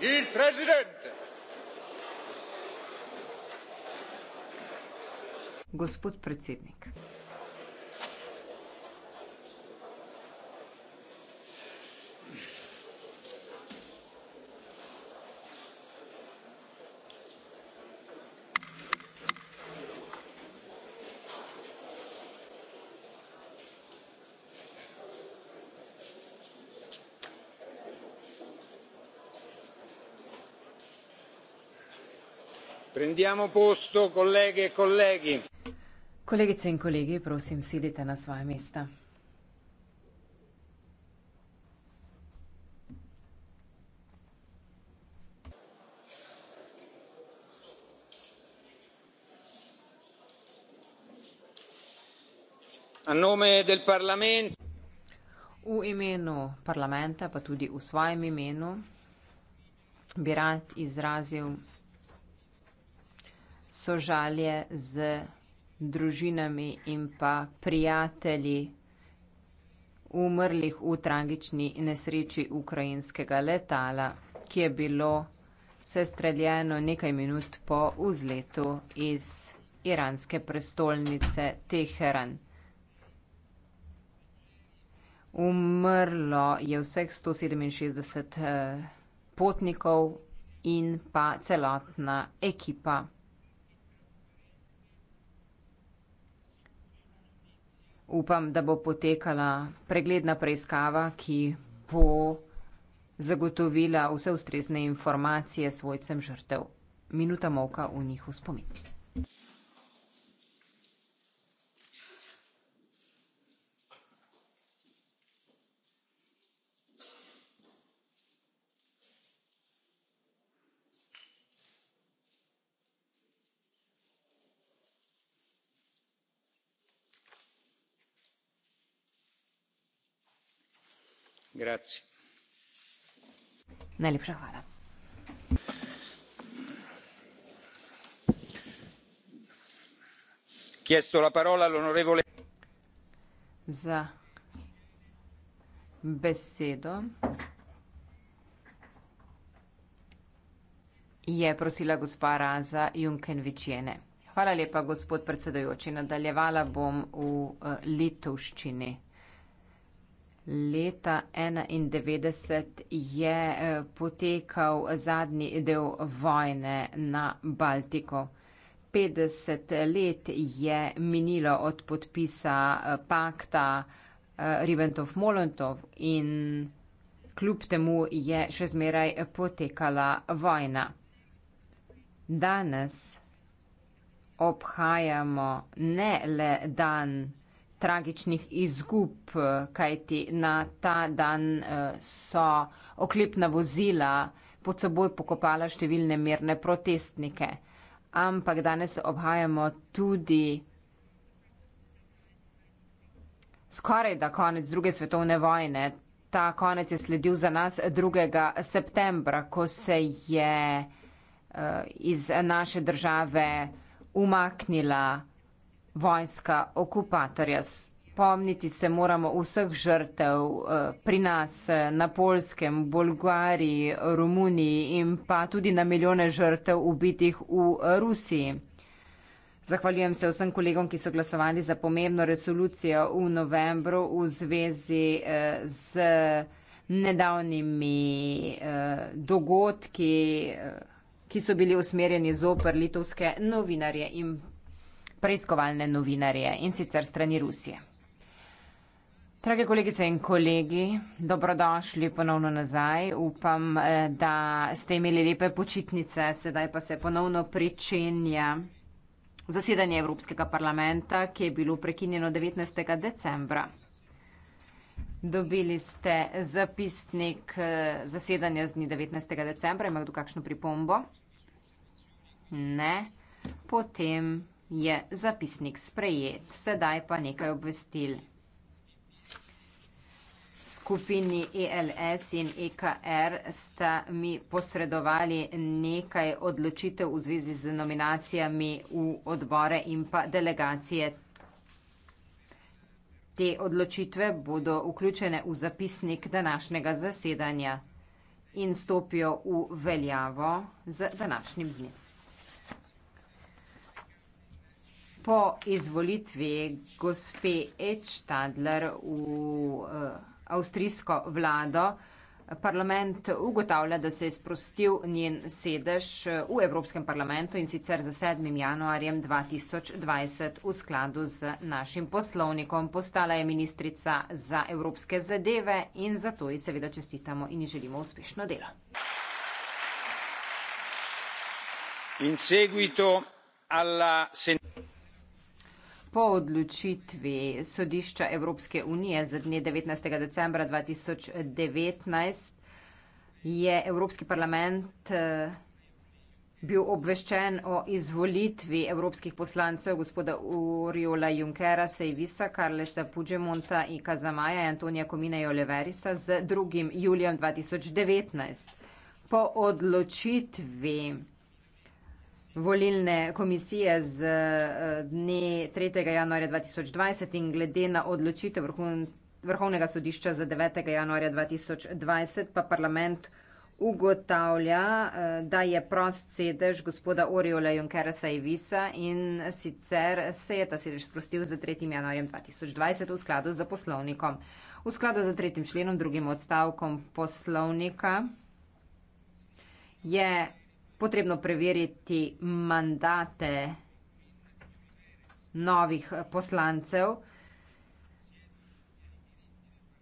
il presidente. Gospod predsednik. Prendiamo posto, colleghe e colleghi. Kolegice in kolegi, prosim, sedite na svoje mesta. A nome del parlament. V imenu parlamenta, pa tudi v svojem imenu, bi rad izrazil sožalje z družinami in pa prijatelji umrlih v tragični nesreči ukrajinskega letala, ki je bilo sestreljeno nekaj minut po vzletu iz iranske prestolnice Teheran. Umrlo je vseh 167 eh, potnikov in pa celotna ekipa. upam, da bo potekala pregledna preiskava, ki bo zagotovila vse ustrezne informacije svojcem žrtev. Minuta moka v njihov spomin. migracij. Najlepša hvala. Za besedo je prosila gospa Raza Junkenvič Jene. Hvala lepa, gospod predsedujoči. Nadaljevala bom v eh, litovščini leta enaindevetdeset je eh, potekal zadnji del vojne na Baltiku. Petdeset let je minilo od podpisa eh, pakta eh, Ribbentrop-Molotov in kljub temu je še zmeraj potekala vojna. Danes obhajamo ne le dan tragičnih izgub, eh, kajti na ta dan eh, so oklepna vozila pod seboj pokopala številne mirne protestnike. Ampak danes obhajamo tudi skoraj da konec druge svetovne vojne. Ta konec je sledil za nas 2. septembra, ko se je eh, iz naše države umaknila vojska okupatorja. Spomniti se moramo vseh žrtev eh, pri nas, eh, na Polskem, Bolgariji, Romuniji in pa tudi na milijone žrtev ubitih v eh, Rusiji. Zahvaljujem se vsem kolegom, ki so glasovali za pomembno resolucijo v novembru v zvezi z nedavnimi dogodki, ki so bili usmerjeni zoper litovske novinarje in preiskovalne novinarje in sicer strani Rusije. Drage kolegice in kolegi, dobrodošli ponovno nazaj. Upam, eh, da ste imeli lepe počitnice, sedaj pa se ponovno pričenja zasedanje Evropskega parlamenta, ki je bilo prekinjeno 19. decembra. Dobili ste zapisnik eh, zasedanja z dni 19. decembra. Ima kdo kakšno pripombo? Ne. Potem je zapisnik sprejet. Sedaj pa nekaj obvestil. Skupini ELS in EKR sta mi posredovali nekaj odločitev v zvezi z nominacijami v odbore in pa delegacije. Te odločitve bodo vključene v zapisnik današnjega zasedanja in stopijo v veljavo z današnjim dnem. Po izvolitvi gospe Edštadler v uh, avstrijsko vlado, parlament ugotavlja, da se je sprostil njen sedež eh, v Evropskem parlamentu in sicer za 7. januarjem 2020 v skladu z našim poslovnikom. Postala je ministrica za evropske zadeve in zato ji seveda čestitamo in ji želimo uspešno delo. In seguito alla sentenza po odločitvi sodišča Evropske unije z dne 19. decembra 2019 je Evropski parlament eh, bil obveščen o izvolitvi evropskih poslancev gospoda Uriola Junkera, Sejvisa, Karlesa Pudžemonta in Kazamaja, Antonija Komina Joleverisa z 2. julijem 2019. Po odločitvi volilne komisije z eh, dne 3. januarja 2020 in glede na odločitev Vrhovnega sodišča z 9. januarja 2020 pa parlament ugotavlja, eh, da je prost sedež gospoda Oriola Junkerasa Evisa in sicer se je ta sedež sprostil z 3. januarjem 2020 v skladu z poslovnikom. V skladu z 3. členom, drugim odstavkom poslovnika je potrebno preveriti mandate novih poslancev.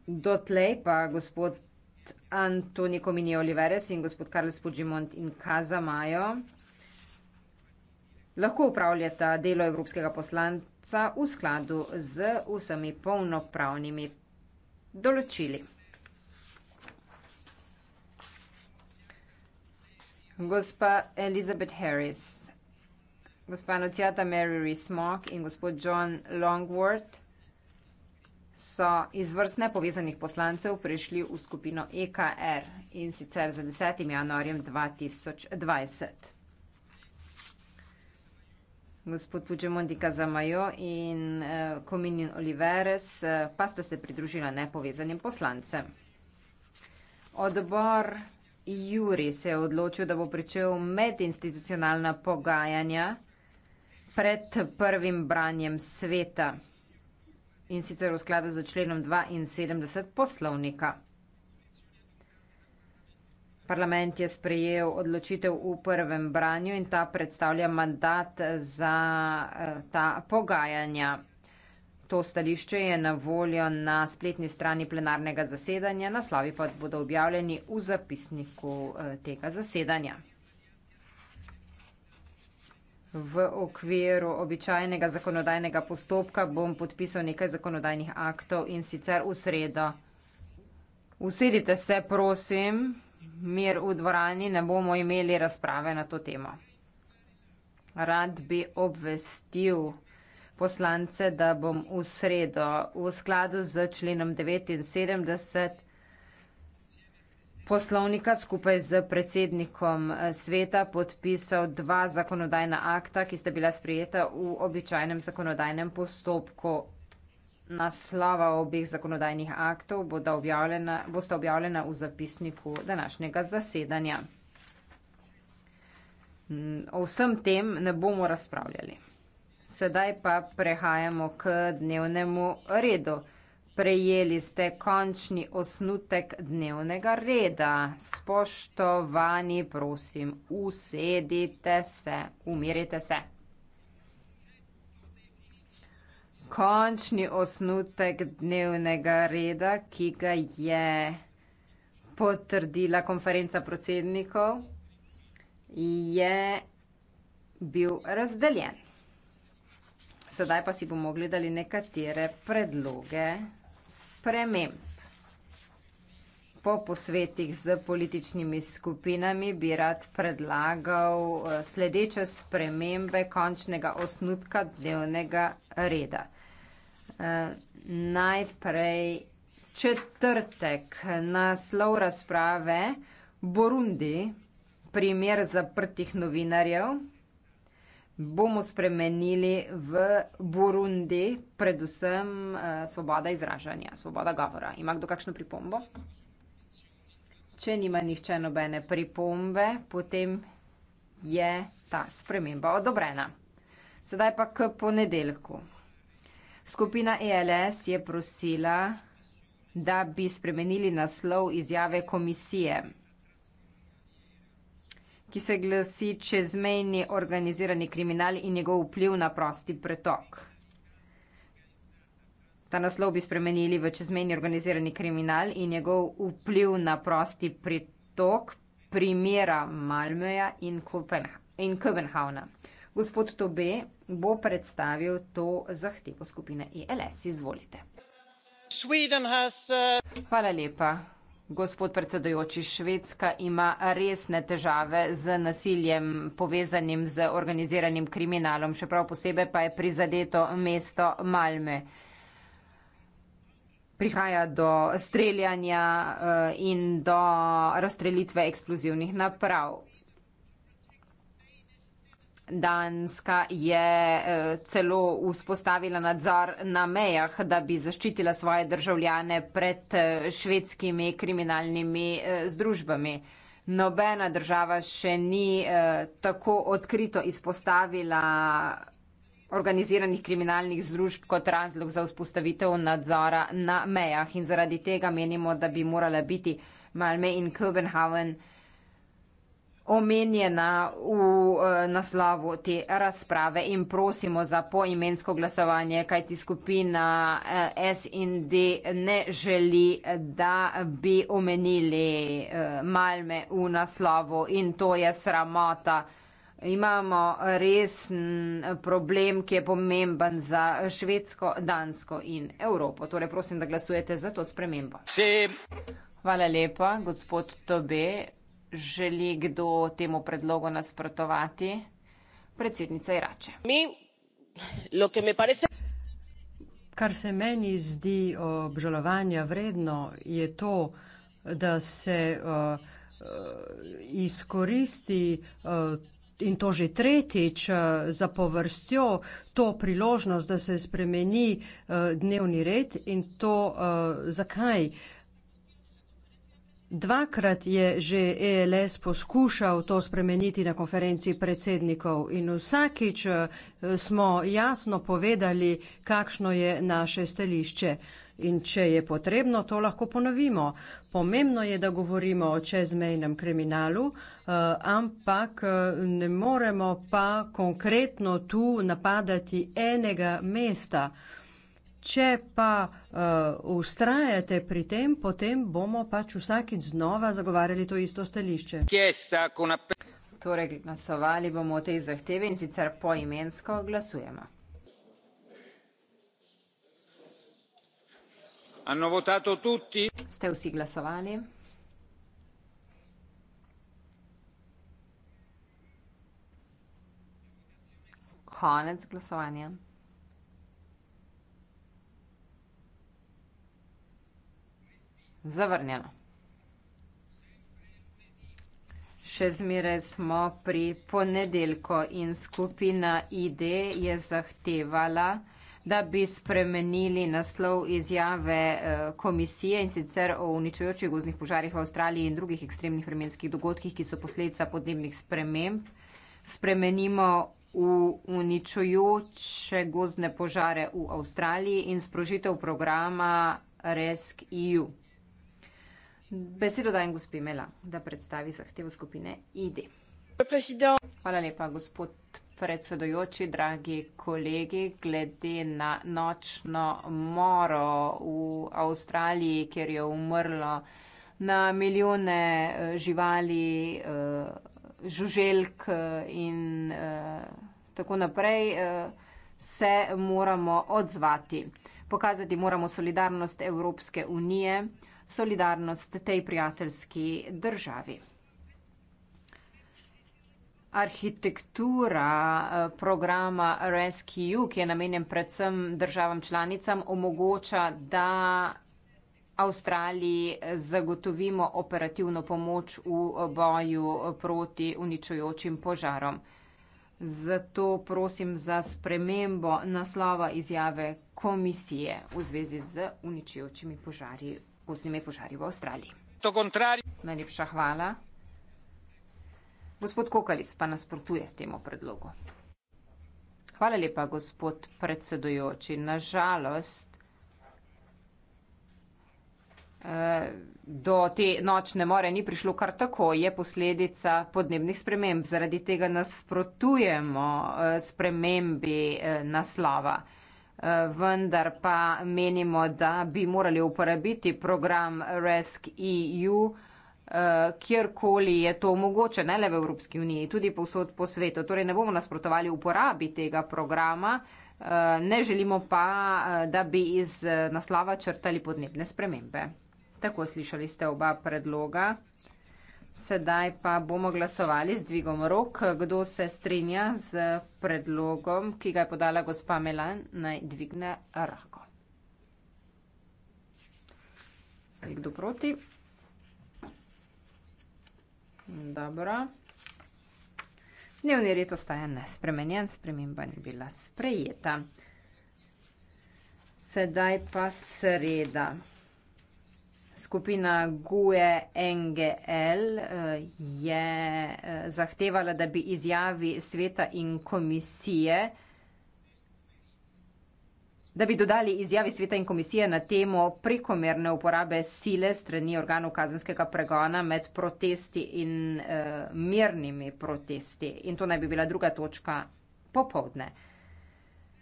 Dotlej pa gospod Antonio Comini Oliveres in gospod Carlos Pugimont in Kazamajo lahko upravljata delo evropskega poslanca v skladu z vsemi polnopravnimi določili. gospa Elizabeth Harris, gospa Nociata Mary Rees-Mock in gospod John Longworth so iz vrst nepovezanih poslancev prišli v skupino EKR in sicer za 10. januarjem 2020. Gospod Pučemondika Zamajo in Kominin eh, Oliveres eh, pa sta se pridružila nepovezanim poslancem. Odbor Juri se je odločil, da bo pričel medinstitucionalna pogajanja pred prvim branjem sveta in sicer v skladu za členom 72 poslovnika. Parlament je sprejel odločitev v prvem branju in ta predstavlja mandat za eh, ta pogajanja. To stališče je na voljo na spletni strani plenarnega zasedanja, naslovi pa bodo objavljeni v zapisniku eh, tega zasedanja. V okviru običajnega zakonodajnega postopka bom podpisal nekaj zakonodajnih aktov in sicer v sredo. Usedite se, prosim, mir v dvorani, ne bomo imeli razprave na to temo. Rad bi obvestil poslance, da bom v sredo v skladu z členom 79 poslovnika skupaj z predsednikom eh, sveta podpisal dva zakonodajna akta, ki sta bila sprejeta v običajnem zakonodajnem postopku. Naslova obeh zakonodajnih aktov bosta objavljena, bo objavljena v zapisniku današnjega zasedanja. Mm, o vsem tem ne bomo razpravljali. Sedaj pa prehajamo k dnevnemu redu. Prejeli ste končni osnutek dnevnega reda. Spoštovani, prosim, usedite se, umirite se. Končni osnutek dnevnega reda, ki ga je potrdila konferenca predsednikov, je bil razdeljen. Sedaj pa si bomo gledali nekatere predloge sprememb. Po posvetih z političnimi skupinami bi rad predlagal eh, sledeče spremembe končnega osnutka dnevnega reda. Eh, najprej četrtek naslov razprave Borundi, primer zaprtih novinarjev bomo spremenili v Burundi, predvsem uh, svoboda izražanja, svoboda govora. Ima kdo kakšno pripombo? Če nima nihče nobene pripombe, potem je ta sprememba odobrena. Sedaj pa k ponedeljku. Skupina ELS je prosila, da bi spremenili naslov izjave komisije ki se glasi čezmejni organizirani kriminal in njegov vpliv na prosti pretok. Ta naslov bi spremenili v čezmejni organizirani kriminal in njegov vpliv na prosti pretok primera Malmöja in, in Kopenhavna. Gospod Tobe bo predstavil to zahtevo skupine ILS. E Izvolite. Sweden has. Uh... Hvala lepa. Gospod predsedujoči, Švedska ima resne težave z nasiljem povezanim z organiziranim kriminalom, še prav posebej pa je prizadeto mesto Malme. Prihaja do streljanja eh, in do razstrelitve eksplozivnih naprav. Danska je eh, celo vzpostavila nadzor na mejah, da bi zaščitila svoje državljane pred eh, švedskimi kriminalnimi eh, združbami. Nobena država še ni tako odkrito izpostavila organiziranih kriminalnih združb kot razlog za vzpostavitev nadzora na mejah in zaradi tega menimo, da bi morala biti Malme in Kopenhagen omenjena v eh, naslovu te razprave in prosimo za poimensko glasovanje, kajti skupina eh, SND ne želi, da bi omenili eh, malme v naslovu in to je sramota. Imamo resen problem, ki je pomemben za Švedsko, Dansko in Evropo. Torej prosim, da glasujete za to spremembo. Hvala lepa, gospod Tobe želi kdo temu predlogu nasprotovati? Predsednica Irače. Kar se meni zdi obžalovanja vredno, je to, da se uh, uh izkoristi uh, in to že tretjič uh, za povrstjo to priložnost, da se spremeni uh, dnevni red in to zakaj. Dvakrat je že ELS poskušal to spremeniti na konferenci predsednikov in vsakič eh, smo jasno povedali, kakšno je naše stališče. In če je potrebno, to lahko ponovimo. Pomembno je, da govorimo o čezmejnem kriminalu, eh, ampak eh, ne moremo pa konkretno tu napadati enega mesta. Če pa uh, eh, ustrajate pri tem, potem bomo pač vsakič znova zagovarjali to isto stališče. Torej, glasovali bomo o tej zahtevi in sicer poimensko glasujemo. Hanno votato tutti? Ste vsi glasovali? Konec glasovanja. Zavrnjeno. Še zmeraj smo pri ponedeljko in skupina ID je zahtevala, da bi spremenili naslov izjave eh, komisije in sicer o uničujočih gozdnih požarih v Avstraliji in drugih ekstremnih vremenskih dogodkih, ki so posledica podnebnih sprememb. Spremenimo v uničujoče gozdne požare v Avstraliji in sprožitev programa Resk EU. Besedo dajem gospi Mela, da predstavi zahtevo skupine ID. Hvala lepa, gospod predsedujoči, dragi kolegi. Glede na nočno moro v Avstraliji, kjer je umrlo na milijone eh, živali, eh, žuželk eh, in tako naprej, se moramo odzvati. Pokazati moramo solidarnost Evropske unije solidarnost tej prijateljski državi. Arhitektura eh, programa RescueU, ki je namenjen predvsem državam članicam, omogoča, da Avstraliji eh, zagotovimo operativno pomoč v eh, boju proti uničujočim požarom. Zato prosim za spremembo naslova izjave komisije v zvezi z uničujočimi požari gozdnimi požari v Avstraliji. Najlepša hvala. Gospod Kokalis pa nasprotuje temu predlogu. Hvala lepa, gospod predsedujoči. Nažalost, eh, do te nočne more ni prišlo kar tako, je posledica podnebnih sprememb. Zaradi tega nasprotujemo eh, spremembi eh, naslova vendar pa menimo, da bi morali uporabiti program RESC EU, eh, kjerkoli je to mogoče, ne le v Evropski uniji, tudi povsod po svetu. Torej ne bomo nasprotovali uporabi tega programa, eh, ne želimo pa, eh, da bi iz naslava črtali podnebne spremembe. Tako slišali ste oba predloga. Sedaj pa bomo glasovali z dvigom rok. Kdo se strinja z predlogom, ki ga je podala gospa Melan, naj dvigne roko. Je kdo proti? Dobro. Dnevni red ostaja nespremenjen, sprememba ni bila sprejeta. Sedaj pa sreda. Skupina Gue NGL eh, je eh, zahtevala, da bi izjavi sveta in komisije, da bi dodali izjavi sveta in komisije na temo prekomerne uporabe sile strani organov kazenskega pregona med protesti in eh, mirnimi protesti. In to naj bi bila druga točka popovdne.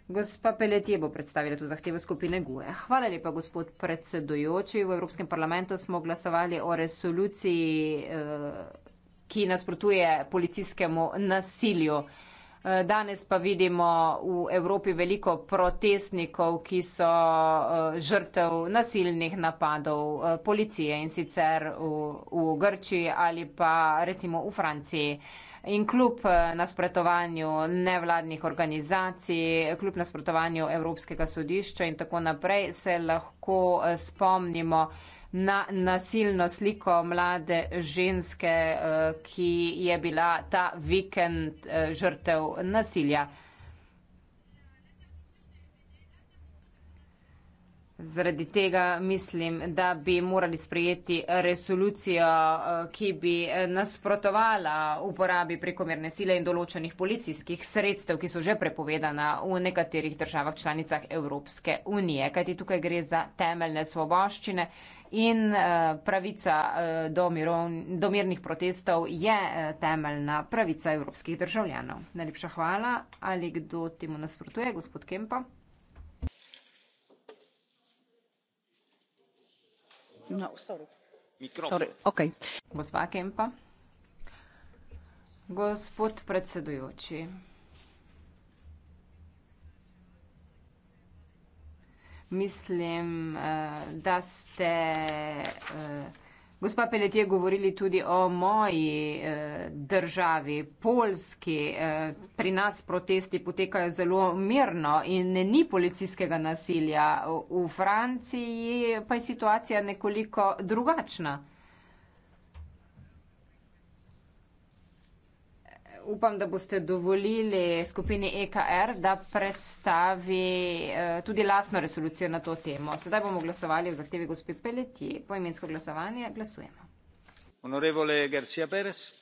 Gospa Peletje bo predstavila tu zahteve skupine GUE. Hvala lepa, gospod predsedujoči. V Evropskem parlamentu smo glasovali o resoluciji, eh, ki nasprotuje policijskemu nasilju. Eh, danes pa vidimo v Evropi veliko protestnikov, ki so eh, žrtev nasilnih napadov policije in sicer v, v Grčiji ali pa recimo v Franciji in kljub eh, nasprotovanju nevladnih organizacij, kljub nasprotovanju Evropskega sodišča in tako naprej se lahko eh, spomnimo na nasilno sliko mlade ženske, eh, ki je bila ta vikend žrtev nasilja. Zaradi tega mislim, da bi morali sprejeti resolucijo, eh, ki bi nasprotovala uporabi prekomerne sile in določenih policijskih sredstev, ki so že prepovedana v nekaterih državah članicah Evropske unije. Kajti tukaj gre za temeljne svoboščine in eh, pravica eh, do, mirov, do mirnih protestov je temeljna pravica evropskih državljanov. Najlepša hvala. Ali kdo temu nasprotuje? Gospod Kempa. No, gospod predsedujoči mislim eh, da ste eh, Gospa Peletje, govorili tudi o moji eh, državi, Polski. Eh, pri nas protesti potekajo zelo mirno in ni policijskega nasilja. V, v Franciji pa je situacija nekoliko drugačna. upam, da boste dovolili skupini EKR, da predstavi eh, tudi lasno resolucijo na to temo. Sedaj bomo glasovali v zahtevi gospe Peleti. Po imensko glasovanje glasujemo. Honorevole Garcia Perez.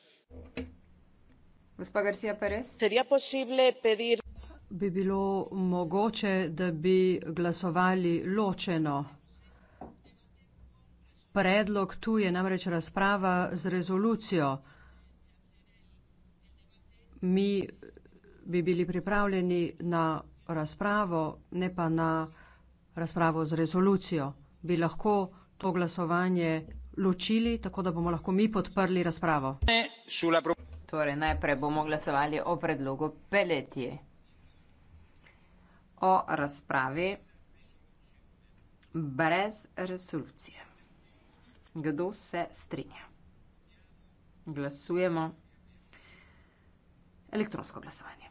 Gospa Garcia Perez. Seria posible pedir bi bilo mogoče, da bi glasovali ločeno. Predlog tu je namreč razprava z rezolucijo mi bi bili pripravljeni na razpravo, ne pa na razpravo z rezolucijo. Bi lahko to glasovanje ločili, tako da bomo lahko mi podprli razpravo? Torej, najprej bomo glasovali o predlogu Peletije. O razpravi brez resolucije. Kdo se strinja? Glasujemo elettronsko glasovanje.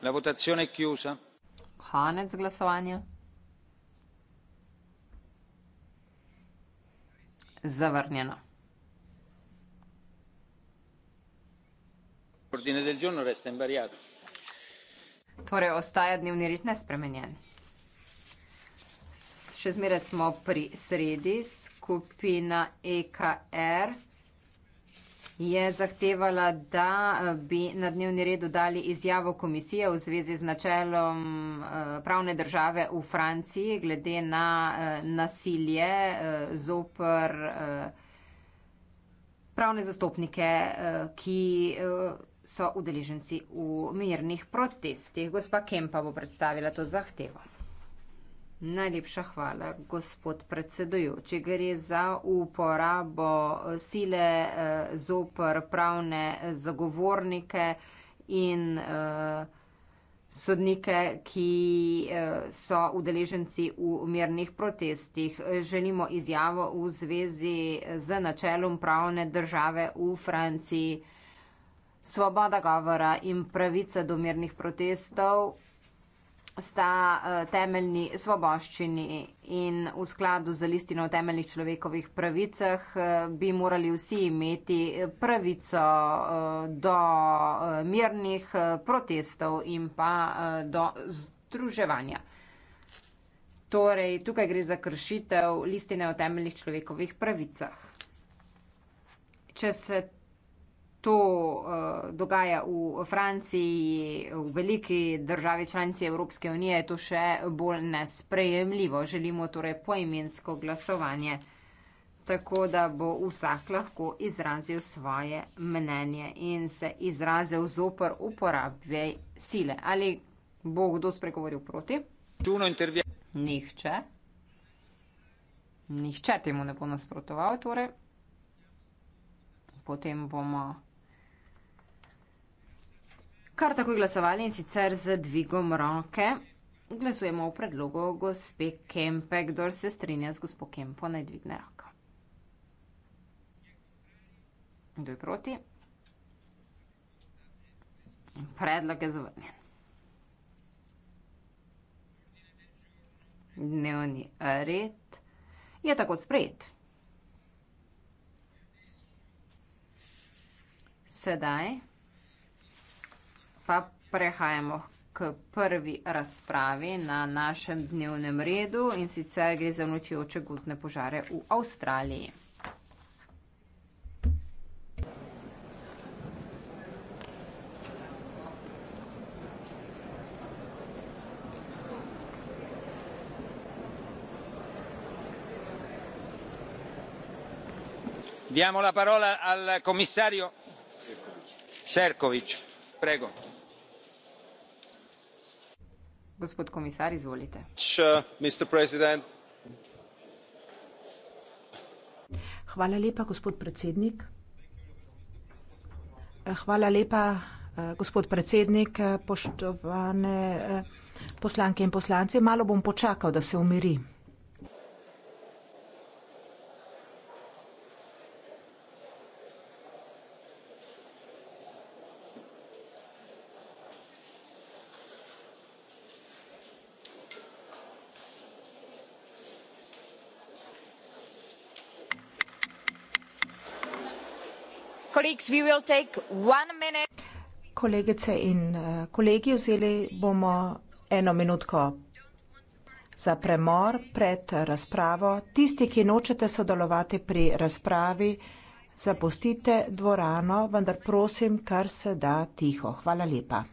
La votazione è chiusa. Konec glasovanja. Zavrnjeno. Ordine del giorno resta invariato. Torej ostaja dnevni red nespremenjen. Še zmeraj smo pri sredi, skupina EKR, je zahtevala, da eh, bi na dnevni redu dali izjavo komisije v zvezi z načelom eh, pravne države v Franciji glede na eh, nasilje zopr pravne zastopnike, ki so udeleženci v mirnih protestih. Gospa Kempa bo predstavila to zahtevo. Najlepša hvala, gospod predsedujoči. Gre za uporabo sile eh, zopr pravne zagovornike in eh, sodnike, ki eh, so udeleženci v mirnih protestih. Želimo izjavo v zvezi z načelom pravne države v Franciji. Svoboda govora in pravica do mirnih protestov sta uh, temeljni svoboščini in v skladu z listino o temeljnih človekovih pravicah uh, bi morali vsi imeti pravico uh, do uh, mirnih uh, protestov in pa uh, do združevanja. Torej, tukaj gre za kršitev listine o temeljnih človekovih pravicah. Če se to uh, dogaja v Franciji, v veliki državi članici Evropske unije, je to še bolj nesprejemljivo. Želimo torej poimensko glasovanje, tako da bo vsak lahko izrazil svoje mnenje in se izrazil zopr uporabbe sile. Ali bo kdo spregovoril proti? Nihče. Nihče temu ne bo nasprotoval, torej. Potem bomo kar takoj glasovali in sicer z dvigom roke. Glasujemo o predlogu gospe Kempe, kdo se strinja z gospo Kempo, naj dvigne roko. Kdo je proti? Predlog je zavrnjen. Dnevni red je tako sprejet. Sedaj pa prehajamo k prvi razpravi na našem dnevnem redu in sicer gre za vnočijoče gozdne požare v Avstraliji. Diamo la parola al commissario Šefčovič, prego gospod komisar izvolite hvala lepa gospod predsednik hvala lepa eh, gospod predsednik eh, poštovane eh, poslanke in poslanci malo bom počakal da se umiri Kolegice in eh, kolegi, vzeli bomo eno minutko za premor pred razpravo. Tisti, ki nočete sodelovati pri razpravi, zapustite dvorano, vendar prosim, kar se da tiho. Hvala lepa.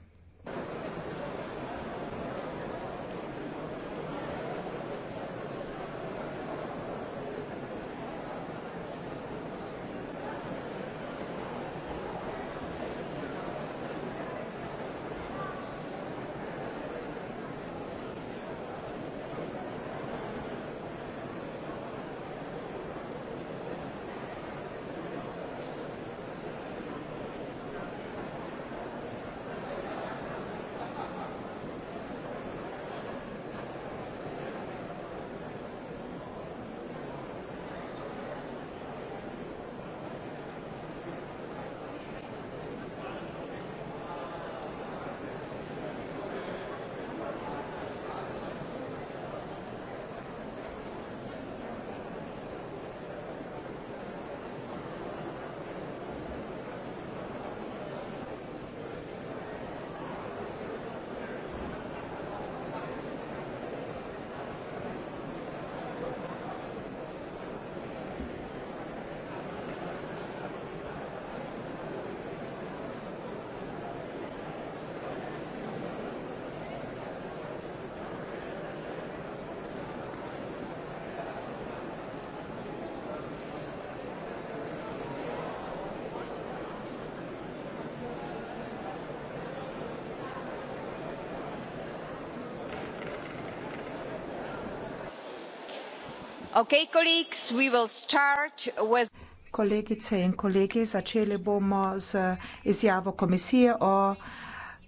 Kolegice in kolegi, začeli bomo z izjavo komisije o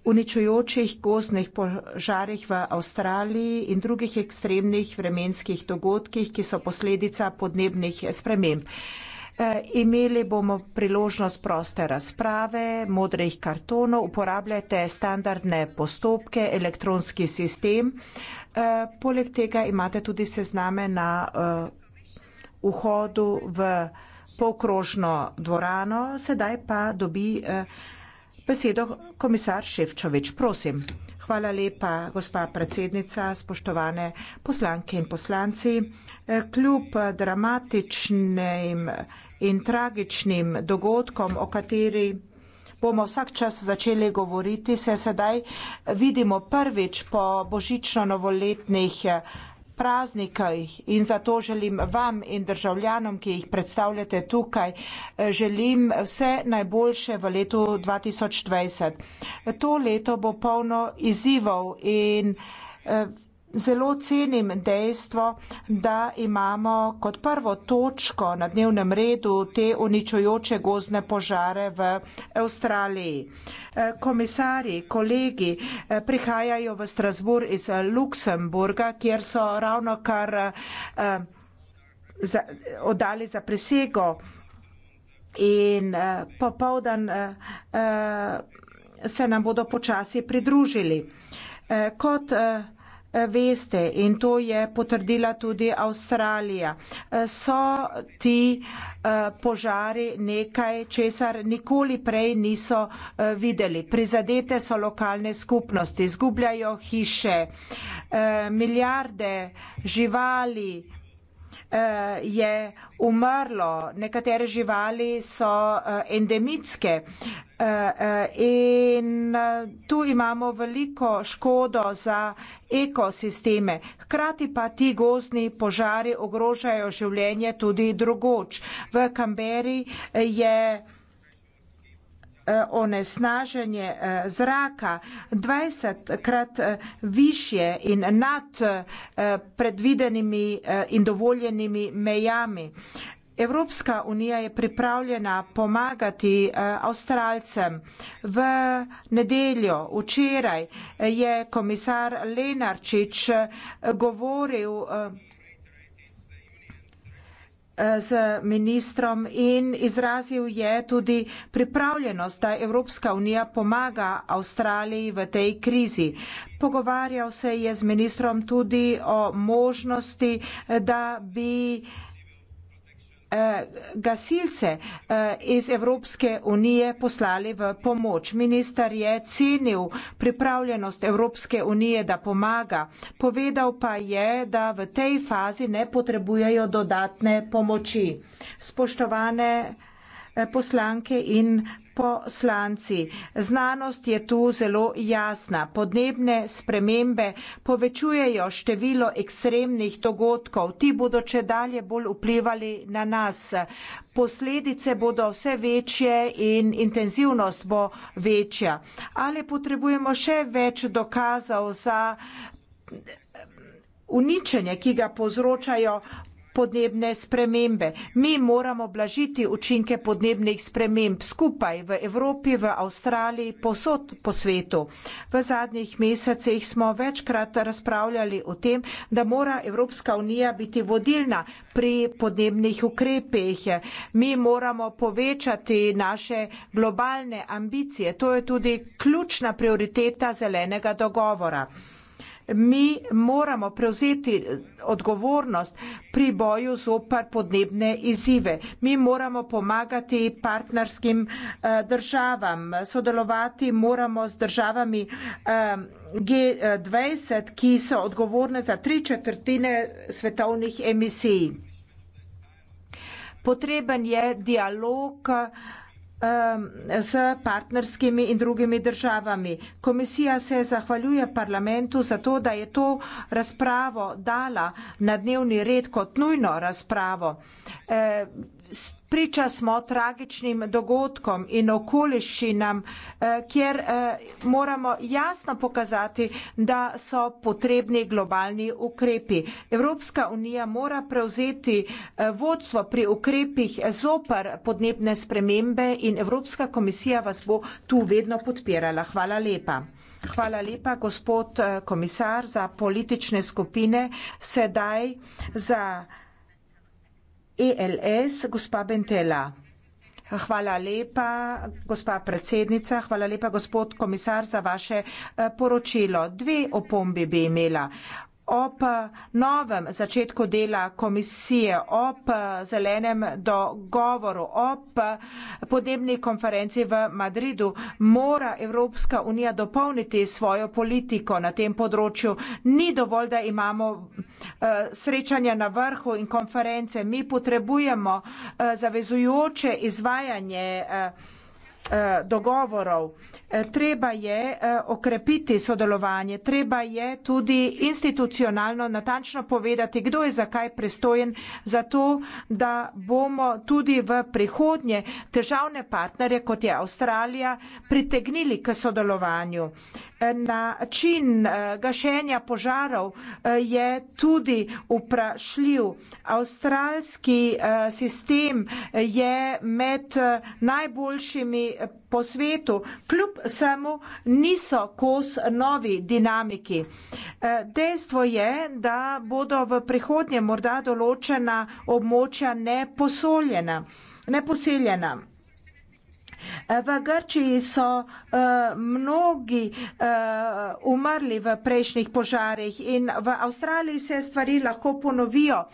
uničujočih gozdnih požarih v Avstraliji in drugih ekstremnih vremenskih dogodkih, ki so posledica podnebnih sprememb. Eh, imeli bomo priložnost proste razprave, modrih kartonov, uporabljajte standardne postopke, elektronski sistem. Eh, poleg tega imate tudi sezname na eh, vhodu v pokrožno dvorano. Sedaj pa dobi besedo komisar Ševčovič. Prosim. Hvala lepa, gospa predsednica, spoštovane poslanke in poslanci. Kljub dramatičnim in tragičnim dogodkom, o kateri bomo vsak čas začeli govoriti, se sedaj vidimo prvič po božično-novoletnih eh, praznikaj in zato želim vam in državljanom, ki jih predstavljate tukaj, eh, želim vse najboljše v letu 2020. To leto bo polno izzivov in eh, Zelo cenim dejstvo, da imamo kot prvo točko na dnevnem redu te uničujoče gozne požare v Avstraliji. Eh, Komisari, kolegi eh, prihajajo v Strasbourg iz eh, Luksemburga, kjer so ravno kar oddali za presego in popovdan se nam bodo počasi pridružili. Kot veste in to je potrdila tudi Avstralija. So ti eh, požari nekaj, česar nikoli prej niso eh, videli. Prizadete so lokalne skupnosti, izgubljajo hiše, eh, milijarde živali, Eh, je umrlo, nekatere živali so eh, endemitske eh, in tu imamo veliko škodo za ekosisteme. Hkrati pa ti gozni požari ogrožajo življenje tudi drugoč. V Kamberi je Eh, onesnaženje eh, zraka 20 krat eh, više in nad predvidenimi in dovoljenimi mejami. Evropska unija je pripravljena pomagati Avstralcem. V nedeljo, včeraj, je komisar Lenarčič govoril z ministrom in izrazil je tudi pripravljenost, da Evropska unija pomaga Avstraliji v tej krizi. Pogovarjal se je z ministrom tudi o možnosti, da bi Eh, gasilce eh, iz Evropske unije poslali v pomoč. Ministar je cenil pripravljenost Evropske unije, da pomaga. Povedal pa je, da v tej fazi ne potrebujejo dodatne pomoči. Spoštovane eh, poslanke in poslanci. Znanost je tu zelo jasna. Podnebne spremembe povečujejo število ekstremnih dogodkov. Ti bodo če dalje bolj vplivali na nas. Posledice bodo vse večje in intenzivnost bo večja. Ali potrebujemo še več dokazov za uničenje, ki ga povzročajo podnebne spremembe. Mi moramo blažiti učinke podnebnih sprememb skupaj v Evropi, v Avstraliji, posod po svetu. V zadnjih mesecih smo večkrat razpravljali o tem, da mora Evropska unija biti vodilna pri podnebnih ukrepih. Mi moramo povečati naše globalne ambicije. To je tudi ključna prioriteta zelenega dogovora mi moramo prevzeti odgovornost pri boju zopar podnebne izzive. Mi moramo pomagati partnerskim eh, državam, sodelovati moramo z državami eh, G20, ki so odgovorne za tri četrtine svetovnih emisij. Potreben je dialog, z um, partnerskimi in drugimi državami. Komisija se zahvaljuje parlamentu za to, da je to razpravo dala na dnevni red kot nujno razpravo. Eh, priča smo tragičnim dogodkom in okoliščinam, eh, kjer eh, moramo jasno pokazati, da so potrebni globalni ukrepi. Evropska unija mora prevzeti eh, vodstvo pri ukrepih zopr podnebne spremembe in Evropska komisija vas bo tu vedno podpirala. Hvala lepa. Hvala lepa, gospod komisar, za politične skupine. Sedaj za. ELS, gospa Bentela. Hvala lepa, gospa predsednica, hvala lepa, gospod komisar, za vaše eh, poročilo. Dve opombi bi imela ob novem začetku dela komisije, ob zelenem dogovoru, ob podnebni konferenci v Madridu mora Evropska unija dopolniti svojo politiko na tem področju. Ni dovolj, da imamo eh, srečanja na vrhu in konference. Mi potrebujemo eh, zavezujoče izvajanje eh, dogovorov. Eh, treba je eh, okrepiti sodelovanje, treba je tudi institucionalno natančno povedati, kdo je zakaj pristojen za to, da bomo tudi v prihodnje težavne partnerje, kot je Avstralija, pritegnili k sodelovanju. Eh, način gašenja požarov je tudi vprašljiv. Avstralski sistem je med najboljšimi po svetu, kljub vsemu niso kos novi dinamiki. Eh, dejstvo je, da bodo v prihodnje morda določena območja neposoljena, neposeljena. Eh, v Grčiji so uh, mnogi uh, umrli v prejšnjih požarih in v Avstraliji se stvari lahko ponovijo.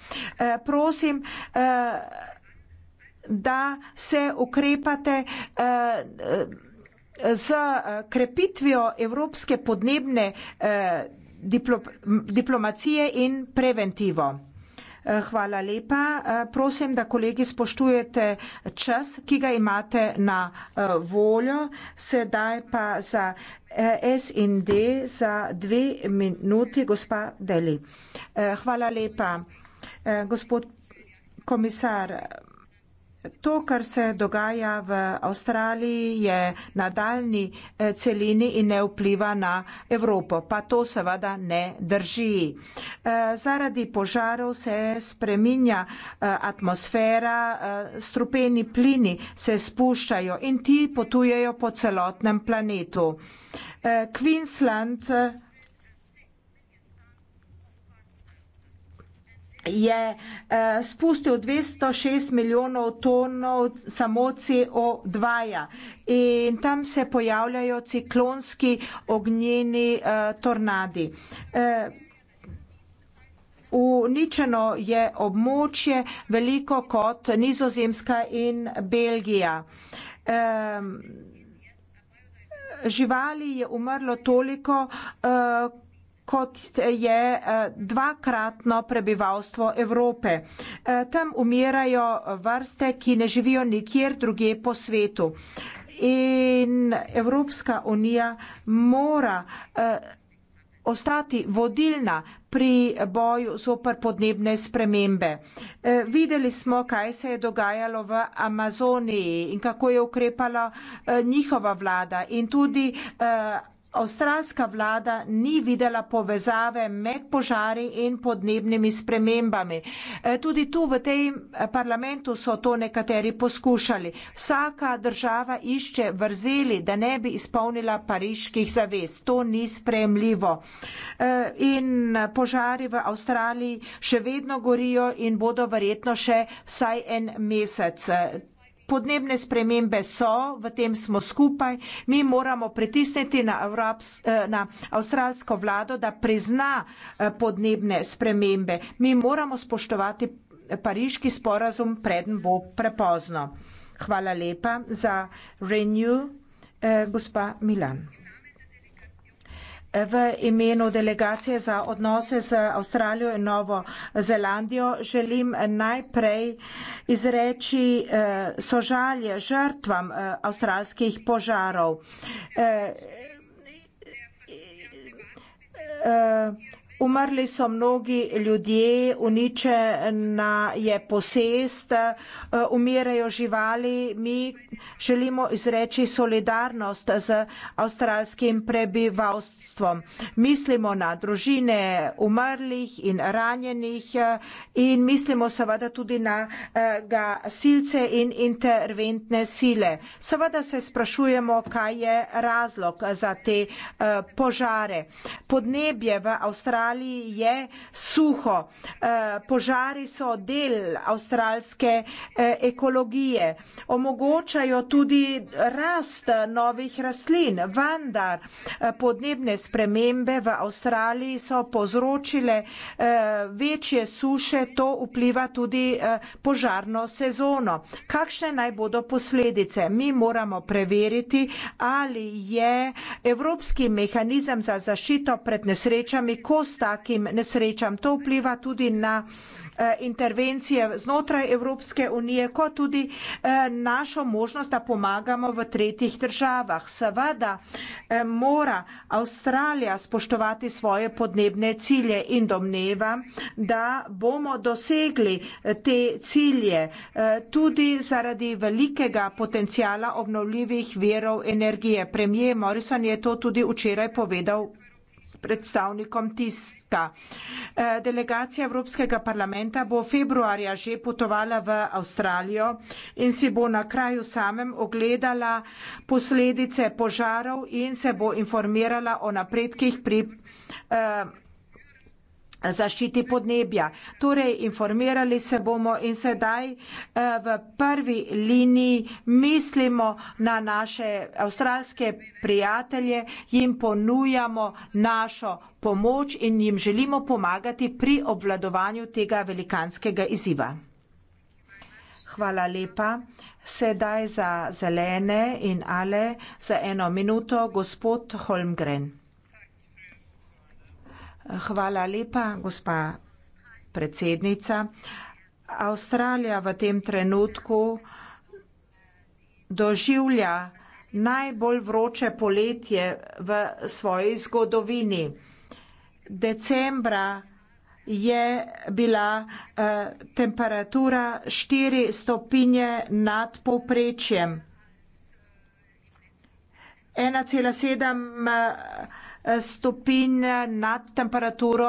Uh, prosim, uh, da se ukrepate. Uh, uh, z eh, krepitvijo evropske podnebne eh, diplomacije in preventivo. Eh, hvala lepa. Prosim, da kolegi spoštujete čas, ki ga imate na voljo. Sedaj pa za S in D za dve minuti, gospa Deli. Hvala lepa. Gospod komisar, To, kar se dogaja v Avstraliji, je na daljni eh, celini in ne vpliva na Evropo, pa to seveda ne drži. Eh, zaradi požarov se spreminja eh, atmosfera, strupeni plini se spuščajo in ti potujejo po celotnem planetu. Queensland je eh, spustil 206 milijonov tonov samo CO2. -ja. In tam se pojavljajo ciklonski ognjeni eh, tornadi. Eh, uničeno je območje veliko kot Nizozemska in Belgija. Eh, živali je umrlo toliko, eh, kot je eh, dvakratno prebivalstvo Evrope. Eh, tam umirajo vrste, ki ne živijo nikjer druge po svetu. In Evropska unija mora eh, ostati vodilna pri boju zoper podnebne spremembe. E, videli smo, kaj se je dogajalo v Amazoniji in kako je ukrepala e, njihova vlada in tudi e, avstralska vlada ni videla povezave med požari in podnebnimi spremembami. E, tudi tu v tej e, parlamentu so to nekateri poskušali. Vsaka država išče vrzeli, da ne bi izpolnila pariških zavez. To ni spremljivo. E, in požari v Avstraliji še vedno gorijo in bodo verjetno še vsaj en mesec podnebne spremembe so, v tem smo skupaj, mi moramo pritisniti na, Evrops, eh, na avstralsko vlado, da prizna eh, podnebne spremembe. Mi moramo spoštovati pariški sporazum, preden bo prepozno. Hvala lepa za Renew, eh, gospa Milan. V imenu delegacije za odnose z Avstralijo in Novo Zelandijo želim najprej izreči eh, sožalje žrtvam eh, avstralskih požarov. Eh, Umrli so mnogi ljudje, uničena je posest, umirajo živali. Mi želimo izreči solidarnost z avstralskim prebivalstvom. Mislimo na družine umrlih in ranjenih in mislimo seveda tudi na gasilce in interventne sile. Seveda se sprašujemo, kaj je razlog za te požare. Podnebje v Avstraliji ali je suho. Eh, požari so del avstralske eh, ekologije, omogočajo tudi rast novih rastlin, vendar eh, podnebne spremembe v Avstraliji so povzročile večje suše, to vpliva tudi požarno sezono. Kakšne naj bodo posledice? Mi moramo preveriti, ali je Evropski mehanizem za zaščito pred nesrečami Kosta, takim nesrečam. To vpliva tudi na eh, intervencije znotraj Evropske unije, kot tudi eh, našo možnost, da pomagamo v tretjih državah. Seveda eh, mora Avstralija spoštovati svoje podnebne cilje in domneva, da bomo dosegli te cilje tudi zaradi velikega potencijala obnovljivih verov energije. Premijer Morrison je to tudi včeraj povedal predstavnikom tiska. Eh, delegacija Evropskega parlamenta bo februarja že potovala v Avstralijo in si bo na kraju samem ogledala posledice požarov in se bo informirala o napredkih pri eh, zaščiti podnebja. Torej, informirali se bomo in sedaj eh, v prvi liniji mislimo na naše avstralske prijatelje, jim ponujamo našo pomoč in jim želimo pomagati pri obvladovanju tega velikanskega izziva. Hvala lepa. Sedaj za zelene in ale za eno minuto gospod Holmgren. Hvala lepa, gospa predsednica. Avstralija v tem trenutku doživlja najbolj vroče poletje v svoji zgodovini. Decembra je bila eh, temperatura štiri stopinje nad povprečjem. Ena cela sedem eh, Eh, stopinj nad temperaturo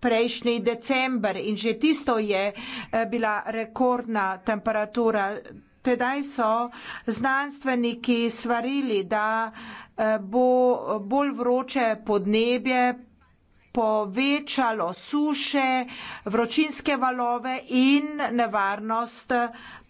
prejšnji decembr in že tisto je eh, bila rekordna temperatura. Tedaj so znanstveniki svarili, da eh, bo bolj vroče podnebje povečalo suše, vročinske valove in nevarnost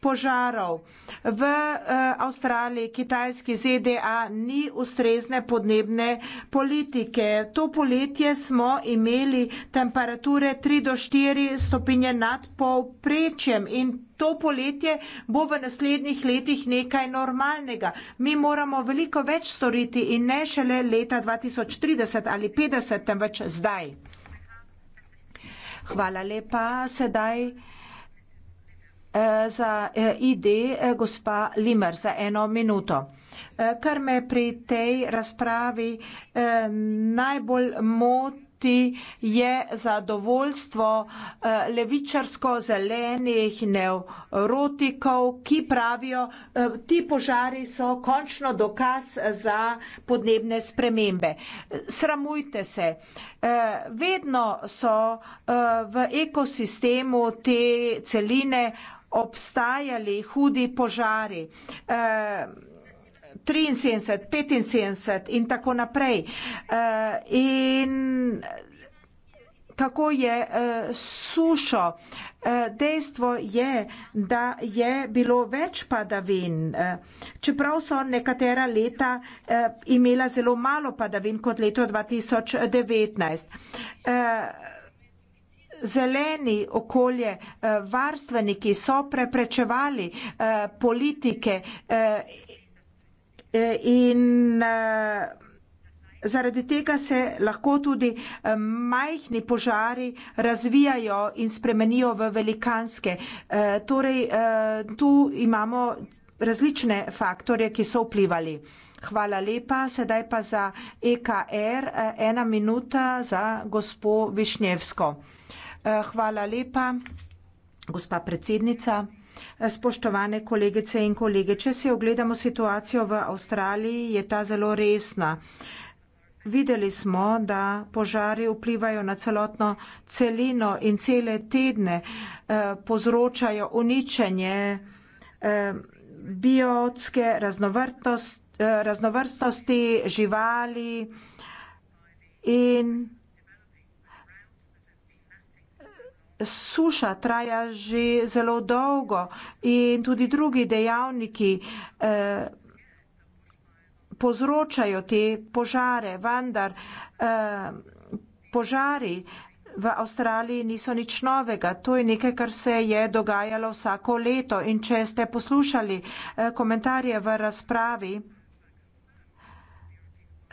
požarov. V eh, Avstraliji, Kitajski, ZDA ni ustrezne podnebne politike. To poletje smo imeli temperature 3 do 4 stopinje nad povprečjem in to poletje bo v naslednjih letih nekaj normalnega. Mi moramo veliko več storiti in ne šele leta 2030 ali 50, temveč zdaj. Hvala lepa. Sedaj za eh, ID eh, gospa Limer za eno minuto. Eh, kar me pri tej razpravi najbolj moti, je zadovoljstvo levičarsko-zelenih neurotikov, ki pravijo, ti požari so končno dokaz za podnebne spremembe. Sramujte se. Vedno so v ekosistemu te celine obstajali hudi požari. E, 73, 75 in tako naprej. E, in tako je e, sušo. E, dejstvo je, da je bilo več padavin, e, čeprav so nekatera leta e, imela zelo malo padavin kot leto 2019. E, zeleni okolje, eh, varstveniki so preprečevali eh, politike eh, in zaradi tega se lahko tudi majhni požari razvijajo in spremenijo v velikanske. Torej, tu imamo različne faktorje, ki so vplivali. Hvala lepa. Sedaj pa za EKR ena minuta za gospo Višnjevsko. Eh, hvala lepa, gospa predsednica. Eh, spoštovane kolegice in kolege, če si ogledamo situacijo v Avstraliji, je ta zelo resna. Videli smo, da požari vplivajo na celotno celino in cele tedne eh, povzročajo uničenje biotske raznovrstnosti, živali in suša traja že zelo dolgo in tudi drugi dejavniki eh, povzročajo te požare, vendar eh, požari v Avstraliji niso nič novega. To je nekaj, kar se je dogajalo vsako leto. In če ste poslušali eh, komentarje v razpravi,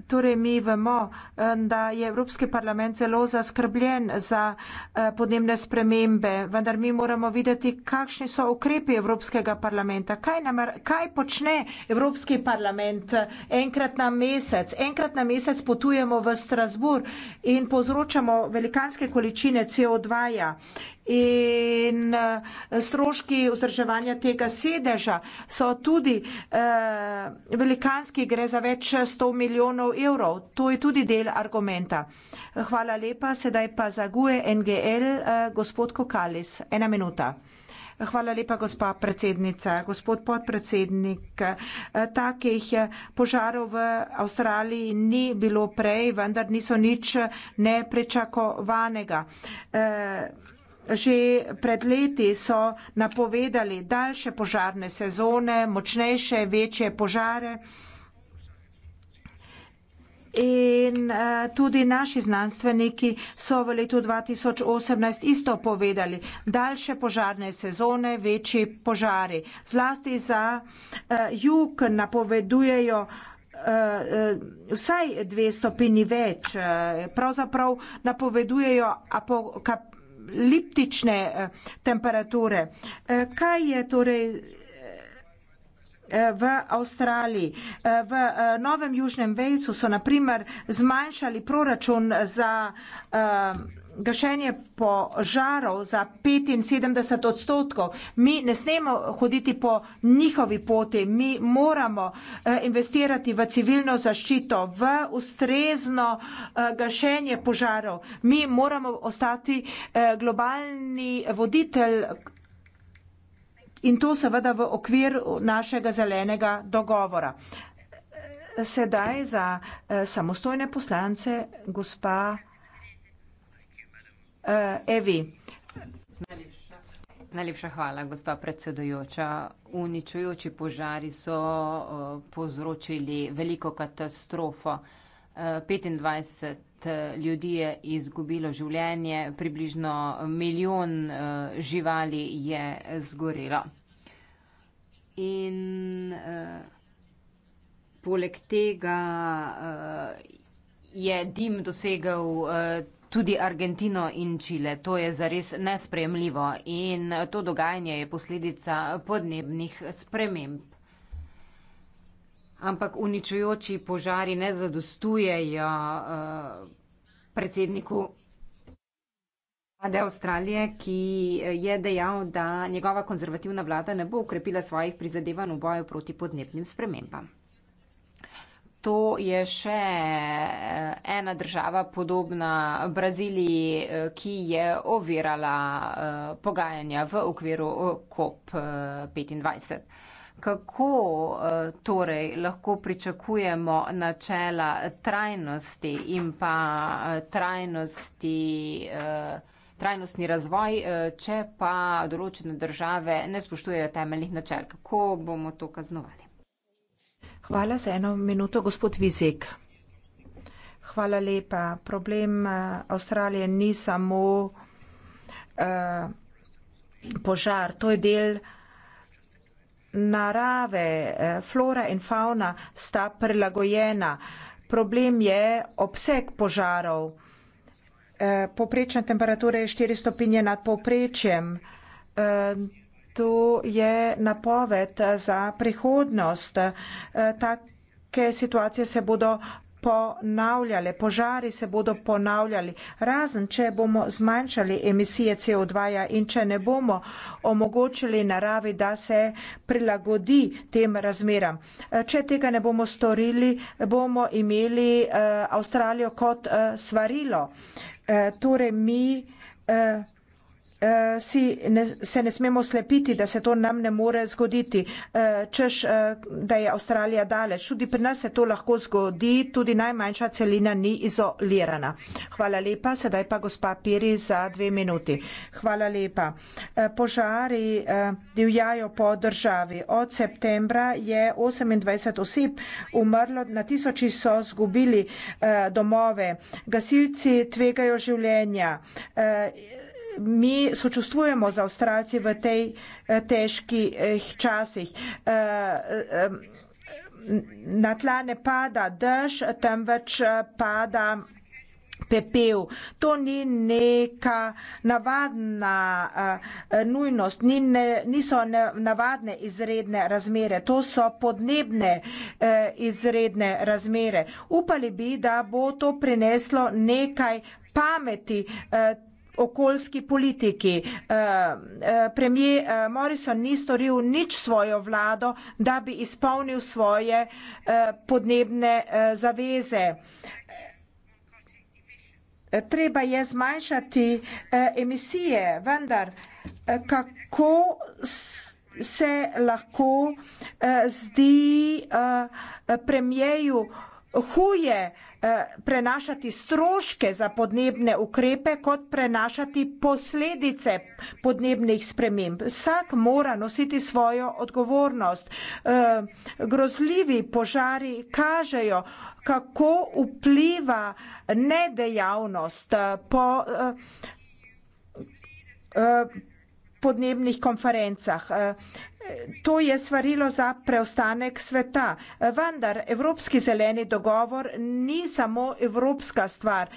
Torej, mi vemo, eh, da je Evropski parlament zelo zaskrbljen za eh, podnebne spremembe, vendar mi moramo videti, kakšni so ukrepi Evropskega parlamenta. Kaj, namer, kaj počne Evropski parlament eh, enkrat na mesec? Enkrat na mesec potujemo v Strasbourg in povzročamo velikanske količine CO2-ja in eh, stroški vzdrževanja tega sedeža so tudi eh, velikanski, gre za več 100 milijonov evrov. To je tudi del argumenta. Hvala lepa, sedaj pa zaguje NGL eh, gospod Kokalis. Ena minuta. Hvala lepa, gospa predsednica. Gospod podpredsednik, takih požarov v Avstraliji ni bilo prej, vendar niso nič nepričakovanega. E, Že pred leti so napovedali daljše požarne sezone, močnejše, večje požare. In uh, tudi naši znanstveniki so v letu 2018 isto povedali, daljše požarne sezone, večji požari. Zlasti za uh, jug napovedujejo uh, vsaj dve stopini več, pravzaprav napovedujejo apokalipse liptične eh, temperature. Eh, kaj je torej eh, v Avstraliji? V Novem Južnem Velsu so naprimer zmanjšali proračun za gašenje požarov za 75 odstotkov. Mi ne smemo hoditi po njihovi poti, mi moramo eh, investirati v civilno zaščito, v ustrezno eh, gašenje požarov. Mi moramo ostati eh, globalni voditelj in to seveda v okvir našega zelenega dogovora. Sedaj za samostojne poslance gospa Eh, Evi. Najlepša hvala, gospa predsedujoča. Uničujoči požari so eh, povzročili veliko katastrofo. 25 eh, ljudi je izgubilo življenje, približno milijon živali je zgorelo. In poleg tega je dim dosegal tudi Argentino in Čile. To je zares nespremljivo in to dogajanje je posledica podnebnih sprememb. Ampak uničujoči požari ne zadostujejo uh, predsedniku. Vlade Avstralije, ki je dejal, da njegova konzervativna vlada ne bo ukrepila svojih prizadevanj v boju proti podnebnim spremembam. To je še eh, ena država podobna Braziliji, eh, ki je ovirala eh, pogajanja v okviru COP25. Kako torej lahko pričakujemo načela trajnosti in pa trajnosti, trajnostni razvoj, če pa določene države ne spoštujejo temeljnih načel? Kako bomo to kaznovali? Hvala za eno minuto, gospod Vizek. Hvala lepa. Problem eh, Avstralije ni samo eh, požar, to je del narave, eh, flora in fauna sta prilagojena. Problem je obseg požarov. Poprečna temperatura je 4 stopinje nad poprečjem to je napoved za prihodnost. E, take situacije se bodo ponavljale, požari se bodo ponavljali, razen če bomo zmanjšali emisije CO2 -ja in če ne bomo omogočili naravi, da se prilagodi tem razmeram. E, če tega ne bomo storili, bomo imeli e, Avstralijo kot svarilo. Torej mi Eh, si ne, se ne smemo slepiti, da se to nam ne more zgoditi, eh, češ, eh, da je Avstralija daleč. Tudi pri nas se to lahko zgodi, tudi najmanjša celina ni izolirana. Hvala lepa, sedaj pa gospa Piri za dve minuti. Hvala lepa. Požari divjajo po državi. Od septembra je 28 oseb umrlo, na tisoči so zgubili domove. Gasilci tvegajo življenja mi sočustvujemo z Avstralci v tej eh, težkih eh, časih. Eh, na tla ne pada dež, temveč pada pepel. To ni neka navadna uh, nujnost, ni ne, niso ne, navadne izredne razmere, to so podnebne uh, izredne razmere. Upali bi, da bo to prineslo nekaj pameti uh, okoljski politiki. Eh, eh, Premijer eh, Morrison ni storil nič svojo vlado, da bi izpolnil svoje podnebne zaveze. Treba je zmanjšati emisije, vendar kako se lahko zdi premijeju huje, Eh, prenašati stroške za podnebne ukrepe, kot prenašati posledice podnebnih sprememb. Vsak mora nositi svojo odgovornost. Eh, grozljivi požari kažejo, kako vpliva nedejavnost eh, po podnebnih konferencah. To je svarilo za preostanek sveta. Vendar Evropski zeleni dogovor ni samo evropska stvar.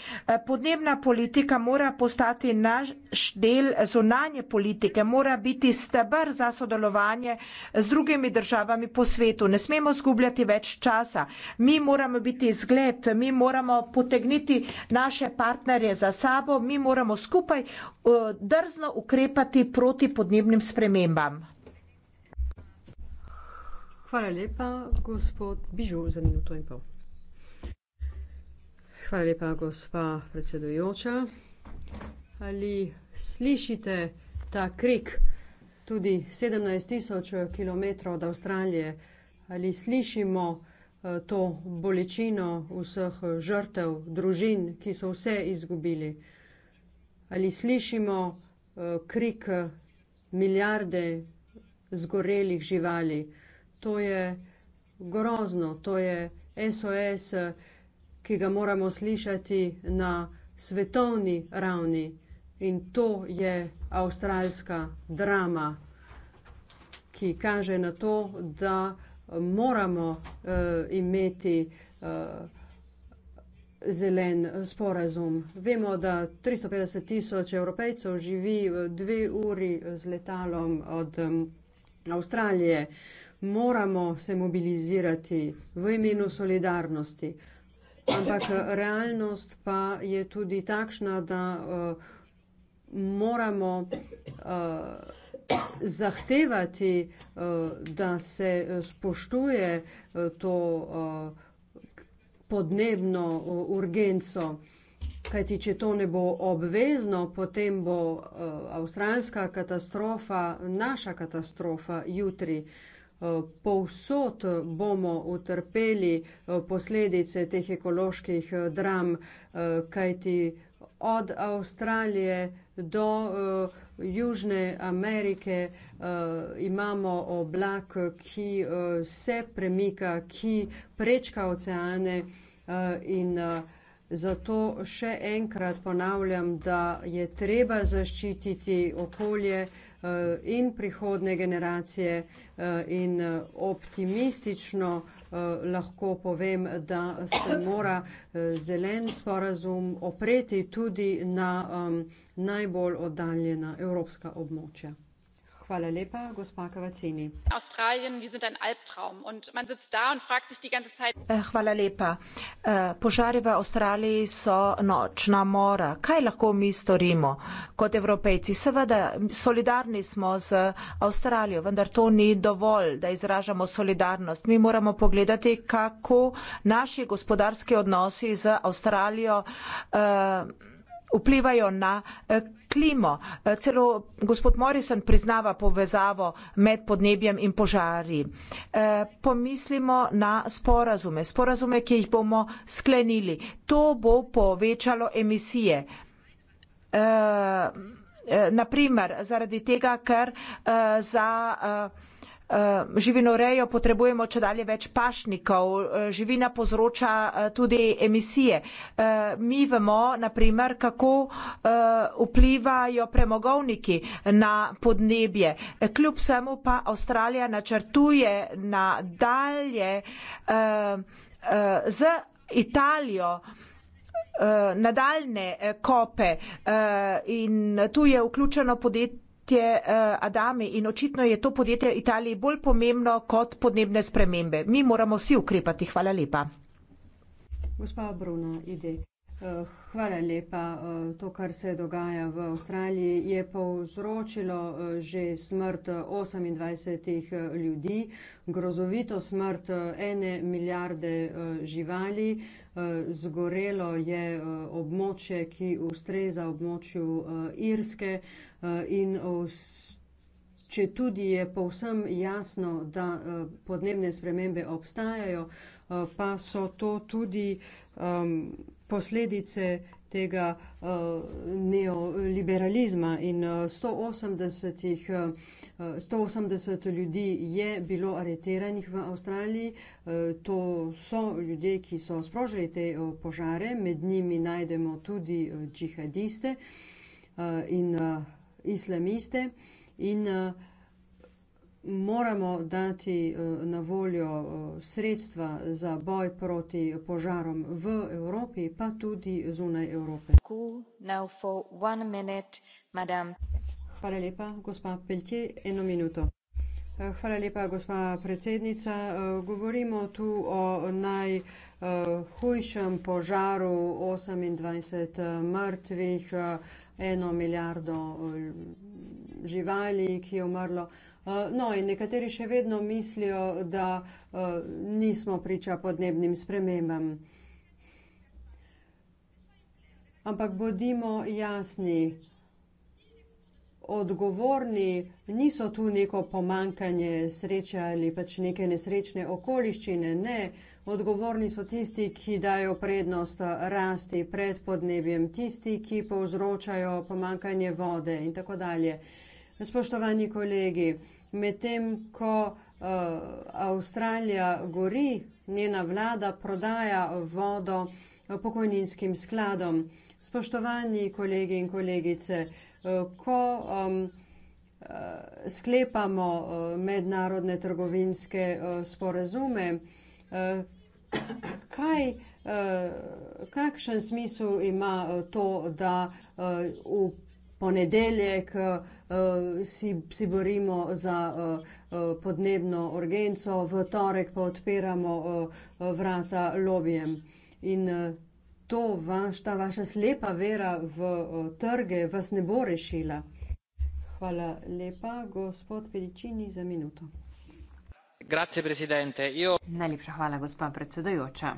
Podnebna politika mora postati naš del zunanje politike, mora biti stebr za sodelovanje z drugimi državami po svetu. Ne smemo zgubljati več časa. Mi moramo biti zgled, mi moramo potegniti naše partnerje za sabo, mi moramo skupaj eh, drzno ukrepati proti podnebnim spremembam. Hvala lepa, gospod Bižu, za minuto in pol. Hvala lepa, gospa predsedujoča. Ali slišite ta krik tudi sedemnajst tisoč kilometrov od Avstralije? Ali slišimo, eh, to bolečino vseh žrtev, družin, ki so vse izgubili? Ali slišimo, eh, krik eh, milijarde zgorelih živali? to je grozno, to je SOS, ki ga moramo slišati na svetovni ravni. In to je avstralska drama, ki kaže na to, da moramo uh, imeti uh, zelen sporazum. Vemo, da 350 tisoč evropejcev živi eh, dve uri z letalom od um, Avstralije. Uh, moramo se mobilizirati v imenu solidarnosti. Ampak eh, realnost pa je tudi takšna, da uh, moramo uh, zahtevati, uh, da se spoštuje uh, to uh, podnebno uh, urgenco. Kajti, če to ne bo obvezno, potem bo uh, avstralska katastrofa naša katastrofa jutri. Uh, povsod bomo utrpeli eh, posledice teh ekoloških eh, dram, eh, kajti od Avstralije do Južne Amerike imamo oblak, ki se premika, ki prečka oceane, in zato še enkrat ponavljam, da je treba zaščititi okolje, Eh, in prihodne generacije eh, in eh, optimistično lahko povem, da se mora zelen sporazum opreti tudi na najbolj oddaljena evropska območja. Hvala lepa, gospa Cavazzini. Australien, die sind ein Albtraum und man sitzt da und fragt sich die ganze Zeit. Eh, hvala lepa. Eh, požari v Avstraliji so nočna mora. Kaj lahko mi storimo kot evropejci? Seveda, solidarni smo z Avstralijo, vendar to ni dovolj, da izražamo solidarnost. Mi moramo pogledati, kako naši gospodarski odnosi z Avstralijo uh, vplivajo na uh, klimo. Eh, celo gospod Morrison priznava povezavo med podnebjem in požari. Eh, pomislimo na sporazume, sporazume, ki jih bomo sklenili. To bo povečalo emisije. Eh, Naprimer, zaradi tega, ker za Eh, živinorejo potrebujemo če dalje več pašnikov, eh, živina povzroča eh, tudi emisije. Mi vemo, naprimer, kako vplivajo premogovniki na podnebje. Kljub vsemu pa Avstralija načrtuje nadalje z Italijo nadaljne kope in tu je vključeno podjetje podjetje eh, Adami in očitno je to podjetje Italiji bolj pomembno kot podnebne spremembe. Mi moramo vsi ukrepati. Hvala lepa. Gospa Bruna, ide. Eh, hvala lepa. Eh, to, kar se dogaja v Avstraliji, je povzročilo že smrt 28 ljudi, grozovito smrt ene milijarde živali. Eh, zgorelo je eh, območje, ki ustreza območju eh, Irske in Če tudi je povsem jasno, da podnebne spremembe obstajajo, pa so to tudi ehm, posledice tega uh, neoliberalizma in uh, 180, uh, 180 ljudi je bilo areteranih v Avstraliji. Uh, to so ljudje, ki so sprožili te uh, požare, med njimi najdemo tudi uh, džihadiste uh, in uh, islamiste. In, uh, moramo dati eh, na voljo eh, sredstva za boj proti požarom v Evropi, pa tudi zunaj Evrope. Hvala lepa, gospa Peltje, eno minuto. Eh, hvala lepa, gospa predsednica. Govorimo tu o najhujšem požaru, 28 mrtvih, eno milijardo živali, ki je umrlo. Eh, no, in nekateri še vedno mislijo, da uh, nismo priča podnebnim spremembam. Ampak bodimo jasni, odgovorni niso tu neko pomankanje sreče ali pač neke nesrečne okoliščine. Ne, odgovorni so tisti, ki dajo prednost eh, rasti pred podnebjem, tisti, ki povzročajo pomankanje vode in tako dalje. Spoštovani kolegi, medtem ko, eh, Avstralija gori, njena vlada prodaja vodo eh, pokojninskim skladom. Spoštovani kolegi in kolegice, eh, ko, sklepamo, mednarodne trgovinske, sporazume, kaj, kakšen smisel ima, to, da, v ponedeljek, eh, si, si borimo za eh, eh, podnebno urgenco, v torek pa odpiramo vrata lobijem. In to vaš, ta vaša slepa vera v trge vas ne bo rešila. Hvala lepa, gospod Pedičini, za minuto. Io... Najlepša hvala, gospa predsedujoča.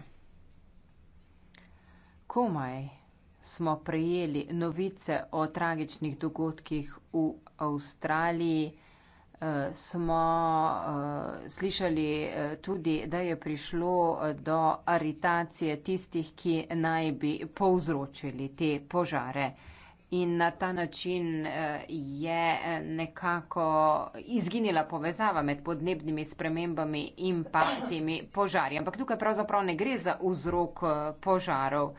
Komaj smo prejeli novice o tragičnih dogodkih v Avstraliji, eh, smo eh, slišali eh, tudi, da je prišlo do aritacije tistih, ki naj bi povzročili te požare. In na ta način je nekako izginila povezava med podnebnimi spremembami in pa temi požarji. Ampak tukaj pravzaprav ne gre za vzrok požarov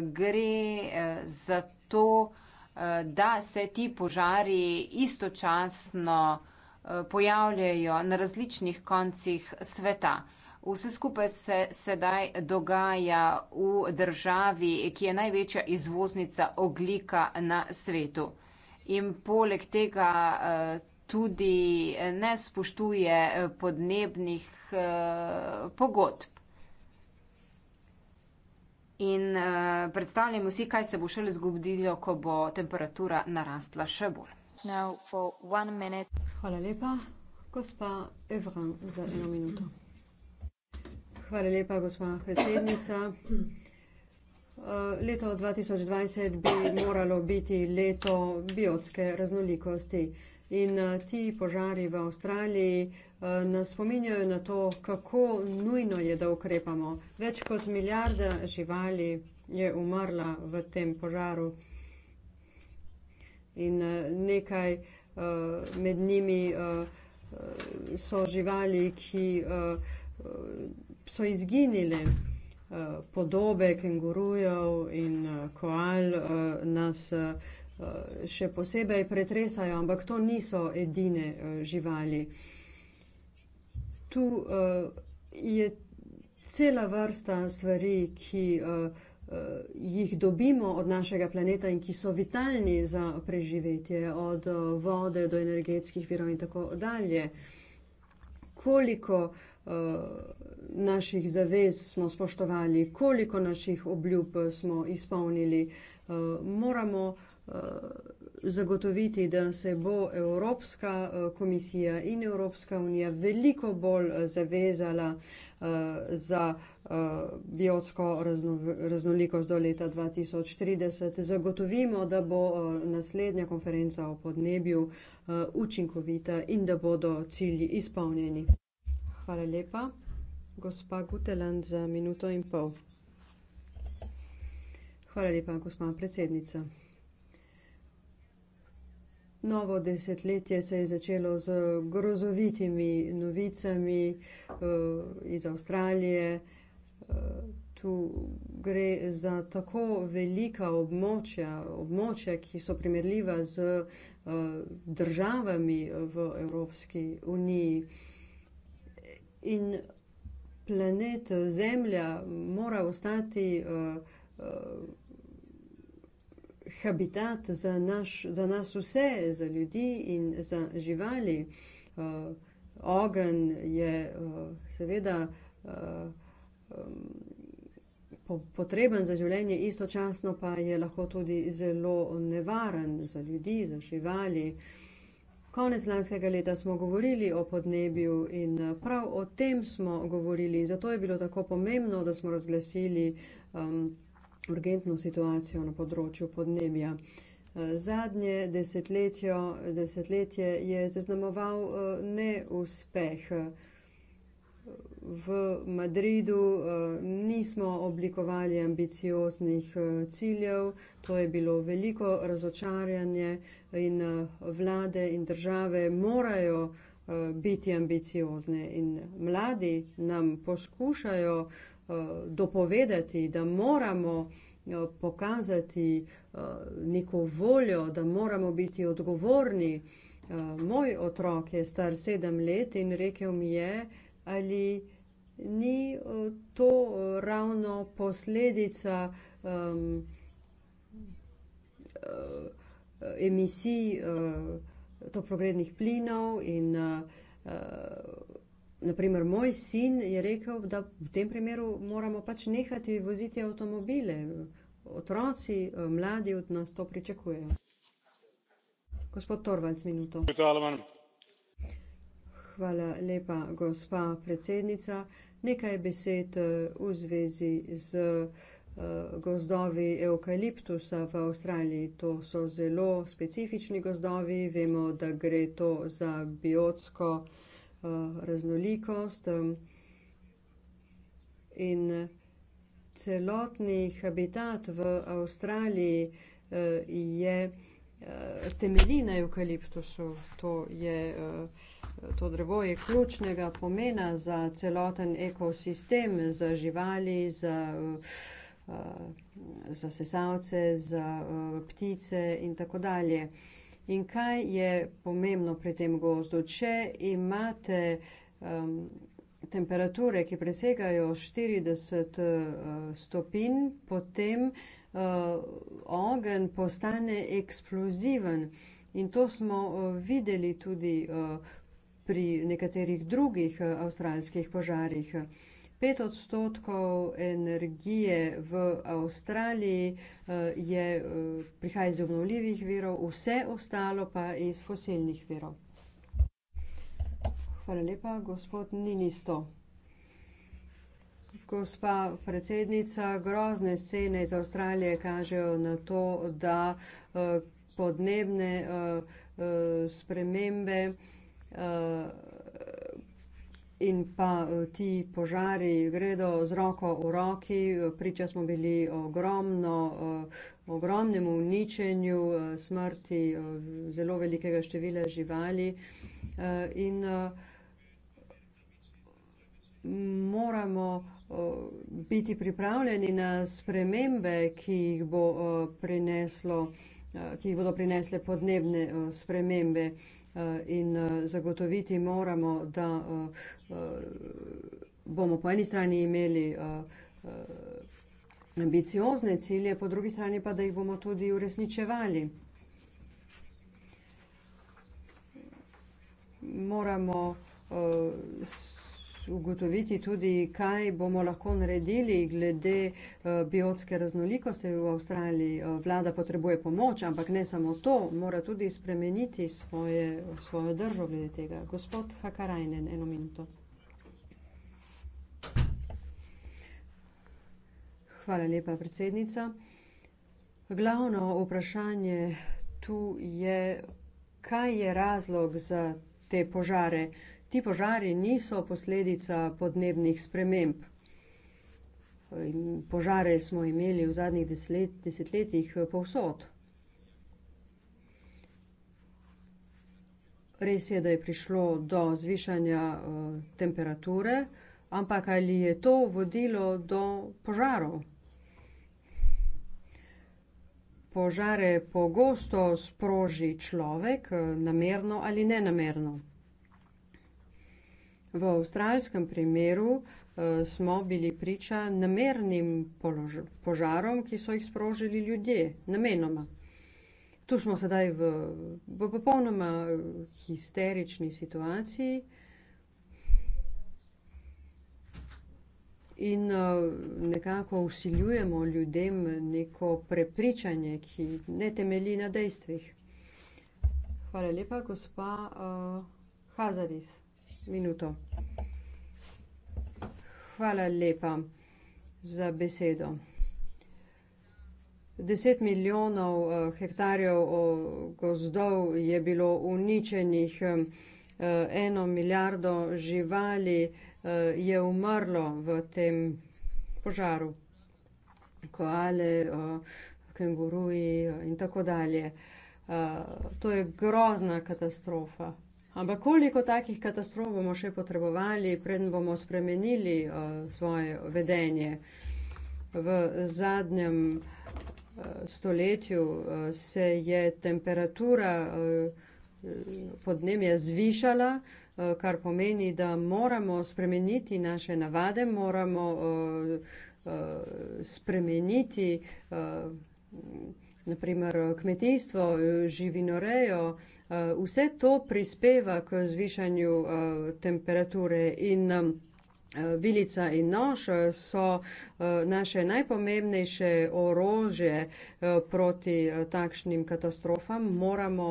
gre eh, za to, eh, da se ti požari istočasno eh, pojavljajo na različnih koncih sveta. Vse skupaj se sedaj dogaja v državi, ki je največja izvoznica oglika na svetu in poleg tega tudi ne spoštuje podnebnih pogodb in uh, eh, predstavljamo si, kaj se bo šele zgodilo, ko bo temperatura narastla še bolj. Hvala lepa, gospa Evran, za eno minuto. Hvala lepa, gospa predsednica. Eh, leto 2020 bi moralo biti leto biotske raznolikosti. In uh, ti požari v Avstraliji uh, nas spominjajo na to, kako nujno je, da ukrepamo. Več kot milijarda živali je umrla v tem požaru in uh, nekaj uh, med njimi uh, so živali, ki uh, so izginile. Uh, podobe kengurujev in uh, koal uh, nas. Uh, Eh, še posebej pretresajo, ampak to niso edine eh, živali. Tu eh, je cela vrsta stvari, ki jih dobimo od našega planeta in ki so vitalni za preživetje, od vode do energetskih virov in tako dalje. Koliko naših zavez smo spoštovali, koliko naših obljub smo izpolnili, moramo Eh, zagotoviti, da se bo Evropska eh, komisija in Evropska unija veliko bolj eh, zavezala za biotsko raznolikost do leta 2030. Zagotovimo, da bo naslednja konferenca o podnebju učinkovita in da bodo cilji izpolnjeni. Hvala lepa. Gospa Guteland za minuto in pol. Hvala lepa, gospa predsednica. Novo desetletje se je začelo z grozovitimi novicami eh, iz Avstralije. Eh, tu gre za tako velika območja, območja, ki so primerljiva z eh, državami v Evropski uniji. In planet Zemlja mora ostati habitat za, naš, za nas vse, za ljudi in za živali. Uh, ogen je uh, seveda uh, um, po, potreben za življenje, istočasno pa je lahko tudi zelo nevaren za ljudi, za živali. Konec lanskega leta smo govorili o podnebju in uh, prav o tem smo govorili in zato je bilo tako pomembno, da smo razglasili um, urgentno situacijo na področju podnebja. Eh, zadnje desetletje je zaznamoval eh, neuspeh. V Madridu eh, nismo oblikovali ambicioznih ciljev, to je bilo veliko razočarjanje in vlade in države morajo biti ambiciozne in mladi nam poskušajo uh, Eh, dopovedati, da moramo eh, pokazati eh, neko voljo, da moramo biti odgovorni. Moj otrok je star sedem let in rekel mi je, ali ni to ravno posledica um, emisij uh, toplogrednih plinov in uh, Naprimer, moj sin je rekel, da v tem primeru moramo pač nehati voziti avtomobile. Otroci, eh, mladi od nas to pričakujejo. Gospod Torvalds, minuto. Hvala lepa, gospa predsednica. Nekaj besed eh, v zvezi z eh, gozdovi eukaliptusa v Avstraliji. To so zelo specifični gozdovi. Vemo, da gre to za biotsko. Eh, raznolikost eh, in celotni habitat v Avstraliji eh, je temelji na evkaliptusu. To je, to drevo je ključnega pomena za celoten ekosistem, za živali, za, za sesalce, za ptice in tako dalje. In kaj je pomembno pri tem gozdu? Če imate um, temperature, ki presegajo 40 uh, stopinj, potem uh, ogen postane eksploziven. In to smo uh, videli tudi uh, pri nekaterih drugih uh, avstralskih požarih. Uh, 5 odstotkov energije v Avstraliji eh, je, eh, prihaja iz obnovljivih virov, vse ostalo pa iz fosilnih virov. Hvala lepa, gospod Ninisto. Gospa predsednica, grozne scene iz Avstralije kažejo na to, da eh, podnebne spremembe in pa eh, ti požari gredo z roko v roki, eh, priča smo bili ogromno, eh, ogromnemu uničenju, smrti zelo velikega števila živali. In moramo biti pripravljeni na spremembe, ki jih bo prineslo, ki jih bodo prinesle podnebne spremembe. Eh, in eh, zagotoviti moramo, da eh, bomo po eni strani imeli ambiciozne cilje, po drugi strani pa, da jih bomo tudi uresničevali. Moramo ugotoviti tudi, kaj bomo lahko naredili glede eh, biotske raznolikosti v Avstraliji. Eh, vlada potrebuje pomoč, ampak ne samo to, mora tudi spremeniti svoje, svojo držo glede tega. Gospod Hakarajnen, eno minuto. Hvala lepa, predsednica. Glavno vprašanje tu je, kaj je razlog za te požare. Ti požari niso posledica podnebnih sprememb. Požare smo imeli v zadnjih deset, desetletjih eh, povsod. Res je, da je prišlo do zvišanja uh, temperature, ampak ali je to vodilo do požarov? Požare pogosto sproži človek, eh, namerno ali nenamerno. V avstralskem primeru uh, smo bili priča namernim polož, požarom, ki so jih sprožili ljudje, namenoma. Tu smo sedaj v, v popolnoma eh, histerični situaciji. In eh, nekako usiljujemo ljudem neko prepričanje, ki ne temelji na dejstvih. Hvala lepa, gospa uh, Hazaris minuto. Hvala lepa za besedo. Deset milijonov eh, hektarjev gozdov je bilo uničenih, eh, eno milijardo živali eh, je umrlo v tem požaru. Koale, kenguruji in tako dalje. to je grozna katastrofa. Ampak koliko takih katastrof bomo še potrebovali, preden bomo spremenili uh, svoje vedenje? V zadnjem uh, stoletju uh, se je temperatura uh, podnebja zvišala, uh, kar pomeni, da moramo spremeniti naše navade, moramo uh, uh, spremeniti. Uh, naprimer kmetijstvo, živinorejo, eh, vse to prispeva k zvišanju eh, temperature in eh, Vilica in nož so naše najpomembnejše orožje proti takšnim katastrofam. Moramo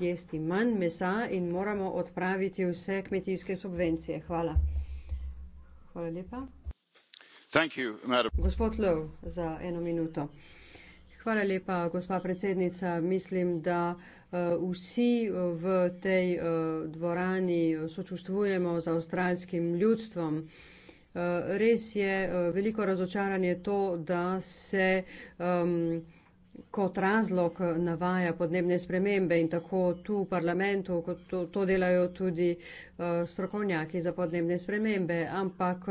jesti manj mesa in moramo odpraviti vse kmetijske subvencije. Hvala. Hvala lepa. Gospod Lov, za eno minuto. Hvala lepa, gospa predsednica. Mislim, da eh, vsi eh, v tej eh, dvorani sočustvujemo z avstralskim ljudstvom. Res je veliko razočaranje to, da se um, kot razlog navaja podnebne spremembe in tako tu v parlamentu, kot to, to delajo tudi uh, strokovnjaki za podnebne spremembe, ampak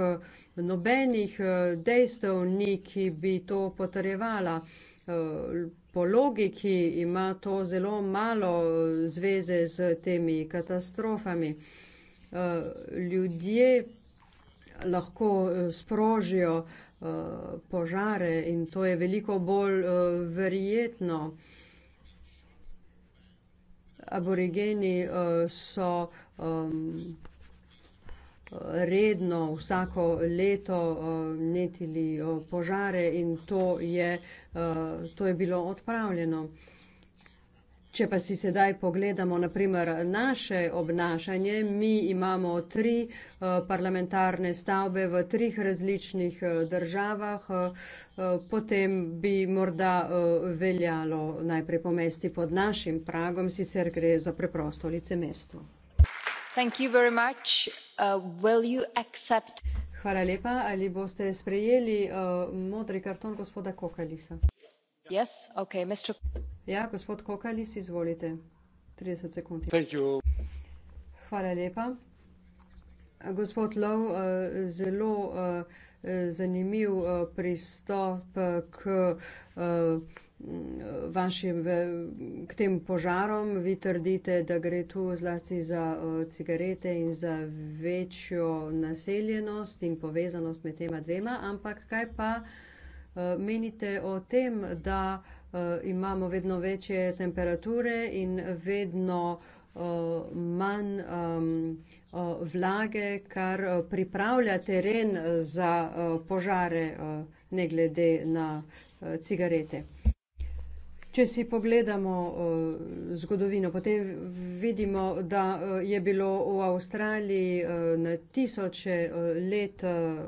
nobenih dejstev ni, ki bi to potrjevala. Uh, Eh, po logiki ima to zelo malo eh, zveze z temi katastrofami. Eh, ljudje lahko sprožijo požare in to je veliko bolj verjetno. Aborigeni so, ehm, redno vsako leto eh, netili eh, požare in to je, eh, to je bilo odpravljeno. Če pa si sedaj pogledamo na primer naše obnašanje, mi imamo tri parlamentarne stavbe v trih različnih državah, potem bi morda veljalo najprej pomesti pod našim pragom, sicer gre za preprosto licemerstvo. Uh, hvala lepa ali boste sprejeli uh, modri karton gospoda kokalisa ja gospod kokalis izvolite trideset sekund hvala lepa gospod low uh, zelo zanimiv pristop k vašim, k tem požarom. Vi trdite, da gre tu zlasti za cigarete in za večjo naseljenost in povezanost med tema dvema, ampak kaj pa menite o tem, da imamo vedno večje temperature in vedno manj um, vlage, kar pripravlja teren za požare, ne glede na cigarete. Če si pogledamo uh, zgodovino, potem vidimo, da uh, je bilo v Avstraliji uh, na tisoče uh, let uh,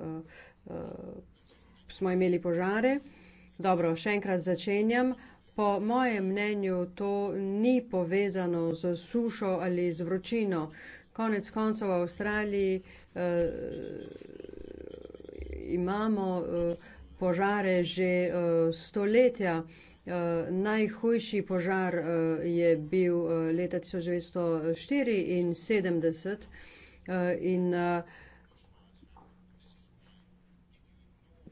uh, smo imeli požare. Dobro, še enkrat začenjam. Po mojem mnenju to ni povezano z sušo ali z vročino. Konec koncev v Avstraliji uh, imamo uh, požare že uh, stoletja. Eh, najhujši požar eh, je bil eh, leta 1974 in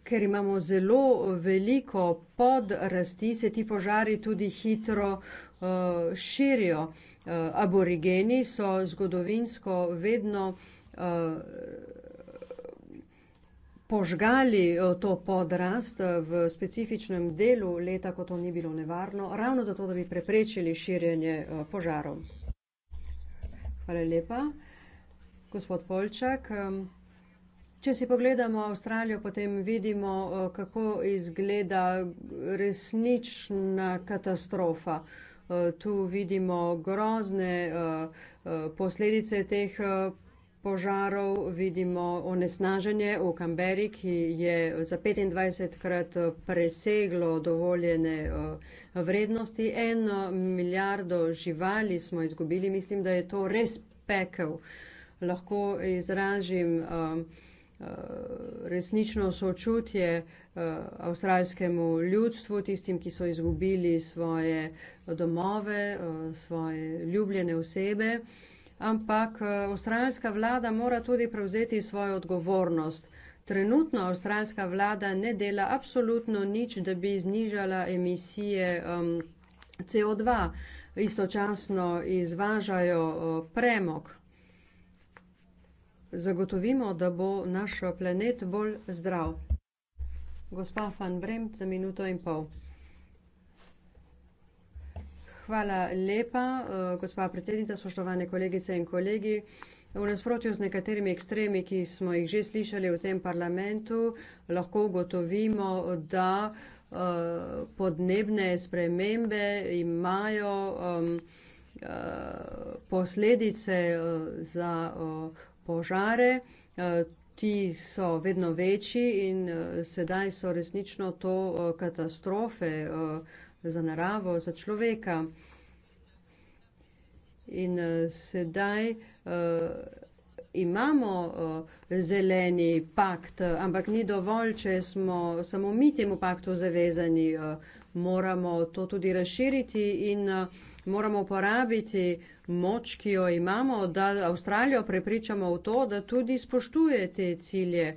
Ker imamo zelo veliko podrasti, se ti požari tudi hitro uh, širijo. Uh, aborigeni so zgodovinsko vedno uh, požgali eh, to podrast eh, v specifičnem delu leta, ko to ni bilo nevarno, ravno zato, da bi preprečili širjenje eh, požarov. Hvala lepa. Gospod Polčak, če si pogledamo Avstralijo, potem vidimo, kako izgleda resnična katastrofa. Tu vidimo grozne posledice teh požarov, vidimo onesnaženje v Kamberi, ki je za 25krat preseglo dovoljene eh, vrednosti. Eno milijardo živali smo izgubili, mislim, da je to res pekel. Lahko izražim eh, eh, resnično sočutje avstralskemu ljudstvu, tistim, ki so izgubili svoje domove, svoje ljubljene osebe ampak eh, avstralska vlada mora tudi prevzeti svojo odgovornost. Trenutno avstralska vlada ne dela absolutno nič, da bi znižala emisije um, CO2. Istočasno izvažajo eh, premog. Zagotovimo, da bo naš planet bolj zdrav. Gospa Van Bremt za minuto in pol. Hvala lepa, eh, gospa predsednica, spoštovane kolegice in kolegi. V nasprotju z nekaterimi ekstremi, ki smo jih že slišali v tem parlamentu, lahko ugotovimo, da, eh, podnebne spremembe imajo, eh, posledice, za, požare, ti so vedno večji in, sedaj so resnično to, katastrofe, za naravo, za človeka. In uh, sedaj uh, imamo uh, zeleni pakt, ampak ni dovolj, če smo samo mi temu paktu zavezani. Uh, moramo to tudi razširiti in uh, moramo uporabiti moč, ki jo imamo, da Avstralijo prepričamo v to, da tudi spoštuje te cilje.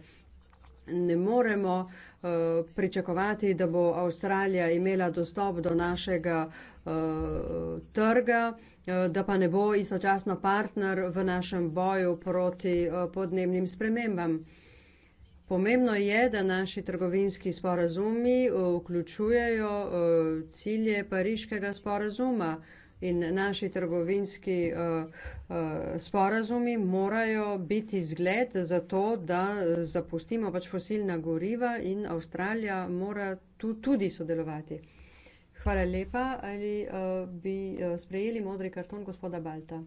Ne moremo uh, Eh, pričakovati, da bo Avstralija imela dostop do našega eh, trga, eh, da pa ne bo istočasno partner v našem boju proti podnebnim spremembam. Pomembno je, da naši trgovinski sporazumi vključujejo cilje pariškega sporazuma in naši trgovinski uh, uh, sporazumi morajo biti zgled za to, da zapustimo pač fosilna goriva in Avstralija mora tu tudi sodelovati. Hvala lepa. Ali uh, bi uh, sprejeli modri karton gospoda Balta?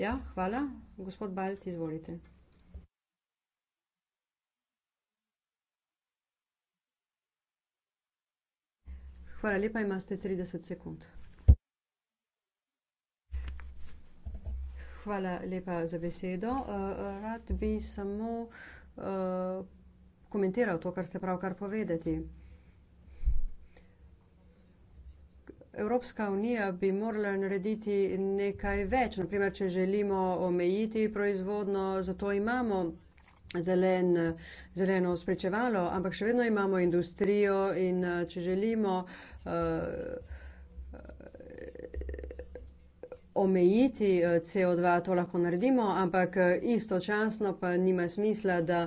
Ja, hvala. Gospod Balt, izvolite. Hvala lepa, imate 30 sekund. hvala lepa za besedo. Eh, rad bi samo eh, komentiral to, kar ste pravkar povedali. Evropska unija bi morala narediti nekaj več, na primer, če želimo omejiti proizvodnjo, zato imamo zelen, zeleno spričevalo, ampak še vedno imamo industrijo, in eh, če želimo omejiti eh, CO2, to lahko naredimo, ampak eh, istočasno pa nima smisla, da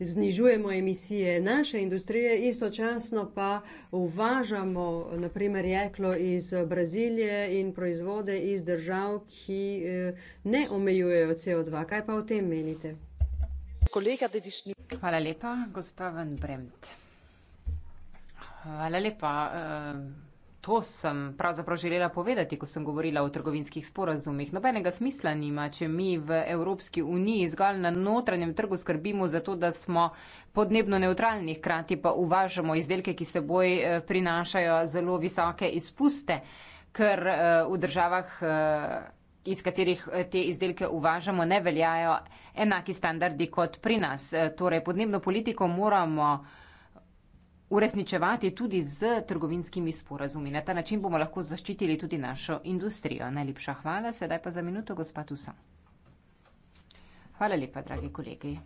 znižujemo emisije naše industrije, istočasno pa uvažamo, naprimer, jeklo iz Brazilije in proizvode iz držav, ki eh, ne omejujejo CO2. Kaj pa o tem menite? Hvala lepa, gospa Van Bremt. Hvala lepa. Uh... To sem pravzaprav želela povedati, ko sem govorila o trgovinskih sporazumih. Nobenega smisla nima, če mi v Evropski uniji zgolj na notranjem trgu skrbimo za to, da smo podnebno neutralni, hkrati pa uvažamo izdelke, ki seboj eh, prinašajo zelo visoke izpuste, ker eh, v državah, eh, iz katerih te izdelke uvažamo, ne veljajo enaki standardi kot pri nas. Torej, podnebno politiko moramo uresničevati tudi z trgovinskimi sporazumi. Na ta način bomo lahko zaščitili tudi našo industrijo. Najlepša hvala, sedaj pa za minuto, gospod Tusa. Hvala lepa, dragi kolegi.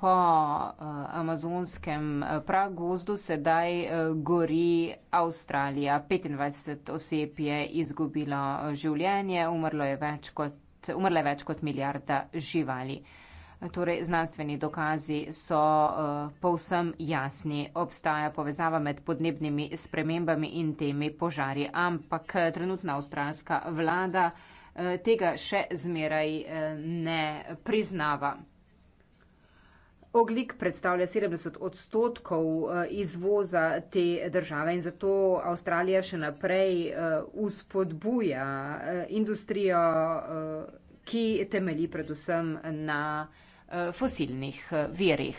Po uh, amazonskem eh, pragozdu sedaj uh, gori Avstralija. 25 oseb je izgubilo življenje, umrlo je več kot, umrlo je več kot milijarda živali. Torej, znanstveni dokazi so uh, povsem jasni. Obstaja povezava med podnebnimi spremembami in temi požari. Ampak eh, trenutna avstralska vlada uh, tega še zmeraj uh, ne priznava. Oglik predstavlja 70 odstotkov izvoza te države in zato Avstralija še naprej uspodbuja industrijo, ki temeli predvsem na. Eh, fosilnih eh, virih.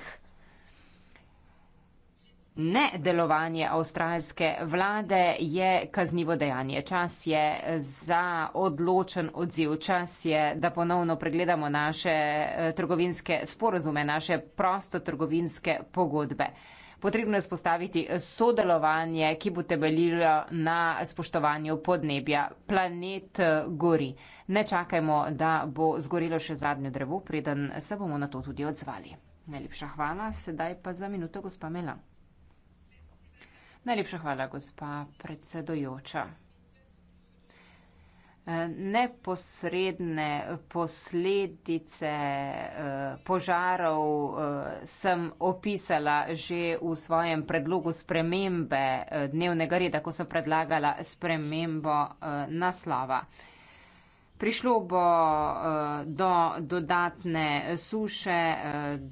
Nedelovanje avstralske vlade je kaznivo dejanje. Čas je za odločen odziv. Čas je, da ponovno pregledamo naše eh, trgovinske sporozume, naše prostotrgovinske pogodbe potrebno je spostaviti sodelovanje, ki bo temeljilo na spoštovanju podnebja. Planet eh, gori. Ne čakajmo, da bo zgorilo še zadnje drevo, preden se bomo na to tudi odzvali. Najlepša hvala, sedaj pa za minuto, gospa Mela. Najlepša hvala, gospa predsedojoča neposredne posledice eh, požarov eh, sem opisala že v svojem predlogu spremembe eh, dnevnega reda, ko sem predlagala spremembo naslova. Prišlo bo do dodatne suše,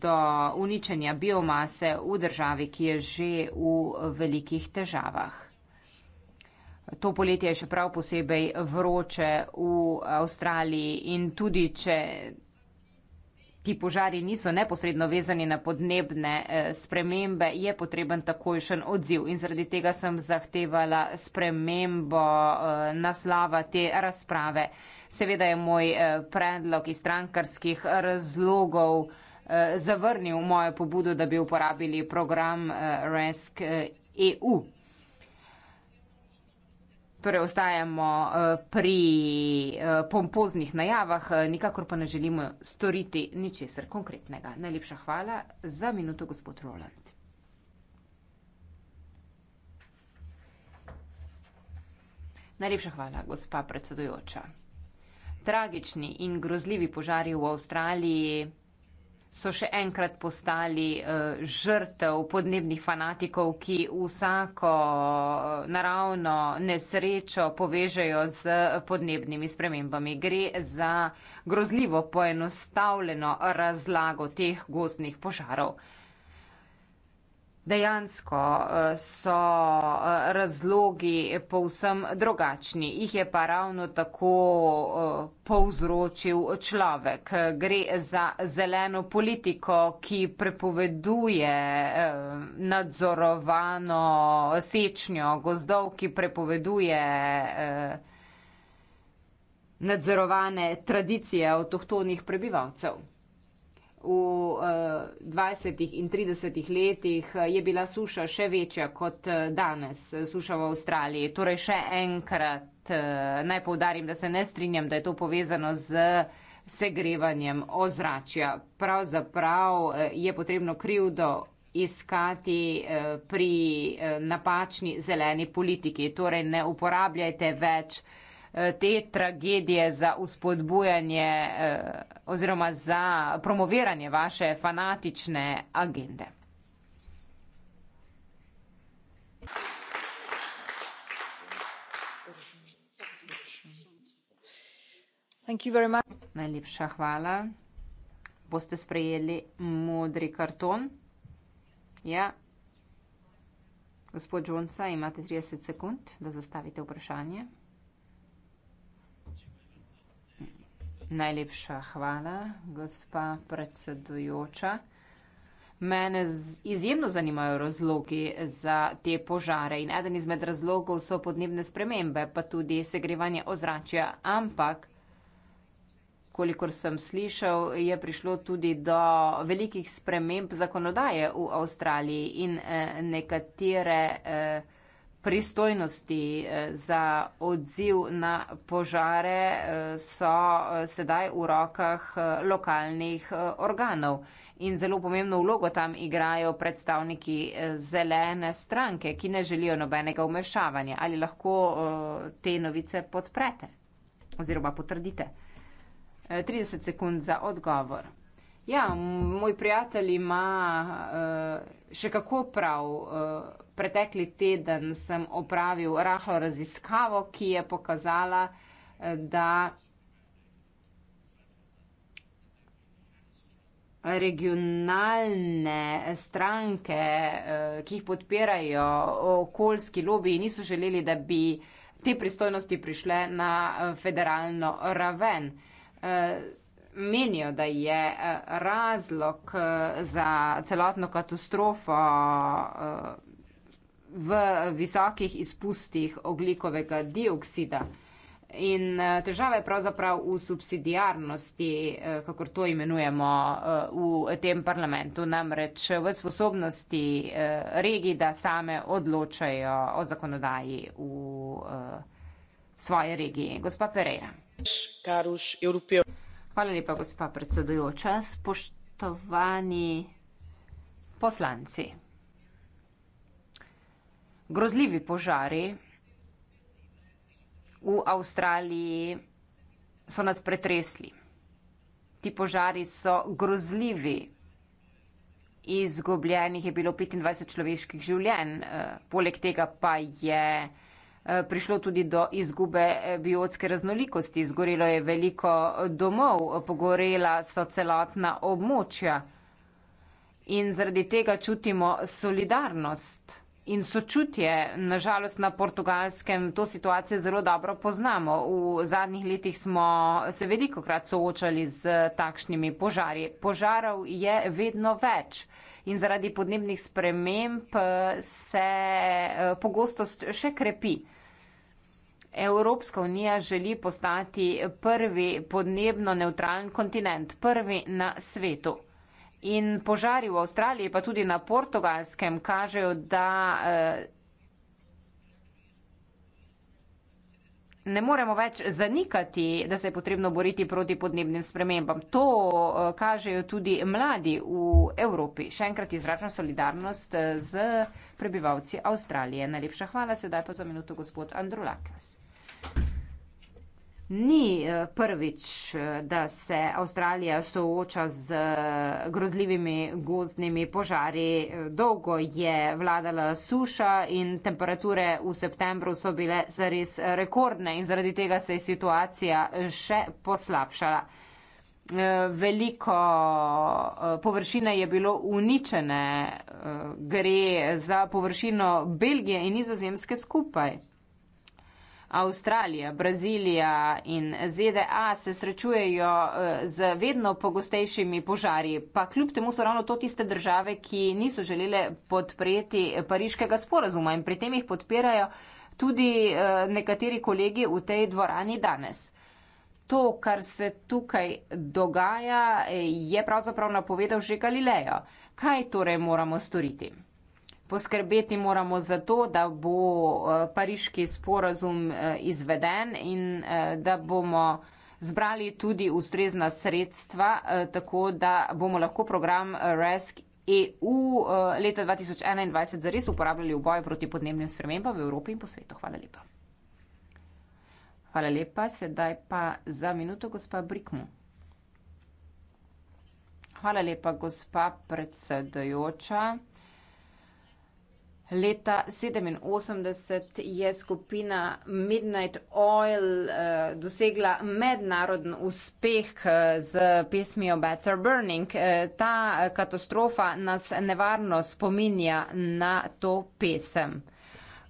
do uničenja biomase v državi, ki je že v velikih težavah to poletje je še prav posebej vroče v Avstraliji in tudi če ti požari niso neposredno vezani na podnebne eh, spremembe, je potreben takojšen odziv. In zaradi tega sem zahtevala spremembo eh, naslava te razprave. Seveda je moj eh, predlog iz strankarskih razlogov zavrnil mojo pobudo, da bi uporabili program Resk EU. E Torej, ostajamo eh, pri eh, pompoznih najavah, eh, nikakor pa ne želimo storiti ničesar konkretnega. Najlepša hvala za minuto, gospod Roland. Najlepša hvala, gospa predsedujoča. Tragični in grozljivi požari v Avstraliji so še enkrat postali eh, žrtev podnebnih fanatikov, ki vsako eh, naravno nesrečo povežejo z podnebnimi spremembami. Gre za grozljivo poenostavljeno razlago teh gozdnih požarov. Dejansko eh, so eh, razlogi povsem drugačni. Jih je pa ravno tako eh, povzročil človek. Gre za zeleno politiko, ki prepoveduje nadzorovano sečnjo gozdov, ki prepoveduje nadzorovane tradicije avtohtonih prebivalcev v uh, eh, 20 in 30 letih eh, je bila suša še večja kot eh, danes, suša v Avstraliji. Torej še enkrat uh, naj povdarim, da se ne strinjam, da je to povezano z segrevanjem ozračja. Pravzaprav uh, je potrebno krivdo iskati uh, pri uh, napačni zeleni politiki. Torej ne uporabljajte več uh, Eh, te tragedije za uspodbujanje eh, oziroma za promoviranje vaše fanatične agende. Najlepša hvala. Boste sprejeli modri karton? Ja. Gospod Džonca, imate 30 sekund, da zastavite vprašanje. Najlepša hvala, gospa predsedujoča. Mene izjemno zanimajo razlogi za te požare in eden izmed razlogov so podnebne spremembe, pa tudi segrevanje ozračja. Ampak, kolikor sem slišal, je prišlo tudi do velikih sprememb zakonodaje v Avstraliji in eh, nekatere. Eh, pristojnosti eh, za odziv na požare eh, so eh, sedaj v rokah lokalnih organov. In zelo pomembno vlogo tam igrajo predstavniki zelene stranke, ki ne želijo nobenega umešavanja. Ali lahko te novice podprete oziroma potrdite? 30 sekund za odgovor. Ja, moj prijatelj ima uh, še kako prav. Uh, pretekli teden sem opravil rahlo raziskavo, ki je pokazala, eh, da regionalne stranke, uh, ki jih podpirajo okoljski lobiji, niso želeli, da bi te pristojnosti prišle na federalno raven. Uh, menijo, da je eh, razlog eh, za celotno katastrofo eh, v visokih izpustih oglikovega dioksida. In težava je pravzaprav v subsidijarnosti, kako to imenujemo v tem parlamentu, namreč v sposobnosti regij, da same odločajo o zakonodaji v svoje regiji. Gospa Pereira. Karuš, Evropejo. Hvala lepa, gospa predsedujoča. Spoštovani poslanci. Grozljivi požari v Avstraliji so nas pretresli. Ti požari so grozljivi. Izgubljenih je bilo 25 človeških življenj, eh, poleg tega pa je Eh, prišlo tudi do izgube eh, biotske raznolikosti. Zgorelo je veliko domov, pogorela so celotna območja in zaradi tega čutimo solidarnost. In sočutje, nažalost, na portugalskem to situacijo zelo dobro poznamo. V zadnjih letih smo se veliko krat soočali z eh, takšnimi požari. Požarov je vedno več in zaradi podnebnih sprememb se pogostost še krepi. Evropska unija želi postati prvi podnebno neutralen kontinent, prvi na svetu. In požari v Avstraliji, pa tudi na portugalskem, kažejo, da eh, ne moremo več zanikati, da se je potrebno boriti proti podnebnim spremembam. To eh, kažejo tudi mladi v Evropi. Še enkrat izražam solidarnost eh, z prebivalci Avstralije. Najlepša hvala, sedaj pa za minuto gospod Andrulakas ni eh, prvič, eh, da se Avstralija sooča z eh, grozljivimi gozdnimi požari. Dolgo je vladala suša in temperature v septembru so bile zares rekordne in zaradi tega se je situacija še poslabšala. Veliko površine je bilo uničene, gre za površino Belgije in nizozemske skupaj. Avstralija, Brazilija in ZDA se srečujejo eh, z vedno pogostejšimi požari, pa kljub temu so ravno to tiste države, ki niso želele podpreti pariškega sporazuma in pri tem jih podpirajo tudi eh, nekateri kolegi v tej dvorani danes. To, kar se tukaj dogaja, eh, je pravzaprav napovedal že Galilejo. Kaj torej moramo storiti? poskrbeti moramo za to, da bo eh, pariški sporazum eh, izveden in eh, da bomo zbrali tudi ustrezna sredstva, tako da bomo lahko program RESC EU leta 2021 zares uporabljali v boju proti podnebnim spremembam v Evropi in po svetu. Hvala lepa. Hvala lepa, sedaj pa za minuto gospa Brikmu. Hvala lepa, gospa predsedajoča. Leta 1987 je skupina Midnight Oil uh, dosegla mednarodni uspeh eh, z pesmijo Better Burning. Uh, ta katastrofa nas nevarno spominja na to pesem.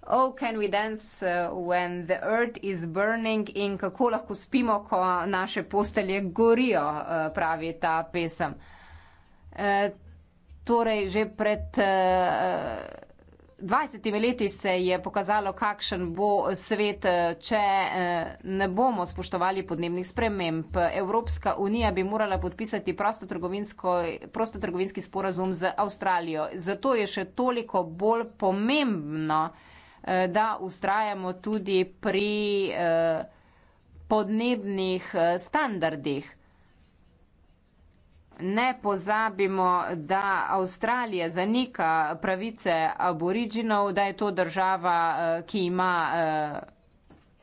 Oh, can we dance uh, when the earth is burning in kako lahko spimo, ko naše postelje gorijo, uh, pravi ta pesem. Uh, torej, že pred. Uh, 20 leti se je pokazalo, kakšen bo svet, eh, če eh, ne bomo spoštovali podnebnih sprememb. Evropska unija bi morala podpisati prostotrgovinski sporazum z Avstralijo. Zato je še toliko bolj pomembno, eh, da ustrajamo tudi pri podnebnih standardih ne pozabimo, da Avstralija zanika pravice aboriginov, da je to država, eh, ki ima eh,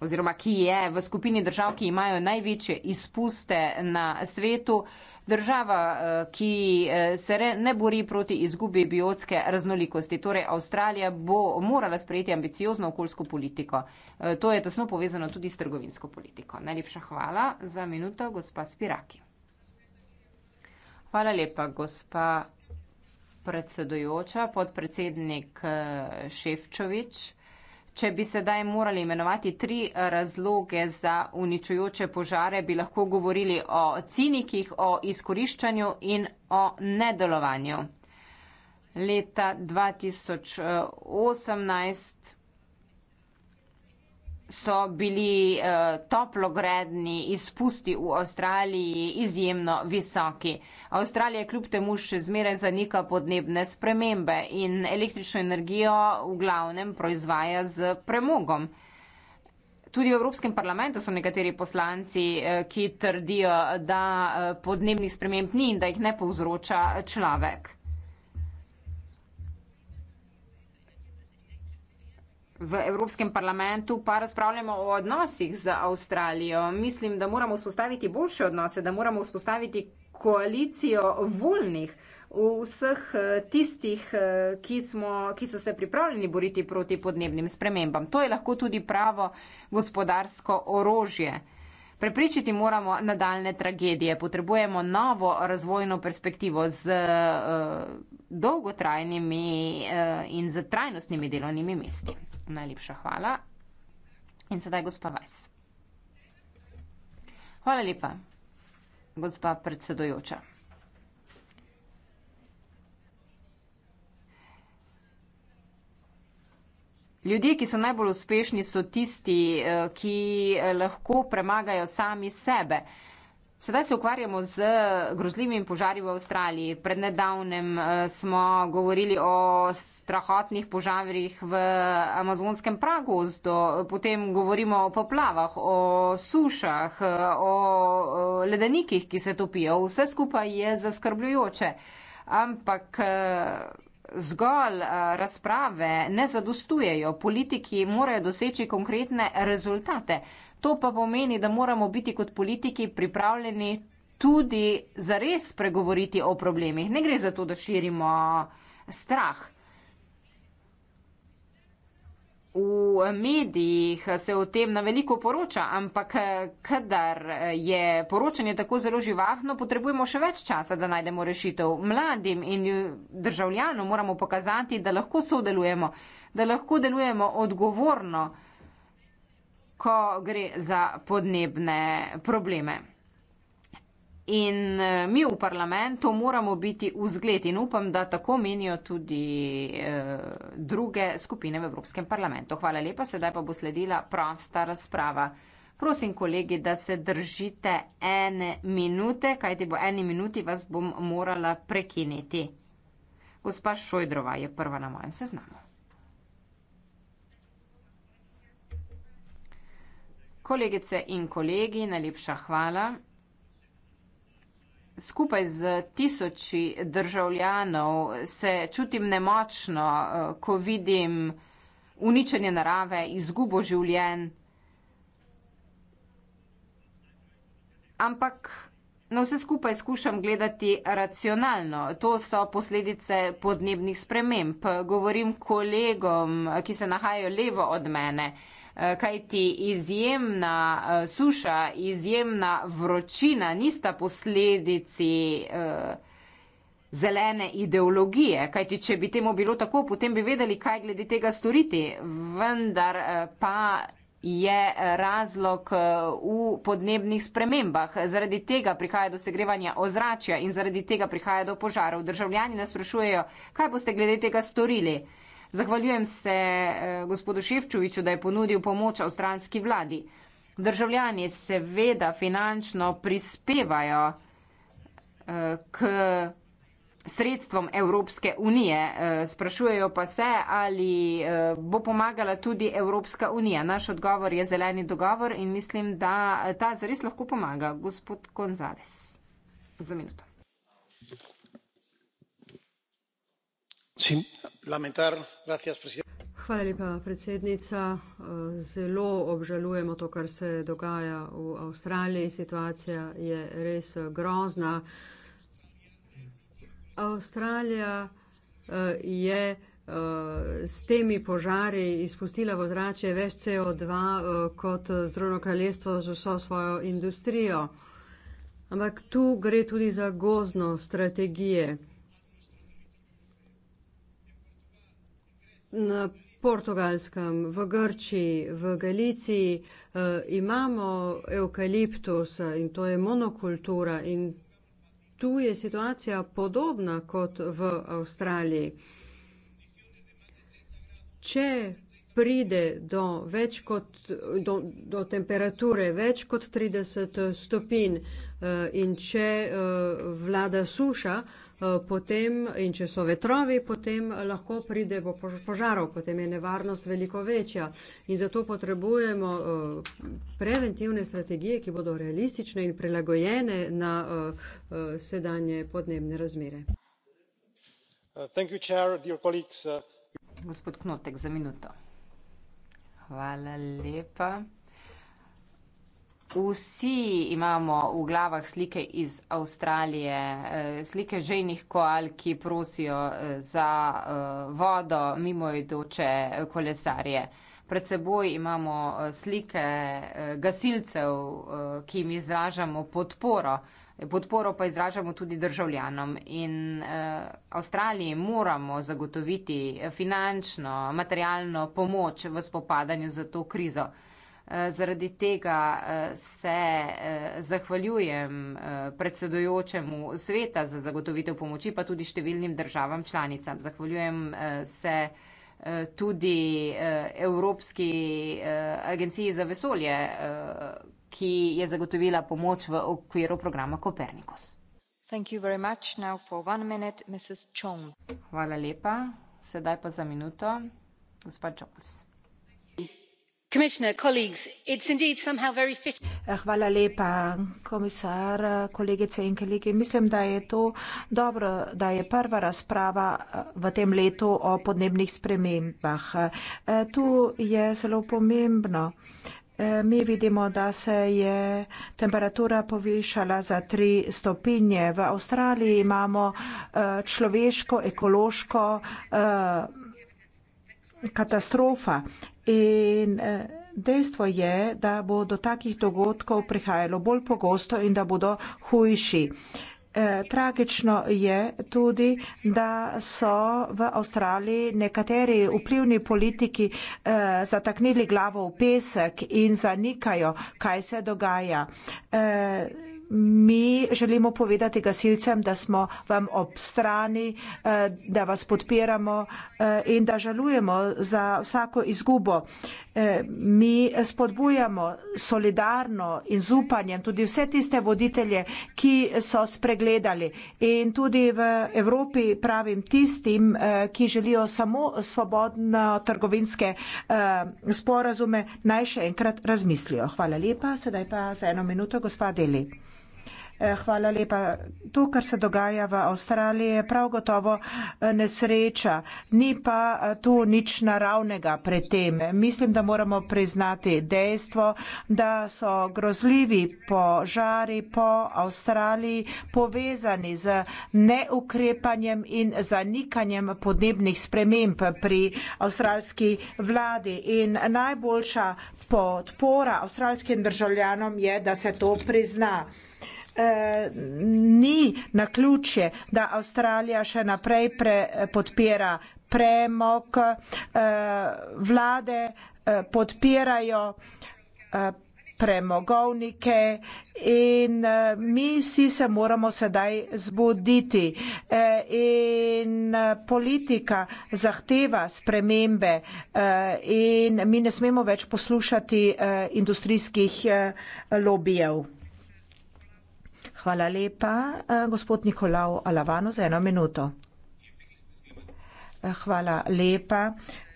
oziroma ki je v skupini držav, ki imajo največje izpuste na svetu. Država, eh, ki se ne bori proti izgubi biotske raznolikosti, torej Avstralija, bo morala sprejeti ambiciozno okoljsko politiko. To je tesno povezano tudi s trgovinsko politiko. Najlepša hvala za minuto, gospa Spiraki. Hvala lepa, gospa predsedujoča, podpredsednik, eh, Šefčovič. Če bi sedaj morali imenovati tri razloge za uničujoče požare, bi lahko govorili o cinikih, o izkoriščanju in o nedelovanju. Leta dva tisoč, eh, osemnajst so bili uh, toplogredni izpusti v Avstraliji izjemno visoki. Avstralija kljub temu še zmeraj zanika podnebne spremembe in električno energijo v glavnem proizvaja z premogom. Tudi v Evropskem parlamentu so nekateri poslanci, eh, ki trdijo, da eh, podnebnih sprememb ni in da jih ne povzroča človek. V Evropskem parlamentu pa razpravljamo o odnosih z Avstralijo. Mislim, da moramo vzpostaviti boljše odnose, da moramo vzpostaviti koalicijo voljnih vseh eh, tistih, eh, ki, smo, ki so se pripravljeni boriti proti podnebnim spremembam. To je lahko tudi pravo gospodarsko orožje. Prepričiti moramo nadaljne tragedije, potrebujemo novo razvojno perspektivo z uh, dolgotrajnimi uh, in z trajnostnimi delovnimi mesti. Najlepša hvala. In sedaj gospa Vajs. Hvala lepa, gospa predsedojoča. Ljudje, ki so najbolj uspešni, so tisti, eh, ki eh, lahko premagajo sami sebe. Sedaj se ukvarjamo z eh, grozljivim požarjem v Avstraliji. Pred nedavnem smo govorili o strahotnih požarjih v amazonskem pragozdu, potem govorimo o poplavah, o sušah, o ledenikih, ki se topijo. Vse skupaj je zaskrbljujoče. Ampak zgolj eh, razprave ne zadostujejo. Politiki morajo doseči konkretne rezultate. To pa pomeni, da moramo biti kot politiki pripravljeni tudi zares pregovoriti o problemih. Ne gre za to, da širimo strah. V medijih se o tem na veliko poroča, ampak kadar je poročanje tako zelo živahno, potrebujemo še več časa, da najdemo rešitev. Mladim in državljanom moramo pokazati, da lahko sodelujemo, da lahko delujemo odgovorno, ko gre za podnebne probleme. In eh, mi v parlamentu moramo biti v zgled in upam, da tako menijo tudi eh, druge skupine v Evropskem parlamentu. Hvala lepa, sedaj pa bo sledila prosta razprava. Prosim, kolegi, da se držite ene minute, kajti po eni minuti vas bom morala prekiniti. Gospa Šojdrova je prva na mojem seznamu. Kolegice in kolegi, najlepša hvala skupaj z tisoči državljanov se čutim nemočno, eh, ko vidim uničenje narave, izgubo življenj. Ampak na vse skupaj skušam gledati racionalno. To so posledice podnebnih sprememb. Govorim kolegom, ki se nahajajo levo od mene. Eh, kajti izjemna eh, suša, izjemna vročina nista posledici eh, zelene ideologije, kajti če bi temu bilo tako, potem bi vedeli, kaj glede tega storiti, vendar pa je razlog v podnebnih spremembah. Zaradi tega prihaja do segrevanja ozračja in zaradi tega prihaja do požarov. Državljani nas sprašujejo, kaj boste glede tega storili. Zahvaljujem se eh, gospodu Ševčoviču, da je ponudil pomoč avstralski vladi. Državljani seveda finančno prispevajo eh, k sredstvom Evropske unije. Eh, sprašujejo pa se, ali bo pomagala tudi Evropska unija. Naš odgovor je zeleni dogovor in mislim, da ta zares lahko pomaga. Gospod Gonzales, za minuto. hvala lepa predsednica zelo obžalujemo to kar se dogaja v avstraliji situacija je res grozna avstralija je s temi požari izpustila v ozračje več COdva kot združeno kraljestvo z vso svojo industrijo ampak tu gre tudi za gozdno strategije Na Portugalskem, v Grčiji, v Galiciji eh, imamo eukaliptus in to je monokultura in tu je situacija podobna kot v Avstraliji. Če pride do več kot, do, do temperature več kot trideset stopinj eh, in če eh, vlada suša, Eh, potem in če so vetrovi, potem lahko pride do požarov, potem je nevarnost veliko večja. In zato potrebujemo eh, preventivne strategije, ki bodo realistične in prilagojene na eh, sedanje podnebne razmere. Uh, uh, Gospod Knotek, za minuto. Hvala lepa. Vsi imamo v glavah slike iz Avstralije, eh, slike ženih koal, ki prosijo eh, za eh, vodo mimo idoče kolesarje. Pred seboj imamo slike gasilcev, ki jim izražamo podporo. Podporo pa izražamo tudi državljanom in Avstraliji moramo zagotoviti finančno, materialno pomoč v spopadanju z to krizo. Eh, zaradi tega eh, se eh, zahvaljujem predsedujočemu sveta za zagotovitev pomoči, pa tudi številnim državam članicam. Zahvaljujem se tudi Evropski agenciji za vesolje, ki je zagotovila pomoč v okviru programa Kopernikus. Hvala lepa. Sedaj pa za minuto gospa Jones. Eh, hvala lepa komisar kolegice in kolegi mislim da je to dobro da je prva razprava eh, v tem letu o podnebnih spremembah eh, tu je zelo pomembno mi vidimo da se je temperatura povišala za tri stopinje v avstraliji imamo človeško ekološko katastrofa In eh, dejstvo je, da bo do takih dogodkov prihajalo bolj pogosto in da bodo hujši. Eh, tragično je tudi, da so v Avstraliji nekateri vplivni politiki eh, zataknili glavo v pesek in zanikajo, kaj se dogaja mi želimo povedati gasilcem, da smo vam ob strani, eh, da vas podpiramo eh, in da žalujemo za vsako izgubo. Eh, mi spodbujamo solidarno in z upanjem tudi vse tiste voditelje, ki so spregledali. In tudi v Evropi pravim tistim, ki želijo samo svobodno trgovinske sporazume, naj še enkrat razmislijo. Hvala lepa. Sedaj pa za eno minuto gospa Deli. Eh, hvala lepa. To, kar se dogaja v Avstraliji, je prav gotovo eh, nesreča. Ni pa eh, tu nič naravnega pred tem. Mislim, da moramo priznati dejstvo, da so grozljivi požari po Avstraliji povezani z neukrepanjem in zanikanjem podnebnih sprememb pri avstralski vladi. In najboljša podpora avstralskim državljanom je, da se to prizna eh, ni na ključje, da Avstralija še naprej pre, podpira premog. Eh, vlade eh, podpirajo eh, premogovnike in eh, mi vsi se moramo sedaj zbuditi. Eh, in eh, politika zahteva spremembe eh, in mi ne smemo več poslušati eh, industrijskih eh, lobijev. Hvala lepa. Eh, gospod Nikolav Alavano za eno minuto. Eh, hvala lepa.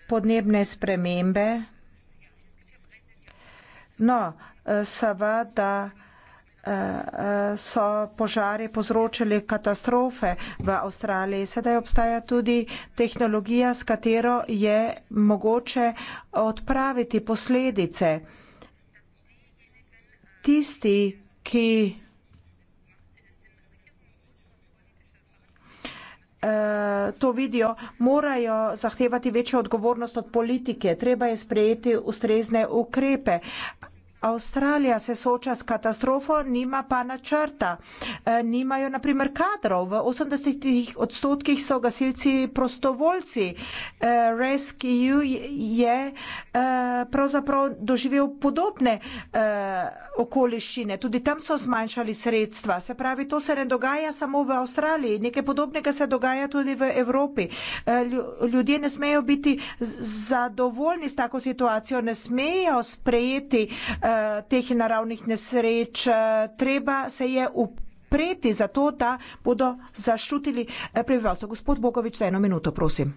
Podnebne spremembe. No, eh, seveda so požari povzročili katastrofe v Avstraliji. Sedaj obstaja tudi tehnologija, s katero je mogoče odpraviti posledice. Tisti, ki Eh, to vidijo, morajo zahtevati večjo odgovornost od politike, treba je sprejeti ustrezne ukrepe. Avstralija se sooča s katastrofo, nima pa načrta. E, nimajo naprimer kadrov. V 80 odstotkih so gasilci prostovoljci. E, Rescue je, je e, pravzaprav doživel podobne e, okoliščine. Tudi tam so zmanjšali sredstva. Se pravi, to se ne dogaja samo v Avstraliji. Nekaj podobnega se dogaja tudi v Evropi. E, ljudje ne smejo biti zadovoljni s tako situacijo, ne smejo sprejeti. E, Eh, teh naravnih nesreč. Eh, treba se je upreti za to, da bodo zaščutili eh, prebivalstvo. Gospod Bogovič, za eno minuto, prosim.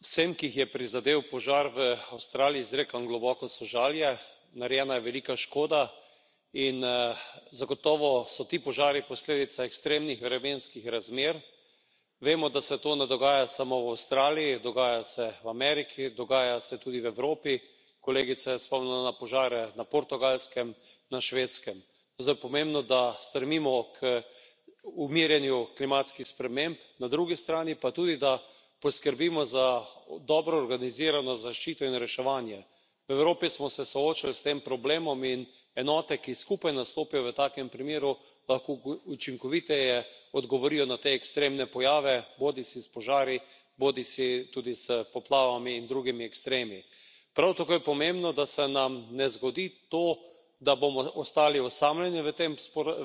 Vsem, ki jih je prizadel požar v Avstraliji, izrekam globoko sožalje. Narejena je velika škoda in zagotovo so ti požari posledica ekstremnih vremenskih razmer. Vemo, da se to ne dogaja samo v Avstraliji, dogaja se v Ameriki, dogaja se tudi v Evropi kolegica je spomnila na požare na portugalskem na švedskem zato je pomembno da stremimo k umirjanju klimatskih sprememb na drugi strani pa tudi da poskrbimo za dobro organizirano zaščito in reševanje. v evropi smo se soočali s tem problemom in enote ki skupaj nastopijo v takem primeru lahko učinkoviteje odgovorijo na te ekstremne pojave bodisi s požari bodisi tudi s poplavami in drugimi ekstremi prav tako je pomembno da se nam ne zgodi to da bomo ostali osamljeni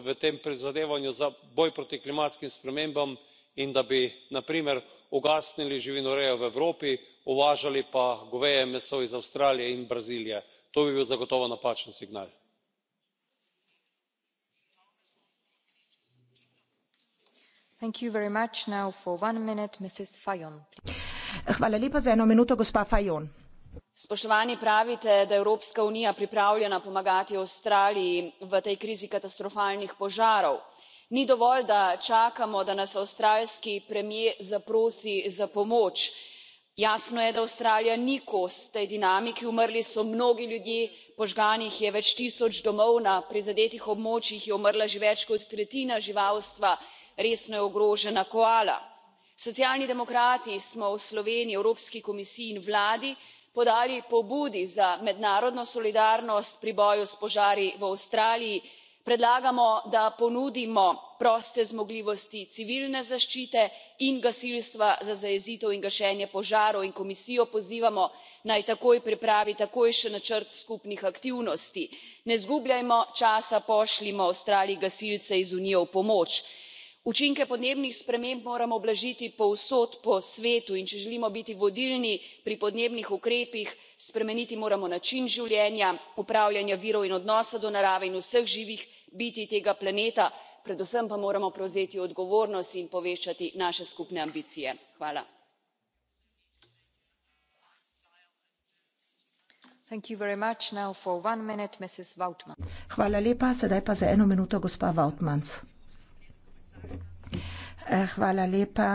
v tem prizadevanju za boj proti klimatskim spremembam in da bi na primer ugasnili živinorejo v evropi uvažali pa goveje meso iz avstralije in brazilije to bi bil zagotovo napačen signal spoštovani pravite da je evropska unija pripravljena pomagati avstraliji v tej krizi katastrofalnih požarov. ni dovolj da čakamo da nas avstralski premier zaprosi za pomoč jasno je da avstralija ni kos tej dinamiki umrli so mnogi ljudje požganih je več tisoč domov na prizadetih območjih je umrla že več kot tretjina živalstva resno je ogrožena koala. socialni demokrati smo v sloveniji evropski komisiji in vladi podali pobudi za mednarodno solidarnost pri boju s požari v avstraliji predlagamo da ponudimo proste zmogljivosti civilne zaščite in gasilstva za zajezitev in gašenje požarov in komisijo pozivamo naj takoj pripravi takojšen načrt skupnih aktivnosti. ne izgubljajmo časa pošljimo avstraliji gasilce iz unije v pomoč učinke podnebnih sprememb moramo blažiti povsod po svetu in če želimo biti vodilni pri podnebnih ukrepih spremeniti moramo način življenja upravljanja virov in odnosa do narave in vseh živih bitij tega planeta predvsem pa moramo prevzeti odgovornost in povečati naše skupne ambicije. Eh, hvala lepa.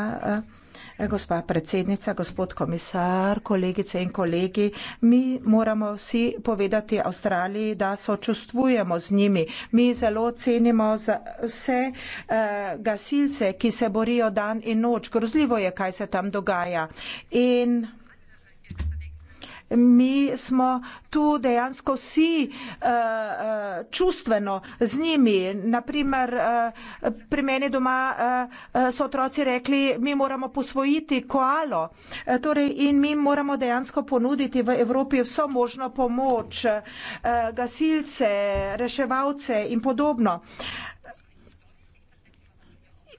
Eh, gospa predsednica, gospod komisar, kolegice in kolegi, mi moramo vsi povedati Avstraliji, da sočustvujemo z njimi. Mi zelo cenimo za vse eh, gasilce, ki se borijo dan in noč. Grozljivo je, kaj se tam dogaja. In mi smo tu dejansko vsi eh, eh, čustveno z njimi. Naprimer, eh, pri meni doma so otroci rekli, mi moramo posvojiti koalo torej, in mi moramo dejansko ponuditi v Evropi vso možno pomoč, gasilce, reševalce in podobno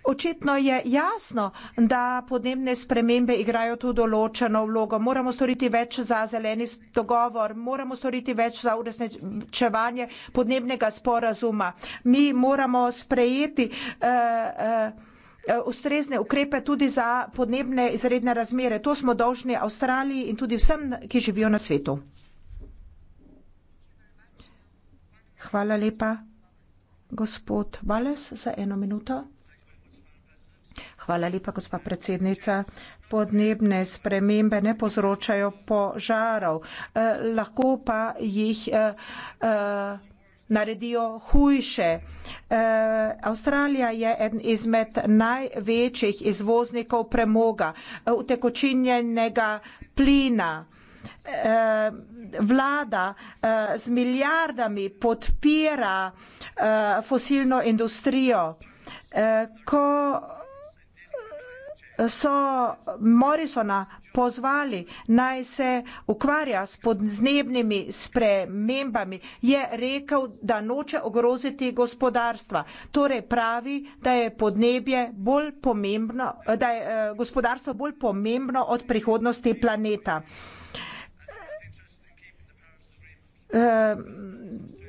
očitno je jasno, da podnebne spremembe igrajo tu določeno vlogo. Moramo storiti več za zeleni dogovor, moramo storiti več za uresničevanje podnebnega sporazuma. Mi moramo sprejeti. Uh, uh, ustrezne ukrepe tudi za podnebne izredne razmere. To smo dolžni Avstraliji in tudi vsem, ki živijo na svetu. Hvala lepa, gospod Vales, za eno minuto. Hvala lepa, gospa predsednica. Podnebne spremembe ne povzročajo požarov, eh, lahko pa jih eh, eh, naredijo hujše. Eh, Avstralija je en izmed največjih izvoznikov premoga, eh, utekočinjenega plina. Eh, vlada eh, z milijardami podpira eh, fosilno industrijo. Ko so Morrisona pozvali, naj se ukvarja s podnebnimi spremembami, je rekel, da noče ogroziti gospodarstva. Torej pravi, da je podnebje bolj pomembno, da je eh, gospodarstvo bolj pomembno od prihodnosti planeta. Eh,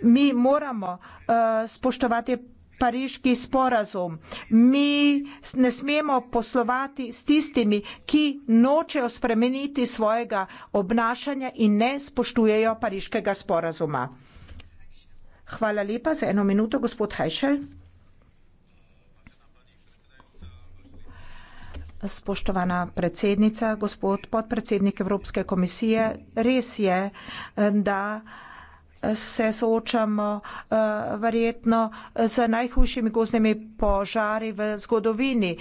mi moramo eh, spoštovati pariški sporazum. Mi ne smemo poslovati s tistimi, ki nočejo spremeniti svojega obnašanja in ne spoštujejo pariškega sporazuma. Hvala lepa za eno minuto, gospod Hajšel. Spoštovana predsednica, gospod podpredsednik Evropske komisije, res je, da se soočamo eh, verjetno z najhujšimi gozdnimi požari v zgodovini. Eh,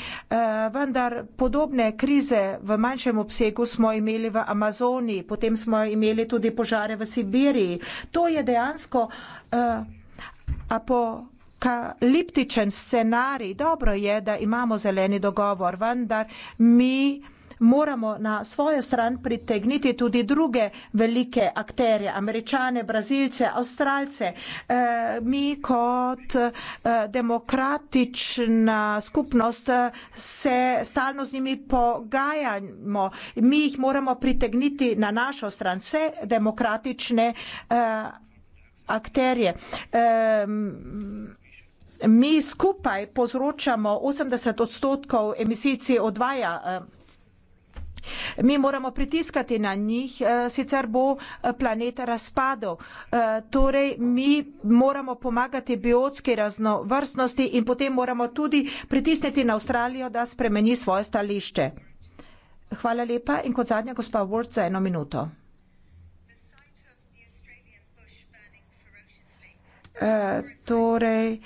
vendar podobne krize v manjšem obsegu smo imeli v Amazoniji, potem smo imeli tudi požare v Sibiriji. To je dejansko eh, apokaliptičen scenarij. Dobro je, da imamo zeleni dogovor, vendar mi moramo na svojo stran pritegniti tudi druge velike akterje, američane, brazilce, avstralce. Eh, mi kot eh, demokratična skupnost eh, se stalno z njimi pogajamo. Mi jih moramo pritegniti na našo stran, vse demokratične akterje. Mi skupaj povzročamo 80 odstotkov emisij CO2. -ja. Mi moramo pritiskati na njih, eh, sicer bo eh, planet razpadel. Eh, torej, mi moramo pomagati biotski raznovrstnosti in potem moramo tudi pritisniti na Avstralijo, da spremeni svoje stališče. Hvala lepa in kot zadnja gospa Ward za eno minuto. Torej,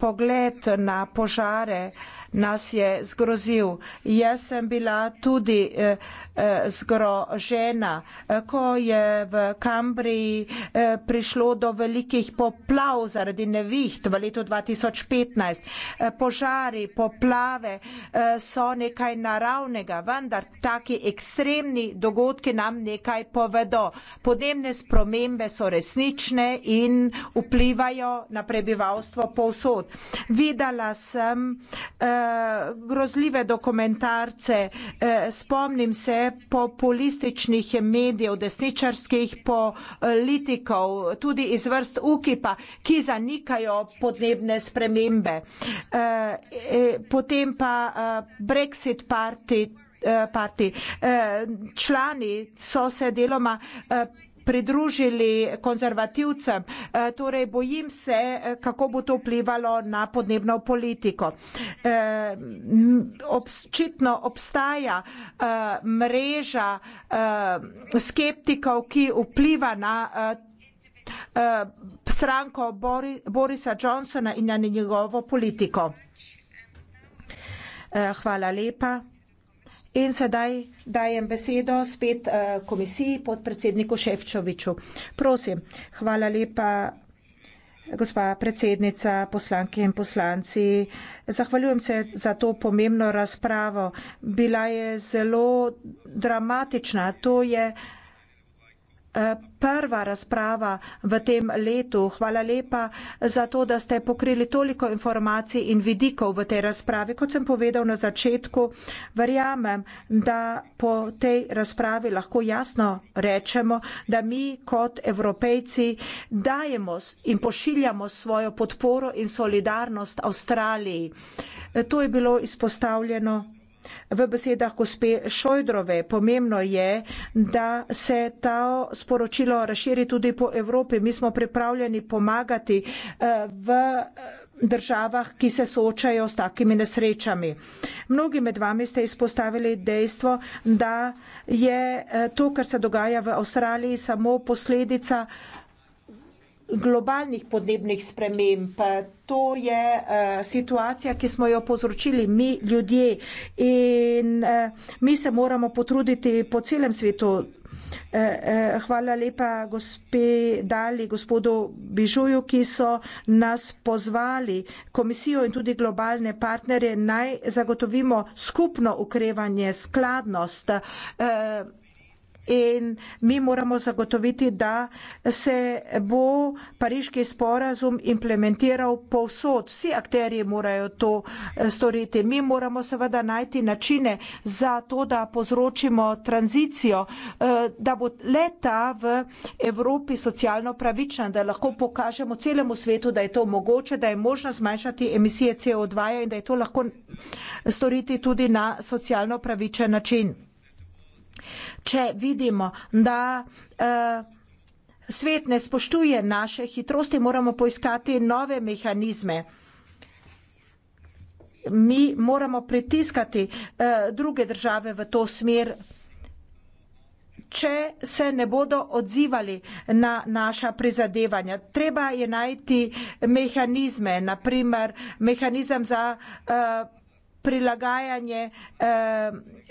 pogled na požare nas je zgrozil. Jaz sem bila tudi eh, zgrožena. Ko je v Kambriji eh, prišlo do velikih poplav zaradi neviht v letu 2015, eh, požari, poplave eh, so nekaj naravnega, vendar taki ekstremni dogodki nam nekaj povedo. Podnebne spremembe so resnične in vplivajo na prebivalstvo povsod. Videla sem grozljive dokumentarce, spomnim se populističnih medijev, desničarskih politikov, tudi iz vrst UKIP-a, ki zanikajo podnebne spremembe. Eh, eh, potem pa eh, Brexit party, party. člani so se deloma pridružili konzervativcem. E, torej, bojim se, e, kako bo to vplivalo na podnebno politiko. E, Občitno obstaja mreža skeptikov, ki vpliva na stranko Borisa Johnsona in na njegovo politiko. Hvala lepa. In sedaj dajem besedo spet eh, komisiji podpredsedniku Ševčoviču. Prosim, hvala lepa, gospa predsednica, poslanki in poslanci. Zahvaljujem se za to pomembno razpravo. Bila je zelo dramatična. To je prva razprava v tem letu. Hvala lepa za to, da ste pokrili toliko informacij in vidikov v tej razpravi. Kot sem povedal na začetku, verjamem, da po tej razpravi lahko jasno rečemo, da mi kot evropejci dajemo in pošiljamo svojo podporo in solidarnost Avstraliji. To je bilo izpostavljeno V besedah gospe Šojdrove pomembno je, da se ta sporočilo razširi tudi po Evropi. Mi smo pripravljeni pomagati eh, v eh, državah, ki se soočajo s takimi nesrečami. Mnogi med vami ste izpostavili dejstvo, da je eh, to, kar se dogaja v Avstraliji, samo posledica globalnih podnebnih sprememb. To je uh, situacija, ki smo jo povzročili mi ljudje in uh, mi se moramo potruditi po celem svetu. Uh, uh, hvala lepa gospe Dali, gospodu Bižuju, ki so nas pozvali, komisijo in tudi globalne partnerje, naj zagotovimo skupno ukrevanje, skladnost. Uh, in mi moramo zagotoviti, da se bo pariški sporazum implementiral povsod. Vsi akteri morajo to eh, storiti. Mi moramo seveda najti načine za to, da povzročimo tranzicijo, eh, da bo leta v Evropi socialno pravična, da lahko pokažemo celemu svetu, da je to mogoče, da je možno zmanjšati emisije CO2 in da je to lahko storiti tudi na socialno pravičen način če vidimo, da uh, svet ne spoštuje naše hitrosti, moramo poiskati nove mehanizme. Mi moramo pritiskati uh, druge države v to smer. Če se ne bodo odzivali na naša prizadevanja, treba je najti mehanizme, naprimer mehanizem za uh, prilagajanje eh,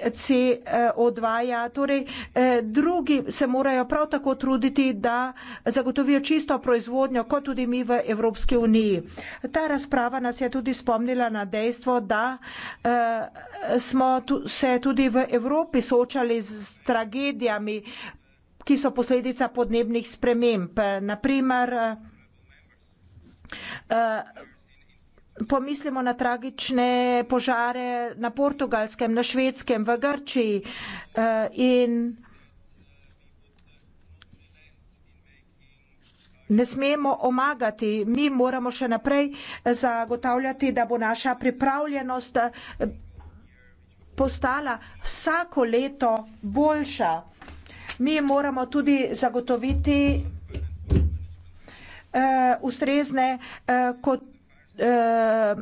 CO2. -ja. Torej, eh, drugi se morajo prav tako truditi, da zagotovijo čisto proizvodnjo, kot tudi mi v Evropski uniji. Ta razprava nas je tudi spomnila na dejstvo, da eh, smo tu, se tudi v Evropi soočali z tragedijami, ki so posledica podnebnih sprememb. Naprimer, eh, pomislimo na tragične požare na portugalskem, na švedskem, v Grčiji eh, in ne smemo omagati. Mi moramo še naprej zagotavljati, da bo naša pripravljenost eh, postala vsako leto boljša. Mi moramo tudi zagotoviti uh, ustrezne uh, kot uh,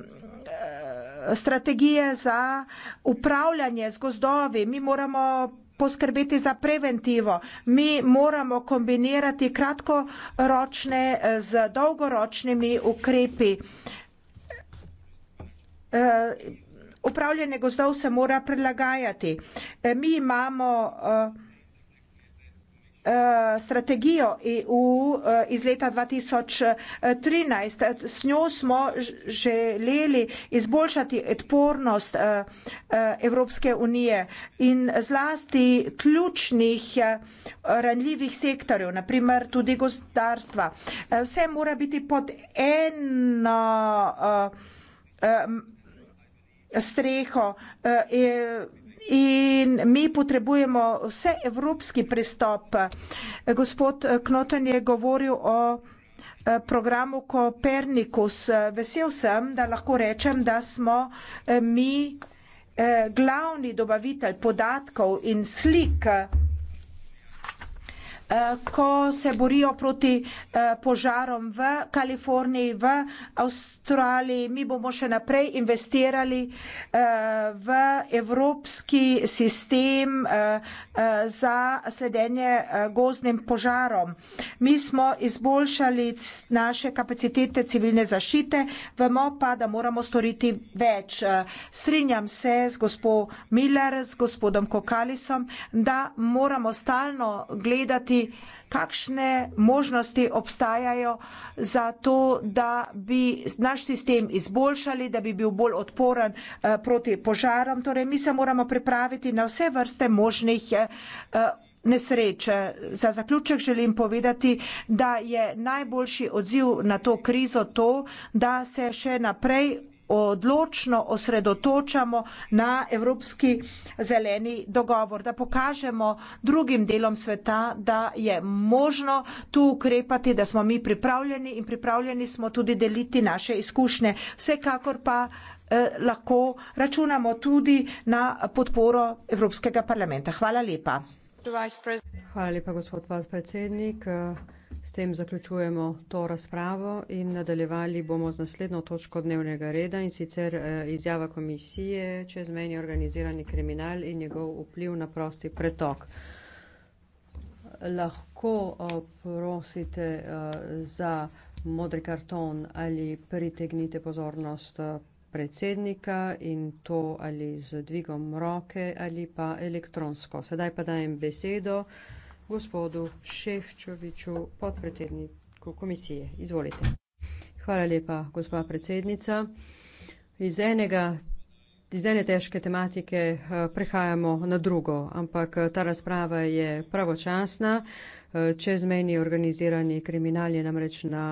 strategije za upravljanje z gozdovi. Mi moramo poskrbeti za preventivo. Mi moramo kombinirati kratkoročne eh, z dolgoročnimi ukrepi. Upravljanje gozdov se mora prilagajati. Mi imamo Eh, strategijo EU eh, iz leta 2013. S njo smo želeli izboljšati odpornost eh, Evropske unije in zlasti ključnih ranljivih sektorjev, naprimer tudi gospodarstva. Vse mora biti pod eno streho e-, In mi potrebujemo vse evropski pristop. Gospod Knoten je govoril o eh, programu Kopernikus. Vesel sem, da lahko rečem, da smo eh, mi eh, glavni dobavitelj podatkov in slik Eh, ko se borijo proti eh, požarom v Kaliforniji, v Avstraliji. Mi bomo še naprej investirali eh, v evropski sistem za sledenje gozdnim požarom. Mi smo izboljšali naše kapacitete civilne zaščite, vemo pa, da moramo storiti več. Srinjam se z gospod Miller, z gospodom Kokalisom, da moramo stalno gledati, vidi, kakšne možnosti obstajajo za to, da bi naš sistem izboljšali, da bi bil bolj odporen eh, proti požarom. Torej, mi se moramo pripraviti na vse vrste možnih eh, eh, nesreče. Za zaključek želim povedati, da je najboljši odziv na to krizo to, da se še naprej odločno osredotočamo na Evropski zeleni dogovor, da pokažemo drugim delom sveta, da je možno tu ukrepati, da smo mi pripravljeni in pripravljeni smo tudi deliti naše izkušnje. Vsekakor pa eh, lahko računamo tudi na podporo Evropskega parlamenta. Hvala lepa. Hvala lepa, gospod podpredsednik. S tem zaključujemo to razpravo in nadaljevali bomo z naslednjo točko dnevnega reda in sicer eh, izjava komisije čezmejni organizirani kriminal in njegov vpliv na prosti pretok. Lahko eh, prosite eh, za modri karton ali pritegnite pozornost predsednika in to ali z dvigom roke ali pa elektronsko. Sedaj pa dajem besedo gospodu Šefčoviću, podpredsedniku komisije. Izvolite. Hvala lepa, gospa predsednica. Iz enega Iz ene težke tematike eh, prehajamo na drugo, ampak eh, ta razprava je pravočasna. Eh, čezmejni organizirani kriminal je namreč na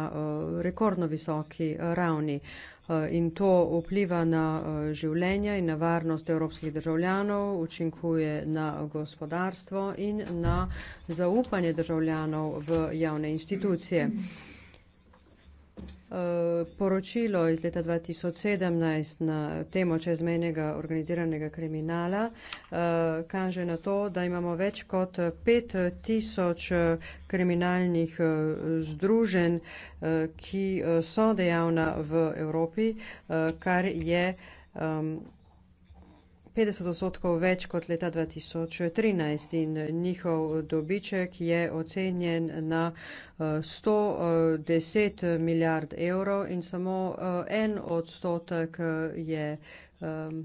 rekordno visoki ravni. Eh, in to vpliva na eh, življenja in na varnost evropskih državljanov, učinkuje na gospodarstvo in na zaupanje državljanov v javne institucije poročilo iz leta 2017 na temo čezmejnega organiziranega kriminala uh, kaže na to, da imamo več kot 5000 eh, kriminalnih uh, eh, združen, uh, ki uh, so dejavna v Evropi, uh, kar je um, 50 odstotkov več kot leta 2013 in njihov dobiček je ocenjen na 110 eh, eh, milijard evrov in samo eh, en odstotek je ehm,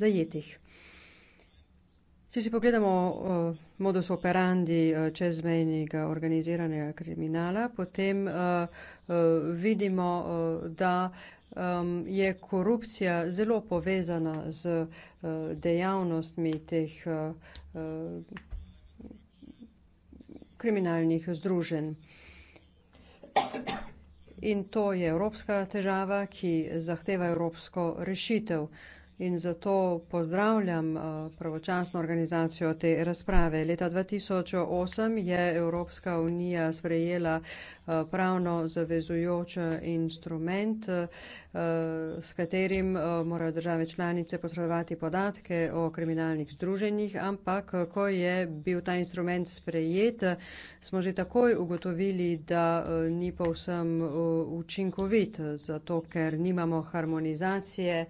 zajetih. Če si pogledamo modus operandi čezmejnega organiziranega kriminala, potem vidimo, da um, je korupcija zelo povezana z uh, dejavnostmi teh uh, uh, kriminalnih združenj. In to je evropska težava, ki zahteva evropsko rešitev. Uh, in zato pozdravljam eh, pravočasno organizacijo te razprave. Leta 2008 je Evropska unija sprejela eh, pravno zavezujoč eh, instrument, s katerim morajo države članice posredovati podatke o kriminalnih združenjih, ampak ko je bil ta instrument sprejet, smo že takoj ugotovili, da ni povsem učinkovit, zato ker nimamo harmonizacije.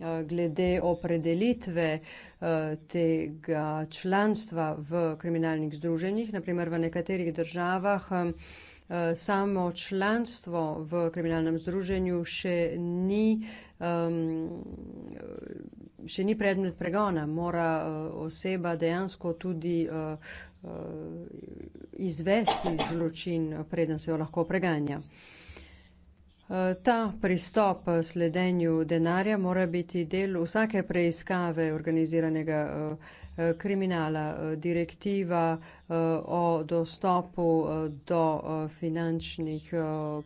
Eh, glede opredelitve eh, tega članstva v kriminalnih združenjih, naprimer v nekaterih državah. Eh, samo članstvo v kriminalnem združenju še ni, um, še ni predmet pregona. Mora oseba dejansko tudi uh, uh, izvesti zločin, preden se jo lahko preganja. Uh, Ta pristop sledenju denarja mora biti del vsake preiskave organiziranega eh, eh, kriminala. Eh, direktiva o dostopu do finančnih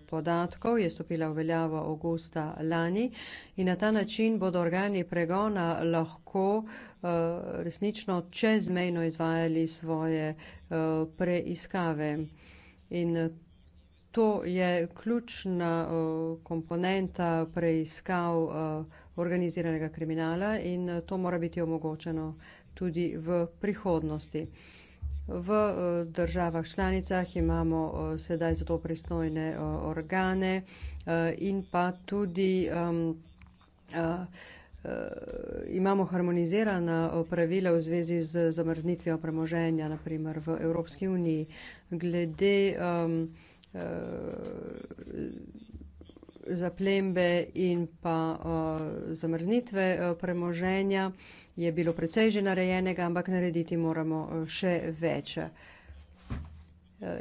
podatkov je stopila v veljavo avgusta lani in na ta način bodo organi pregona lahko resnično čezmejno izvajali svoje preiskave. In to je ključna komponenta preiskav organiziranega kriminala in e, to mora biti omogočeno tudi v prihodnosti. V e, državah članicah imamo sedaj za to pristojne organe e, in pa tudi imamo harmonizirana pravila v zvezi z zamrznitvijo premoženja, na primer v Evropski uniji. Glede Eh, zaplembe in pa uh, zamrznitve uh, premoženja je bilo precej že narejenega, ampak narediti moramo še več. Uh,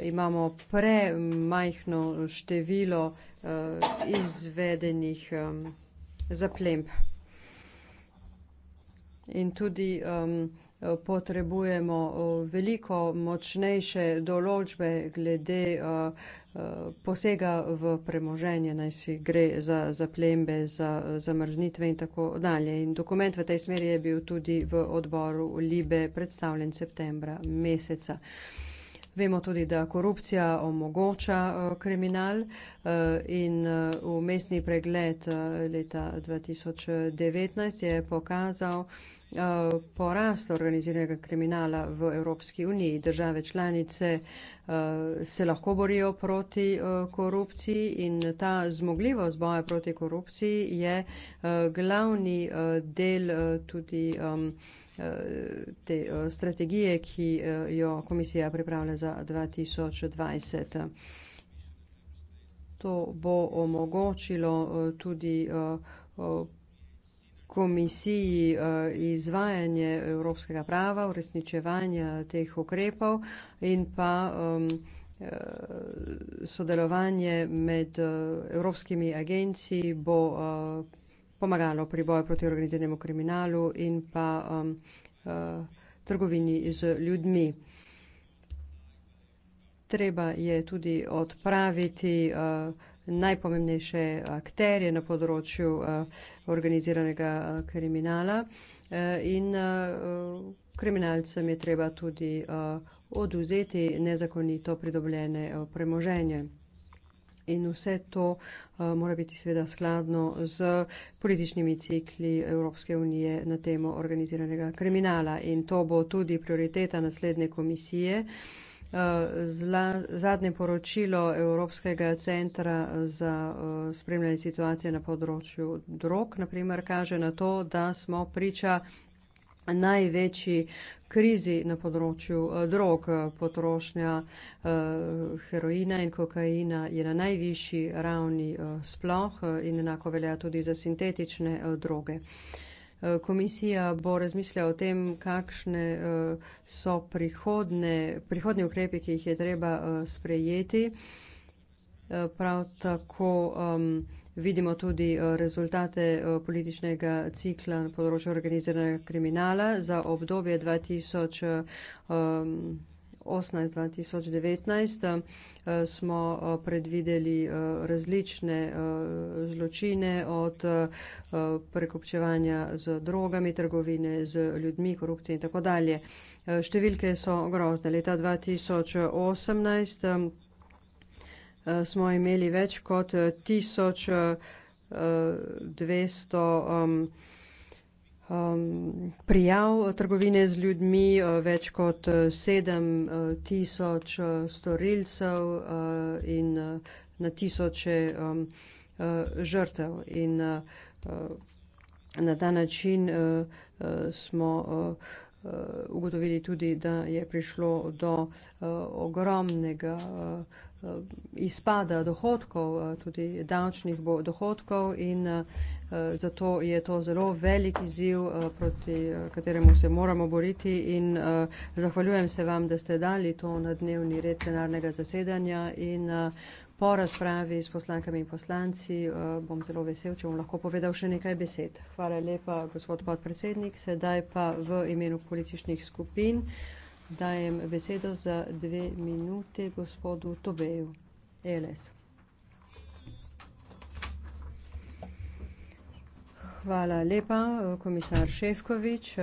imamo premajhno število uh, izvedenih um, zaplemb. In tudi um, potrebujemo eh, veliko močnejše določbe glede eh, eh, posega v premoženje, naj si gre za zaplembe, za zamrznitve in tako dalje. In dokument v tej smeri je bil tudi v odboru Libe predstavljen septembra meseca. Vemo tudi, da korupcija omogoča kriminal in umestni pregled leta 2019 je pokazal, Eh, porast organiziranega kriminala v Evropski uniji. Države članice eh, se lahko borijo proti eh, korupciji in ta zmogljivost boja proti korupciji je glavni del tudi um, te strategije, ki jo komisija pripravlja za 2020. To bo omogočilo tudi komisiji eh, izvajanje evropskega prava, uresničevanje teh ukrepov in pa eh, sodelovanje med eh, evropskimi agenciji bo pomagalo pri boju proti organiziranemu kriminalu in pa trgovini z ljudmi. Treba je tudi odpraviti uh, najpomembnejše akterje na področju eh, organiziranega eh, kriminala. Eh, in kriminalcem je treba tudi oduzeti nezakonito pridobljene premoženje. In vse to mora biti seveda skladno z političnimi cikli Evropske unije na temo organiziranega kriminala. In to bo tudi prioriteta naslednje komisije. Eh, zla, zadnje poročilo Evropskega centra za eh, spremljanje situacije na področju drog, naprimer, kaže na to, da smo priča največji krizi na področju eh, drog. Potrošnja heroina in kokaina je na najvišji ravni sploh in enako velja tudi za sintetične droge. Eh, komisija bo razmišljala o tem, kakšne eh, so prihodne, prihodne ukrepe, ki jih je treba eh, sprejeti. Prav tako um, vidimo tudi rezultate političnega cikla na področju organiziranega kriminala za obdobje 2000. Um, 2018-2019 eh, smo eh, predvideli eh, različne zločine od prekupčevanja z drogami, trgovine z ljudmi, korupcije in tako dalje. Številke so grozne. Leta 2018 smo imeli več kot 1200 um, prijav trgovine z ljudmi, uh, več kot 7000 uh, uh, storilcev uh, in na tisoče um, žrtev. In uh, na ta način uh, smo uh, Eh, ugotovili tudi, da je prišlo do eh, ogromnega eh, izpada dohodkov, tudi davčnih dohodkov in zato je to zelo velik izziv, proti kateremu se moramo boriti in zahvaljujem se vam, da ste dali to na dnevni red plenarnega zasedanja in Po razpravi s poslankami in poslanci eh, bom zelo vesel, če bom lahko povedal še nekaj besed. Hvala lepa, gospod podpredsednik. Sedaj pa v imenu političnih skupin dajem besedo za dve minute gospodu Tobeju. ELS. Hvala lepa, eh, komisar Šefkovič.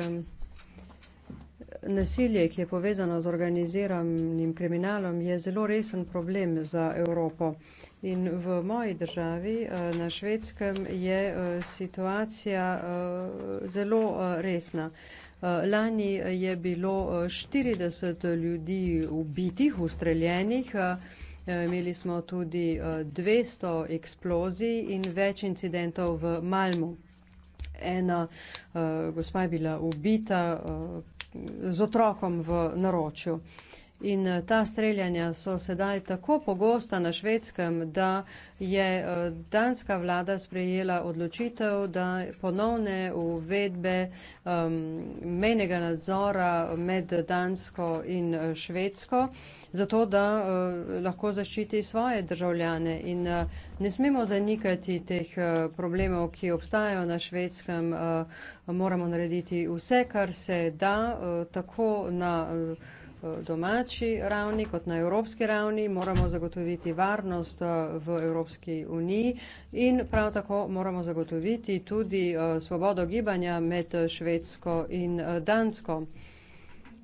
Nasilje, ki je povezano z organiziranim kriminalom, je zelo resen problem za Evropo. In v moji državi, eh, na švedskem, je eh, situacija eh, zelo resna. Lani je bilo 40 ljudi ubitih, ustreljenih, imeli smo tudi 200 eksplozij in več incidentov v Malmu. Ena uh, gospa je bila ubita, uh, z otrokom v naročju. In eh, ta streljanja so sedaj tako pogosta na švedskem, da je eh, danska vlada sprejela odločitev, da ponovne uvedbe um, ehm, menjega nadzora med Dansko in eh, Švedsko, zato da uh, lahko zaščiti svoje državljane. In uh, ne smemo zanikati teh uh, problemov, ki obstajajo na švedskem. Uh, moramo narediti vse, kar se da, uh, tako na. Uh, domači ravni kot na evropski ravni, moramo zagotoviti varnost eh, v Evropski uniji in prav tako moramo zagotoviti tudi eh, svobodo gibanja med Švedsko in eh, Dansko.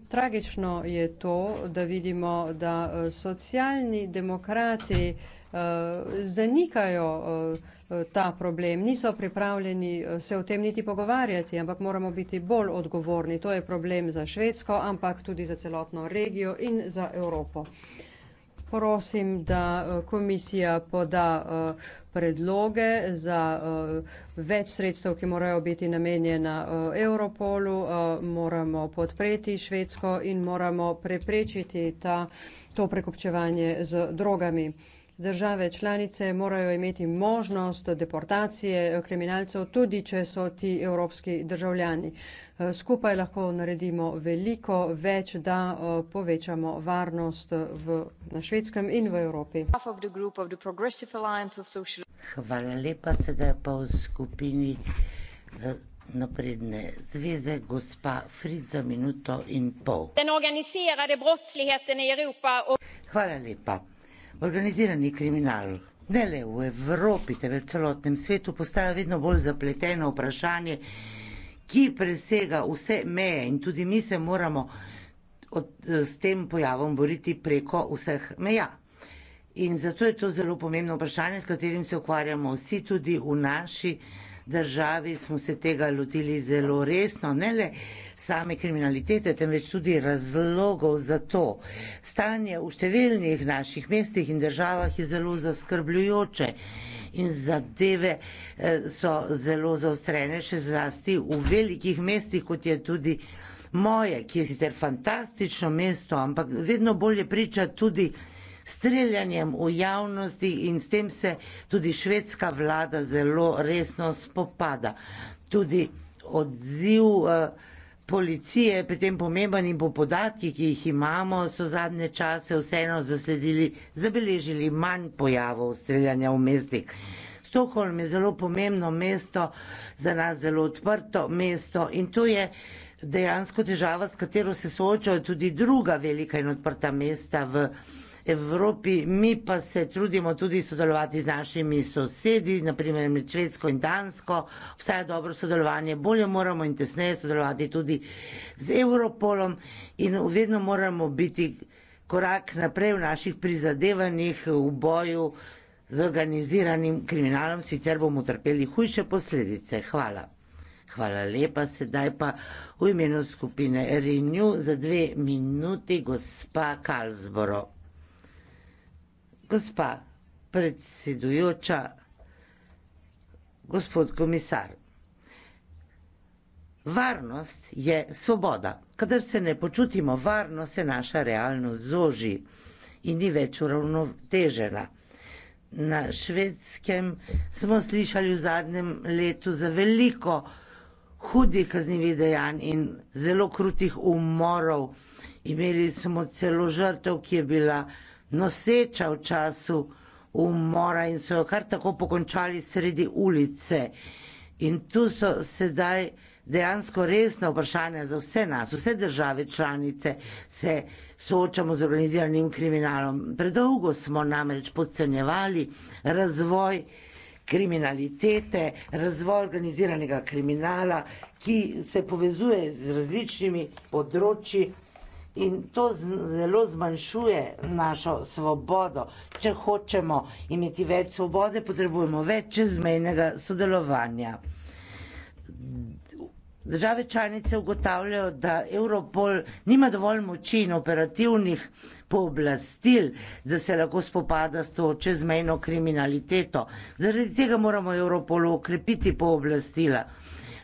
Tragično je to, da vidimo, da socialni demokrati Eh, zanikajo eh, ta problem, niso pripravljeni eh, se o tem niti pogovarjati, ampak moramo biti bolj odgovorni. To je problem za Švedsko, ampak tudi za celotno regijo in za Evropo. Prosim, da komisija poda predloge za več sredstev, ki morajo biti namenjena Europolu. Moramo podpreti Švedsko in moramo preprečiti ta, to prekupčevanje z drogami. Države članice morajo imeti možnost deportacije eh, kriminalcev, tudi če so ti evropski državljani. Eh, skupaj lahko naredimo veliko več, da eh, povečamo varnost v, na švedskem in v Evropi. Hvala lepa, sedaj pa v skupini napredne zveze, gospa Fritza, minuto in pol. Hvala lepa. Organizirani kriminal, ne le v Evropi, temveč v celotnem svetu, postaja vedno bolj zapleteno vprašanje, ki presega vse meje in tudi mi se moramo od, s tem pojavom boriti preko vseh meja. In zato je to zelo pomembno vprašanje, s katerim se ukvarjamo vsi tudi v naši državi smo se tega lotili zelo resno, ne le same kriminalitete, temveč tudi razlogov za to. Stanje v številnih naših mestih in državah je zelo zaskrbljujoče in zadeve eh, so zelo zaostrene, še zlasti v velikih mestih, kot je tudi moje, ki je sicer fantastično mesto, ampak vedno bolje priča tudi streljanjem v javnosti in s tem se tudi švedska vlada zelo resno spopada. Tudi odziv eh, policije je pri tem pomemben in po podatkih, ki jih imamo, so zadnje čase vseeno zasledili, zabeležili manj pojavov streljanja v mestih. Stokholm je zelo pomembno mesto, za nas zelo odprto mesto in to je dejansko težava, s katero se soočajo tudi druga velika in odprta mesta v Evropi. Evropi, mi pa se trudimo tudi sodelovati z našimi sosedi, naprimer med Švedsko in Dansko, obstaja dobro sodelovanje, bolje moramo in tesneje sodelovati tudi z Europolom in vedno moramo biti korak naprej v naših prizadevanjih v boju z organiziranim kriminalom, sicer bomo trpeli hujše posledice. Hvala. Hvala lepa, sedaj pa v imenu skupine Renew za dve minuti gospa Kalzboro gospa predsedujoča, gospod komisar. Varnost je svoboda. Kadar se ne počutimo varno, se naša realnost zoži in ni več uravnotežena. Na švedskem smo slišali v zadnjem letu za veliko hudih kaznjivih dejanj in zelo krutih umorov. Imeli smo celo žrtev, ki je bila noseča v času umora in so jo kar tako pokončali sredi ulice. In tu so sedaj dejansko resna vprašanja za vse nas, vse države članice se soočamo z organiziranim kriminalom. Predolgo smo namreč podcenjevali razvoj kriminalitete, razvoj organiziranega kriminala, ki se povezuje z različnimi področji in to zelo zmanjšuje našo svobodo. Če hočemo imeti več svobode, potrebujemo več čezmejnega sodelovanja. Države članice ugotavljajo, da Europol nima dovolj moči in operativnih pooblastil, da se lahko spopada s to čezmejno kriminaliteto. Zaradi tega moramo Europolu okrepiti pooblastila.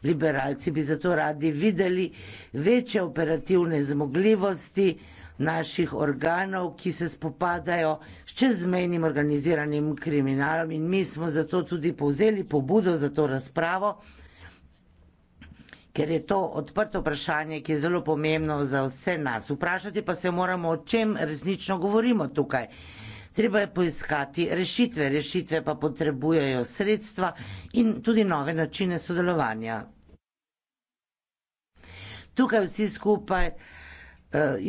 Liberalci bi zato radi videli večje operativne zmogljivosti naših organov, ki se spopadajo s čezmejnim organiziranim kriminalom in mi smo zato tudi povzeli pobudo za to razpravo, ker je to odprto vprašanje, ki je zelo pomembno za vse nas. Vprašati pa se moramo, o čem resnično govorimo tukaj. Treba je poiskati rešitve, rešitve pa potrebujejo sredstva in tudi nove načine sodelovanja. Tukaj vsi skupaj eh,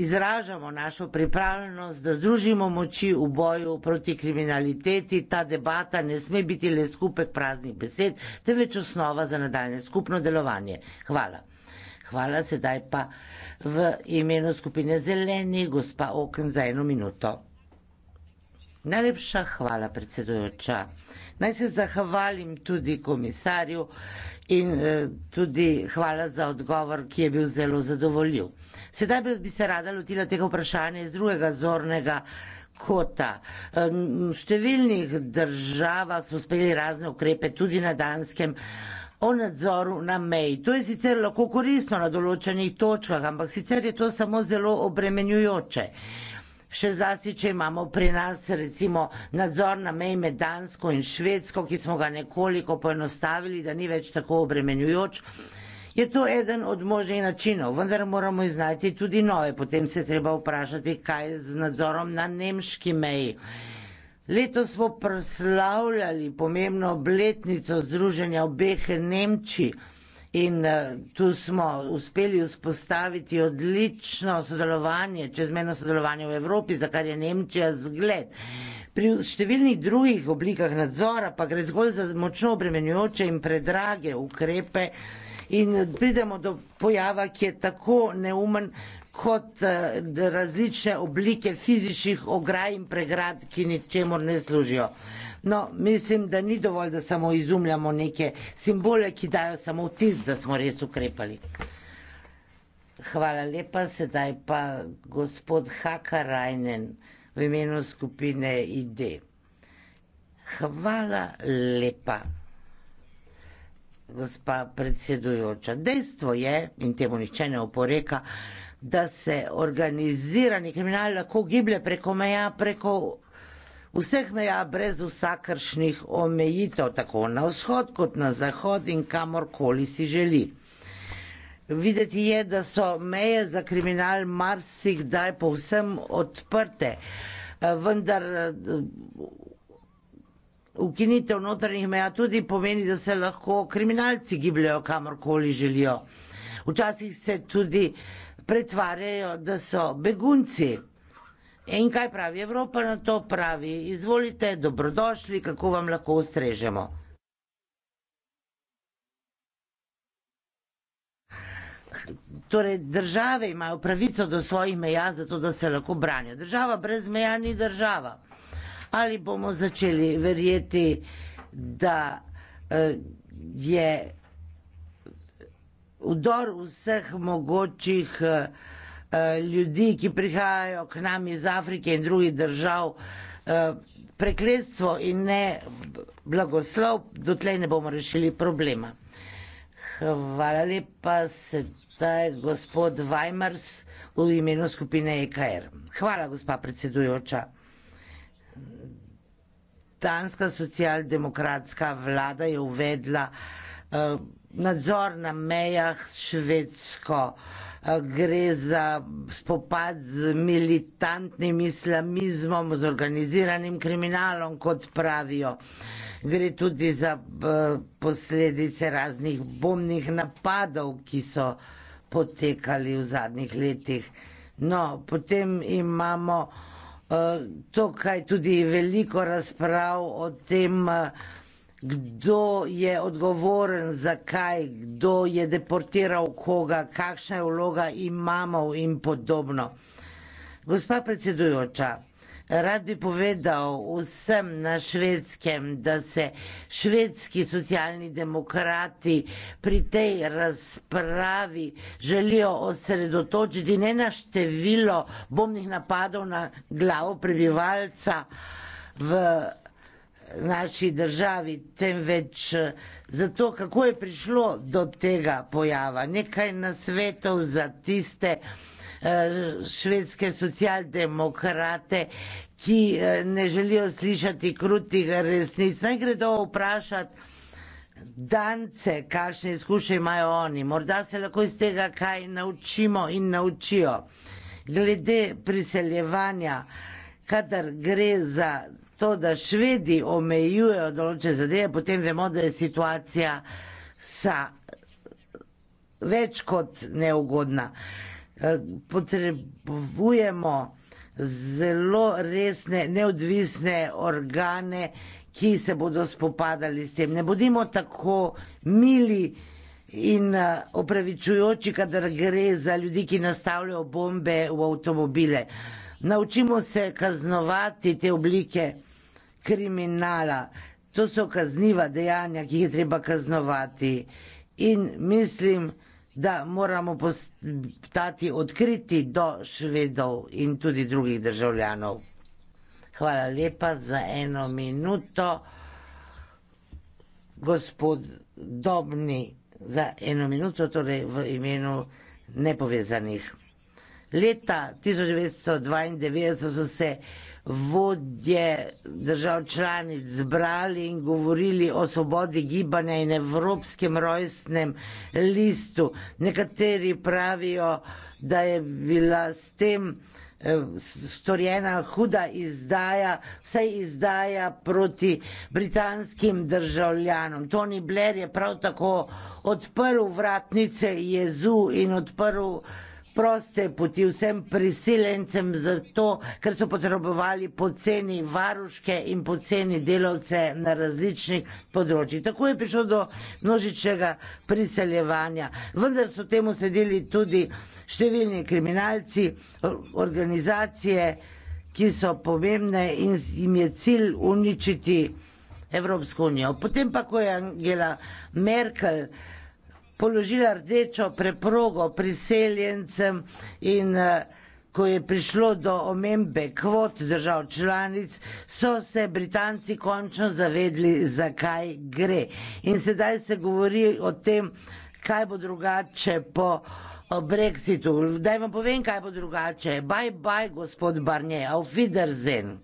izražamo našo pripravljenost, da združimo moči v boju proti kriminaliteti. Ta debata ne sme biti le skupek praznih besed, temveč osnova za nadaljne skupno delovanje. Hvala. Hvala sedaj pa v imenu skupine Zeleni, gospa Oken, za eno minuto. Najlepša hvala, predsedujoča. Naj se zahvalim tudi komisarju in eh, tudi hvala za odgovor, ki je bil zelo zadovoljiv. Sedaj bi se rada lotila tega vprašanja iz drugega zornega kota. V številnih državah smo sprejeli razne ukrepe, tudi na Danskem, o nadzoru na meji. To je sicer lahko koristno na določenih točkah, ampak sicer je to samo zelo obremenjujoče. Še zlasti, če imamo pri nas recimo nadzor na mej med Dansko in Švedsko, ki smo ga nekoliko poenostavili, da ni več tako obremenjujoč, je to eden od možnih načinov, vendar moramo iznajti tudi nove. Potem se treba vprašati, kaj je z nadzorom na nemški meji. Letos smo proslavljali pomembno obletnico združenja obeh Nemčij. In eh, tu smo uspeli vzpostaviti odlično sodelovanje, čezmeno sodelovanje v Evropi, za kar je Nemčija zgled. Pri številnih drugih oblikah nadzora pa gre zgolj za močno obremenjujoče in predrage ukrepe in pridemo do pojava, ki je tako neumen kot eh, različne oblike fizičnih ograj in pregrad, ki ničemor ne služijo. No, mislim, da ni dovolj, da samo izumljamo neke simbole, ki dajo samo vtis, da smo res ukrepali. Hvala lepa, sedaj pa gospod Haka Rajnen v imenu skupine ID. Hvala lepa, gospa predsedujoča. Dejstvo je, in temu nihče ne oporeka, da se organizirani kriminal lahko giblje preko meja, preko vseh meja, brez vsakršnih omejitev, tako na vzhod kot na zahod in kamorkoli si želi. Videti je, da so meje za kriminal marsikdaj povsem odprte, vendar ukinitev notranjih meja tudi pomeni, da se lahko kriminalci gibljajo kamorkoli želijo. Včasih se tudi pretvarjajo, da so begunci. In kaj pravi Evropa na to? Pravi, izvolite, dobrodošli, kako vam lahko ustrežemo. Torej, države imajo pravico do svojih meja, zato da se lahko branijo. Država brez meja ni država. Ali bomo začeli verjeti, da eh, je vdor vseh mogočih. Eh, Eh, ljudi, ki prihajajo k nam iz Afrike in drugih držav, eh, prekletstvo in ne blagoslov, dotlej ne bomo rešili problema. Hvala lepa, sedaj gospod Weimers v imenu skupine EKR. Hvala, gospa predsedujoča. Danska socialdemokratska vlada je uvedla uh, nadzor na mejah s Švedsko. Uh, gre za spopad z militantnim islamizmom, z organiziranim kriminalom, kot pravijo. Gre tudi za eh, posledice raznih bombnih napadov, ki so potekali v zadnjih letih. No, potem imamo eh, tukaj tudi veliko razprav o tem, eh, kdo je odgovoren, zakaj, kdo je deportiral koga, kakšna je vloga imamov in podobno. Gospa predsedujoča, rad bi povedal vsem na švedskem, da se švedski socialni demokrati pri tej razpravi želijo osredotočiti ne na število bombnih napadov na glavo prebivalca v naši državi, temveč eh, za to, kako je prišlo do tega pojava. Nekaj nasvetov za tiste eh, švedske socialdemokrate, ki eh, ne želijo slišati krutih resnic. Naj gredo vprašati dance, kakšne izkušnje imajo oni. Morda se lahko iz tega kaj naučimo in naučijo. Glede priseljevanja, kadar gre za to, da švedi omejujejo določene zadeve, potem vemo, da je situacija sa več kot neugodna. Eh, potrebujemo zelo resne, neodvisne organe, ki se bodo spopadali s tem. Ne bodimo tako mili in eh, opravičujoči, kadar gre za ljudi, ki nastavljajo bombe v avtomobile naučimo se kaznovati te oblike kriminala. To so kazniva dejanja, ki jih je treba kaznovati. In mislim, da moramo postati odkriti do švedov in tudi drugih državljanov. Hvala lepa za eno minuto, gospod Dobni, za eno minuto, torej v imenu nepovezanih. Leta 1992 so se vodje držav članic zbrali in govorili o svobodi gibanja in evropskem rojstnem listu. Nekateri pravijo, da je bila s tem eh, storjena huda izdaja, vse izdaja proti britanskim državljanom. Tony Blair je prav tako odprl vratnice jezu in odprl proste poti vsem prisilencem, zato ker so potrebovali poceni varuške in poceni delavce na različnih področjih. Tako je prišlo do množičnega priseljevanja. Vendar so temu sedeli tudi številni kriminalci, organizacije, ki so pomembne in jim je cilj uničiti Evropsko unijo. Potem pa, ko je Angela Merkel položila rdečo preprogo priseljencem in eh, ko je prišlo do omembe kvot držav članic, so se Britanci končno zavedli, zakaj gre. In sedaj se govori o tem, kaj bo drugače po Brexitu. Daj vam povem, kaj bo drugače. Bye bye, gospod Barnier, auf Wiedersehen.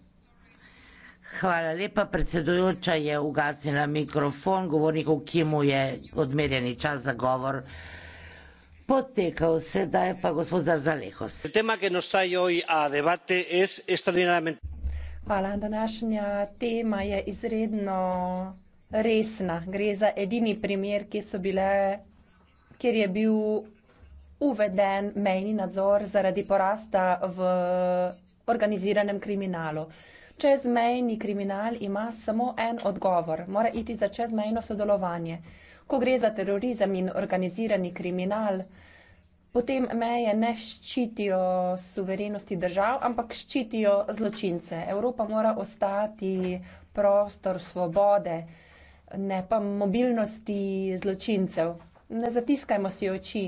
Hvala lepa, predsedujoča je ugasnila mikrofon, govorniku Kimu je odmerjeni čas za govor. Potekal se, da je pa gospod Zarzalehos. Tema, ki nos traje hoy a debate, es extraordinariamente... Hvala, današnja tema je izredno resna. Gre za edini primer, ki so bile, kjer je bil uveden mejni nadzor zaradi porasta v organiziranem kriminalu čezmejni kriminal ima samo en odgovor, mora iti za čezmejno sodelovanje. Ko gre za terorizem in organizirani kriminal, potem meje ne ščitijo suverenosti držav, ampak ščitijo zločince. Evropa mora ostati prostor svobode, ne pa mobilnosti zločincev. Ne zatiskajmo si oči.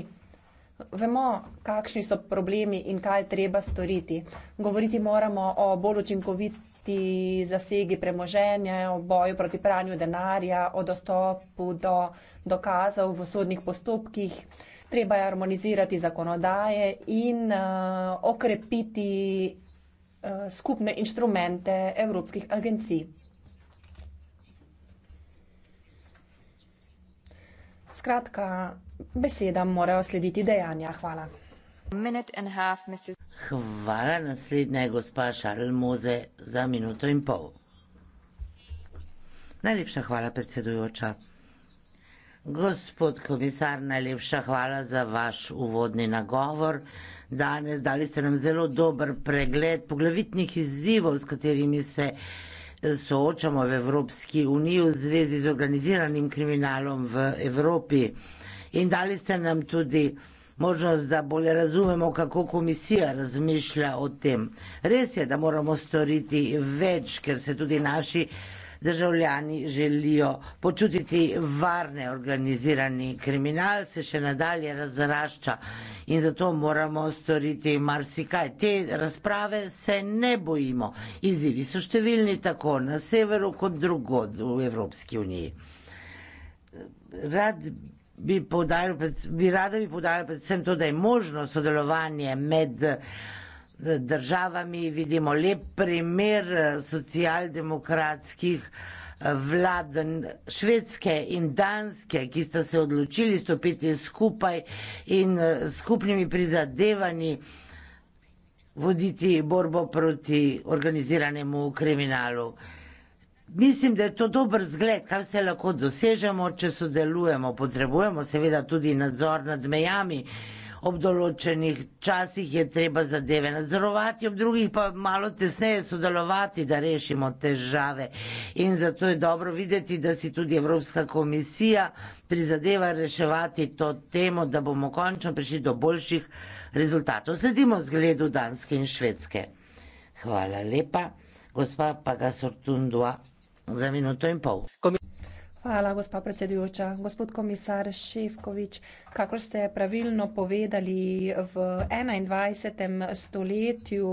Vemo, kakšni so problemi in kaj treba storiti. Govoriti moramo o bolj učinkovitosti oblasti, zasegi premoženja, o boju proti pranju denarja, o dostopu do dokazov v sodnih postopkih. Treba je harmonizirati zakonodaje in uh, okrepiti uh, skupne inštrumente evropskih agencij. Skratka, besedam morajo slediti dejanja. Hvala. Hvala, naslednja je gospa Šarl Moze za minuto in pol. Najlepša hvala, predsedujoča. Gospod komisar, najlepša hvala za vaš uvodni nagovor. Danes dali ste nam zelo dober pregled poglavitnih izzivov, s katerimi se eh, soočamo v Evropski uniji v zvezi z organiziranim kriminalom v Evropi. In dali ste nam tudi možnost, da bolje razumemo, kako komisija razmišlja o tem. Res je, da moramo storiti več, ker se tudi naši državljani želijo počutiti varne, organizirani kriminal se še nadalje razrašča in zato moramo storiti marsikaj. Te razprave se ne bojimo. Izivi so številni tako na severu kot drugod v Evropski uniji. Rad bi, bi rada bi podarila predvsem to, da je možno sodelovanje med državami. Vidimo lep primer socialdemokratskih vlad Švedske in Danske, ki sta se odločili stopiti skupaj in skupnimi prizadevanji voditi borbo proti organiziranemu kriminalu. Mislim, da je to dober zgled, kaj vse lahko dosežemo, če sodelujemo. Potrebujemo seveda tudi nadzor nad mejami. Ob določenih časih je treba zadeve nadzorovati, ob drugih pa malo tesneje sodelovati, da rešimo težave. In zato je dobro videti, da si tudi Evropska komisija prizadeva reševati to temo, da bomo končno prišli do boljših rezultatov. Sledimo zgledu Danske in Švedske. Hvala lepa, gospa Pagasortundua za minuto in pol. Hvala, gospa predsedujoča. Gospod komisar Šefkovič, kako ste pravilno povedali, v 21. stoletju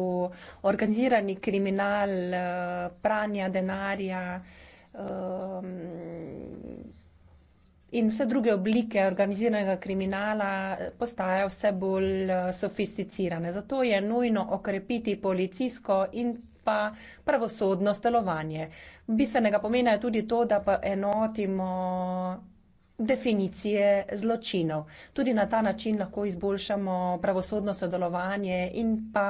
organizirani kriminal eh, pranja denarja eh, in vse druge oblike organiziranega kriminala postajajo vse bolj eh, sofisticirane. Zato je nujno okrepiti policijsko in pa pravosodno stelovanje. Bistvenega pomena je tudi to, da pa enotimo definicije zločinov. Tudi na ta način lahko izboljšamo pravosodno sodelovanje in pa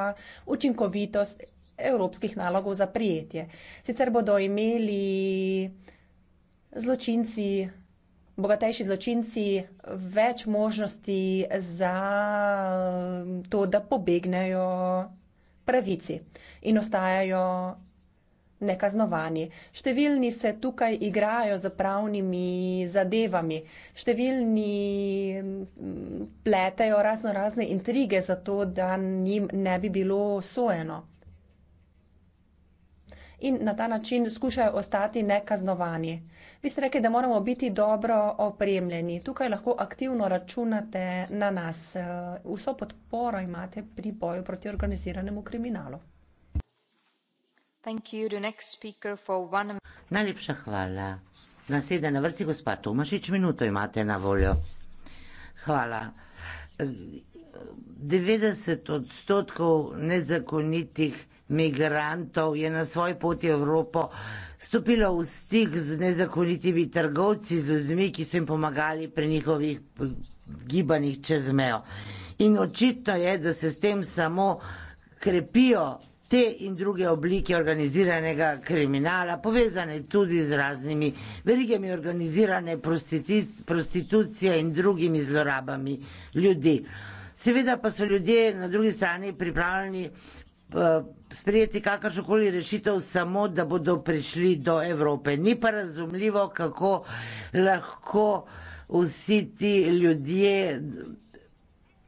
učinkovitost evropskih nalogov za prijetje. Sicer bodo imeli zločinci, bogatejši zločinci, več možnosti za to, da pobegnejo pravici in ostajajo nekaznovani. Številni se tukaj igrajo z pravnimi zadevami, številni pletejo razno razne intrige za to, da njim ne bi bilo sojeno in na ta način skušajo ostati nekaznovani. Vi ste rekli, da moramo biti dobro opremljeni. Tukaj lahko aktivno računate na nas. Eh, vso podporo imate pri boju proti organiziranemu kriminalu. Najlepša hvala. Naslednja na vrsti gospa Tomašič, minuto imate na voljo. Hvala. 90 eh, odstotkov nezakonitih migrantov je na svoj poti v Evropo stopila v stik z nezakonitimi trgovci, z ljudmi, ki so jim pomagali pri njihovih gibanjih čez mejo. In očitno je, da se s tem samo krepijo te in druge oblike organiziranega kriminala, povezane tudi z raznimi verigami organizirane prostitucije in drugimi zlorabami ljudi. Seveda pa so ljudje na drugi strani pripravljeni Eh, sprejeti kakršnokoli rešitev, samo da bodo prišli do Evrope. Ni pa razumljivo, kako lahko vsi ti ljudje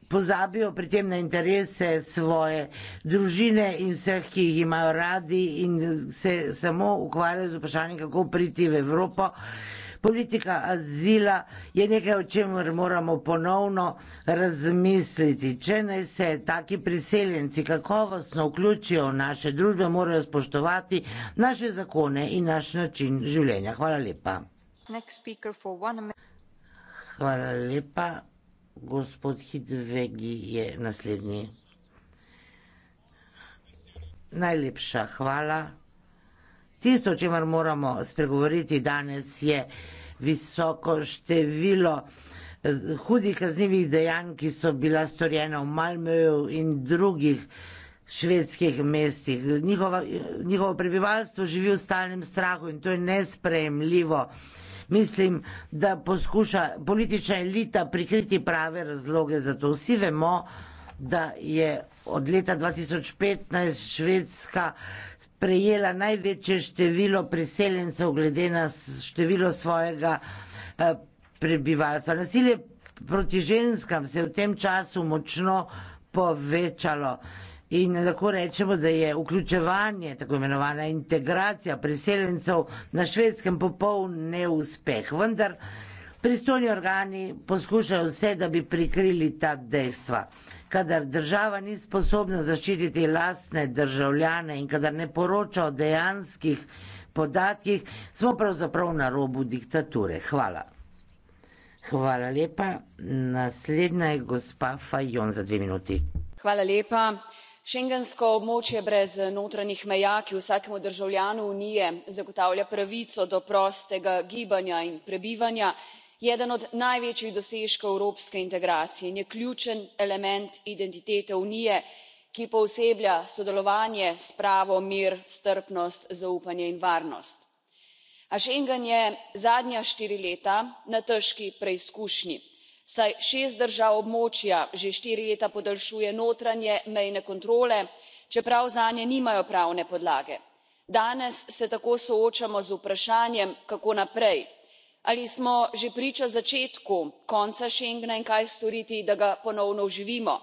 pozabijo pri tem na interese svoje družine in vseh, ki jih imajo radi in se samo ukvarjajo z vprašanjem, kako priti v Evropo. Uh, Politika azila je nekaj, o čemer moramo ponovno razmisliti. Če naj se taki priseljenci kakovostno vključijo v naše družbe, morajo spoštovati naše zakone in naš način življenja. Hvala lepa. Hvala lepa. Gospod Hidvegi je naslednji. Najlepša hvala. Tisto, o čemer moramo spregovoriti danes, je visoko število eh, hudih kaznjivih dejanj, ki so bila storjena v Malmöju in drugih švedskih mestih. Njihova, njihovo prebivalstvo živi v stalnem strahu in to je nesprejemljivo. Mislim, da poskuša politična elita prikriti prave razloge za to. Vsi vemo, da je od leta 2015 švedska prejela največje število priseljencev glede na število svojega eh, prebivalstva. Nasilje proti ženskam se je v tem času močno povečalo. In lahko rečemo, da je vključevanje, tako imenovana integracija priseljencev na švedskem popoln neuspeh. Vendar pristojni organi poskušajo vse, da bi prikrili ta dejstva kadar država ni sposobna zaščititi lastne državljane in kadar ne poroča o dejanskih podatkih, smo pravzaprav na robu diktature. Hvala. Hvala lepa. Naslednja je gospa Fajon za dve minuti. Hvala lepa. Schengensko območje brez notranjih meja, ki vsakemu državljanu unije zagotavlja pravico do prostega gibanja in prebivanja, je eden od največjih dosežkov evropske integracije in je ključen element identitete unije ki pooseblja sodelovanje spravo mir strpnost zaupanje in varnost. a schengen je zadnja štiri leta na težki preizkušnji saj šest držav območja že štiri leta podaljšuje notranje mejne kontrole čeprav zanje nimajo pravne podlage. danes se tako soočamo z vprašanjem kako naprej ali smo že priča začetku konca schengna in kaj storiti da ga ponovno oživimo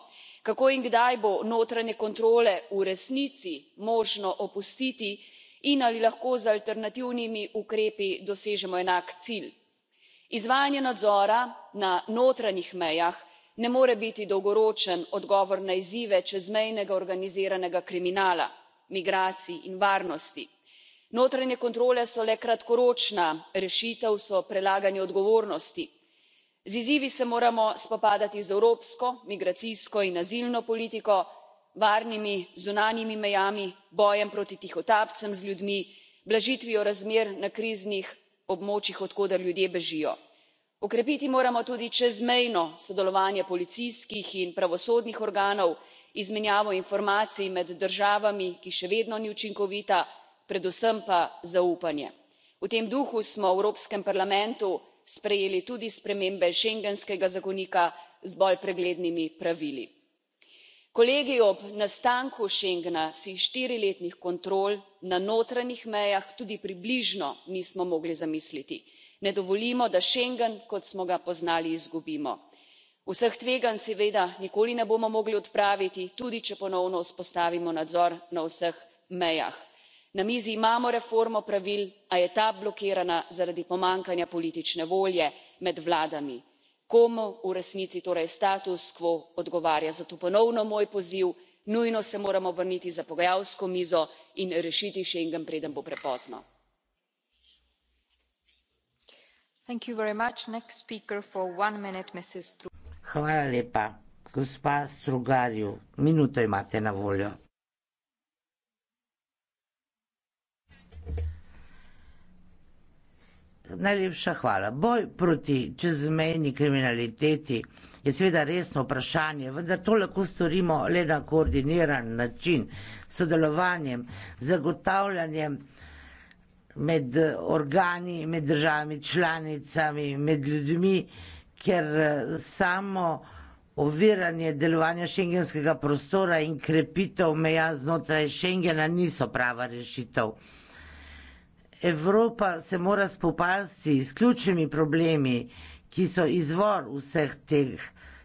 kako in kdaj bo notranje kontrole v resnici možno opustiti in ali lahko z alternativnimi ukrepi dosežemo enak cilj. izvajanje nadzora na notranjih mejah ne more biti dolgoročen odgovor na izzive čezmejnega organiziranega kriminala migracij in varnosti notranje kontrole so le kratkoročna rešitev so prelaganje odgovornosti. z izzivi se moramo spopadati z evropsko migracijsko in azilno politiko varnimi zunanjimi mejami bojem proti tihotapcem z ljudmi blažitvijo razmer na kriznih območjih od koder ljudje bežijo. okrepiti moramo tudi čezmejno sodelovanje policijskih in pravosodnih organov izmenjavo informacij med državami ki še vedno ni učinkovita predvsem pa zaupanje. v tem duhu smo v evropskem parlamentu sprejeli tudi spremembe schengenskega zakonika z bolj preglednimi pravili. kolegi ob nastanku schengna si štiriletnih kontrol na notranjih mejah tudi približno nismo mogli zamisliti. ne dovolimo da schengen kot smo ga poznali izgubimo. vseh tveganj seveda nikoli ne bomo mogli odpraviti tudi če ponovno vzpostavimo nadzor na vseh mejah na mizi imamo reformo pravil a je ta blokirana zaradi pomanjkanja politične volje med vladami. komu v resnici torej status quo odgovarja zato ponovno moj poziv nujno se moramo vrniti za pogajalsko mizo in rešiti schengen preden bo prepozno. Najlepša hvala. Boj proti čezmejni kriminaliteti je seveda resno vprašanje, vendar to lahko storimo le na koordiniran način, sodelovanjem, zagotavljanjem med organi, med državami, članicami, med ljudmi, ker samo oviranje delovanja šengenskega prostora in krepitev meja znotraj šengena niso prava rešitev. Evropa se mora spopasti s ključnimi problemi, ki so izvor vseh teh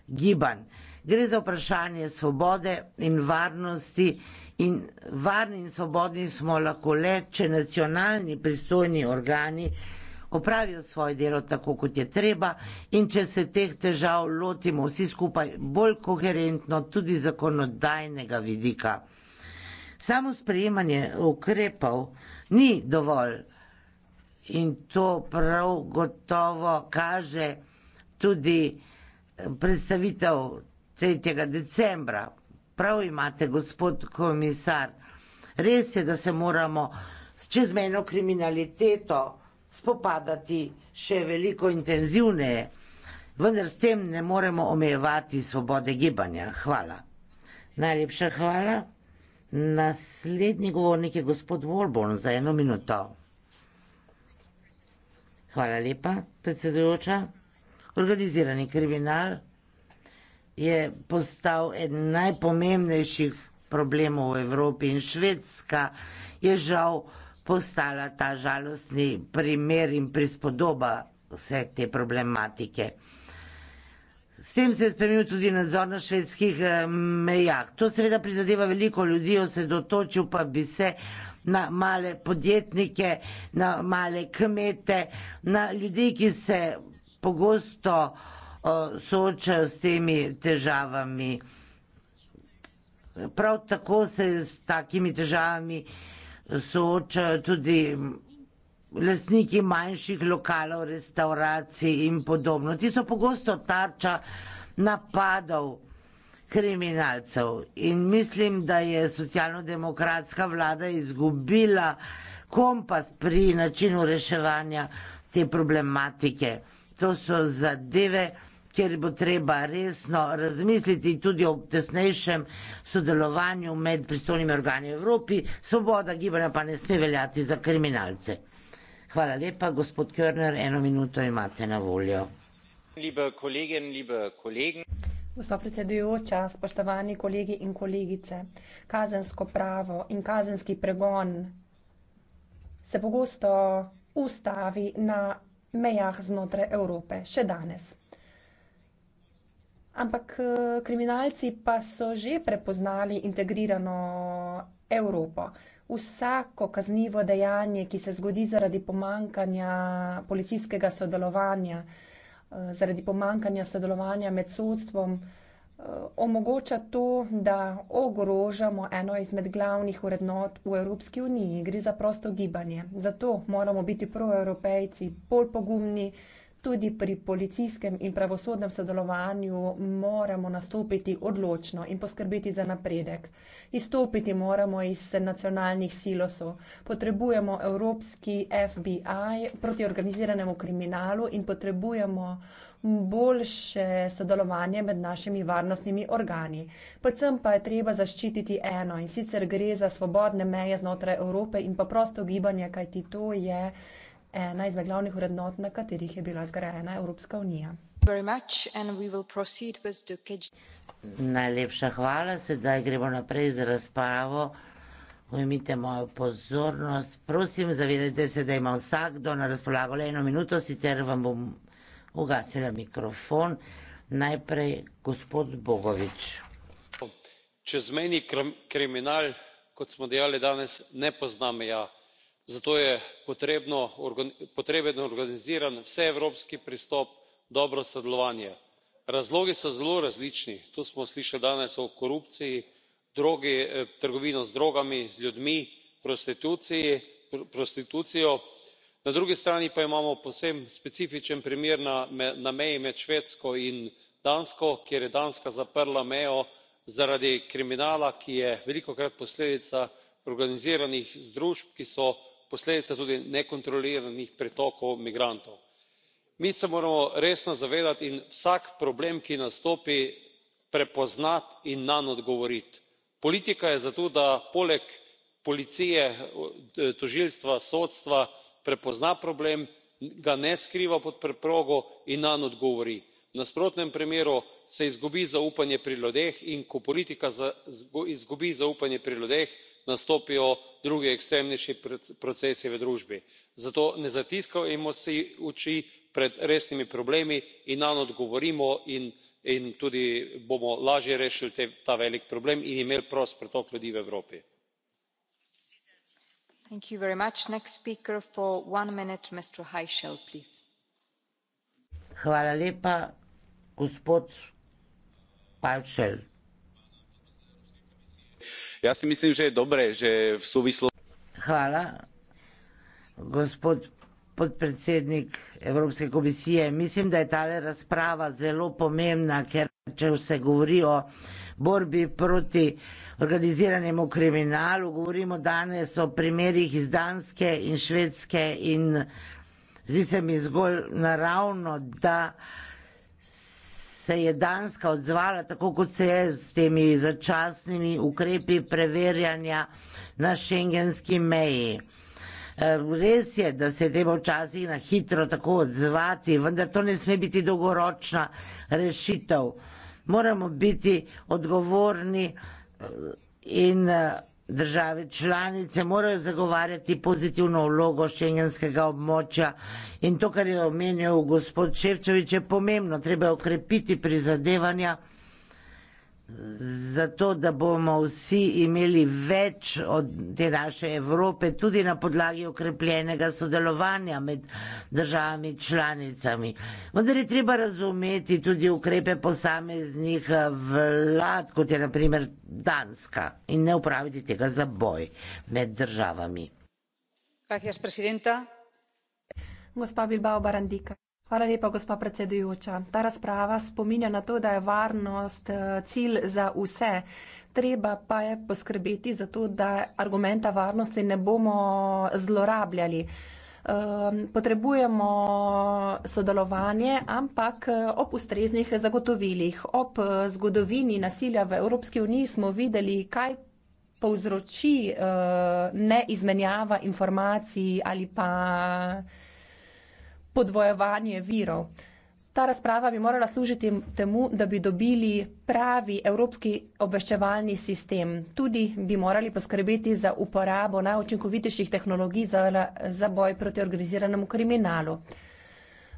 gibanj. Gre za vprašanje svobode in varnosti in varni in svobodni smo lahko le, če nacionalni pristojni organi opravijo svoje delo tako, kot je treba in če se teh težav lotimo vsi skupaj bolj koherentno, tudi zakonodajnega vidika. Samo sprejemanje ukrepov ni dovolj in to prav gotovo kaže tudi predstavitev 3. decembra. Prav imate, gospod komisar. Res je, da se moramo s čezmejno kriminaliteto spopadati še veliko intenzivneje, vendar s tem ne moremo omejevati svobode gibanja. Hvala. Najlepša hvala. Naslednji govornik je gospod Volborn za eno minuto. Hvala lepa, predsedujoča. Organizirani kriminal je postal eden najpomembnejših problemov v Evropi in Švedska je žal postala ta žalostni primer in prispodoba vse te problematike tem se je spremenil tudi nadzor na švedskih eh, mejah. To seveda prizadeva veliko ljudi, osredotočil pa bi se na male podjetnike, na male kmete, na ljudi, ki se pogosto eh, soočajo s temi težavami. Prav tako se s takimi težavami soočajo tudi lastniki manjših lokalov, restauracij in podobno. Ti so pogosto tarča napadov kriminalcev in mislim, da je socialno-demokratska vlada izgubila kompas pri načinu reševanja te problematike. To so zadeve, kjer bo treba resno razmisliti tudi o tesnejšem sodelovanju med pristolnimi organi Evropi. Svoboda gibanja pa ne sme veljati za kriminalce. Hvala lepa, gospod Körner, eno minuto imate na voljo. Gospa predsedujoča, spoštovani kolegi in kolegice, kazensko pravo in kazenski pregon se pogosto ustavi na mejah znotraj Evrope, še danes. Ampak eh, kriminalci pa so že prepoznali integrirano Evropo vsako kaznivo dejanje, ki se zgodi zaradi pomankanja policijskega sodelovanja, eh, zaradi pomankanja sodelovanja med sodstvom, eh, omogoča to, da ogrožamo eno izmed glavnih urednot v Evropski uniji. Gre za prosto gibanje. Zato moramo biti proevropejci bolj pogumni, tudi pri policijskem in pravosodnem sodelovanju moramo nastopiti odločno in poskrbeti za napredek. Izstopiti moramo iz nacionalnih silosov. Potrebujemo evropski FBI proti organiziranemu kriminalu in potrebujemo boljše sodelovanje med našimi varnostnimi organi. Predvsem pa je treba zaščititi eno in sicer gre za svobodne meje znotraj Evrope in pa prosto gibanje, kajti to je ena izmed glavnih vrednot, na katerih je bila zgrajena Evropska unija. Najlepša hvala, sedaj gremo naprej z razpravo. Ujmite mojo pozornost. Prosim, zavedajte se, da ima vsakdo na razpolago le eno minuto, sicer vam bom ugasila mikrofon. Najprej gospod Bogovič. Čezmejni kriminal, kot smo dejali danes, ne pozna meja. Ja zato je potreben organiziran vseevropski pristop dobro sodelovanje. razlogi so zelo različni tu smo slišali danes o korupciji eh, trgovini z drogami z ljudmi prostituciji na drugi strani pa imamo povsem specifičen primer na meji med švedsko in dansko kjer je danska zaprla mejo zaradi kriminala ki je velikokrat posledica organiziranih združb ki so posledica tudi nekontroliranih pretokov migrantov. mi se moramo resno zavedati in vsak problem ki nastopi prepoznati in nanj odgovoriti. politika je zato da poleg policije tožilstva sodstva prepozna problem ga ne skriva pod preprogo in nanj odgovori nasprotnem primeru se izgubi zaupanje pri ljudeh in ko politika izgubi zaupanje pri ljudeh nastopijo drugi ekstremnejši procesi v družbi. zato ne zatiskajmo si oči pred resnimi problemi in nanj odgovorimo in tudi bomo lažje rešili ta velik problem in imeli prost pretok ljudi v evropi gospod pacel. Ja si mislim, že je dobre, že v suvislu. Hvala. Gospod podpredsednik Evropske komisije, mislim, da je tale razprava zelo pomembna, ker če se govori o borbi proti organiziranemu kriminalu, govorimo danes o primerih iz Danske in Švedske in zdi se mi zgolj naravno, da se je Danska odzvala tako, kot se je s temi začasnimi ukrepi preverjanja na šengenski meji. E, res je, da se treba včasih na hitro tako odzvati, vendar to ne sme biti dolgoročna rešitev. Moramo biti odgovorni e, in e, Države članice morajo zagovarjati pozitivno vlogo šengenskega območja in to, kar je omenil gospod Ševčevič, je pomembno. Treba je okrepiti prizadevanja zato, da bomo vsi imeli več od te naše Evrope, tudi na podlagi okrepljenega sodelovanja med državami članicami. Vendar je treba razumeti tudi ukrepe posameznih eh, vlad, kot je naprimer Danska, in ne upraviti tega za boj med državami. Gospa Bilbao Barandika. Hvala lepa, gospa predsedujoča. Ta razprava spominja na to, da je varnost eh, cilj za vse. Treba pa je poskrbeti za to, da argumenta varnosti ne bomo zlorabljali. Ehm, potrebujemo sodelovanje, ampak eh, ob ustreznih zagotovilih. Ob eh, zgodovini nasilja v Evropski uniji smo videli, kaj povzroči neizmenjava informacij ali pa podvojevanje virov. Ta razprava bi morala služiti temu, da bi dobili pravi evropski obveščevalni sistem. Tudi bi morali poskrbeti za uporabo najučinkovitejših tehnologij za, za boj proti organiziranemu kriminalu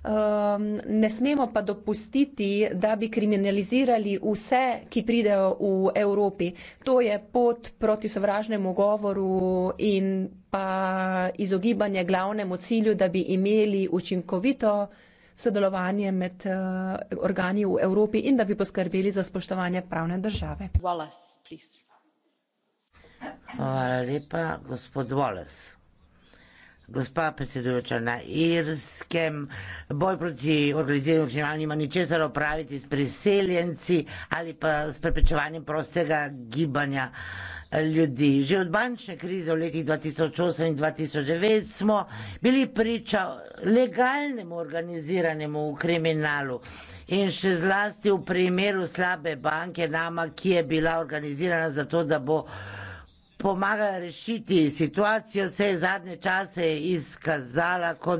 um, ne smemo pa dopustiti, da bi kriminalizirali vse, ki pridejo v Evropi. To je pot proti sovražnemu govoru in pa izogibanje glavnemu cilju, da bi imeli učinkovito sodelovanje med uh, organi v Evropi in da bi poskrbeli za spoštovanje pravne države. Wallace, Hvala lepa, gospod Wallace gospa predsedujoča na Irskem, boj proti organiziranim kriminalom nima ničesar opraviti s priseljenci ali pa s preprečevanjem prostega gibanja eh, ljudi. Že od bančne krize v letih 2008 in 2009 smo bili priča legalnemu organiziranemu kriminalu. In še zlasti v primeru slabe banke nama, ki je bila organizirana zato, da bo pomaga rešiti situacijo, se je zadnje čase izkazala kot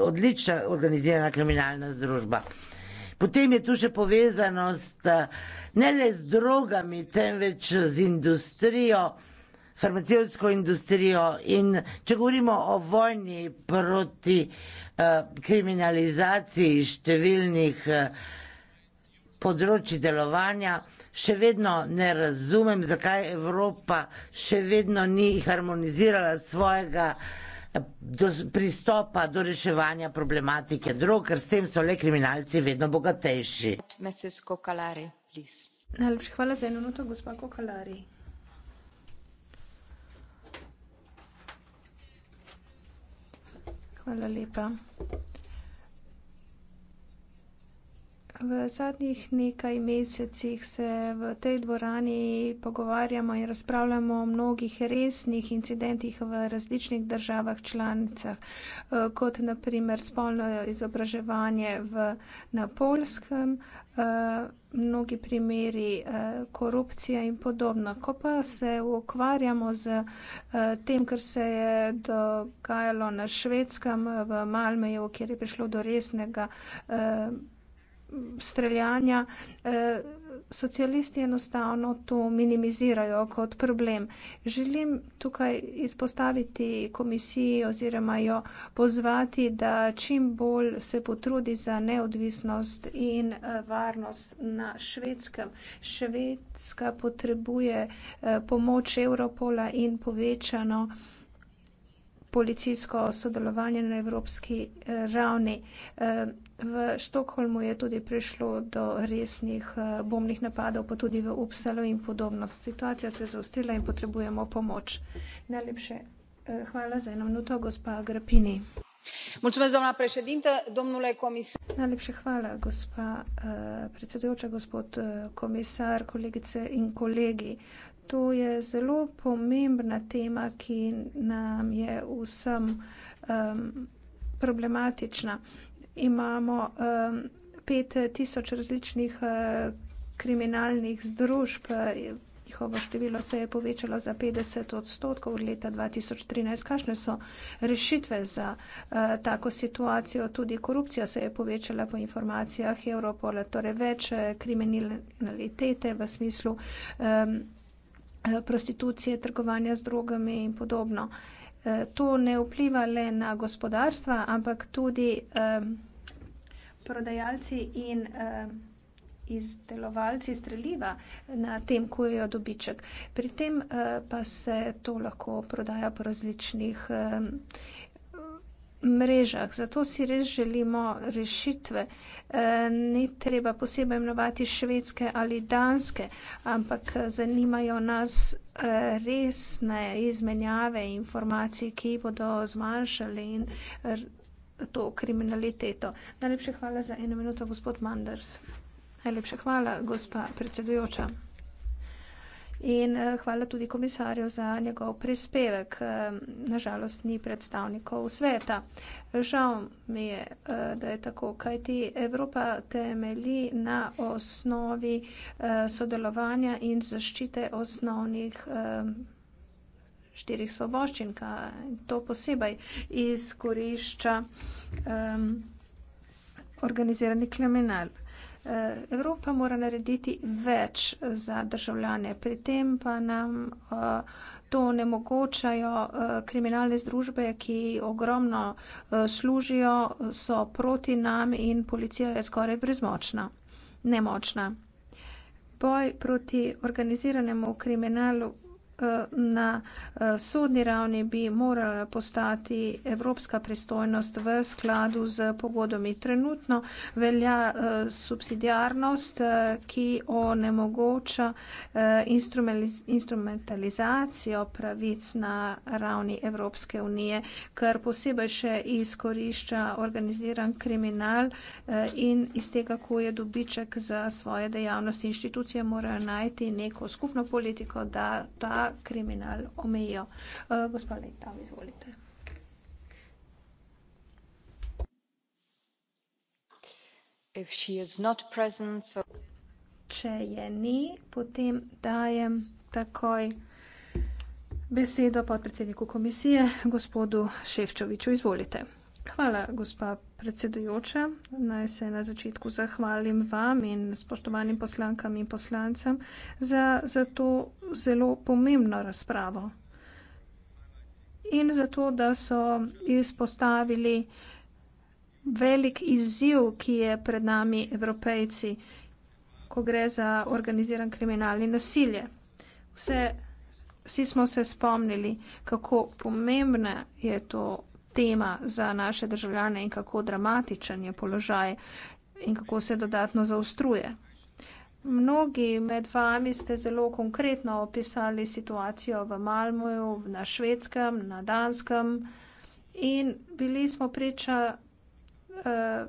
odlična organizirana kriminalna združba. Potem je tu še povezanost eh, ne le z drogami, temveč z industrijo, farmacijsko industrijo in če govorimo o vojni proti uh, kriminalizaciji številnih uh, eh, področji delovanja, uh, še vedno ne razumem, zakaj Evropa še vedno ni harmonizirala svojega eh, do, pristopa do reševanja problematike drog, ker s tem so le kriminalci vedno bogatejši. Najlepša hvala za eno minuto, gospa Kokalari. Hvala lepa. V zadnjih nekaj mesecih se v tej dvorani pogovarjamo in razpravljamo o mnogih resnih incidentih v različnih državah članicah, eh, kot naprimer spolno izobraževanje v, na polskem, eh, mnogi primeri eh, korupcija in podobno. Ko pa se ukvarjamo z tem, kar se je dogajalo na švedskem v Malmeju, kjer je prišlo do resnega streljanja, eh, socialisti enostavno to minimizirajo kot problem. Želim tukaj izpostaviti komisiji oziroma jo pozvati, da čim bolj se potrudi za neodvisnost in eh, varnost na švedskem. Švedska potrebuje eh, pomoč Evropola in povečano policijsko sodelovanje na evropski eh, ravni. Eh, v Štokholmu je tudi prišlo do resnih eh, bombnih napadov, pa tudi v Upsalu in podobno. Situacija se je zaustrila in potrebujemo pomoč. Najlepše hvala za eno minuto, gospa Grapini. Mulțumesc, doamna președintă, domnule comisar. Najlepše hvala, gospa uh, predsedujoča, gospod uh, komisar, kolegice in kolegi. To je zelo pomembna tema, ki nam je vsem um, problematična. Imamo um, pet tisoč različnih uh, kriminalnih združb, njihovo število se je povečalo za 50 odstotkov od leta 2013. Kakšne so rešitve za uh, tako situacijo? Tudi korupcija se je povečala po informacijah Europola, torej več uh, kriminalitete v smislu. Um, Eh, prostitucije, trgovanja z drogami in podobno. Eh, to ne vpliva le na gospodarstva, ampak tudi prodajalci in izdelovalci streljiva na tem kujejo dobiček. Pri tem eh, pa se to lahko prodaja po različnih mrežah, zato si res želimo rešitve. Eh, ni treba posebej imenovati švedske ali danske, ampak eh, zanimajo nas eh, resne izmenjave informacij, ki bodo zmanjšali in to kriminaliteto. Najlepše hvala za eno minuto, gospod Manders. Najlepše hvala, gospa predsedujoča. In eh, hvala tudi komisarju za njegov prispevek. Eh, Nažalost, ni predstavnikov sveta. Žal mi je, eh, da je tako, kajti Evropa temeli na osnovi sodelovanja in zaščite osnovnih štirih svoboščin, to posebej izkorišča um, organizirani kriminal. Eh, Evropa mora narediti več za državljane, pri tem pa nam eh, to ne mogočajo eh, kriminalne združbe, ki ogromno služijo, so proti nam in policija je skoraj brezmočna, nemočna. Boj proti organiziranemu kriminalu Eh, na eh, sodni ravni bi morala postati evropska pristojnost v skladu z pogodbami. Trenutno velja eh, subsidiarnost, ki onemogoča instrumentalizacijo pravic na ravni Evropske unije, kar posebej še izkorišča organiziran kriminal in iz tega, ko je dobiček za svoje dejavnosti. Inštitucije morajo najti neko skupno politiko, da ta kriminal omejijo. Eh, Gospod Lejtav, izvolite. Če je ni, potem dajem takoj besedo podpredsedniku komisije, gospodu Ševčoviču. Izvolite. Hvala, gospa predsednica predsedujoča. Naj se na začetku zahvalim vam in spoštovanim poslankam in poslancem za, za to zelo pomembno razpravo in za to, da so izpostavili velik izziv, ki je pred nami evropejci, ko gre za organiziran kriminal in nasilje. Vse, vsi smo se spomnili, kako pomembna je to tema za naše državljane in kako dramatičen je položaj in kako se dodatno zaostruje. Mnogi med vami ste zelo konkretno opisali situacijo v Malmoju, na švedskem, na danskem in bili smo priča eh,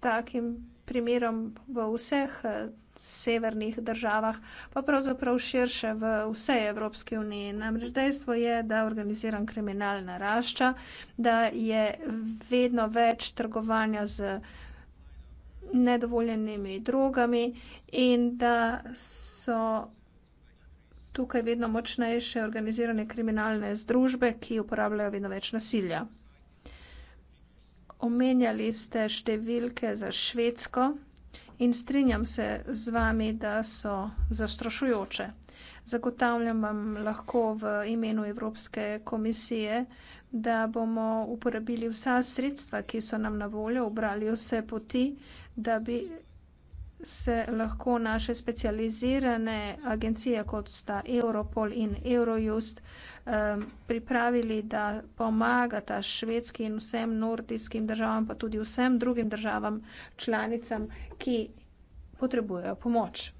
takim primerom v vseh eh, severnih državah, pa pravzaprav širše v vsej Evropski uniji. Namreč dejstvo je, da organiziran kriminal narašča, da je vedno več trgovanja z nedovoljenimi drogami in da so tukaj vedno močnejše organizirane kriminalne združbe, ki uporabljajo vedno več nasilja omenjali ste številke za Švedsko in strinjam se z vami, da so zastrašujoče. Zagotavljam vam lahko v imenu Evropske komisije, da bomo uporabili vsa sredstva, ki so nam na voljo, obrali vse poti, da bi se lahko naše specializirane agencije, kot sta Europol in Eurojust, eh, pripravili, da pomagata švedski in vsem nordijskim državam, pa tudi vsem drugim državam, članicam, ki potrebujejo pomoč.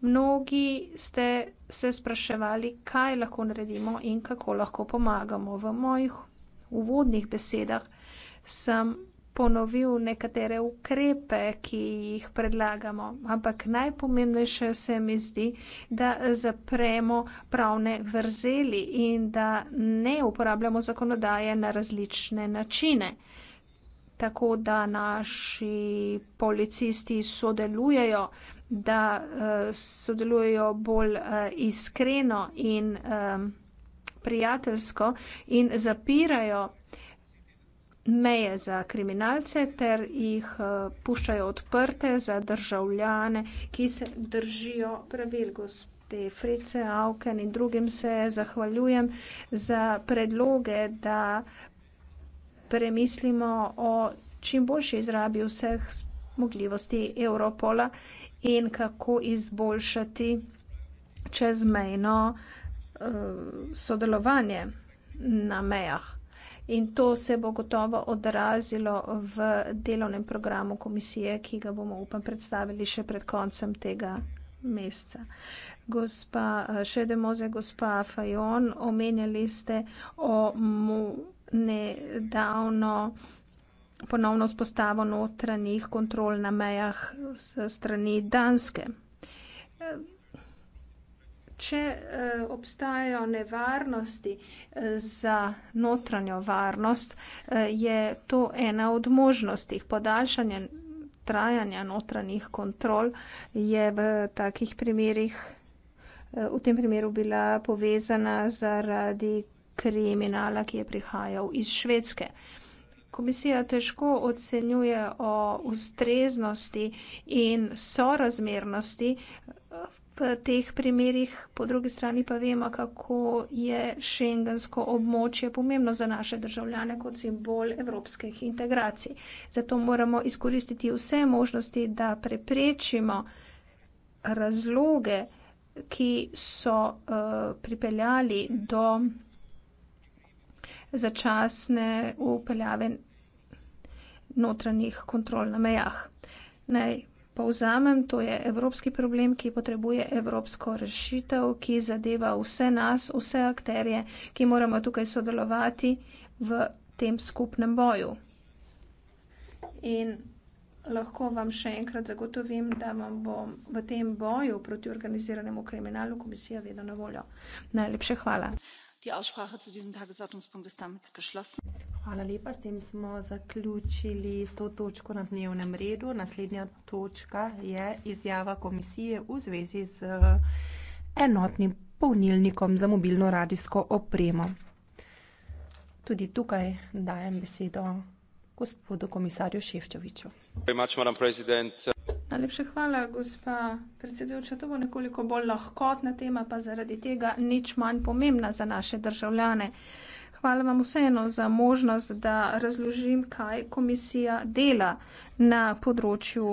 Mnogi ste se spraševali, kaj lahko naredimo in kako lahko pomagamo. V mojih uvodnih besedah sem ponovil nekatere ukrepe, ki jih predlagamo, ampak najpomembnejše se mi zdi, da zapremo pravne vrzeli in da ne uporabljamo zakonodaje na različne načine. Tako da naši policisti sodelujejo, da uh, sodelujejo bolj uh, iskreno in um, prijateljsko in zapirajo meje za kriminalce ter jih eh, puščajo odprte za državljane, ki se držijo pravil. Gospe Frice, Auken in drugim se zahvaljujem za predloge, da premislimo o čim boljši izrabi vseh mogljivosti Europola in kako izboljšati čezmejno uh, sodelovanje na mejah in to se bo gotovo odrazilo v delovnem programu komisije, ki ga bomo upam predstavili še pred koncem tega meseca. Gospa eh, Šedemoze, gospa Fajon, omenjali ste o mu nedavno ponovno spostavo notranjih kontrol na mejah strani Danske če eh, obstajajo nevarnosti eh, za notranjo varnost, eh, je to ena od možnosti. Podaljšanje trajanja notranjih kontrol je v takih primerjih, eh, v tem primeru bila povezana zaradi kriminala, ki je prihajal iz Švedske. Komisija težko ocenjuje o ustreznosti in sorazmernosti teh primerjih, po drugi strani pa vemo, kako je šengensko območje pomembno za naše državljane kot simbol evropskih integracij. Zato moramo izkoristiti vse možnosti, da preprečimo razloge, ki so uh, pripeljali do začasne upeljave notranjih kontrol na mejah. Naj povzamem, to je evropski problem, ki potrebuje evropsko rešitev, ki zadeva vse nas, vse akterje, ki moramo tukaj sodelovati v tem skupnem boju. In lahko vam še enkrat zagotovim, da vam bo v tem boju proti organiziranemu kriminalu komisija vedno na voljo. Najlepše hvala. Die Aussprache zu diesem Tagesordnungspunkt ist damit geschlossen. Hvala lepa. S tem smo zaključili s to točko na dnevnem redu. Naslednja točka je izjava komisije v zvezi z eh, enotnim polnilnikom za mobilno radijsko opremo. Tudi tukaj dajem besedo gospodu komisarju Ševčoviču. Very much, madam president. Najlepša hvala, gospa predsedujoča. To bo nekoliko bolj lahkotna tema, pa zaradi tega nič manj pomembna za naše državljane. Hvala vam vseeno za možnost, da razložim, kaj komisija dela na področju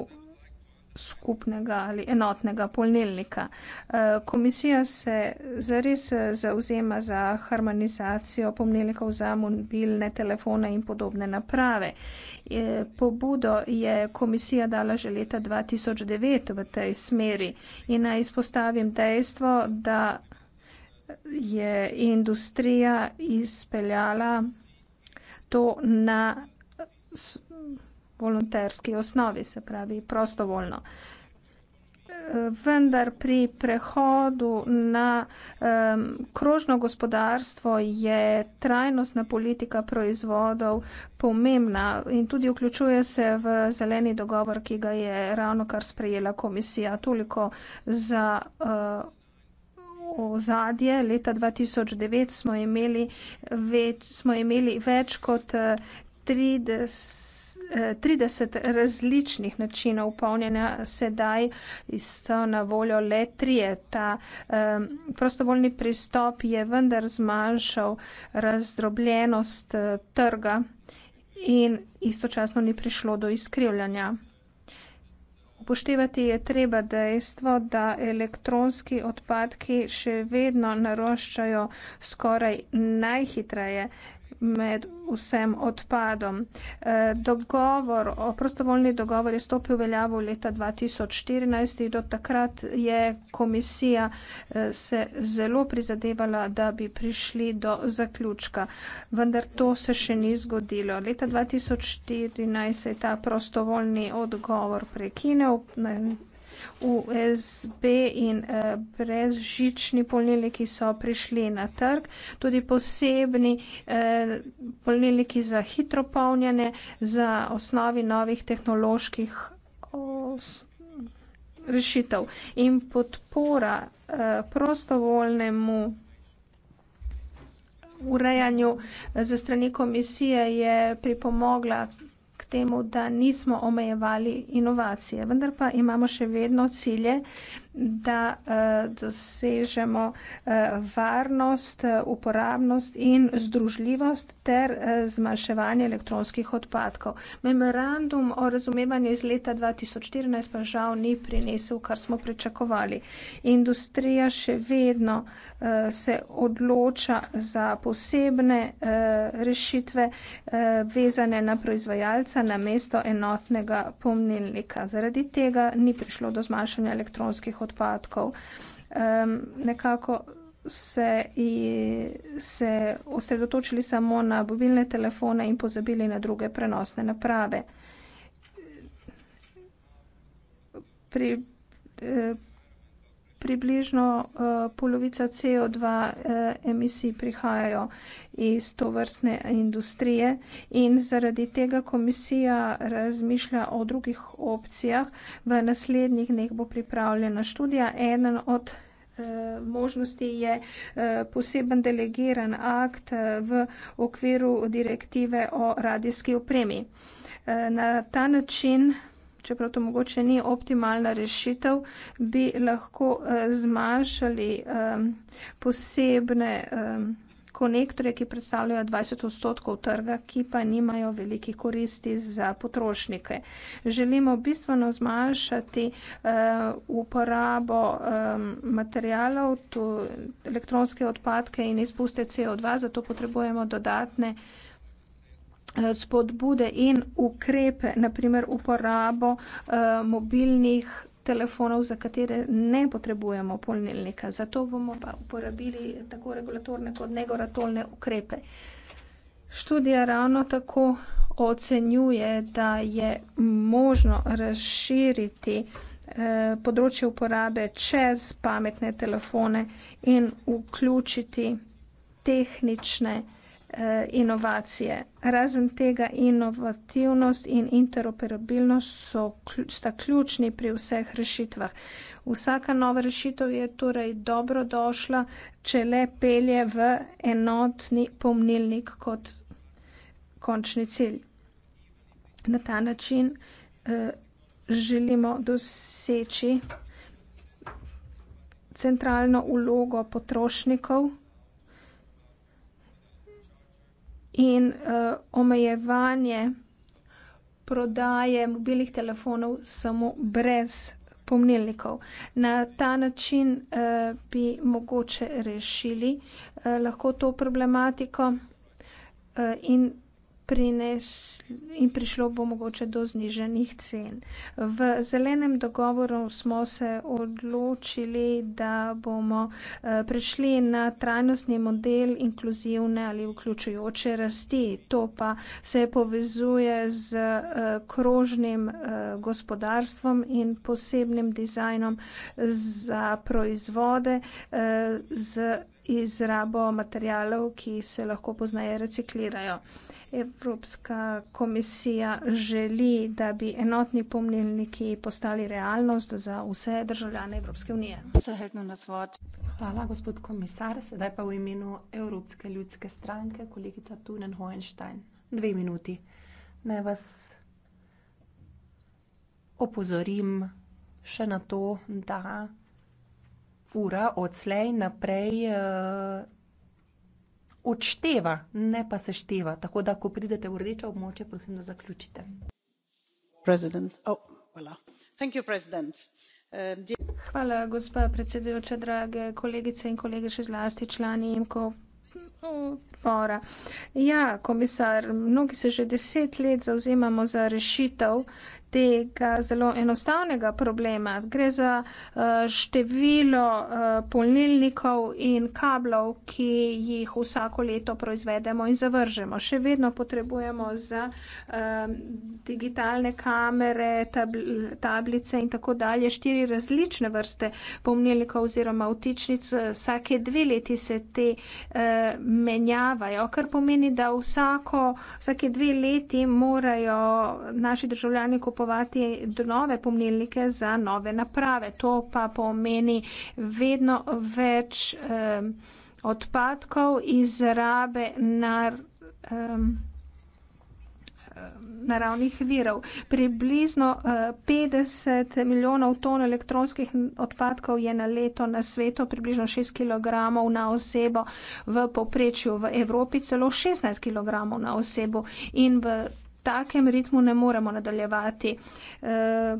skupnega ali enotnega polnilnika. Eh, komisija se zares eh, zauzema za harmonizacijo polnilnikov za mobilne telefone in podobne naprave. Eh, pobudo je komisija dala že leta 2009 v tej smeri in naj izpostavim dejstvo, da je industrija izpeljala to na volonterski osnovi, se pravi prostovoljno. Vendar pri prehodu na um, krožno gospodarstvo je trajnostna politika proizvodov pomembna in tudi vključuje se v zeleni dogovor, ki ga je ravno kar sprejela komisija. Toliko za uh, ozadje. Leta 2009 smo imeli več, smo imeli več kot 30. Eh, 30 različnih načinov upolnjenja, sedaj so na voljo le trije. Ta um, prostovoljni pristop je vendar zmanjšal razdrobljenost e, trga in istočasno ni prišlo do izkrivljanja. Upoštevati je treba dejstvo, da elektronski odpadki še vedno naroščajo skoraj najhitreje med vsem odpadom. E, dogovor, prostovoljni dogovor je stopil veljavo leta 2014 in do takrat je komisija e, se zelo prizadevala, da bi prišli do zaključka. Vendar to se še ni zgodilo. Leta 2014 se je ta prostovoljni odgovor prekinil, USB in uh, brezžični polnilniki so prišli na trg. Tudi posebni uh, polnilniki za hitro polnjene, za osnovi novih tehnoloških os rešitev in podpora uh, prostovoljnemu. Urejanju za strani komisije je pripomogla temu, da nismo omejevali inovacije, vendar pa imamo še vedno cilje, da eh, dosežemo eh, varnost, eh, uporabnost in združljivost ter zmanjševanje elektronskih odpadkov. Memorandum o razumevanju iz leta 2014 pa žal ni prinesel, kar smo pričakovali. Industrija še vedno se odloča za posebne rešitve vezane na proizvajalca na mesto enotnega pomnilnika. Zaradi tega ni prišlo do zmanjšanja elektronskih odpadkov odpadkov. Um, nekako se, i, se osredotočili samo na mobilne telefone in pozabili na druge prenosne naprave. Pri, eh, približno uh, polovica CO2 uh, eh, emisij prihajajo iz to vrstne industrije in zaradi tega komisija razmišlja o drugih opcijah. V naslednjih dneh bo pripravljena študija. Eden od eh, možnosti je poseben delegiran akt v okviru direktive o radijski opremi. Na ta način čeprav to mogoče ni optimalna rešitev, bi lahko uh, zmanjšali um, posebne um, konektorje, ki predstavljajo 20 odstotkov trga, ki pa nimajo veliki koristi za potrošnike. Želimo bistveno zmanjšati uh, uporabo um, materijalov, tu, elektronske odpadke in izpuste CO2, zato potrebujemo dodatne uh, Eh, spodbude in ukrepe, naprimer uporabo eh, mobilnih telefonov, za katere ne potrebujemo polnilnika. Zato bomo pa uporabili tako regulatorne kot negoratolne ukrepe. Študija ravno tako ocenjuje, da je možno razširiti eh, področje uporabe čez pametne telefone in vključiti tehnične eh, Eh, inovacije. Razen tega, inovativnost in interoperabilnost so, sta ključni pri vseh rešitvah. Vsaka nova rešitev je torej dobro došla, če le pelje v enotni pomnilnik kot končni cilj. Na ta način eh, želimo doseči centralno ulogo potrošnikov, in uh, omejevanje prodaje mobilnih telefonov samo brez pomnilnikov. Na ta način uh, bi mogoče rešili uh, lahko to problematiko uh, in prinesli in prišlo bo mogoče do zniženih cen. V zelenem dogovoru smo se odločili, da bomo eh, prišli na trajnostni model inkluzivne ali vključujoče rasti. To pa se povezuje z eh, krožnim eh, gospodarstvom in posebnim dizajnom za proizvode z izrabo materijalov, ki se lahko poznaje reciklirajo. Evropska komisija želi, da bi enotni pomnilniki postali realnost za vse državljane Evropske unije. Hvala, gospod komisar. Sedaj pa v imenu Evropske ljudske stranke, kolegica Tunen Hohenstein. Dve minuti. Naj vas opozorim še na to, da ura odslej naprej uh, odšteva, ne pa se števa. Tako da, ko pridete v rdeče območje, prosim, da zaključite. Oh, eh, Hvala, gospa predsedujoča, drage kolegice in kolege, še zlasti člani IMKO. Mora. Mm, ja, komisar, mnogi se že deset let zauzemamo za rešitev tega zelo enostavnega problema. Gre za eh, število eh, polnilnikov in kablov, ki jih vsako leto proizvedemo in zavržemo. Še vedno potrebujemo za eh, digitalne kamere, tablice in tako dalje štiri različne vrste polnilnikov oziroma vtičnic. Vsake dve leti se te menjavajo, kar pomeni, da vsako, vsake dve leti morajo naši državljani kupovati kupovati nove pomnilnike za nove naprave. To pa pomeni vedno več um, odpadkov iz rabe nar, um, naravnih virov. Približno 50 eh, milijonov ton elektronskih odpadkov je na leto na svetu, približno 6 kg na osebo v poprečju v Evropi, celo 16 kg na osebo in v takem ritmu ne moremo nadaljevati. E,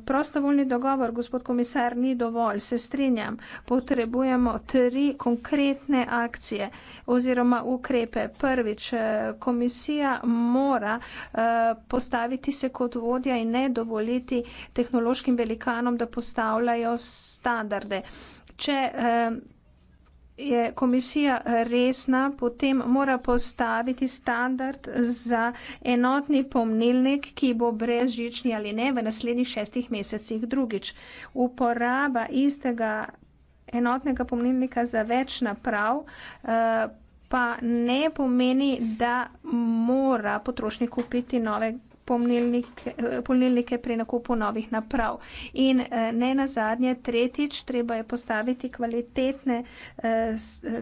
prostovoljni dogovor, gospod komisar, ni dovolj, se strinjam. Potrebujemo tri konkretne akcije oziroma ukrepe. Prvič, e, komisija mora e, postaviti se kot vodja in ne dovoliti tehnološkim velikanom, da postavljajo standarde. Če eh, je komisija resna, potem mora postaviti standard za enotni pomnilnik, ki bo brezžični ali ne v naslednjih šestih mesecih. Drugič, uporaba istega enotnega pomnilnika za več naprav eh, pa ne pomeni, da mora potrošnik kupiti novega pomnilnike, eh, pomnilnike pri nakupu novih naprav. In eh, ne na zadnje, tretjič, treba je postaviti kvalitetne, eh,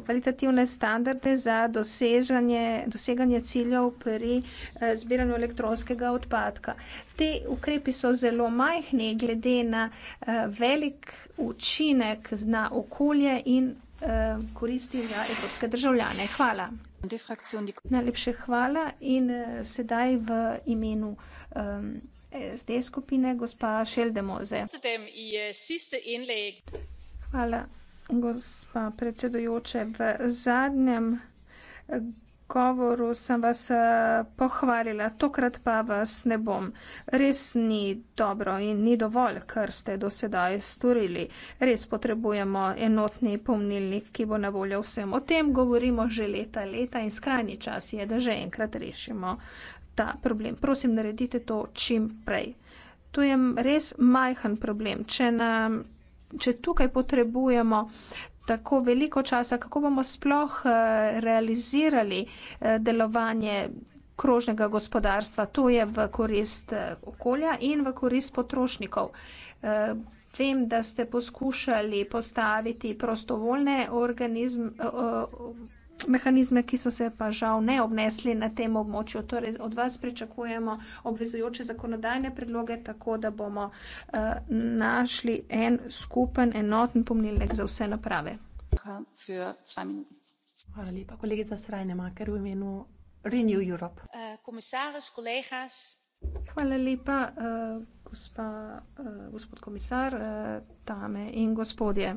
kvalitativne standarde za doseženje, doseganje ciljev pri zbiranju elektronskega odpadka. Te ukrepi so zelo majhni glede na velik učinek na okolje in Eh, koristi za evropske državljane. Hvala. Najlepše hvala in eh, sedaj v imenu um, SD skupine gospa Šeldemoze. Hvala, gospa predsedujoče. V zadnjem govoru sem vas eh, pohvalila, tokrat pa vas ne bom. Res ni dobro in ni dovolj, kar ste do sedaj storili. Res potrebujemo enotni pomnilnik, ki bo na voljo vsem. O tem govorimo že leta, leta in skrajni čas je, da že enkrat rešimo ta problem. Prosim, naredite to čim prej. To je res majhen problem. Če, nam, če tukaj potrebujemo tako veliko časa, kako bomo sploh eh, realizirali eh, delovanje krožnega gospodarstva. To je v korist eh, okolja in v korist potrošnikov. Vem, da ste poskušali postaviti prostovoljne organizme mehanizme, ki so se pa žal ne obnesli na tem območju. Torej, od vas pričakujemo obvezujoče zakonodajne predloge, tako da bomo uh, našli en skupen, enoten pomnilnik za vse naprave. Hvala lepa, kolegica Srajnemaker v imenu Renew Europe. Uh, Hvala lepa, uh, gospa, uh, gospod komisar, uh, dame in gospodje.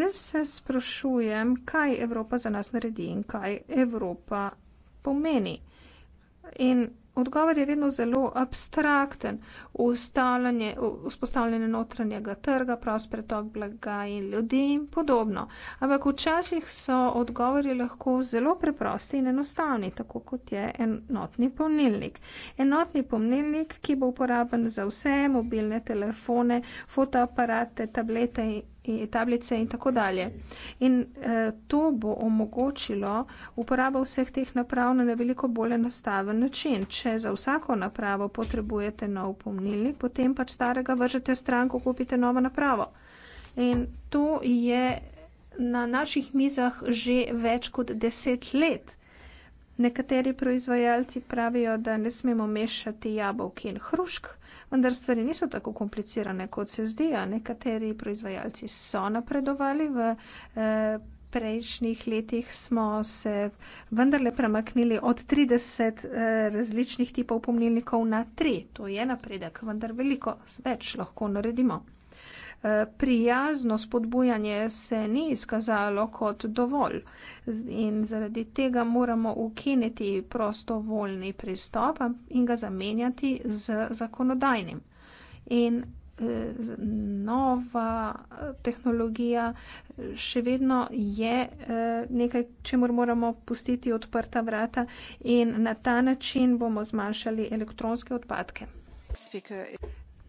Res se sprašujem, kaj Evropa za nas naredi in kaj Evropa pomeni. In odgovor je vedno zelo abstrakten. Vzpostavljanje notranjega trga, prost pretok blaga in ljudi in podobno. Ampak včasih so odgovori lahko zelo preprosti in enostavni, tako kot je enotni pomnilnik. Enotni pomnilnik, ki bo uporaben za vse mobilne telefone, fotoaparate, tablete in tablice in tako dalje. In eh, to bo omogočilo uporabo vseh teh naprav na veliko bolj enostaven način. Če za vsako napravo potrebujete nov pomnilnik, potem pač starega vržete stran, ko kupite novo napravo. In to je na naših mizah že več kot deset let. Nekateri proizvajalci pravijo, da ne smemo mešati jabolk in hrušk, vendar stvari niso tako komplicirane, kot se zdijo. Nekateri proizvajalci so napredovali v. Eh, Prejšnjih letih smo se vendarle premaknili od 30 eh, različnih tipov pomnilnikov na 3. To je napredek, vendar veliko več lahko naredimo prijazno spodbujanje se ni izkazalo kot dovolj in zaradi tega moramo ukiniti prostovoljni pristop in ga zamenjati z zakonodajnim. In eh, nova eh, tehnologija še vedno je eh, nekaj, če moramo pustiti odprta vrata in na ta način bomo zmanjšali elektronske odpadke. Speaker.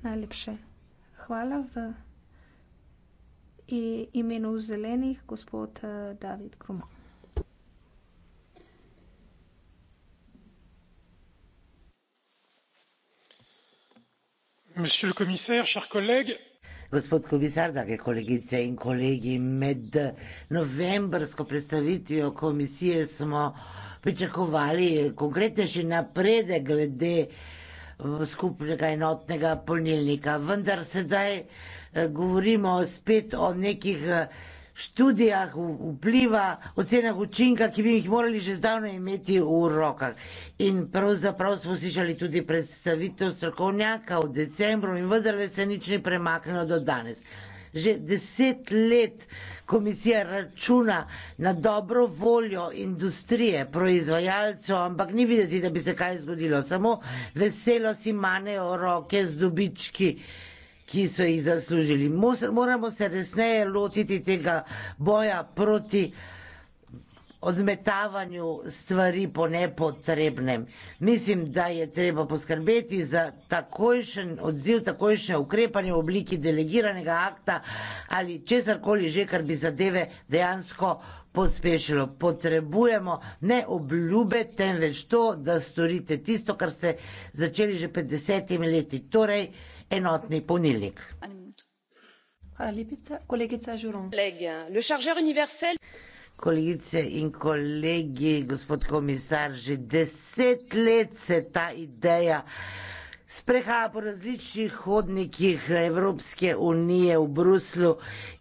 Najlepše hvala. V imenu zelenih, gospod eh, David Krumo. Gospod komisar, drage kolegice in kolegi, med novembrsko predstavitvijo komisije smo pričakovali konkretnejši napredek glede skupnega enotnega polnilnika, vendar sedaj govorimo spet o nekih eh, študijah vpliva, ocenah učinka, ki bi jih morali že zdavno imeti v rokah. In pravzaprav smo slišali tudi predstavitev strokovnjaka v decembru in vendar se nič ni premaknilo do danes. Že deset let komisija računa na dobro voljo industrije, proizvajalcev, ampak ni videti, da bi se kaj zgodilo. Samo veselo si manejo roke z dobički ki so jih zaslužili. Moramo se resneje lotiti tega boja proti odmetavanju stvari po nepotrebnem. Mislim, da je treba poskrbeti za takojšen odziv, takojšen ukrepanje v obliki delegiranega akta ali česarkoli že, kar bi zadeve dejansko pospešilo. Potrebujemo ne obljube, temveč to, da storite tisto, kar ste začeli že pred desetimi leti. Torej, enotni ponilnik. Kolegice in kolegi, gospod komisar, že deset let se ta ideja sprehaja po različnih hodnikih Evropske unije v Bruslu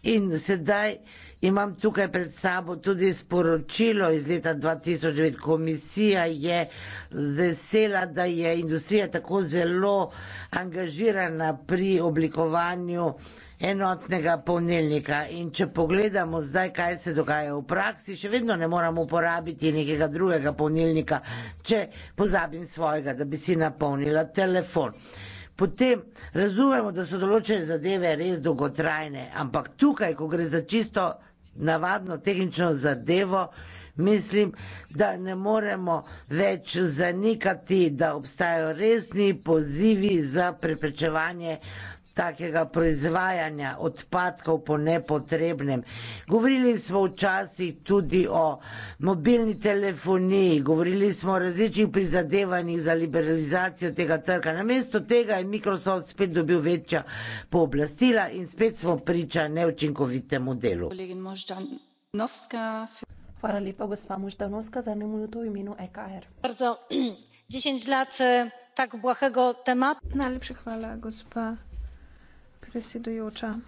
in sedaj Imam tukaj pred sabo tudi sporočilo iz leta 2009. Komisija je vesela, da je industrija tako zelo angažirana pri oblikovanju enotnega polnilnika. In če pogledamo zdaj, kaj se dogaja v praksi, še vedno ne moramo uporabiti nekega drugega polnilnika, če pozabim svojega, da bi si napolnila telefon. Potem razumemo, da so določene zadeve res dolgotrajne, ampak tukaj, ko gre za čisto navadno tehnično zadevo, mislim, da ne moremo več zanikati, da obstajajo resni pozivi za preprečevanje takega proizvajanja odpadkov po nepotrebnem. Govorili smo včasih tudi o mobilni telefoniji, govorili smo o različnih prizadevanjih za liberalizacijo tega trga. Namesto tega je Microsoft spet dobil večja pooblastila in spet smo priča neučinkovitemu delu. Hvala lepa, gospa Moždanovska, za eno minuto v imenu EKR. Najlepša hvala, gospa predsedujoča.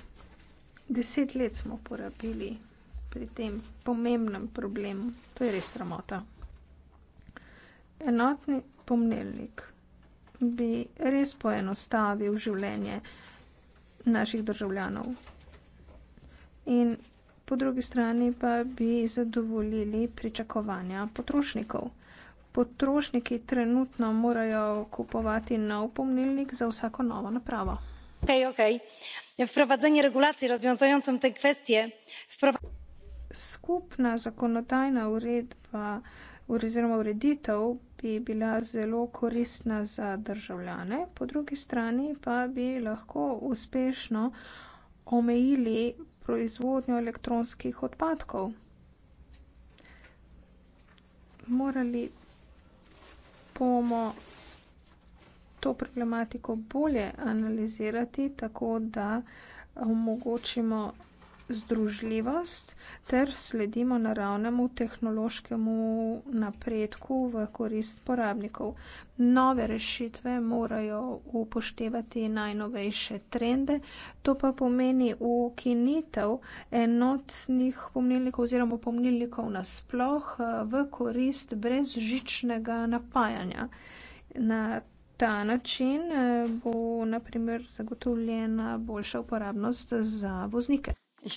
Deset let smo porabili pri tem pomembnem problemu. To je res sramota. Enotni pomnilnik bi res poenostavil življenje naših državljanov. In po drugi strani pa bi zadovoljili pričakovanja potrošnikov. Potrošniki trenutno morajo kupovati nov pomnilnik za vsako novo napravo wprowadzenie regulacji rozwiązującej tę kwestię. skupna zakonodajna uredba oziroma ureditev bi bila zelo koristna za državljane po drugi strani pa bi lahko uspešno omejili proizvodnjo elektronskih odpadkov. morali bomo to problematiko bolje analizirati, tako da omogočimo združljivost ter sledimo naravnemu tehnološkemu napredku v korist porabnikov. Nove rešitve morajo upoštevati najnovejše trende, to pa pomeni ukinitev enotnih pomnilnikov oziroma pomnilnikov nasploh v korist brezžičnega napajanja. Na ta način eh, bo naprimer zagotovljena boljša uporabnost za voznike. Um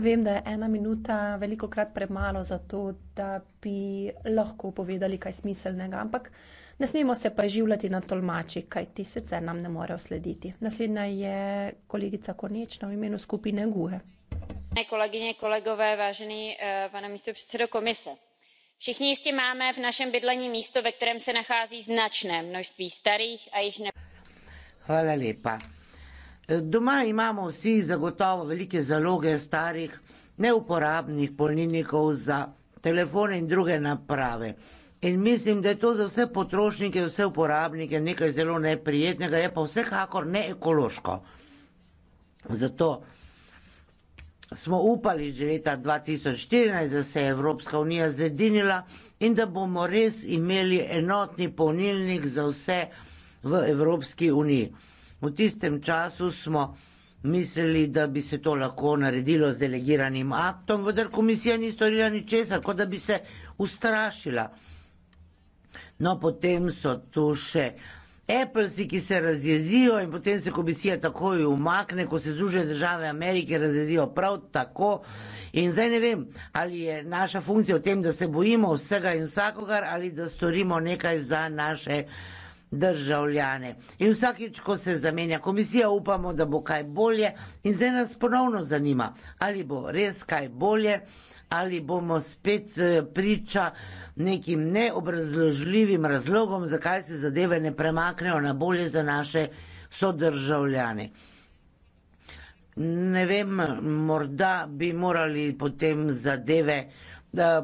vem da je ena minuta velikokrat premalo za to, da bi lahko povedali kaj smiselnega, ampak ne smemo se pa izživljati na tolmačih, kajti sicer nam ne morejo slediti. Naslednja je kolegica Konečna v imenu skupine GUE. Eh, všichni jistě máme v našem bydlení místo ve kterém se nachází značné množství starých a již ne. Hvala lepa. Doma imamo vsi zagotovo velike zaloge starih, neuporabnih polnilnikov za telefone in druge naprave. In mislim, da je to za vse potrošnike, vse uporabnike nekaj zelo neprijetnega, je pa vsekakor neekološko. Zato smo upali že leta 2014, da se je Evropska unija zedinila in da bomo res imeli enotni polnilnik za vse v Evropski uniji. V tistem času smo mislili, da bi se to lahko naredilo z delegiranim aktom, vendar komisija ni storila ničesar, kot da bi se ustrašila. No, potem so tu še uh, Appleci, ki se razjezijo in potem se komisija takoj umakne, ko se Združene države Amerike razjezijo prav tako. In zdaj ne vem, ali je naša funkcija v tem, da se bojimo vsega in vsakogar ali da storimo nekaj za naše državljane. In vsakič, ko se zamenja komisija, upamo, da bo kaj bolje in zdaj nas ponovno zanima, ali bo res kaj bolje ali bomo spet eh, priča nekim neobrazložljivim razlogom, zakaj se zadeve ne premaknejo na bolje za naše sodržavljane. Ne vem, morda bi morali potem zadeve eh,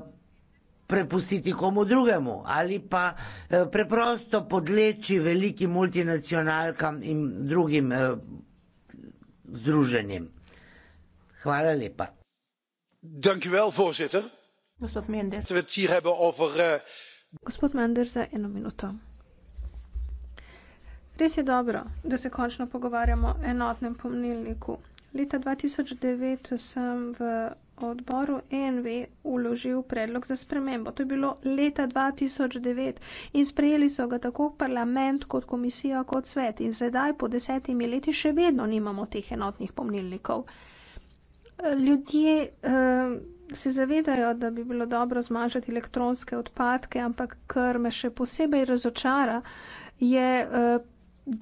prepustiti komu drugemu ali pa eh, preprosto podleči velikim multinacionalkam in drugim združenjem. Hvala lepa voorzitter als we het hier hebben over. Eh, gospod meander za eno minuto res je dobro da se končno pogovarjamo o enotnem pomnilniku leta dva tisoč devet sem v odboru env uložil predlog za spremembo to je bilo leta dva tisoč devet in sprejeli so ga tako parlament kot komisija kot svet in sedaj po desetimi leti še vedno nimamo teh enotnih pomnilnikov. Ljudje uh, se zavedajo, da bi bilo dobro zmanjšati elektronske odpadke, ampak kar me še posebej razočara, je uh,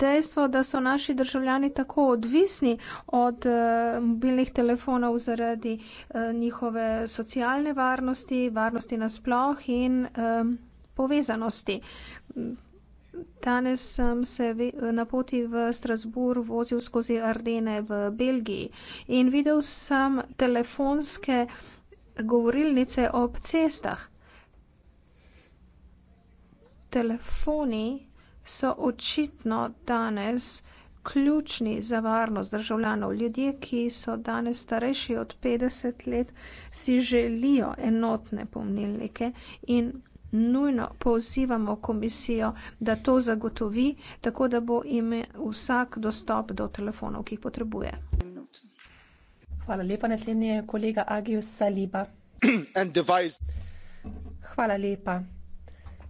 dejstvo, da so naši državljani tako odvisni od uh, mobilnih telefonov zaradi uh, njihove socialne varnosti, varnosti nasploh in uh, povezanosti. Danes sem se na poti v Strasbourg vozil skozi Ardene v Belgiji in videl sem telefonske govorilnice ob cestah. Telefoni so očitno danes ključni za varnost državljanov. Ljudje, ki so danes starejši od 50 let, si želijo enotne pomnilnike in nujno pozivamo komisijo, da to zagotovi, tako da bo imel vsak dostop do telefonov, ki jih potrebuje. Hvala lepa. Naslednji je kolega Agius Saliba. Hvala lepa.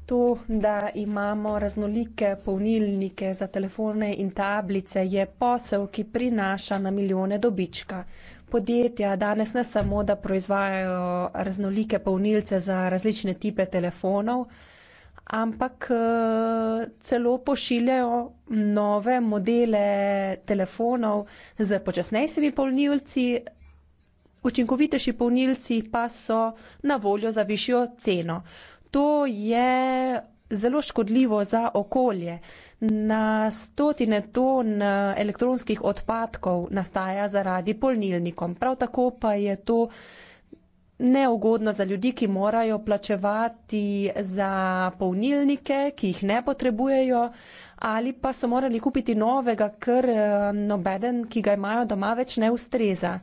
To, da imamo raznolike polnilnike za telefone in tablice, je posel, ki prinaša na milijone dobička podjetja danes ne samo, da proizvajajo raznolike polnilce za različne type telefonov, ampak eh, celo pošiljajo nove modele telefonov z počasnejšimi polnilci, učinkovitejši polnilci pa so na voljo za višjo ceno. To je zelo škodljivo za okolje. Na stotine ton eh, elektronskih odpadkov nastaja zaradi polnilnikom. Prav tako pa je to neugodno za ljudi, ki morajo plačevati za polnilnike, ki jih ne potrebujejo ali pa so morali kupiti novega, ker eh, nobeden, ki ga imajo doma, več ne ustreza.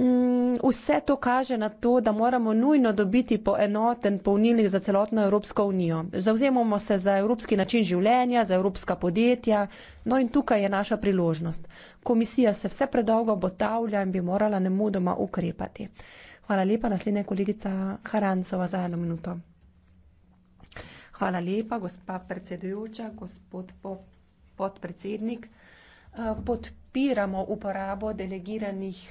Mm, vse to kaže na to, da moramo nujno dobiti poenoten polnilnik za celotno Evropsko unijo. Zauzemamo se za evropski način življenja, za evropska podjetja, no in tukaj je naša priložnost. Komisija se vse predolgo botavlja in bi morala nemudoma ukrepati. Hvala lepa, naslednja kolegica Harancova za eno minuto. Hvala lepa, gospa predsedujoča, gospod podpredsednik. Eh, podpiramo uporabo delegiranih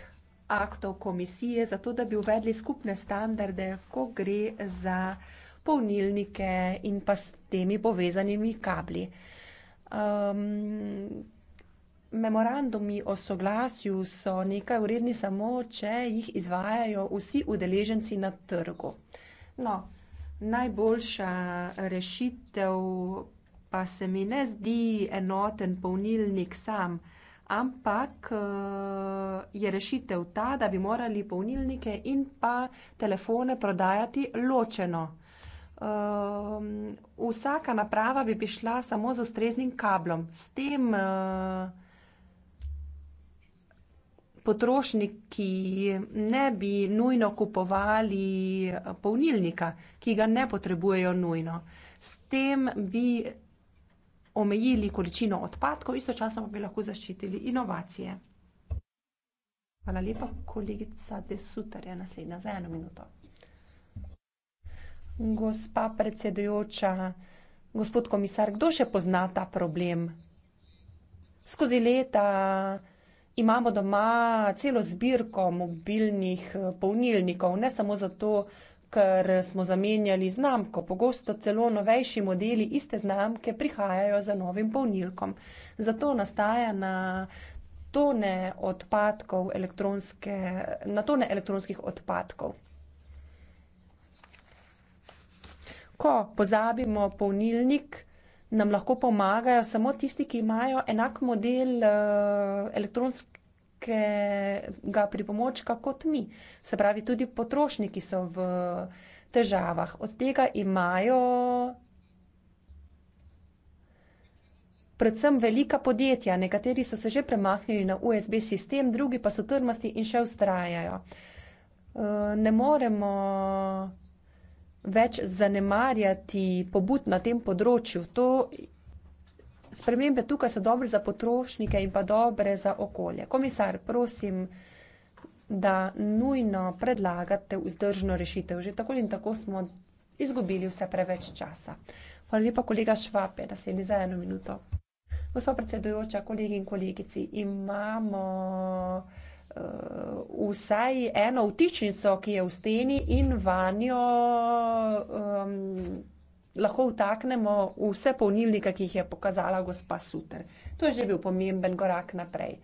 aktov komisije, zato da bi uvedli skupne standarde, ko gre za polnilnike in pa s temi povezanimi kabli. Um, memorandumi o soglasju so nekaj vredni samo, če jih izvajajo vsi udeleženci na trgu. No, najboljša rešitev pa se mi ne zdi enoten polnilnik sam ampak eh, je rešitev ta, da bi morali polnilnike in pa telefone prodajati ločeno. Eh, vsaka naprava bi prišla samo z ustreznim kablom. S tem eh, potrošniki ne bi nujno kupovali polnilnika, ki ga ne potrebujejo nujno. S tem bi omejili količino odpadkov, istočasno pa bi lahko zaščitili inovacije. Hvala lepa, kolegica Desuter je naslednja za eno minuto. Gospa predsedujoča, gospod komisar, kdo še pozna ta problem? Skozi leta imamo doma celo zbirko mobilnih polnilnikov, ne samo zato, ker smo zamenjali znamko, pogosto celo novejši modeli iste znamke prihajajo za novim polnilkom. Zato nastaja na tone odpadkov elektronske, na tone elektronskih odpadkov. Ko pozabimo polnilnik, nam lahko pomagajo samo tisti, ki imajo enak model eh, elektronsk, velikega pripomočka kot mi. Se pravi, tudi potrošniki so v težavah. Od tega imajo predvsem velika podjetja. Nekateri so se že premaknili na USB sistem, drugi pa so trmasti in še ustrajajo. Eh, ne moremo več zanemarjati pobud na tem področju. To spremembe tukaj so dobre za potrošnike in pa dobre za okolje. Komisar, prosim, da nujno predlagate vzdržno rešitev. Že tako in tako smo izgubili vse preveč časa. Hvala lepa, kolega Švape, da se mi za eno minuto. Gospod predsedujoča, kolegi in kolegici, imamo uh, vsaj eno vtičnico, ki je v steni in vanjo. Um, lahko vtaknemo vse polnilnike, ki jih je pokazala gospa Suter. To je že bil pomemben korak naprej.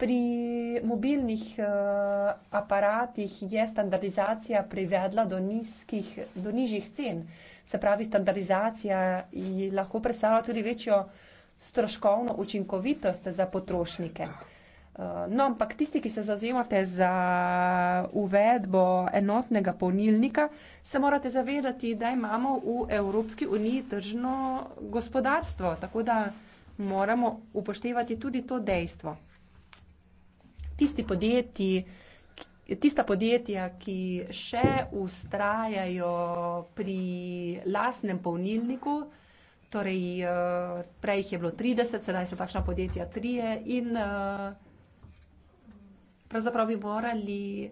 Pri mobilnih uh, aparatih je standardizacija privedla do, nizkih, do nižjih cen. Se pravi, standardizacija lahko predstavlja tudi večjo stroškovno učinkovitost za potrošnike. Eh, no, ampak tisti, ki se zauzemate za uvedbo enotnega polnilnika, se morate zavedati, da imamo v Evropski uniji tržno gospodarstvo, tako da moramo upoštevati tudi to dejstvo. Tisti podjetji, tista podjetja, ki še ustrajajo pri lasnem polnilniku, torej eh, prej jih je bilo 30, sedaj so takšna podjetja 3 in. Uh, pravzaprav bi morali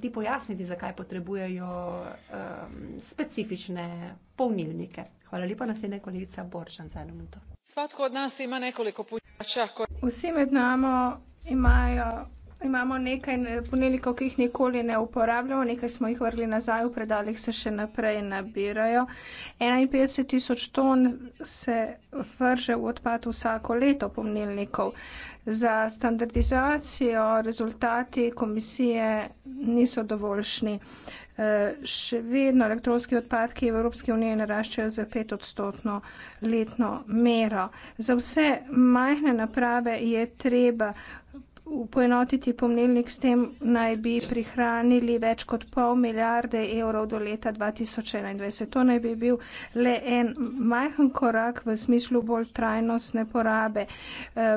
ti pojasniti, zakaj potrebujejo um, specifične polnilnike. Hvala lepa, naslednja kolegica Boržan, za eno minuto. Svatko od nas ima nekoliko pojača. Ko... Vsi med nami imajo. Imamo nekaj ponelikov, ki jih nikoli ne uporabljamo, nekaj smo jih vrli nazaj, v predalih se še naprej nabirajo. 51 tisoč ton se vrže v odpad vsako leto ponelnikov. Za standardizacijo rezultati komisije niso dovoljšni. E, še vedno elektronski odpadki v Evropski uniji naraščajo za 5 odstotno letno mero. Za vse majhne naprave je treba poenotiti pomnilnik, s tem naj bi prihranili več kot pol milijarde evrov do leta 2021. To naj bi bil le en majhen korak v smislu bolj trajnostne porabe. E,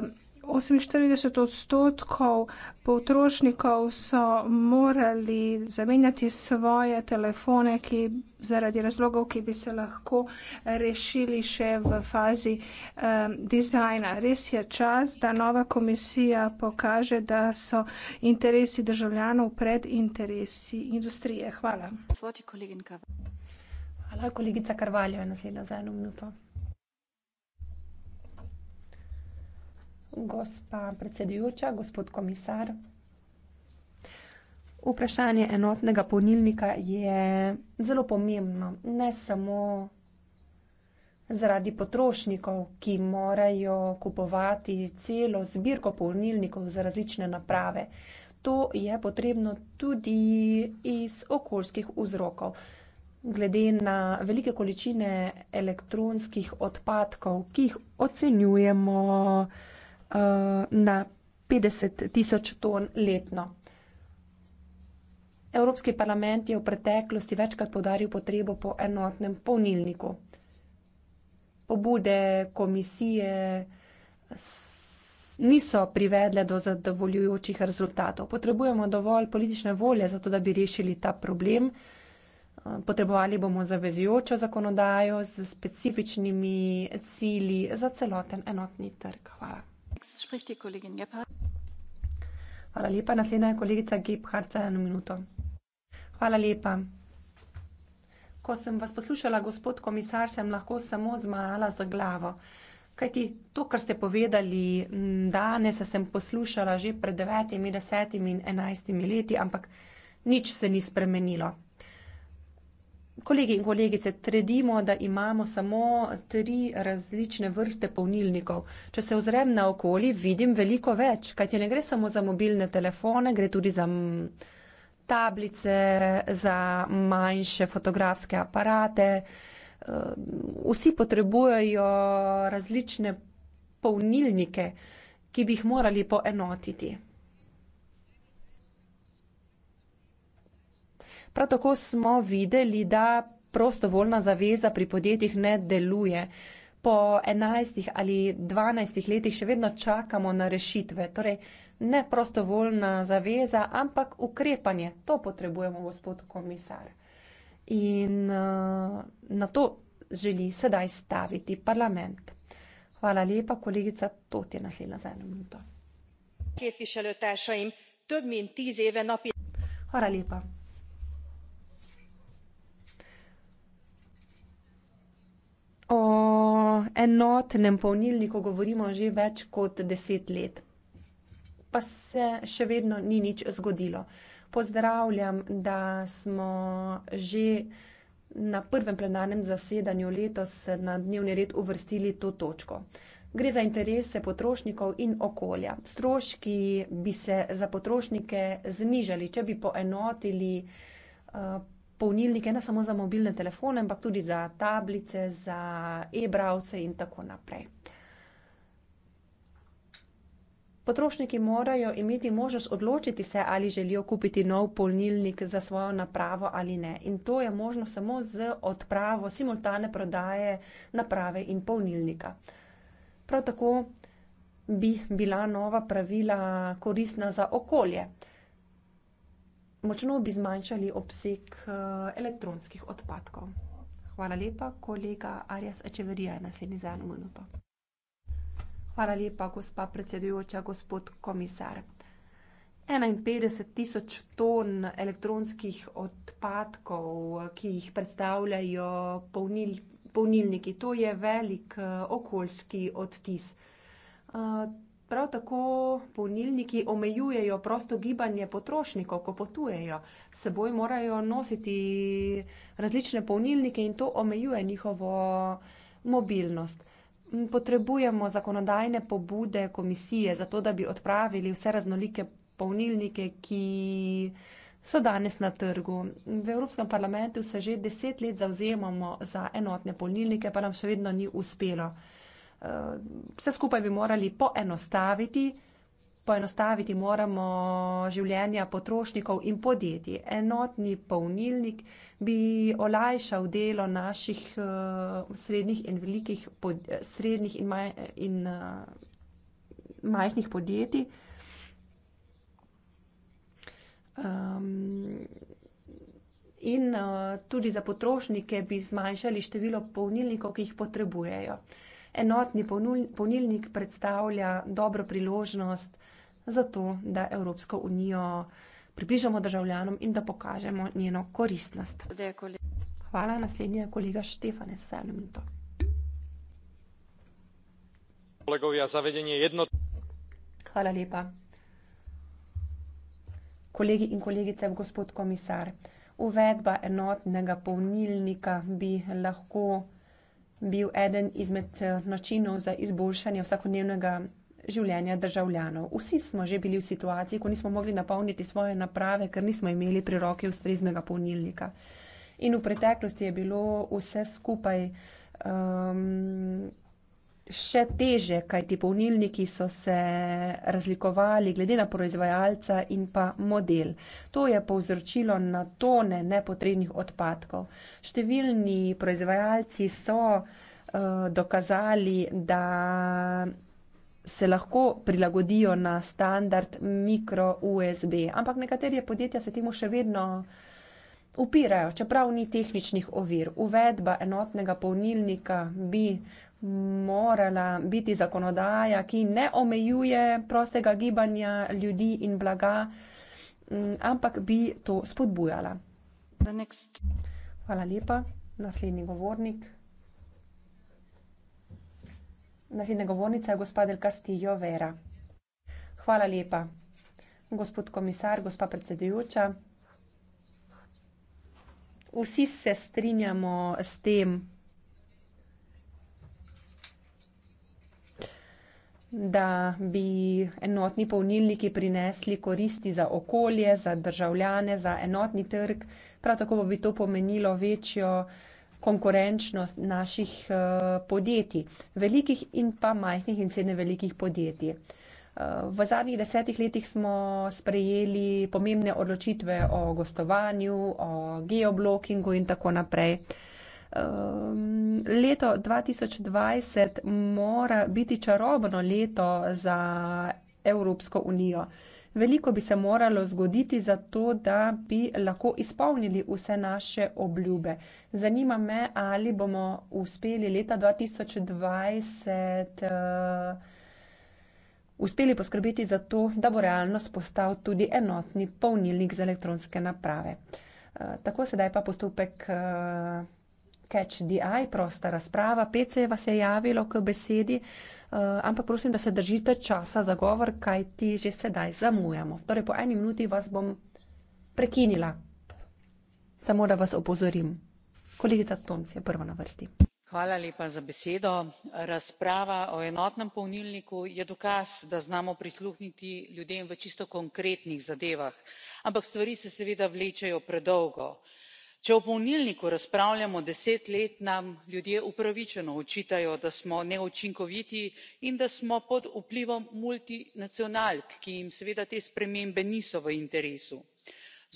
48 odstotkov potrošnikov so morali zamenjati svoje telefone, ki zaradi razlogov, ki bi se lahko rešili še v fazi um, dizajna. Res je čas, da nova komisija pokaže, da so interesi državljanov pred interesi industrije. Hvala. Hvala, kolegica Karvaljo je naslednja za eno minuto. Gospa predsedujoča, gospod komisar. Vprašanje enotnega polnilnika je zelo pomembno, ne samo zaradi potrošnikov, ki morajo kupovati celo zbirko polnilnikov za različne naprave. To je potrebno tudi iz okoljskih vzrokov. Glede na velike količine elektronskih odpadkov, ki jih ocenjujemo, Eh, na 50 tisoč ton letno. Evropski parlament je v preteklosti večkrat podaril potrebo po enotnem polnilniku. Pobude komisije niso privedle do zadovoljujočih rezultatov. Potrebujemo dovolj politične volje, zato da bi rešili ta problem. Potrebovali bomo zavezujočo zakonodajo z specifičnimi cili za celoten enotni trg. Hvala. Hvala lepa. Naslednja je kolegica Gebhardt za eno minuto. Hvala lepa. Ko sem vas poslušala, gospod komisar, sem lahko samo zmajala z glavo. Kajti to, kar ste povedali danes, sem poslušala že pred devetimi, desetimi in enajstimi leti, ampak nič se ni spremenilo. Kolegi in kolegice, trdimo, da imamo samo tri različne vrste polnilnikov. Če se ozrem na okoli, vidim veliko več, kajti ne gre samo za mobilne telefone, gre tudi za tablice, za manjše fotografske aparate. Eh, vsi potrebujejo različne polnilnike, ki bi jih morali poenotiti. Prav tako smo videli, da prostovoljna zaveza pri podjetjih ne deluje. Po enajstih ali dvanajstih letih še vedno čakamo na rešitve. Torej, ne prostovoljna zaveza, ampak ukrepanje. To potrebujemo, gospod komisar. In uh, na to želi sedaj staviti parlament. Hvala lepa, kolegica Toti je naslednja za eno minuto. Hvala lepa. o enotnem polnilniku govorimo že več kot deset let, pa se še vedno ni nič zgodilo. Pozdravljam, da smo že na prvem plenarnem zasedanju letos na dnevni red uvrstili to točko. Gre za interese potrošnikov in okolja. Stroški bi se za potrošnike znižali, če bi poenotili eh, polnilnike, ne samo za mobilne telefone, ampak tudi za tablice, za e-bravce in tako naprej. Potrošniki morajo imeti možnost odločiti se, ali želijo kupiti nov polnilnik za svojo napravo ali ne. In to je možno samo z odpravo simultane prodaje naprave in polnilnika. Prav tako bi bila nova pravila koristna za okolje močno bi zmanjšali obseg eh, elektronskih odpadkov. Hvala lepa, kolega Arjas Ečeverija je naslednji za eno minuto. Hvala lepa, gospa predsedujoča, gospod komisar. Enainpetdeset tisoč ton elektronskih odpadkov, ki jih predstavljajo polnilniki, to je velik eh, okoljski odtis. Eh, Prav tako polnilniki omejujejo prosto gibanje potrošnikov, ko potujejo. Seboj morajo nositi različne polnilnike in to omejuje njihovo mobilnost. Potrebujemo zakonodajne pobude komisije, zato da bi odpravili vse raznolike polnilnike, ki so danes na trgu. V Evropskem parlamentu se že deset let zauzemamo za enotne polnilnike, pa nam še vedno ni uspelo. Eh, vse skupaj bi morali poenostaviti. Poenostaviti moramo življenja potrošnikov in podjetij. Enotni polnilnik bi olajšal delo naših eh, srednjih in velikih, srednjih in, maj, in uh, majhnih podjetij. Um, in uh, tudi za potrošnike bi zmanjšali število polnilnikov, ki jih potrebujejo. Uh, enotni ponilnik predstavlja dobro priložnost za to, da Evropsko unijo približamo državljanom in da pokažemo njeno koristnost. Hvala, naslednji je kolega Štefanec za eno minuto. Hvala lepa. Kolegi in kolegice, gospod komisar, uvedba enotnega polnilnika bi lahko bil eden izmed eh, načinov za izboljšanje vsakodnevnega življenja državljanov. Vsi smo že bili v situaciji, ko nismo mogli napolniti svoje naprave, ker nismo imeli pri roki ustreznega polnilnika. In v preteklosti je bilo vse skupaj um, še teže, kajti polnilniki so se razlikovali glede na proizvajalca in pa model. To je povzročilo na tone nepotrebnih odpadkov. Številni proizvajalci so uh, dokazali, da se lahko prilagodijo na standard mikro USB, ampak nekateri podjetja se temu še vedno upirajo, čeprav ni tehničnih ovir. Uvedba enotnega polnilnika bi morala biti zakonodaja, ki ne omejuje prostega gibanja ljudi in blaga, mm, ampak bi to spodbujala. Hvala lepa. Naslednji govornik. Naslednja govornica je gospa Del Castillo Vera. Hvala lepa. Gospod komisar, gospa predsedujoča. Vsi se strinjamo s tem, da bi enotni polnilniki prinesli koristi za okolje, za državljane, za enotni trg. Prav tako bi to pomenilo večjo konkurenčnost naših eh, podjetij, velikih in pa majhnih in srednje velikih podjetij. Eh, v zadnjih desetih letih smo sprejeli pomembne odločitve o gostovanju, o geoblokingu in tako naprej. Um, leto 2020 mora biti čarobno leto za Evropsko unijo. Veliko bi se moralo zgoditi za to, da bi lahko izpolnili vse naše obljube. Zanima me, ali bomo uspeli leta 2020 uh, eh, uspeli poskrbeti za to, da bo realnost postal tudi enotni polnilnik za elektronske naprave. Uh, tako sedaj pa postopek. Uh, Catch the Eye, prosta razprava. Pet se je vas je javilo k besedi, eh, ampak prosim, da se držite časa za govor, kaj ti že sedaj zamujamo. Torej, po eni minuti vas bom prekinila. Samo da vas opozorim. Kolegica Tomc je prva na vrsti. Hvala lepa za besedo. Razprava o enotnem polnilniku je dokaz, da znamo prisluhniti ljudem v čisto konkretnih zadevah. Ampak stvari se seveda vlečejo predolgo če o polnilniku razpravljamo deset let nam ljudje upravičeno očitajo da smo neučinkoviti in da smo pod vplivom multinacionalk ki jim seveda te spremembe niso v interesu.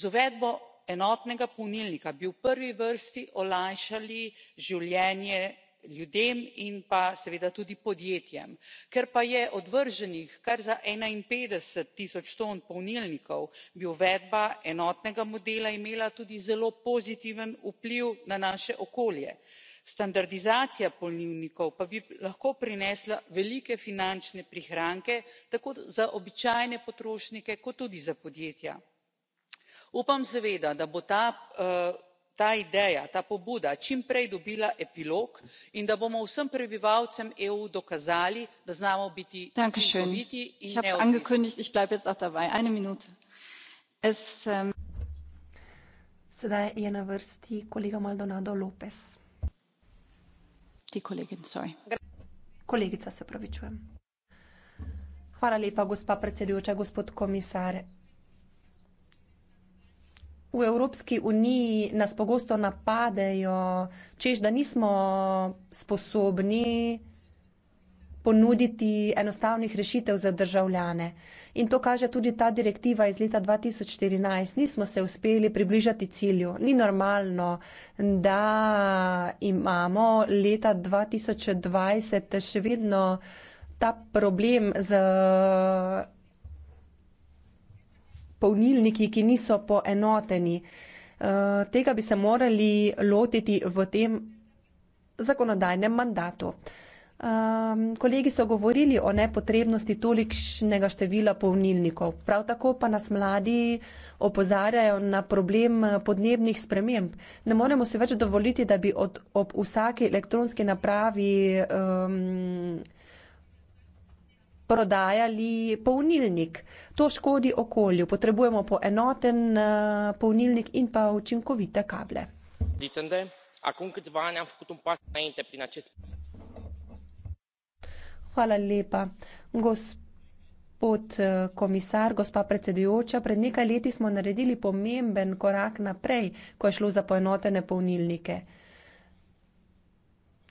z uvedbo enotnega polnilnika bi v prvi vrsti olajšali življenje ljudem in pa seveda tudi podjetjem. ker pa je odvrženih kar za enainpetdeset tisoč ton polnilnikov bi uvedba enotnega modela imela tudi zelo pozitiven vpliv na naše okolje. standardizacija polnilnikov pa bi lahko prinesla velike finančne prihranke tako za običajne potrošnike kot tudi za podjetja. upam seveda da bo ta eh, ta ideja ta pobuda čim prej dobila epilog in da bomo vsem prebivalcem eu dokazali da znamo biti učinkoviti in neodvisni. Ähm, hvala lepa gospa predsedujoča gospod komisar. V Evropski uniji nas pogosto napadejo, češ da nismo sposobni ponuditi enostavnih rešitev za državljane. In to kaže tudi ta direktiva iz leta 2014. Nismo se uspeli približati cilju. Ni normalno, da imamo leta 2020 še vedno ta problem z polnilniki, ki niso poenoteni. Eh, tega bi se morali lotiti v tem zakonodajnem mandatu. Ehm, kolegi so govorili o nepotrebnosti tolikšnega števila polnilnikov. Prav tako pa nas mladi opozarjajo na problem eh, podnebnih sprememb. Ne moremo se več dovoliti, da bi od, ob vsaki elektronski napravi um, prodajali polnilnik. To škodi okolju. Potrebujemo poenoten eh, polnilnik in pa učinkovite kable. Hvala lepa. Gospod komisar, eh, gospa predsedujoča, pred nekaj leti smo naredili pomemben korak naprej, ko je šlo za poenotene polnilnike.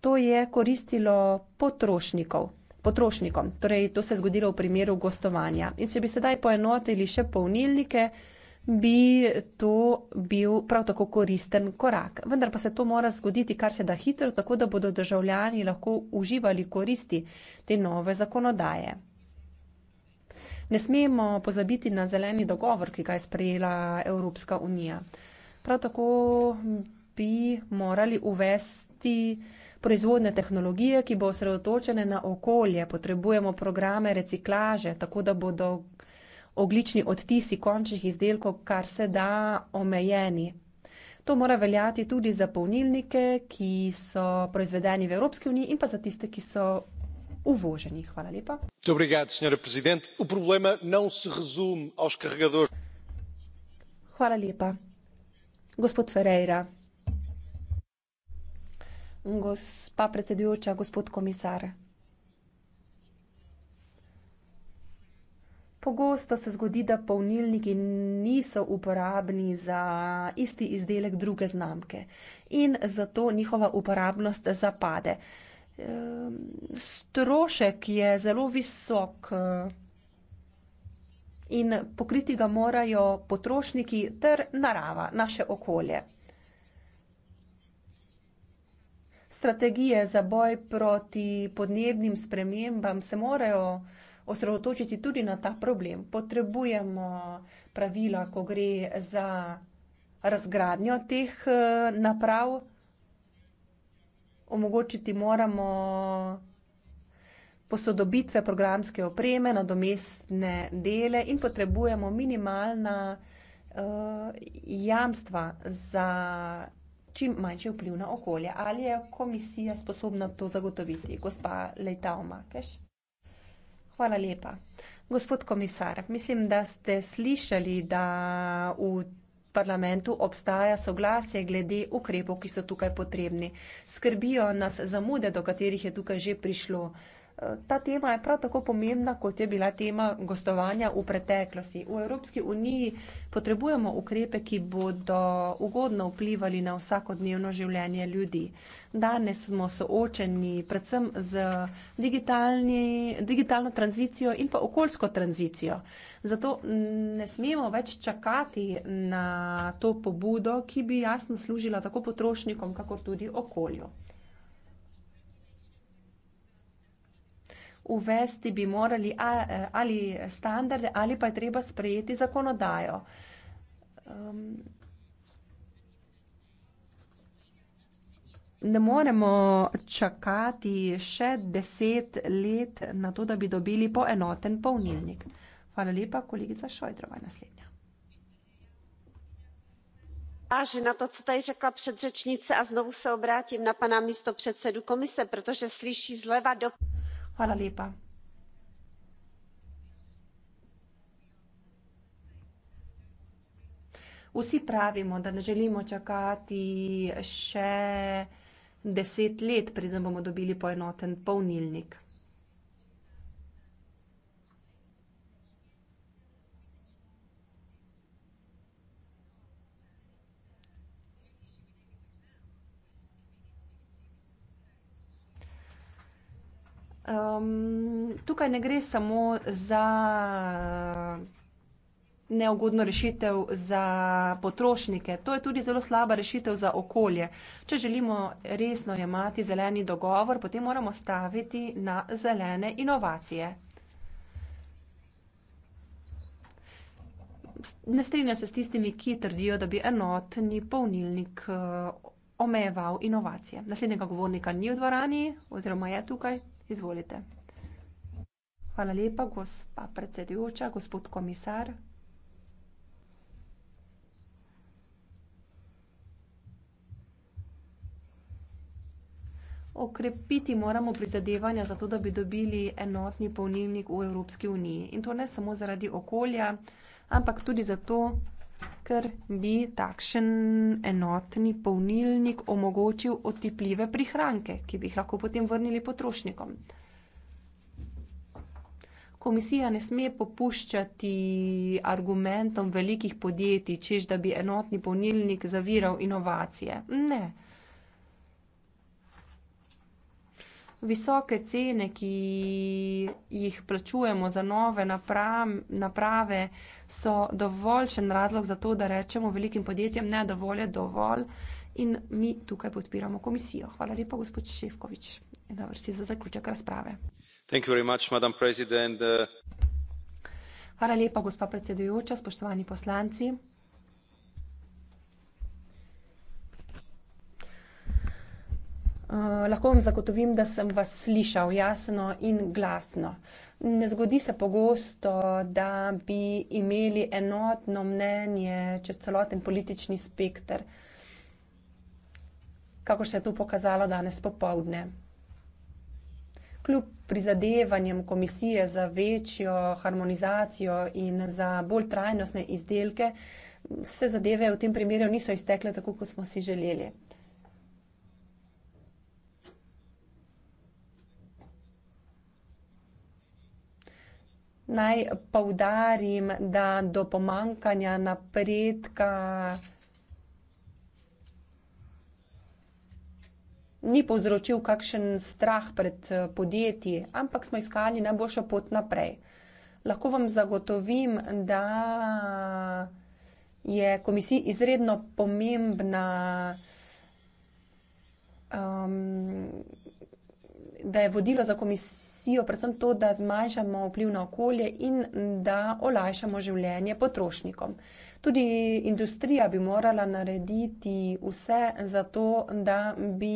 To je koristilo potrošnikov potrošnikom. Torej, to se je zgodilo v primeru gostovanja. In če bi sedaj poenotili še polnilnike, bi to bil prav tako koristen korak. Vendar pa se to mora zgoditi kar se da hitro, tako da bodo državljani lahko uživali koristi te nove zakonodaje. Ne smemo pozabiti na zeleni dogovor, ki ga je sprejela Evropska unija. Prav tako bi morali uvesti proizvodne tehnologije, ki bo osredotočene na okolje, potrebujemo programe reciklaže, tako da bodo oglični odtisi končnih izdelkov kar se da omejeni. To mora veljati tudi za polnilnike, ki so proizvedeni v Evropski uniji in pa za tiste, ki so uvoženi. Hvala lepa. Hvala lepa. Gospod Ferreira, gospa predsedujoča, gospod komisar. Pogosto se zgodi, da polnilniki niso uporabni za isti izdelek druge znamke in zato njihova uporabnost zapade. Ehm, strošek je zelo visok eh, in pokriti ga morajo potrošniki ter narava, naše okolje. strategije za boj proti podnebnim spremembam se morajo osredotočiti tudi na ta problem. Potrebujemo pravila, ko gre za razgradnjo teh eh, naprav. Omogočiti moramo posodobitve programske opreme, nadomestne dele in potrebujemo minimalna uh, jamstva za čim manjši vpliv na okolje. Ali je komisija sposobna to zagotoviti, gospa Leita Omakeš? Hvala lepa. Gospod komisar, mislim, da ste slišali, da v parlamentu obstaja soglasje glede ukrepov, ki so tukaj potrebni. Skrbijo nas zamude, do katerih je tukaj že prišlo ta tema je prav tako pomembna, kot je bila tema gostovanja v preteklosti. V Evropski uniji potrebujemo ukrepe, ki bodo ugodno vplivali na vsakodnevno življenje ljudi. Danes smo soočeni predvsem z digitalno tranzicijo in pa okoljsko tranzicijo. Zato ne smemo več čakati na to pobudo, ki bi jasno služila tako potrošnikom, kakor tudi okolju. uvesti bi morali e, ali standarde ali pa je treba sprejeti zakonodajo. Um, ne moremo čakati še deset let na to, da bi dobili poenoten polnilnik. Hvala lepa, kolegica Šojdrova, naslednja. Váži na to, co tady řekla předřečnice a znovu se obrátím na pana místo předsedu komise, protože slyší zleva do... Hvala lepa. Vsi pravimo, da ne želimo čakati še deset let, preden bomo dobili poenoten polnilnik. Um, tukaj ne gre samo za neugodno rešitev za potrošnike, to je tudi zelo slaba rešitev za okolje. Če želimo resno jemati zeleni dogovor, potem moramo staviti na zelene inovacije. Ne strinjam se s tistimi, ki trdijo, da bi enotni polnilnik eh, omejeval inovacije. Naslednjega govornika ni v dvorani oziroma je tukaj. Izvolite. Hvala lepa, gospa predsedujoča, gospod komisar. Okrepiti moramo prizadevanja za to, da bi dobili enotni polnilnik v Evropski uniji. In to ne samo zaradi okolja, ampak tudi zato, ker bi takšen enotni polnilnik omogočil otipljive prihranke, ki bi jih lahko potem vrnili potrošnikom. Komisija ne sme popuščati argumentom velikih podjetij, češ da bi enotni polnilnik zaviral inovacije. Ne. visoke cene, ki jih plačujemo za nove napram, naprave, so dovoljšen razlog za to, da rečemo velikim podjetjem, ne dovolj je dovolj in mi tukaj podpiramo komisijo. Hvala lepa, gospod Šefkovič, na vrsti za zaključek razprave. Hvala lepa, gospa predsedujoča, spoštovani poslanci. Eh, lahko vam zagotovim, da sem vas slišal jasno in glasno. Ne zgodi se pogosto, da bi imeli enotno mnenje čez celoten politični spekter, kako se je to pokazalo danes popovdne. Kljub prizadevanjem komisije za večjo harmonizacijo in za bolj trajnostne izdelke, se zadeve v tem primeru niso iztekle tako, kot smo si želeli. Naj povdarim, da do pomankanja napredka ni povzročil kakšen strah pred eh, podjetji, ampak smo iskali najboljšo pot naprej. Lahko vam zagotovim, da je komisija izredno pomembna. Um, da je vodilo za komisijo predvsem to, da zmanjšamo vpliv na okolje in da olajšamo življenje potrošnikom. Tudi industrija bi morala narediti vse za to, da bi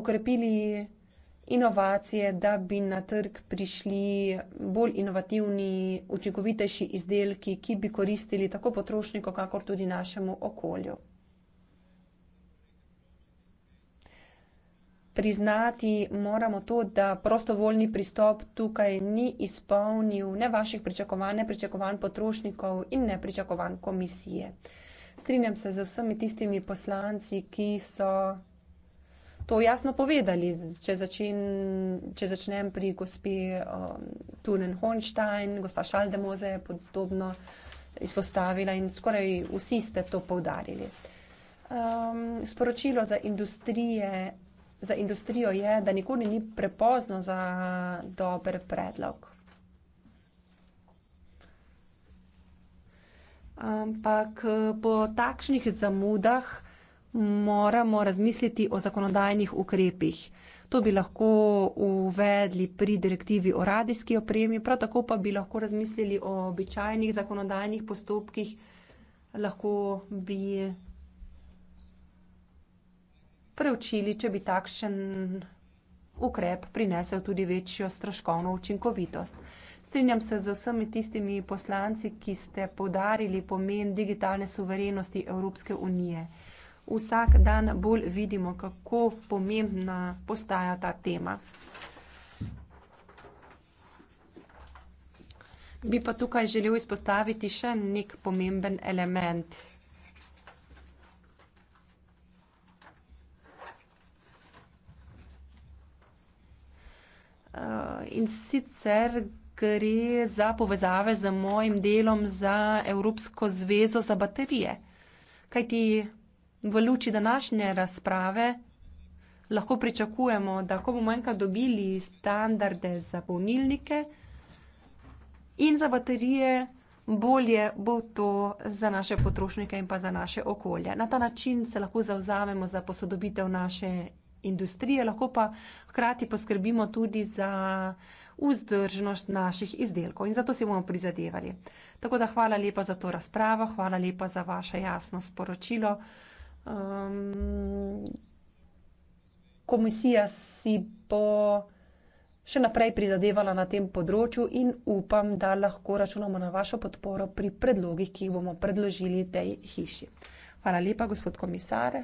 okrepili inovacije, da bi na trg prišli bolj inovativni, učinkovitejši izdelki, ki bi koristili tako potrošniku, kakor tudi našemu okolju. priznati moramo to, da prostovoljni pristop tukaj ni izpolnil ne vaših pričakovanj, ne pričakovanj potrošnikov in ne pričakovanj komisije. Strinjam se z vsemi tistimi poslanci, ki so to jasno povedali, če, začin, če začnem pri gospe um, Tunen Holstein, gospa Šaldemoze je podobno izpostavila in skoraj vsi ste to povdarili. Um, sporočilo za industrije za industrijo je, da nikoli ni prepozno za dober predlog. Ampak po takšnih zamudah moramo razmisliti o zakonodajnih ukrepih. To bi lahko uvedli pri direktivi o radijski opremi, prav tako pa bi lahko razmislili o običajnih zakonodajnih postopkih. Lahko bi preučili, če bi takšen ukrep prinesel tudi večjo stroškovno učinkovitost. Strinjam se z vsemi tistimi poslanci, ki ste podarili pomen digitalne suverenosti Evropske unije. Vsak dan bolj vidimo, kako pomembna postaja ta tema. Bi pa tukaj želel izpostaviti še nek pomemben element. Eh, in sicer gre za povezave z mojim delom za Evropsko zvezo za baterije. Kaj ti v luči današnje razprave lahko pričakujemo, da ko bomo enkrat dobili standarde za polnilnike in za baterije, bolje bo to za naše potrošnike in pa za naše okolje. Na ta način se lahko zauzamemo za posodobitev naše industrije, lahko pa hkrati poskrbimo tudi za vzdržnost naših izdelkov in zato si bomo prizadevali. Tako da hvala lepa za to razpravo, hvala lepa za vaše jasno sporočilo. Um, komisija si bo še naprej prizadevala na tem področju in upam, da lahko računamo na vašo podporo pri predlogih, ki jih bomo predložili tej hiši. Hvala lepa, gospod komisar.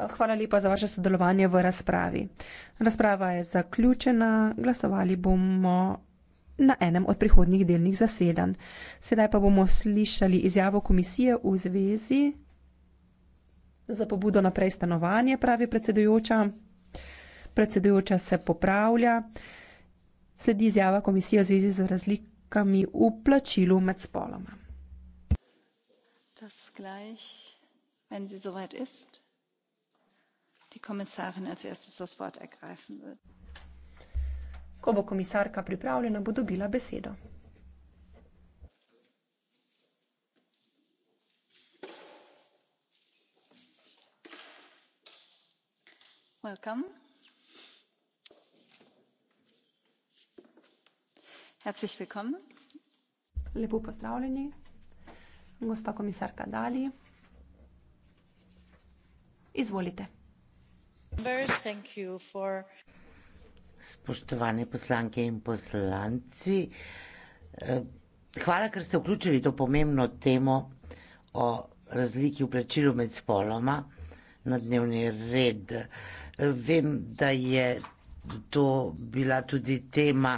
Hvala lepa za vaše sodelovanje v razpravi. Razprava je zaključena, glasovali bomo na enem od prihodnjih delnih zasedanj. Sedaj pa bomo slišali izjavo komisije v zvezi za pobudo naprej stanovanje, pravi predsedujoča. Predsedujoča se popravlja. Sledi izjava komisije v zvezi z razlikami v plačilu med spoloma. Das gleich, wenn sie soweit ist. Ko bo komisarka pripravljena, bo dobila besedo. Welcome. Herzlich willkommen. Lepo pozdravljeni, gospa komisarka Dalli. Izvolite. Spoštovane poslanke in poslanci, eh, hvala, ker ste vključili to pomembno temo o razliki v plačilu med spoloma na dnevni red. Vem, da je to bila tudi tema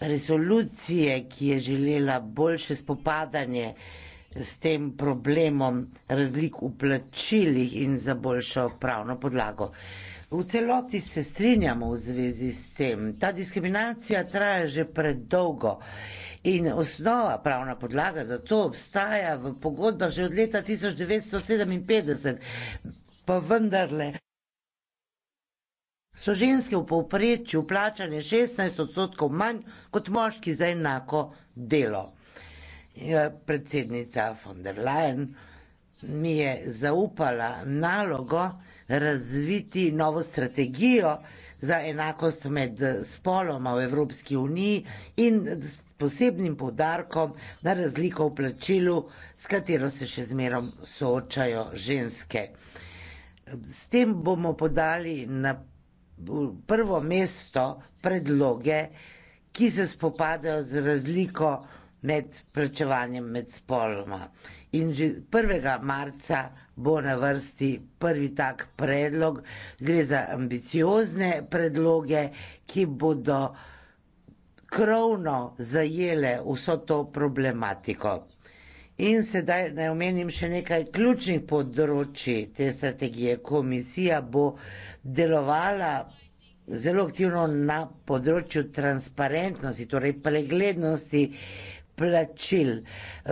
resolucije, ki je želela boljše spopadanje s tem problemom razlik v plačilih in za boljšo pravno podlago. V celoti se strinjamo v zvezi s tem. Ta diskriminacija traja že predolgo in osnova, pravna podlaga za to obstaja v pogodbah že od leta 1957, pa vendarle. So ženske v povprečju plačane 16 odstotkov manj kot moški za enako delo. Ja, predsednica von der Leyen mi je zaupala nalogo, razviti novo strategijo za enakost med eh, spoloma v Evropski uniji in s posebnim podarkom na razliko v plačilu, s katero se še zmerom soočajo ženske. S tem bomo podali na prvo mesto predloge, ki se spopadajo z razliko med plačevanjem med spoloma. In že 1. marca bo na vrsti prvi tak predlog. Gre za ambiciozne predloge, ki bodo krovno zajele vso to problematiko. In sedaj naj omenim še nekaj ključnih področji te strategije. Komisija bo delovala zelo aktivno na področju transparentnosti, torej preglednosti plačil.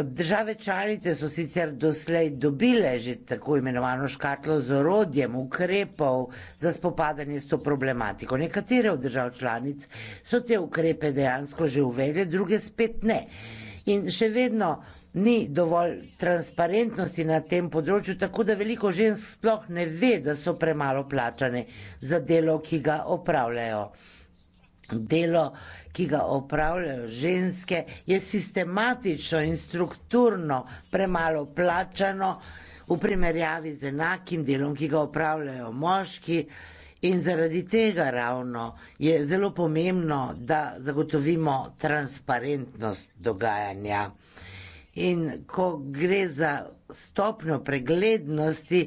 Države članice so sicer doslej dobile že tako imenovano škatlo z orodjem ukrepov za spopadanje s to problematiko. Nekatere od držav članic so te ukrepe dejansko že uvedle, druge spet ne. In še vedno ni dovolj transparentnosti na tem področju, tako da veliko žensk sploh ne ve, da so premalo plačane za delo, ki ga opravljajo. Delo, ki ga opravljajo ženske, je sistematično in strukturno premalo plačano v primerjavi z enakim delom, ki ga opravljajo moški. In zaradi tega ravno je zelo pomembno, da zagotovimo transparentnost dogajanja. In ko gre za stopnjo preglednosti,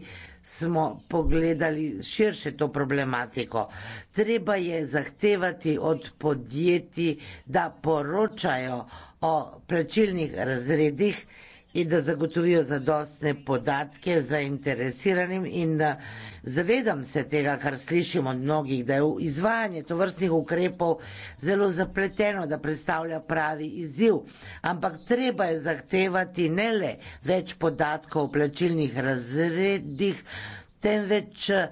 smo pogledali širše to problematiko. Treba je zahtevati od podjetij, da poročajo o plačilnih razredih in da zagotovijo zadostne podatke zainteresiranim in da Zavedam se tega, kar slišim od mnogih, da je izvajanje tovrstnih ukrepov zelo zapleteno, da predstavlja pravi izziv. Ampak treba je zahtevati ne le več podatkov o plačilnih razredih, temveč eh,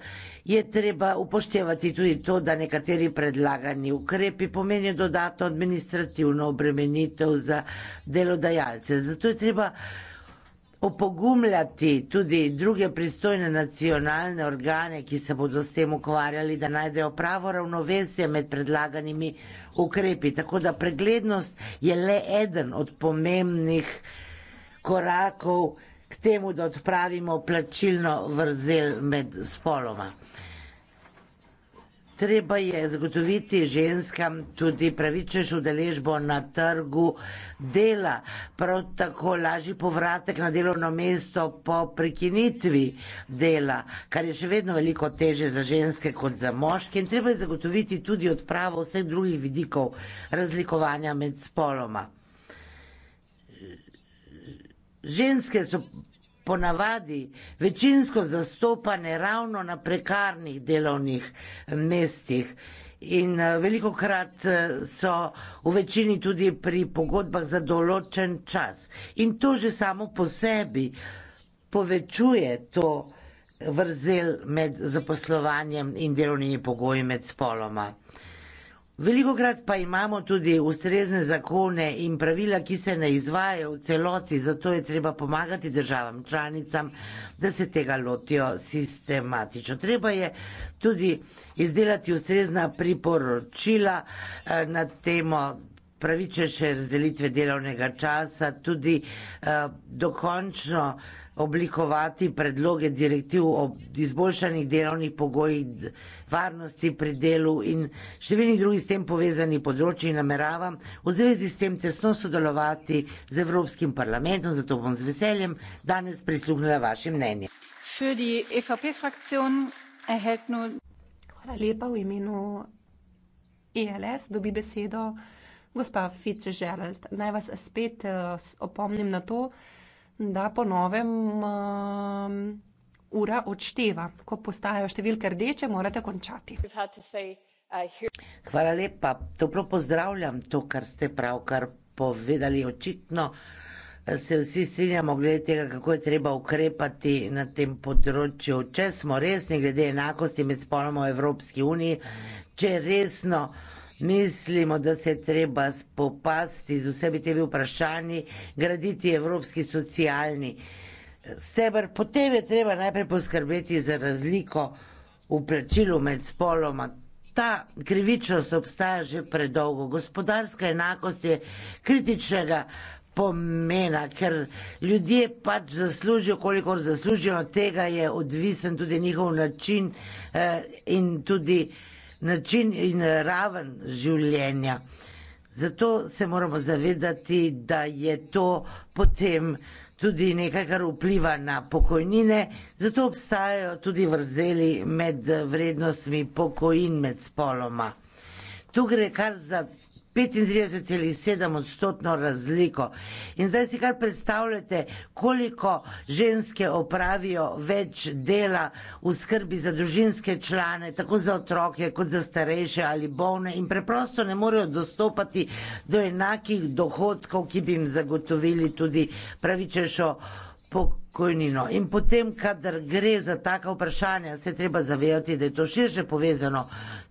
je treba upoštevati tudi to, da nekateri predlagani ukrepi pomenijo dodatno administrativno obremenitev za delodajalce. Zato je treba opogumljati tudi druge pristojne nacionalne organe, ki se bodo s tem ukvarjali, da najdejo pravo ravnovesje med predlaganimi ukrepi. Tako da preglednost je le eden od pomembnih korakov k temu, da odpravimo plačilno vrzel med spoloma. Treba je zagotoviti ženskam tudi pravičnejšo udeležbo na trgu dela, prav tako lažji povratek na delovno mesto po prekinitvi dela, kar je še vedno veliko teže za ženske kot za moške. In treba je zagotoviti tudi odpravo vseh drugih vidikov razlikovanja med spoloma. Ženske so ponavadi večinsko zastopane ravno na prekarnih delovnih mestih. In eh, veliko krat eh, so v večini tudi pri pogodbah za določen čas. In to že samo po sebi povečuje to vrzel med zaposlovanjem in delovnimi pogoji med spoloma. Veliko krat pa imamo tudi ustrezne zakone in pravila, ki se ne izvajajo v celoti, zato je treba pomagati državam članicam, da se tega lotijo sistematično. Treba je tudi izdelati ustrezna priporočila eh, na temo pravičnejše razdelitve delovnega časa, tudi eh, dokončno oblikovati predloge direktiv o izboljšanih delovnih pogojih, varnosti pri delu in številnih drugih s tem povezanih področji namerava v zvezi s tem tesno sodelovati z Evropskim parlamentom, zato bom z veseljem danes prisluhnila vašem mnenju. E Hvala lepa v imenu ELS, dobi besedo gospa Fitzgerald. Naj vas spet eh, opomnim na to, da po novem um, ura odšteva. Ko postajajo številke rdeče, morate končati. Uh, Hvala lepa. Toplo pozdravljam to, kar ste pravkar povedali. Očitno eh, se vsi strinjamo glede tega, kako je treba ukrepati na tem področju. Če smo resni glede enakosti med spoloma v Evropski uniji, če resno. Mislimo, da se je treba spopasti z vsemi temi vprašanji, graditi evropski socialni eh, stebr. Potem je treba najprej poskrbeti za razliko v plačilu med spoloma. Ta krivičnost obstaja že predolgo. Gospodarska enakost je kritičnega pomena, ker ljudje pač zaslužijo, kolikor zaslužijo, od tega je odvisen tudi njihov način eh, in tudi eh, način in raven življenja. Zato se moramo zavedati, da je to potem tudi nekaj, kar vpliva na pokojnine, zato obstajajo tudi vrzeli med vrednostmi pokojnin med spoloma. Tu gre kar za 35,7 odstotno razliko. In zdaj si kar predstavljate, koliko ženske opravijo več dela v skrbi za družinske člane, tako za otroke kot za starejše ali bolne in preprosto ne morejo dostopati do enakih dohodkov, ki bi jim zagotovili tudi pravičešo pokojnino. In potem, kadar gre za taka vprašanja, se treba zavedati, da je to širše povezano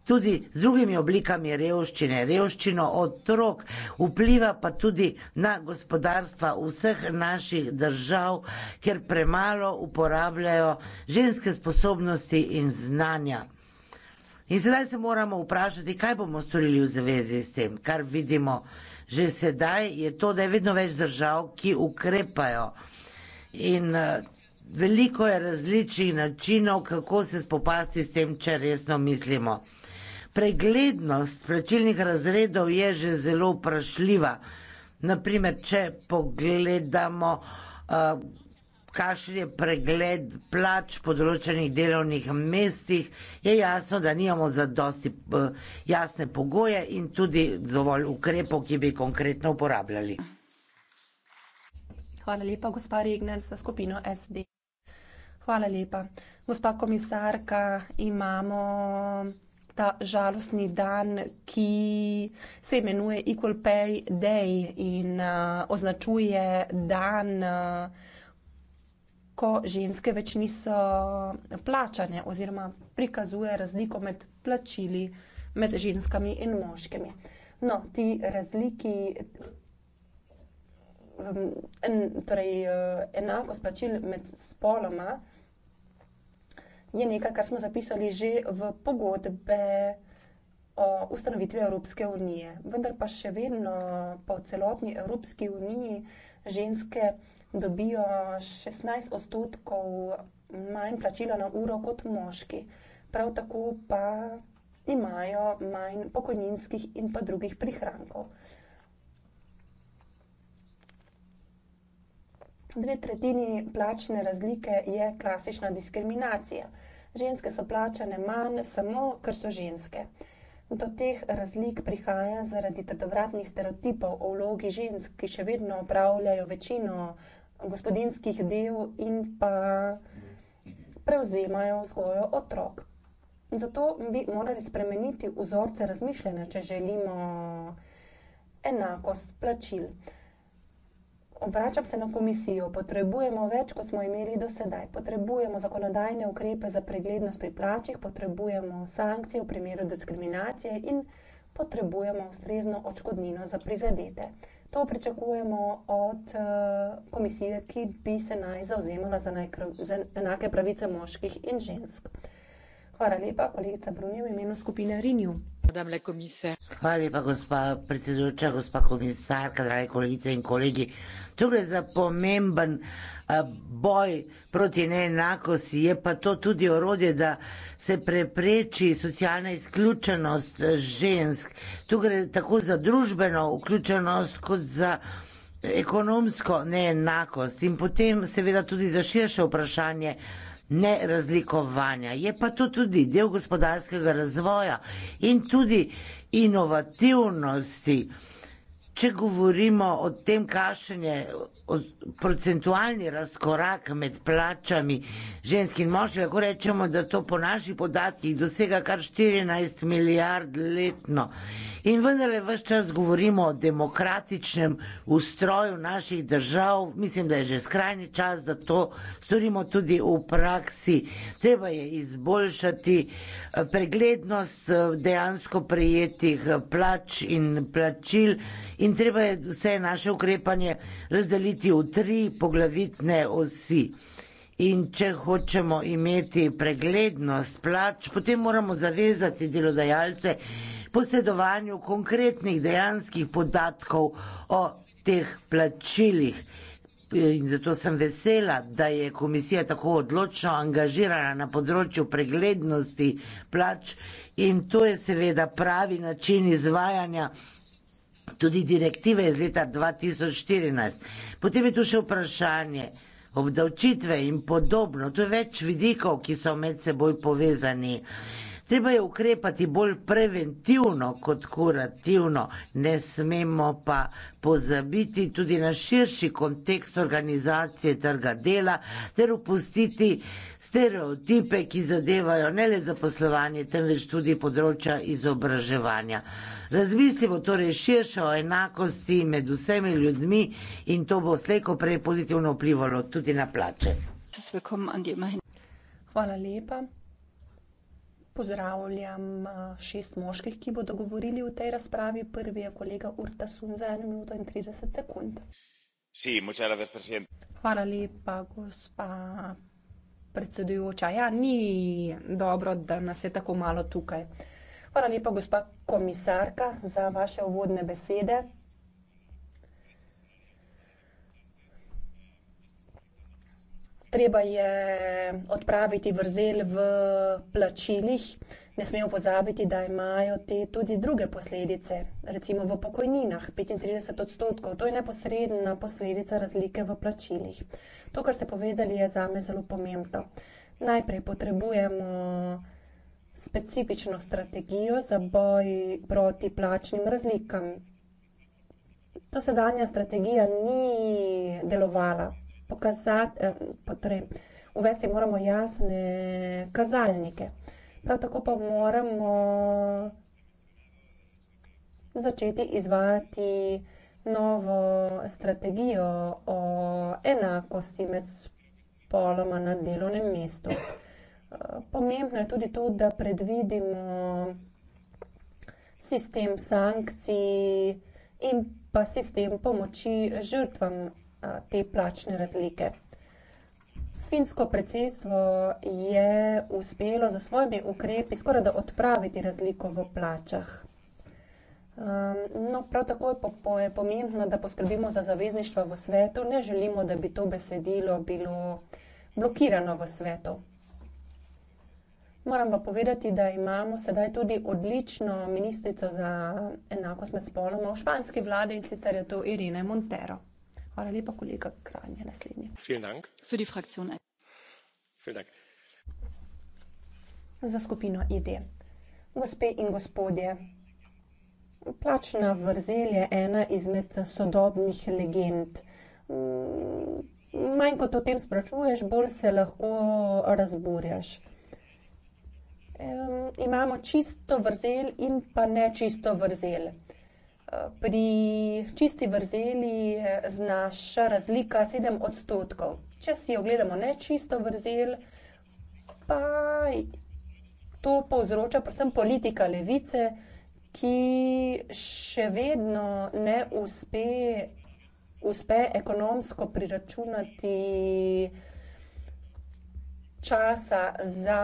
tudi z drugimi oblikami revščine, revščino otrok, vpliva pa tudi na gospodarstva vseh naših držav, ker premalo uporabljajo ženske sposobnosti in znanja. In sedaj se moramo vprašati, kaj bomo storili v zvezi s tem, kar vidimo. Že sedaj je to, da je vedno več držav, ki ukrepajo. In uh, veliko je različnih načinov, kako se spopasti s tem, če resno mislimo. Preglednost plačilnih razredov je že zelo vprašljiva. Naprimer, če pogledamo, uh, kakšen je pregled plač po določenih delovnih mestih, je jasno, da nimamo zadosti uh, jasne pogoje in tudi dovolj ukrepov, ki bi konkretno uporabljali. Hvala lepa, gospa Regner, za skupino SD. Hvala lepa. Gospa komisarka, imamo ta žalostni dan, ki se imenuje Equal Pay Day in uh, označuje dan, uh, ko ženske več niso plačane oziroma prikazuje razliko med plačili med ženskami in moškimi. No, ti razliki. Um, en, torej, uh, enakost plačil med spoloma je nekaj, kar smo zapisali že v pogodbe o ustanovitvi Evropske unije. Vendar pa še vedno po celotni Evropski uniji ženske dobijo 16 odstotkov manj plačila na uro kot moški. Prav tako pa imajo manj pokojninskih in pa drugih prihrankov. Uh, dve tretjini plačne razlike je klasična diskriminacija. Ženske so plačane manj samo, ker so ženske. Do teh razlik prihaja zaradi trdovratnih stereotipov o vlogi žensk, ki še vedno opravljajo večino gospodinskih del in pa prevzemajo vzgojo otrok. Zato bi morali spremeniti vzorce razmišljanja, če želimo enakost plačil. Obračam se na komisijo. Potrebujemo več, kot smo imeli do sedaj. Potrebujemo zakonodajne ukrepe za preglednost pri plačih, potrebujemo sankcije v primeru diskriminacije in potrebujemo ustrezno očkodnino za prizadete. To pričakujemo od eh, komisije, ki bi se naj zauzemala za, za enake pravice moških in žensk. Hvala lepa, kolegica Brunje, v imenu skupine Rinju. Hvala lepa, gospa predsedujoča, gospa komisarka, drage kolegice in kolegi. To gre za pomemben eh, boj proti neenakosti, je pa to tudi orodje, da se prepreči socialna izključenost eh, žensk. Tu gre tako za družbeno vključenost, kot za ekonomsko neenakost in potem seveda tudi za širše vprašanje nerazlikovanja. Je pa to tudi del gospodarskega razvoja in tudi inovativnosti če govorimo o tem, kakšen je procentualni razkorak med plačami ženski in moški, lahko rečemo, da to po naših podatkih dosega kar 14 milijard letno. In vendarle, vse čas govorimo o demokratičnem ustroju naših držav, mislim, da je že skrajni čas, da to storimo tudi v praksi. Treba je izboljšati eh, preglednost eh, dejansko prijetih eh, plač in plačil, in treba je vse naše ukrepanje razdeliti v tri poglavitne osi. In če hočemo imeti preglednost plač, potem moramo zavezati delodajalce posedovanju konkretnih dejanskih podatkov o teh plačilih. In zato sem vesela, da je komisija tako odločno angažirana na področju preglednosti plač in to je seveda pravi način izvajanja tudi direktive iz leta 2014. Potem je tu še vprašanje obdavčitve in podobno. To je več vidikov, ki so med seboj povezani. Uh, Treba je ukrepati bolj preventivno kot kurativno, ne smemo pa pozabiti tudi na širši kontekst organizacije trga dela ter opustiti stereotipe, ki zadevajo ne le zaposlovanje, temveč tudi področja izobraževanja. Razmislimo torej širše o enakosti med vsemi ljudmi in to bo slejko prej pozitivno vplivalo tudi na plače. Hvala lepa. Pozdravljam eh, šest moških, ki bodo govorili v tej razpravi. Prvi je kolega Urta Sun za eno minuto in 30 sekund. Sí, gracias, Hvala lepa, gospa predsedujoča. Ja, ni dobro, da nas je tako malo tukaj. Hvala lepa, gospa komisarka, za vaše uvodne besede. treba je eh, odpraviti vrzel v plačilih. Ne smemo pozabiti, da imajo te tudi druge posledice, recimo v pokojninah 35 odstotkov. To je neposredna posledica razlike v plačilih. To, kar ste povedali, je zame zelo pomembno. Najprej potrebujemo specifično strategijo za boj proti plačnim razlikam. Dosedanja strategija ni delovala pokazati, eh, torej, uvesti moramo jasne kazalnike. Prav tako pa moramo začeti izvajati novo strategijo o enakosti med spoloma na delovnem mestu. Eh, pomembno je tudi to, da predvidimo sistem sankcij in pa sistem pomoči žrtvam te plačne razlike. Finsko predsedstvo je uspelo za svojimi ukrepi skoraj da odpraviti razliko v plačah. Um, no, prav tako je, po, po, je pomembno, da poskrbimo za zavezništva v svetu. Ne želimo, da bi to besedilo bilo blokirano v svetu. Moram pa povedati, da imamo sedaj tudi odlično ministrico za enakost med spoloma v španski vladi in sicer je to Irina Montero. Hvala lepa, kolega Kranj je naslednji. Für die Fraktion Dank. Za skupino ID. Gospe in gospodje, plačna vrzel je ena izmed sodobnih legend. Mm, manj kot o tem sprašuješ, bolj se lahko razburjaš. Imamo čisto vrzel in pa nečisto vrzel pri čisti vrzeli znaša razlika 7 odstotkov. Če si ogledamo nečisto vrzel, pa to povzroča predvsem politika levice, ki še vedno ne uspe, uspe ekonomsko priračunati časa za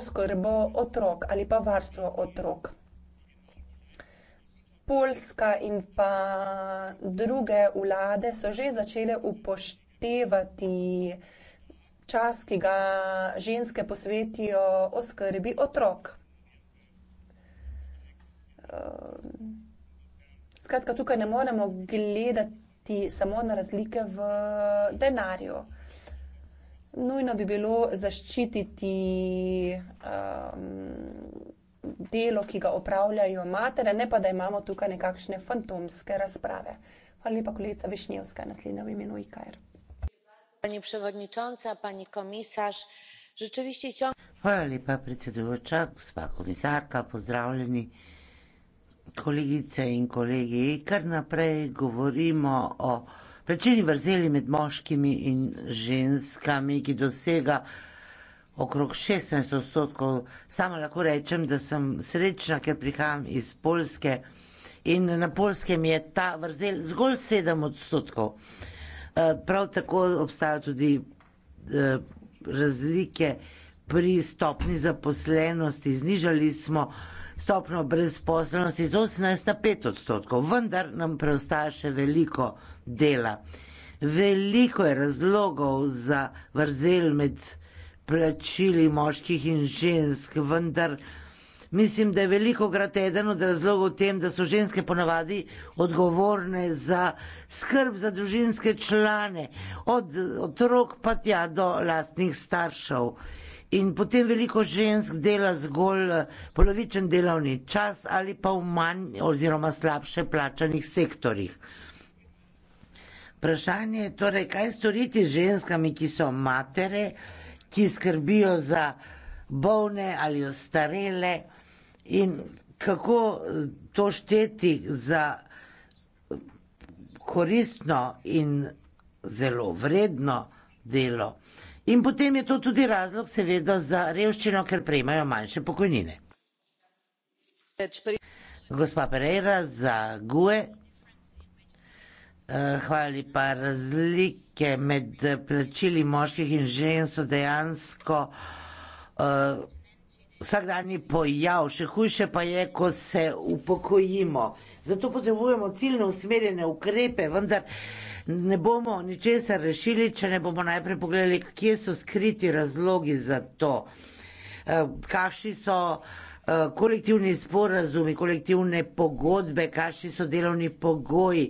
oskrbo otrok ali pa varstvo otrok. Poljska in pa druge vlade so že začele upoštevati čas, ki ga ženske posvetijo oskrbi otrok. Ehm, skratka, tukaj ne moremo gledati samo na razlike v denarju. Nujno bi bilo zaščititi um, delo, ki ga opravljajo matere, ne pa da imamo tukaj nekakšne fantomske razprave. Hvala lepa, kolegica Višnjevska, naslednja v imenu IKR. Pani predsednica, pani komisar, rečevišče čom. Hvala lepa, predsedujoča, gospa komisarka, pozdravljeni. Kolegice in kolegi, kar naprej govorimo o plačilni vrzeli med moškimi in ženskami, ki dosega okrog 16 odstotkov. Sama lahko rečem, da sem srečna, ker prihajam iz Polske in na Polskem je ta vrzel zgolj 7 odstotkov. Eh, prav tako obstajajo tudi eh, razlike pri stopni zaposlenosti. Znižali smo stopno brezposlenosti z 18 na 5 odstotkov, vendar nam preostaja še veliko dela. Veliko je razlogov za vrzel med plačili moških in žensk, vendar mislim, da je veliko krat eden od razlogov v tem, da so ženske ponavadi odgovorne za skrb za družinske člane, od otrok pa tja do lastnih staršev. In potem veliko žensk dela zgolj eh, polovičen delovni čas ali pa v manj oziroma slabše plačanih sektorjih. Vprašanje je torej, kaj storiti z ženskami, ki so matere, ki skrbijo za bolne ali ostarele in kako to šteti za koristno in zelo vredno delo. In potem je to tudi razlog, seveda, za revščino, ker prejmajo manjše pokojnine. Gospa Pereira za GUE. Eh, hvala lepa. Razlik razlike med plačili moških in žensk so dejansko uh, vsakdanji pojav, še hujše pa je, ko se upokojimo. Zato potrebujemo ciljno usmerjene ukrepe, vendar ne bomo ničesar rešili, če ne bomo najprej pogledali, kje so skriti razlogi za to, uh, kakšni so uh, Eh, kolektivni sporazumi, kolektivne pogodbe, kakšni so delovni pogoji,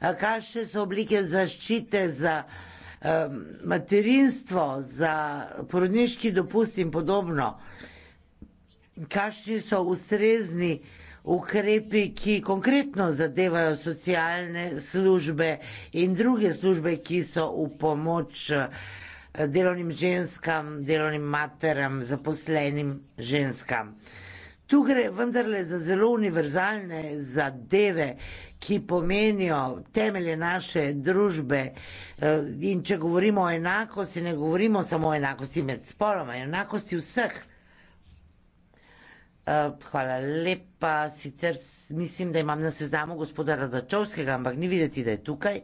eh, kakšne so oblike zaščite za eh, materinstvo, za porodniški dopust in podobno. Kakšni so ustrezni ukrepi, ki konkretno zadevajo socialne službe in druge službe, ki so v pomoč delovnim ženskam, delovnim materam, zaposlenim ženskam. Tu gre vendarle za zelo univerzalne zadeve, ki pomenijo temelje naše družbe. Eh, in če govorimo o enakosti, ne govorimo samo o enakosti med spoloma, enakosti vseh. Eh, hvala lepa. Sicer mislim, da imam na seznamu gospoda Radačovskega, ampak ni videti, da je tukaj.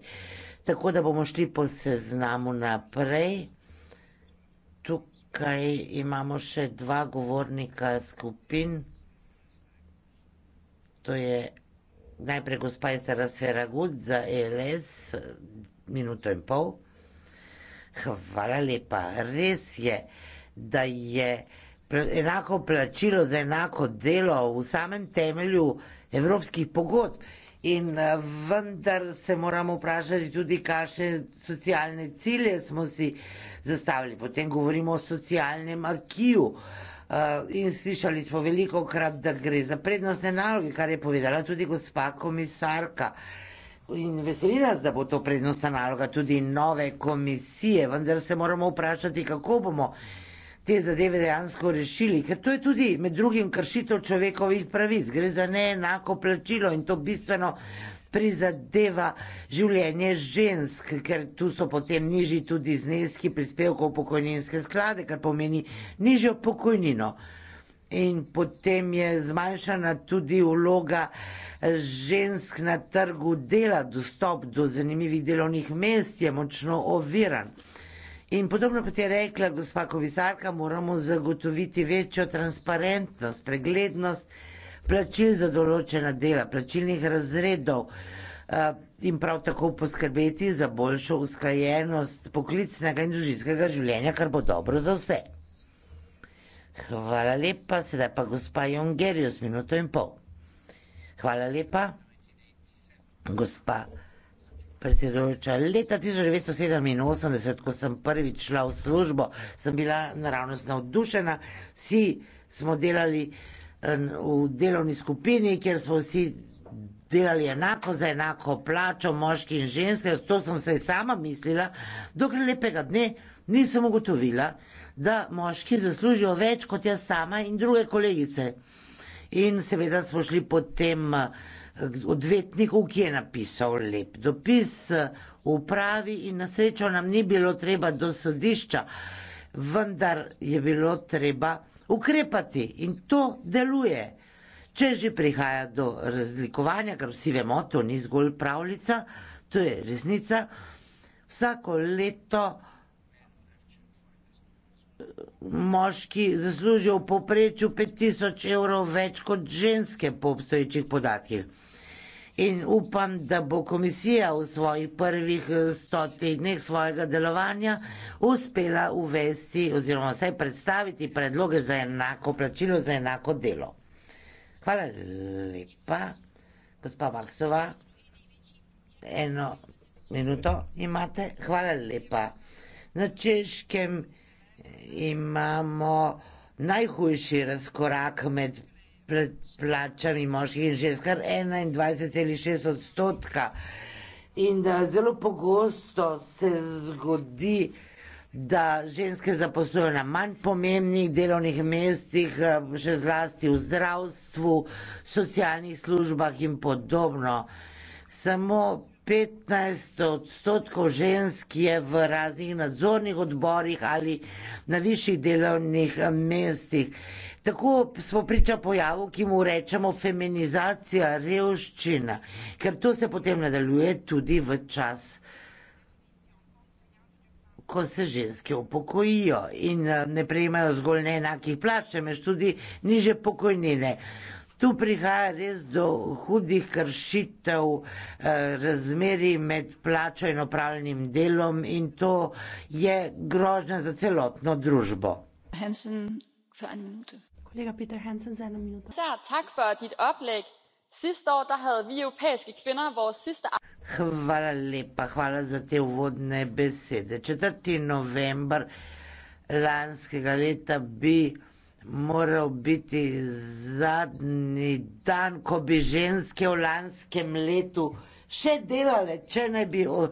Tako da bomo šli po seznamu naprej. Tukaj imamo še dva govornika skupin što je najpre gospajstara Sferagut za ELS minuto in pol. Hvala lepa. Res je, da je enako plačilo za enako delo v samem temelju evropskih pogodb. In vendar se moramo vprašati tudi, kakšne socialne cilje smo si zastavili. Potem govorimo o socialnem akiju. Uh, Eh, in slišali smo veliko krat, da gre za prednostne naloge, kar je povedala tudi gospa komisarka. In veseli nas, da bo to prednostna naloga tudi nove komisije, vendar se moramo vprašati, kako bomo te zadeve dejansko rešili, ker to je tudi med drugim kršitev človekovih pravic, gre za neenako plačilo in to bistveno prizadeva življenje žensk, ker tu so potem nižji tudi zneski prispevkov pokojninske sklade, kar pomeni nižjo pokojnino. In potem je zmanjšana tudi vloga žensk na trgu dela, dostop do zanimivih delovnih mest je močno oviran. In podobno kot je rekla gospa komisarka, moramo zagotoviti večjo transparentnost, preglednost plačil za določena dela, plačilnih razredov eh, in prav tako poskrbeti za boljšo usklajenost poklicnega in družinskega življenja, kar bo dobro za vse. Hvala lepa, sedaj pa gospa Jongerius, minuto in pol. Hvala lepa, gospa predsedujoča. Leta 1987, ko sem prvič šla v službo, sem bila naravnost navdušena. Vsi smo delali v delovni skupini, kjer smo vsi delali enako za enako plačo, moški in ženske. To sem se sama mislila, dokler lepega dne nisem ugotovila, da moški zaslužijo več kot jaz sama in druge kolegice. In seveda smo šli potem eh, odvetniku, ki je napisal lep dopis v eh, upravi in na srečo nam ni bilo treba do sodišča, vendar je bilo treba ukrepati in to deluje. Če že prihaja do razlikovanja, kar vsi vemo, to ni zgolj pravljica, to je resnica, vsako leto moški zaslužijo v poprečju 5000 evrov več kot ženske po obstoječih podatkih in upam, da bo komisija v svojih prvih eh, sto tednih svojega delovanja uspela uvesti oziroma vsaj predstaviti predloge za enako plačilo, za enako delo. Hvala lepa, gospa Maksova. Eno minuto imate. Hvala lepa. Na češkem eh, imamo najhujši razkorak med pred plačami moških in žensk, kar 21,6 odstotka. In da zelo pogosto se zgodi, da ženske zaposlujejo na manj pomembnih delovnih mestih, eh, še zlasti v zdravstvu, socialnih službah in podobno. Samo 15 odstotkov žensk je v raznih nadzornih odborih ali na višjih delovnih eh, mestih. Tako smo priča pojavu, ki mu rečemo feminizacija, revščina, ker to se potem nadaljuje tudi v čas, ko se ženske upokojijo in ne prejemajo zgolj neenakih plač, temveč tudi niže pokojnine. Tu prihaja res do hudih kršitev eh, razmeri med plačo in opravljenim delom in to je grožnja za celotno družbo. Hansen, Kollega Peter Hansen, seine Minute. Især tak for dit oplæg. Sidste år der havde vi europæiske kvinder vores sidste... Hvala lepa, hvala za te uvodne besede. 4. november lanskega leta bi moral biti zadnji dan, ko bi ženske v lanskem letu še delale, če ne bi... O...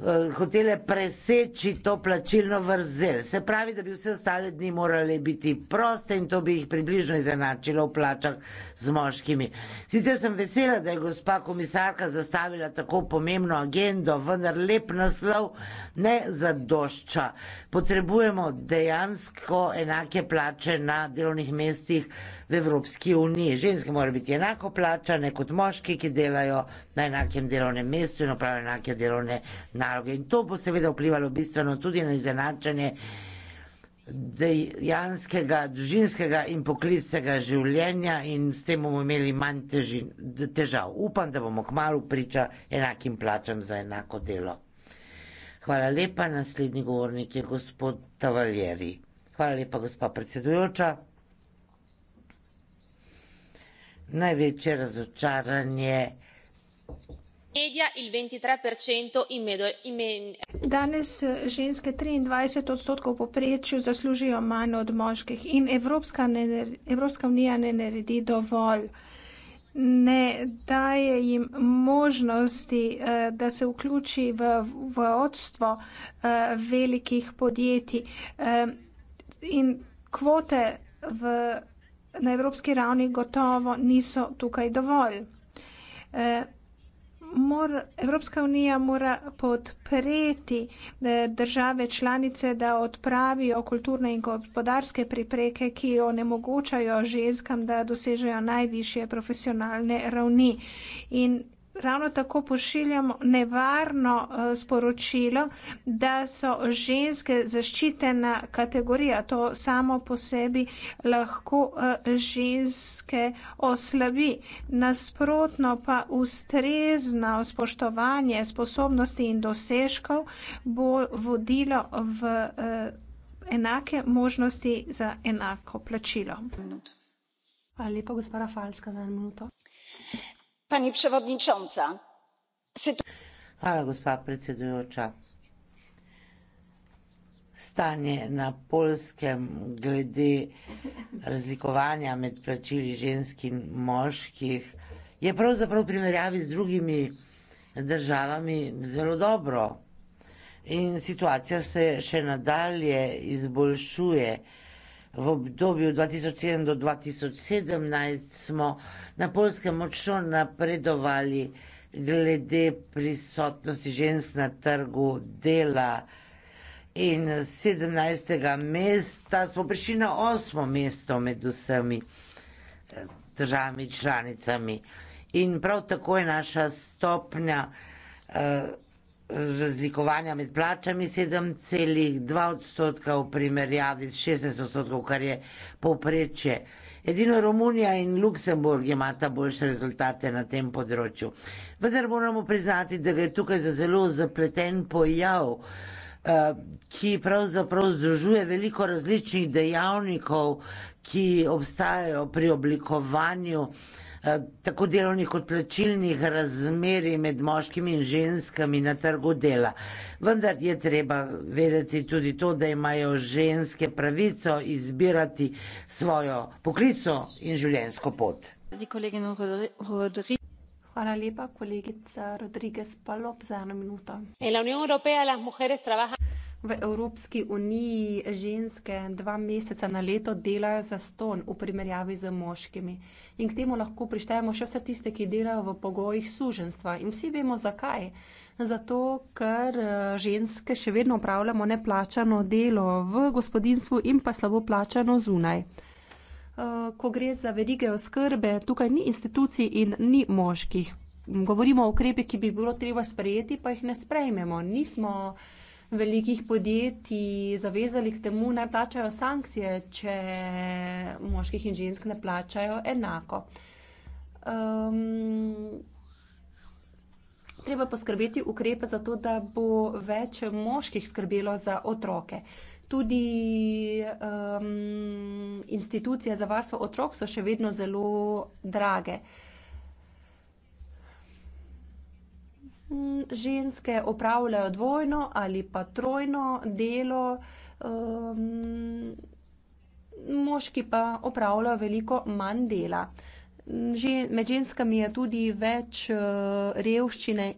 Eh, hotele preseči to plačilno vrzel. Se pravi, da bi vse ostale dni morali biti proste in to bi jih približno izenačilo v plačah z moškimi. Sicer sem vesela, da je gospa komisarka zastavila tako pomembno agendo, vendar lep naslov ne zadošča. Potrebujemo dejansko enake plače na delovnih mestih v Evropski uniji. Ženske morajo biti enako plačane kot moški, ki delajo na enakem delovnem mestu in opravljajo enake delovne naloge. In to bo seveda vplivalo bistveno tudi na izenačanje dejanskega, družinskega in poklicnega življenja in s tem bomo imeli manj teži, težav. Upam, da bomo kmalo priča enakim plačam za enako delo. Hvala lepa, naslednji govornik je gospod Tavaljeri. Hvala lepa, gospa predsedujoča. Največje razočaranje je media il ventitré danes eh, ženske triindvajset odstotkov v povprečju zaslužijo manj od moških in evropska, ne, evropska unija ne naredi dovolj ne daje jim možnosti, eh, da se vključi v vodstvo eh, velikih podjetij. In kvote v, na evropski ravni gotovo niso tukaj dovolj mor, Evropska unija mora podpreti eh, države članice, da odpravijo kulturne in gospodarske pripreke, ki onemogočajo ženskam, da dosežejo najvišje profesionalne ravni. In ravno tako pošiljamo nevarno eh, sporočilo, da so ženske zaščitena kategorija. To samo po sebi lahko eh, ženske oslabi. Nasprotno pa ustrezno spoštovanje sposobnosti in dosežkov bo vodilo v eh, enake možnosti za enako plačilo. Hvala lepa, gospa Rafalska, za eno minuto pani przewodnicząca gospa predsedujoča stanje na poljskem glede razlikovanja med plačili žensk in moških je pravzaprav v primerjavi z drugimi državami zelo dobro in situacija se še nadalje izboljšuje v obdobju dva tisoč sedem do dva tisoč sedemnajst smo na polskem močno napredovali glede prisotnosti žensk na trgu dela. In z 17. mesta smo prišli na 8. mesto med vsemi eh, državami članicami. In prav tako je naša stopnja eh, razlikovanja med plačami 7,2 odstotka v primerjavi s 16 odstotkov, kar je povprečje. Edino Romunija in Luksemburg imata boljše rezultate na tem področju. Vendar moramo priznati, da gre tukaj za zelo zapleten pojav, eh, ki pravzaprav združuje veliko različnih dejavnikov, ki obstajajo pri oblikovanju Eh, tako delovnih kot plačilnih razmerij med moškimi in ženskami na trgu dela. Vendar je treba vedeti tudi to, da imajo ženske pravico izbirati svojo poklico in življenjsko pot. Hvala lepa, kolegica Rodriguez Palop, za eno minuto. V Evropski uniji ženske dva meseca na leto delajo za ston v primerjavi z moškimi. In k temu lahko prištejemo še vse tiste, ki delajo v pogojih suženstva. In vsi vemo zakaj. Zato, ker eh, ženske še vedno upravljamo neplačano delo v gospodinstvu in pa slabo plačano zunaj. Eh, ko gre za verige oskrbe, tukaj ni institucij in ni moških. Govorimo o ukrepih, ki bi bilo treba sprejeti, pa jih ne sprejmemo. Nismo velikih podjetij zavezali k temu, naj plačajo sankcije, če moških in žensk ne plačajo enako. Um, treba poskrbeti ukrepe za to, da bo več moških skrbelo za otroke. Tudi um, institucije za varstvo otrok so še vedno zelo drage. Ženske opravljajo dvojno ali pa trojno delo, moški pa opravljajo veliko manj dela. Med ženskami je tudi več eh, revščine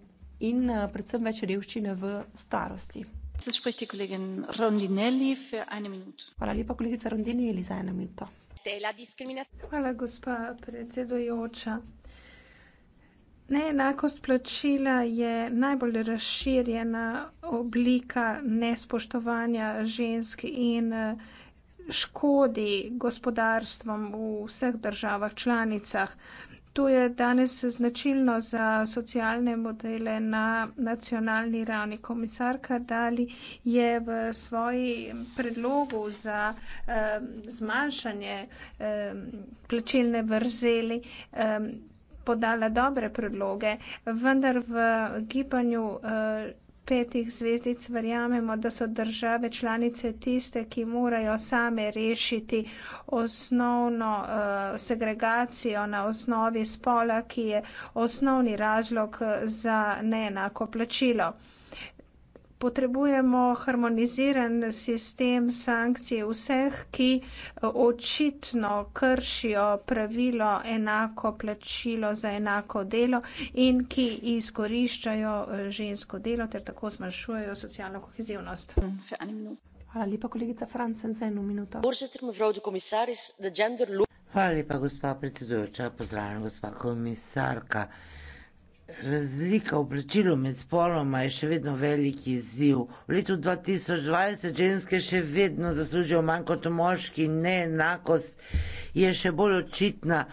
in eh, predvsem več revščine v starosti. Hvala lepa, kolegica Rondinelli, za eno minuto. Hvala, gospa predsedujoča. Neenakost plačila je najbolj razširjena oblika nespoštovanja žensk in eh, škodi gospodarstvom v vseh državah članicah. To je danes značilno za socialne modele na nacionalni ravni. Komisarka Dali je v svoji predlogu za eh, zmanjšanje eh, plačilne vrzeli eh, podala dobre predloge, vendar v gibanju eh, petih zvezdic verjamemo, da so države članice tiste, ki morajo same rešiti osnovno eh, segregacijo na osnovi spola, ki je osnovni razlog eh, za neenako plačilo potrebujemo harmoniziran sistem sankcij vseh, ki eh, očitno kršijo pravilo enako plačilo za enako delo in ki izkoriščajo eh, žensko delo ter tako zmanjšujejo socialno kohezivnost. Hvala lepa, kolegica Francen, za eno minuto. Hvala lepa, gospa predsedujoča. Pozdravljena, gospa komisarka. Razlika v plačilu med spoloma je še vedno velik izziv. V letu 2020 ženske še vedno zaslužijo manj kot moški, neenakost je še bolj očitna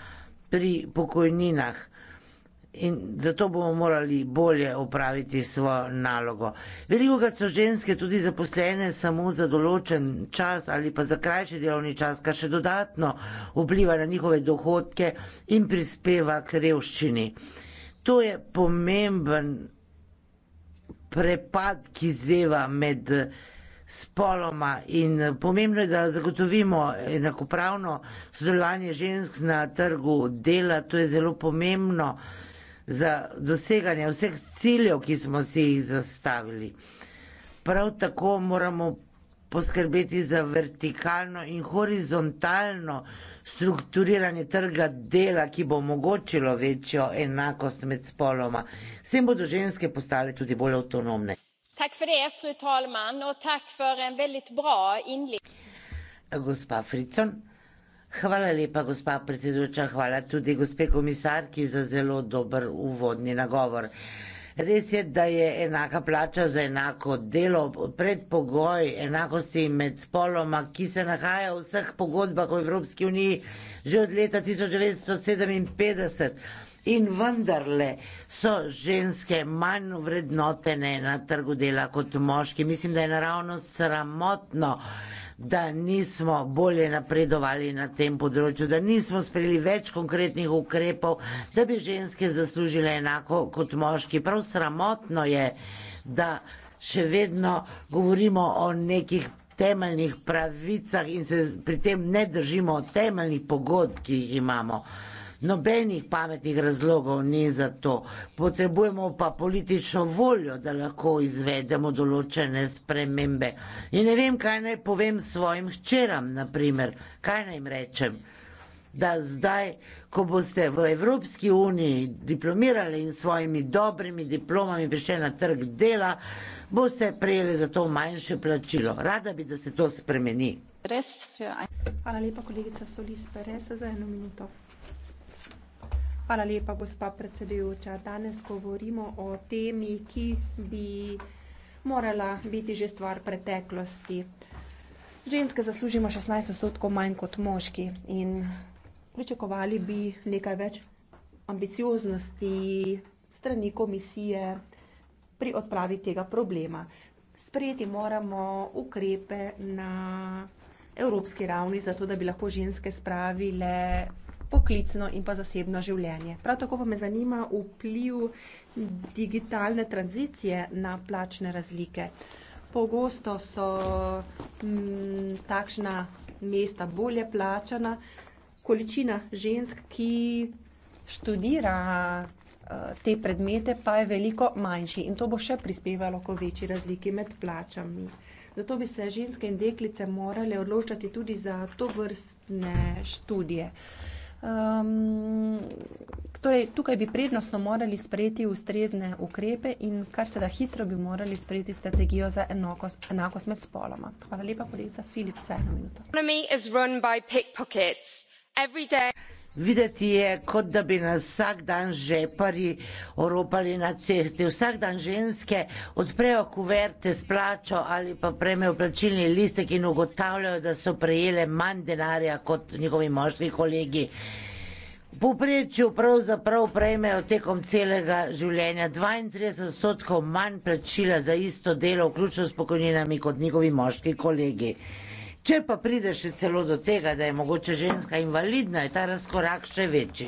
pri pokojninah. In zato bomo morali bolje upraviti svojo nalogo. Veliko krat so ženske tudi zaposlene samo za določen čas ali pa za krajši delovni čas, kar še dodatno vpliva na njihove dohodke in prispeva k revščini to je pomemben prepad, ki zeva med spoloma in pomembno je, da zagotovimo enakopravno sodelovanje žensk na trgu dela, to je zelo pomembno za doseganje vseh ciljev, ki smo si jih zastavili. Prav tako moramo poskrbeti za vertikalno in horizontalno strukturiranje trga dela, ki bo omogočilo večjo enakost med spoloma. S tem bodo ženske postale tudi bolj avtonomne. Gospa Fricon, hvala lepa, gospa predsedujoča, hvala tudi gospe komisarki za zelo dober uvodni nagovor. Res je, da je enaka plača za enako delo predpogoj enakosti med spoloma, ki se nahaja v vseh pogodbah v Evropski uniji že od leta 1957. In vendarle so ženske manj vrednotene na trgu dela kot moški. Mislim, da je naravno sramotno, da nismo bolje napredovali na tem področju, da nismo sprejeli več konkretnih ukrepov, da bi ženske zaslužile enako kot moški. Prav sramotno je, da še vedno govorimo o nekih temeljnih pravicah in se pri tem ne držimo temeljnih pogodb, ki jih imamo nobenih pametnih razlogov ni za to. Potrebujemo pa politično voljo, da lahko izvedemo določene spremembe. In ne vem, kaj naj povem svojim hčeram, naprimer, kaj naj jim rečem. Da zdaj, ko boste v Evropski uniji diplomirali in svojimi dobrimi diplomami prišli na trg dela, boste prejeli za to manjše plačilo. Rada bi, da se to spremeni. Hvala lepa, kolegica Solis Perez, za eno minuto. Hvala lepa, gospa predsedujoča. Danes govorimo o temi, ki bi morala biti že stvar preteklosti. Ženske zaslužimo šestnajst odstotkov manj kot moški in pričakovali bi nekaj več ambicioznosti strani komisije pri odpravi tega problema. Sprejeti moramo ukrepe na evropski ravni, zato da bi lahko ženske spravile poklicno in pa zasebno življenje. Prav tako pa me zanima vpliv digitalne tranzicije na plačne razlike. Pogosto so m, mm, takšna mesta bolje plačana. Količina žensk, ki študira eh, te predmete, pa je veliko manjši in to bo še prispevalo k večji razliki med plačami. Zato bi se ženske in deklice morale odločati tudi za to vrstne študije. Uh, um, torej tukaj bi prednostno morali sprejeti ustrezne ukrepe in kar se da hitro bi morali sprejeti strategijo za enakost, enakost med spoloma. Hvala lepa, kolegica Filip, za eno minuto. Videti je, kot da bi nas vsak dan žepari oropali na cesti. Vsak dan ženske odprejo kuverte s plačo ali pa prejmejo plačilni listek in ugotavljajo, da so prejele manj denarja kot njihovi moški kolegi. V povprečju pravzaprav prejmejo tekom celega življenja 32 odstotkov manj plačila za isto delo, vključno s pokojninami, kot njihovi moški kolegi. Če pa pride še celo do tega, da je mogoče ženska invalidna, je ta razkorak še večji.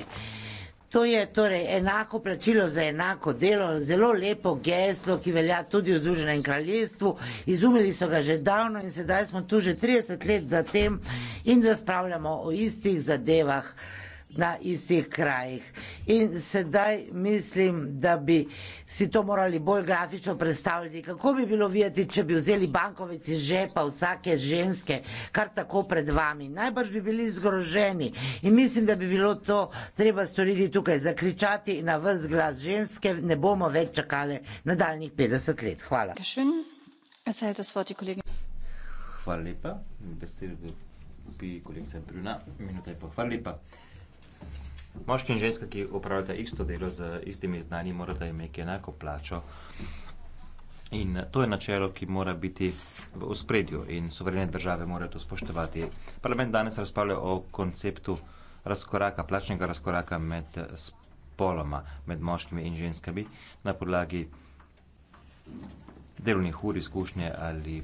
To je torej enako plačilo za enako delo, zelo lepo geslo, ki velja tudi v Združenem kraljestvu. Izumili so ga že davno in sedaj smo tu že 30 let zatem in razpravljamo o istih zadevah na istih krajih. In sedaj mislim, da bi si to morali bolj grafično predstavljati. Kako bi bilo videti, če bi vzeli bankovec iz žepa vsake ženske, kar tako pred vami? Najbrž bi bili zgroženi. In mislim, da bi bilo to treba storiti tukaj, zakričati na vse glas ženske, ne bomo več čakali nadaljnih 50 let. Hvala. Hvala lepa. Besedo dobi kolegica Bruna. Minuta je pa. Hvala lepa. Moški in ženska, ki upravljata isto delo z istimi znanji, morata imeti enako plačo. In to je načelo, ki mora biti v ospredju in suverene države morajo to spoštovati. Parlament danes razpravlja o konceptu razkoraka, plačnega razkoraka med spoloma, med moškimi in ženskami na podlagi delovnih ur, izkušnje ali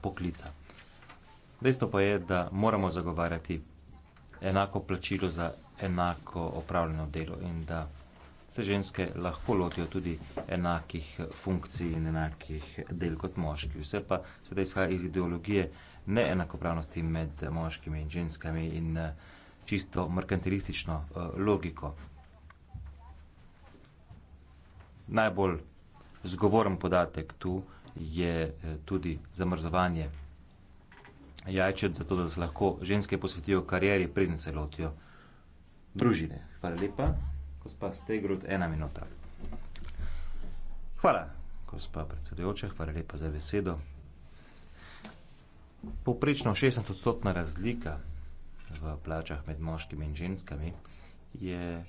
poklica. Dejstvo pa je, da moramo zagovarjati enako plačilo za enako opravljeno delo in da se ženske lahko lotijo tudi enakih funkcij in enakih del kot moški. Vse pa seveda izhaja iz ideologije neenakopravnosti med moškimi in ženskami in eh, čisto merkantilistično eh, logiko. Najbolj zgovoren podatek tu je eh, tudi zamrzovanje jajčet, zato da se lahko ženske posvetijo karieri, preden se lotijo družine. Hvala lepa. Gospa Stegrud, ena minuta. Hvala, gospa predsedujoča, hvala lepa za besedo. Poprečno 60 odstotna razlika v plačah med moškimi in ženskami je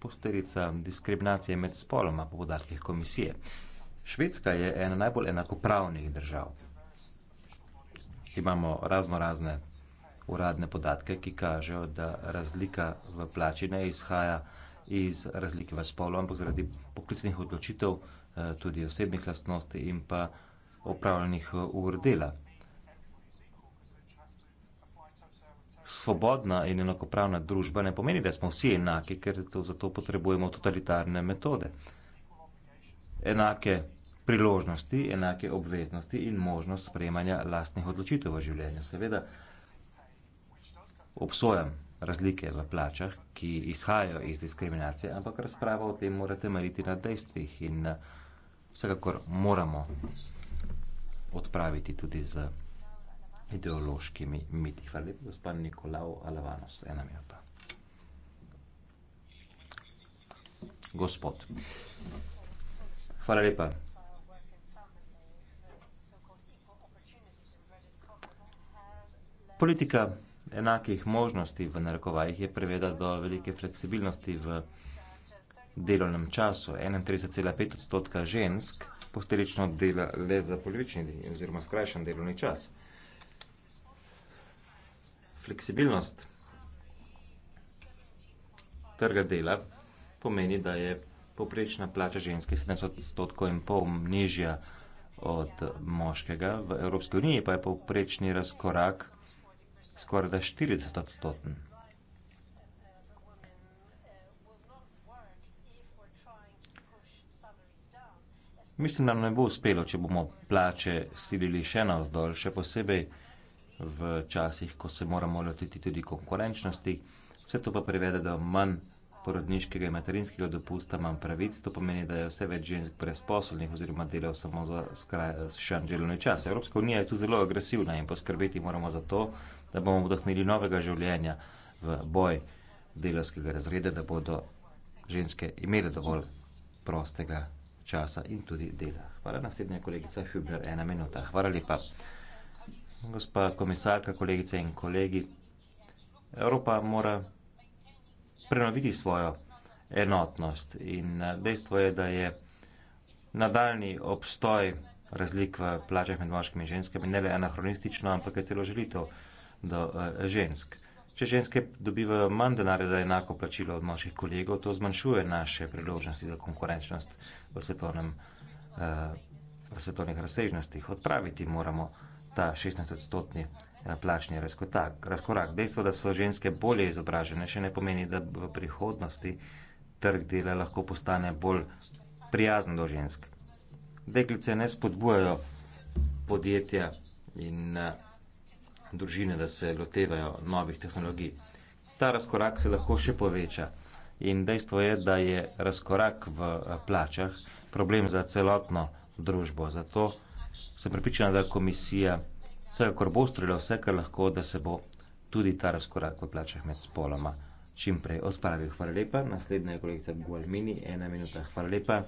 posterica diskriminacije med spoloma po podatkih komisije. Švedska je ena najbolj enakopravnih držav. Imamo razno razne uradne podatke, ki kažejo, da razlika v plači ne izhaja iz razlike v spolu, ampak zaradi poklicnih odločitev, eh, tudi osebnih lastnosti in pa opravljenih eh, ur dela. Svobodna in enakopravna družba ne pomeni, da smo vsi enaki, ker to zato potrebujemo totalitarne metode. Enake priložnosti, enake obveznosti in možnost sprejemanja lastnih odločitev v življenju. Seveda, obsojam razlike v plačah, ki izhajajo iz diskriminacije, ampak razprava o tem morate meriti na dejstvih in eh, vsekakor moramo odpraviti tudi z ideološkimi miti. Hvala lepa, gospod Nikolao Alavanos, ena minuta. Gospod. Hvala lepa. Politika enakih možnosti v narekovajih je priveda do velike fleksibilnosti v delovnem času. 31,5 odstotka žensk posterično dela le za polovični oziroma skrajšan delovni čas. Fleksibilnost trga dela pomeni, da je poprečna plača ženske 70 odstotkov in pol nižja od moškega. V Evropski uniji pa je poprečni razkorak skoraj da 40 odstoten. Mislim, nam ne bo uspelo, če bomo plače silili še na vzdolj, še posebej v časih, ko se moramo lotiti tudi konkurenčnosti. Vse to pa privede do manj porodniškega in materinskega dopusta, manj pravic. To pomeni, da je vse več žensk brezposobnih oziroma delajo samo za skrajšan delovni čas. Evropska unija je tu zelo agresivna in poskrbeti moramo za to, da bomo vdahnili novega življenja v boj delovskega razreda, da bodo ženske imele dovolj prostega časa in tudi dela. Hvala naslednja kolegica Hübner, ena minuta. Hvala lepa. Gospa komisarka, kolegice in kolegi, Evropa mora prenoviti svojo enotnost in eh, dejstvo je, da je nadaljni obstoj razlik v plačah med moškimi in ženskami ne le anahronistično, ampak je celo želitev do uh, žensk. Če ženske dobivajo manj denarja za enako plačilo od moških kolegov, to zmanjšuje naše priložnosti za konkurenčnost v, svetovnem, uh, v svetovnih razsežnostih. Odpraviti moramo ta 16-odstotni eh, plačni razkotak, razkorak. Dejstvo, da so ženske bolje izobražene, še ne pomeni, da v prihodnosti trg dela lahko postane bolj prijazen do žensk. Deklice ne spodbujajo podjetja in. Uh, družine, da se lotevajo novih tehnologij. Ta razkorak se lahko še poveča. In dejstvo je, da je razkorak v eh, plačah problem za celotno družbo. Zato sem pripričana, da komisija vsekakor bo ustrojila vse, kar lahko, da se bo tudi ta razkorak v plačah med spoloma čim prej odpravil. Hvala lepa. Naslednja je kolegica Gualmini. Ena minuta. Hvala lepa.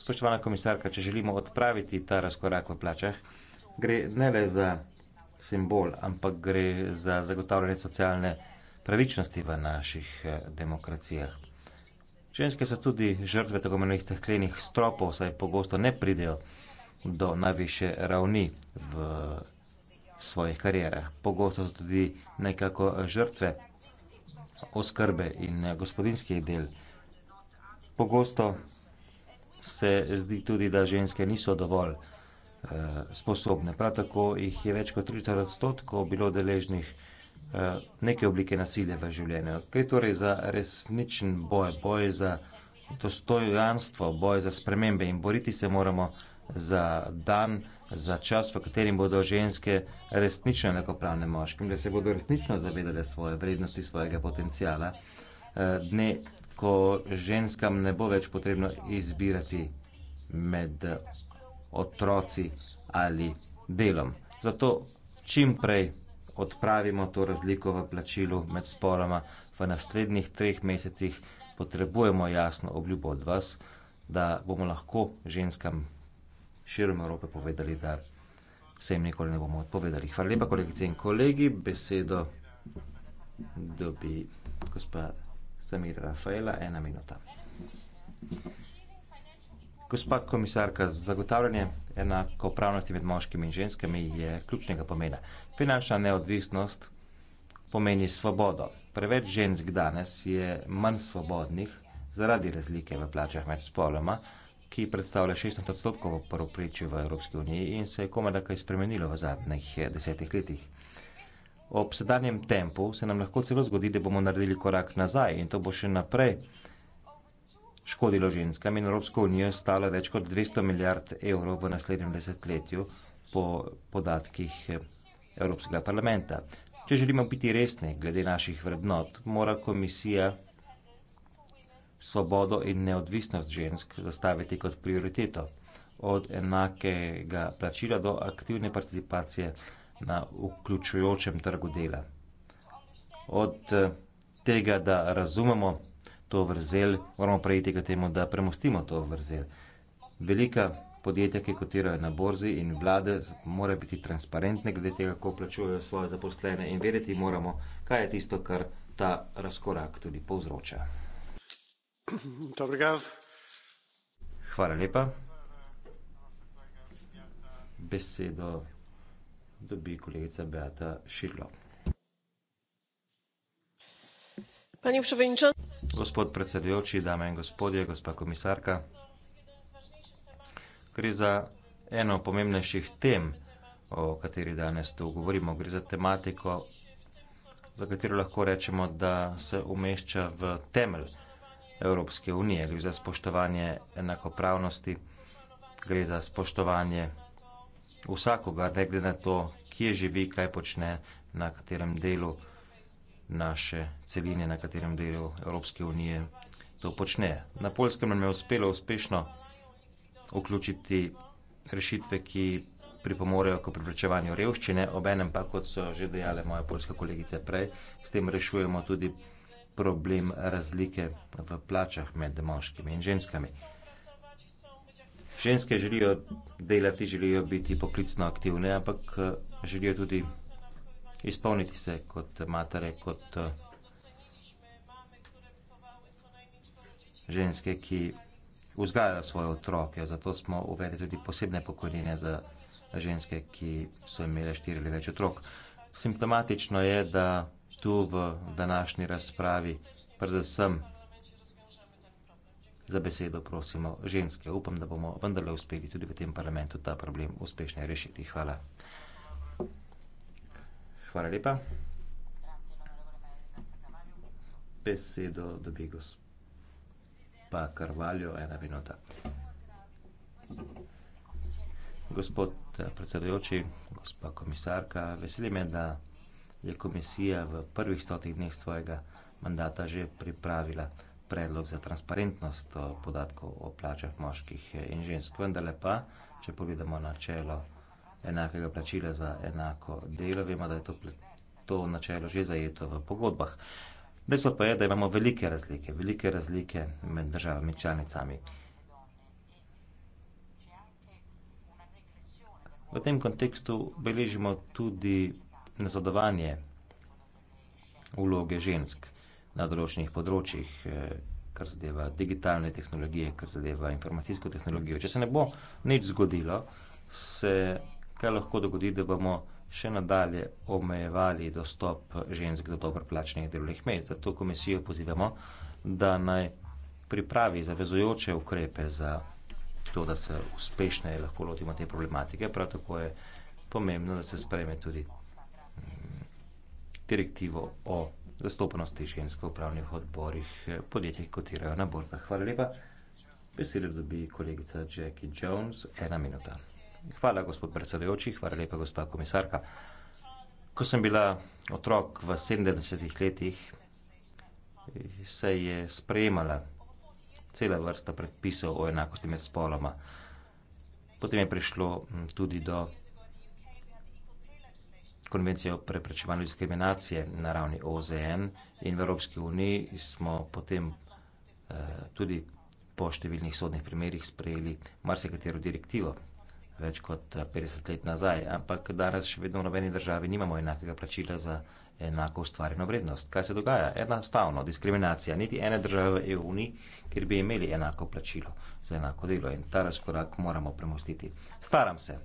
Spoštovana komisarka, če želimo odpraviti ta razkorak v plačah, gre ne le za simbol, ampak gre za zagotavljanje socialne pravičnosti v naših eh, demokracijah. Ženske so tudi žrtve tako imenovanih steklenih stropov, saj pogosto ne pridejo do najviše ravni v svojih karierah. Pogosto so tudi nekako eh, žrtve oskrbe in eh, gospodinskih del. Pogosto se zdi tudi, da ženske niso dovolj. Eh, sposobne. Prav tako jih je več kot 30 odstotkov bilo deležnih eh, neke oblike nasilja v življenju. Gre torej za resničen boj, boj za dostojanstvo, boj za spremembe in boriti se moramo za dan, za čas, v katerem bodo ženske resnično enakopravne moškim, da se bodo resnično zavedale svoje vrednosti, svojega potencijala. Eh, dne, ko ženskam ne bo več potrebno izbirati med otroci ali delom. Zato čim prej odpravimo to razliko v plačilu med sporoma. V naslednjih treh mesecih potrebujemo jasno obljubo od vas, da bomo lahko ženskam širom Evrope povedali, da se jim nikoli ne bomo odpovedali. Hvala lepa, kolegice in kolegi. Besedo dobi gospa Samir Rafaela, ena minuta. Thank you. Gospa komisarka, zagotavljanje enakopravnosti med moškimi in ženskami je ključnega pomena. Finančna neodvisnost pomeni svobodo. Preveč žensk danes je manj svobodnih zaradi razlike v plačah med spoloma, ki predstavlja 16 odstotkov poroprečju v Evropski uniji in se je komada kaj spremenilo v zadnjih desetih letih. Ob sedanjem tempu se nam lahko celo zgodi, da bomo naredili korak nazaj in to bo še naprej škodilo ženskam in Evropsko unijo stalo več kot 200 milijard evrov v naslednjem desetletju po podatkih eh, Evropskega parlamenta. Če želimo biti resni glede naših vrednot, mora komisija svobodo in neodvisnost žensk zastaviti kot prioriteto od enakega plačila do aktivne participacije na vključujočem trgu dela. Od eh, tega, da razumemo, to vrzel, moramo prejti k temu, da premostimo to vrzel. Velika podjetja, ki kotirajo na borzi in vlade, morajo biti transparentne glede tega, kako plačujejo svoje zaposlene in vedeti moramo, kaj je tisto, kar ta razkorak tudi povzroča. Hvala lepa. Besedo dobi kolegica Beata Širlo. Panie przewodniczący. Gospod predsedujoči, dame in gospodje, gospa komisarka, gre za eno pomembnejših tem, o kateri danes tu govorimo. Gre za tematiko, za katero lahko rečemo, da se umešča v temelj Evropske unije. Gre za spoštovanje enakopravnosti, gre za spoštovanje vsakoga, ne glede na to, kje živi, kaj počne, na katerem delu naše celine, na katerem delu Evropske unije to počne. Na polskem nam je uspelo uspešno vključiti rešitve, ki pripomorejo k preprečevanju revščine, obenem pa, kot so že dejale moje polske kolegice prej, s tem rešujemo tudi problem razlike v plačah med moškimi in ženskami. Ženske želijo delati, želijo biti poklicno aktivne, ampak eh, želijo tudi izpolniti se kot matere, kot eh, ženske, ki vzgajajo svoje otroke. Zato smo uvedli tudi posebne pokojnine za ženske, ki so imele štiri ali več otrok. Simptomatično je, da tu v današnji razpravi predvsem za besedo prosimo ženske. Upam, da bomo vendarle uspeli tudi v tem parlamentu ta problem uspešno rešiti. Hvala. Hvala lepa. Besedo dobi gospa Carvalho, ena minuta. Gospod eh, predsedujoči, gospa komisarka, veseli me, da je komisija v prvih stotih dneh svojega mandata že pripravila predlog za transparentnost eh, podatkov o plačah moških eh, in žensk, vendarle pa, če pogledamo načelo enakega plačila za enako delo. Vemo, da je to, to načelo že zajeto v pogodbah. Dejstvo pa je, da imamo velike razlike, velike razlike med državami članicami. V tem kontekstu beležimo tudi nazadovanje vloge žensk na določenih področjih, eh, kar zadeva digitalne tehnologije, kar zadeva informacijsko tehnologijo. Če se ne bo nič zgodilo, se kaj lahko dogodi, da bomo še nadalje omejevali dostop žensk do dobro plačnih delovnih mest. Zato komisijo pozivamo, da naj pripravi zavezujoče ukrepe za to, da se uspešneje lahko lotimo te problematike. Prav tako je pomembno, da se spreme tudi mm, direktivo o zastopanosti žensk v upravnih odborih eh, podjetij, ki kotirajo na borzah. Hvala lepa. Besedo dobi kolegica Jackie Jones. Ena minuta. Hvala, gospod predsedujoči, hvala lepa, gospa komisarka. Ko sem bila otrok v 70-ih letih, se je sprejemala cela vrsta predpisov o enakosti med spoloma. Potem je prišlo tudi do konvencije o preprečevanju diskriminacije na ravni OZN in v Evropski uniji smo potem eh, tudi po številnih sodnih primerjih sprejeli marsikatero direktivo več kot 50 eh, let nazaj, ampak danes še vedno v nobeni državi nimamo enakega plačila za enako ustvarjeno vrednost. Kaj se dogaja? Enostavno, diskriminacija. Niti ene države v EU ni, kjer bi imeli enako plačilo za enako delo in ta razkorak moramo premostiti. Staram se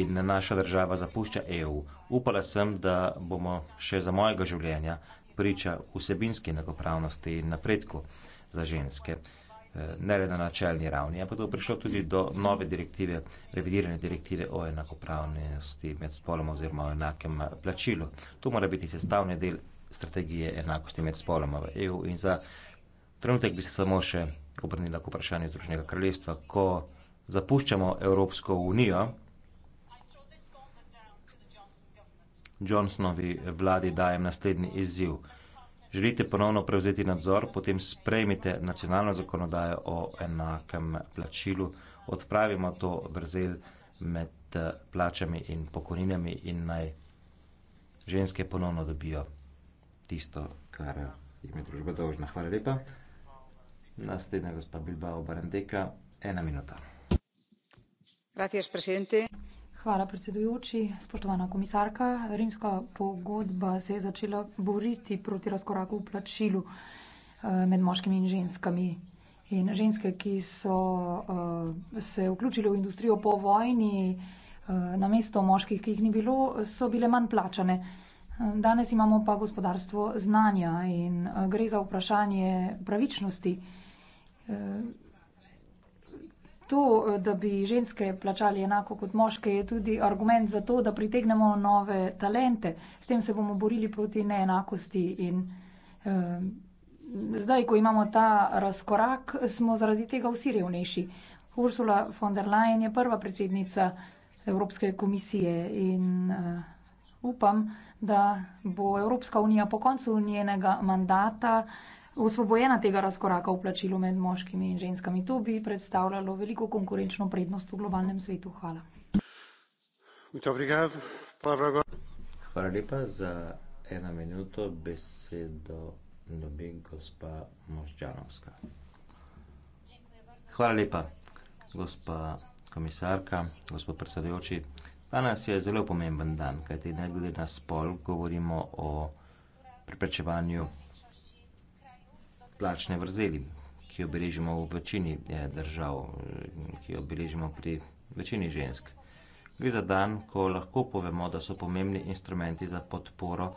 in naša država zapušča EU. Upala sem, da bomo še za mojega življenja priča vsebinske enakopravnosti in napredku za ženske ne le na načelni ravni, ampak da bo prišlo tudi do nove direktive, revidirane direktive o enakopravnosti med spoloma oziroma o enakem plačilu. To mora biti sestavni del strategije enakosti med spoloma v EU in za trenutek bi se samo še obrnila k vprašanju Združenega kraljestva, ko zapuščamo Evropsko unijo, Johnsonovi vladi dajem naslednji izziv želite ponovno prevzeti nadzor, potem sprejmite nacionalno zakonodajo o enakem plačilu, odpravimo to brzel med eh, plačami in pokojninami in naj ženske ponovno dobijo tisto, kar jim je družba dolžna. Hvala lepa. Naslednja gospa Bilbao Barandeka, ena minuta. Gracias, presidente. Hvala, predsedujoči. Spoštovana komisarka, rimska pogodba se je začela boriti proti razkoraku v plačilu eh, med moškimi in ženskami. In ženske, ki so eh, se vključile v industrijo po vojni, eh, na mesto moških, ki jih ni bilo, so bile manj plačane. Danes imamo pa gospodarstvo znanja in gre za vprašanje pravičnosti to, da bi ženske plačali enako kot moške, je tudi argument za to, da pritegnemo nove talente. S tem se bomo borili proti neenakosti in eh, zdaj, ko imamo ta razkorak, smo zaradi tega vsi revnejši. Ursula von der Leyen je prva predsednica Evropske komisije in eh, upam, da bo Evropska unija po koncu njenega mandata eh, osvobojena tega razkoraka v plačilu med moškimi in ženskami. To bi predstavljalo veliko konkurenčno prednost v globalnem svetu. Hvala. Hvala lepa. Za eno minuto besedo dobi gospa Moščanovska. Hvala lepa, gospa komisarka, gospod predsedujoči. Danes je zelo pomemben dan, kajti ne glede na spol govorimo o preprečevanju plačne vrzeli, ki jo beležimo v večini eh, držav, ki jo beležimo pri večini žensk. Gre za dan, ko lahko povemo, da so pomembni instrumenti za podporo,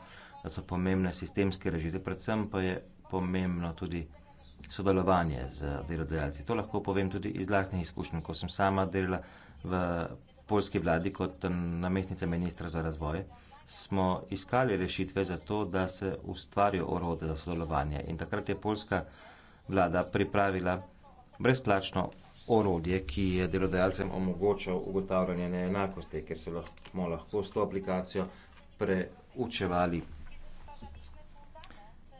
da so pomembne sistemske režite, predvsem pa je pomembno tudi sodelovanje z delodajalci. To lahko povem tudi iz vlastnih izkušenj, ko sem sama delala v polski vladi kot namestnica ministra za razvoj smo iskali rešitve za to, da se ustvarijo orode za sodelovanje. In takrat je polska vlada pripravila brezplačno orodje, ki je delodajalcem omogočal ugotavljanje neenakosti, ker so lahko, lahko s to aplikacijo preučevali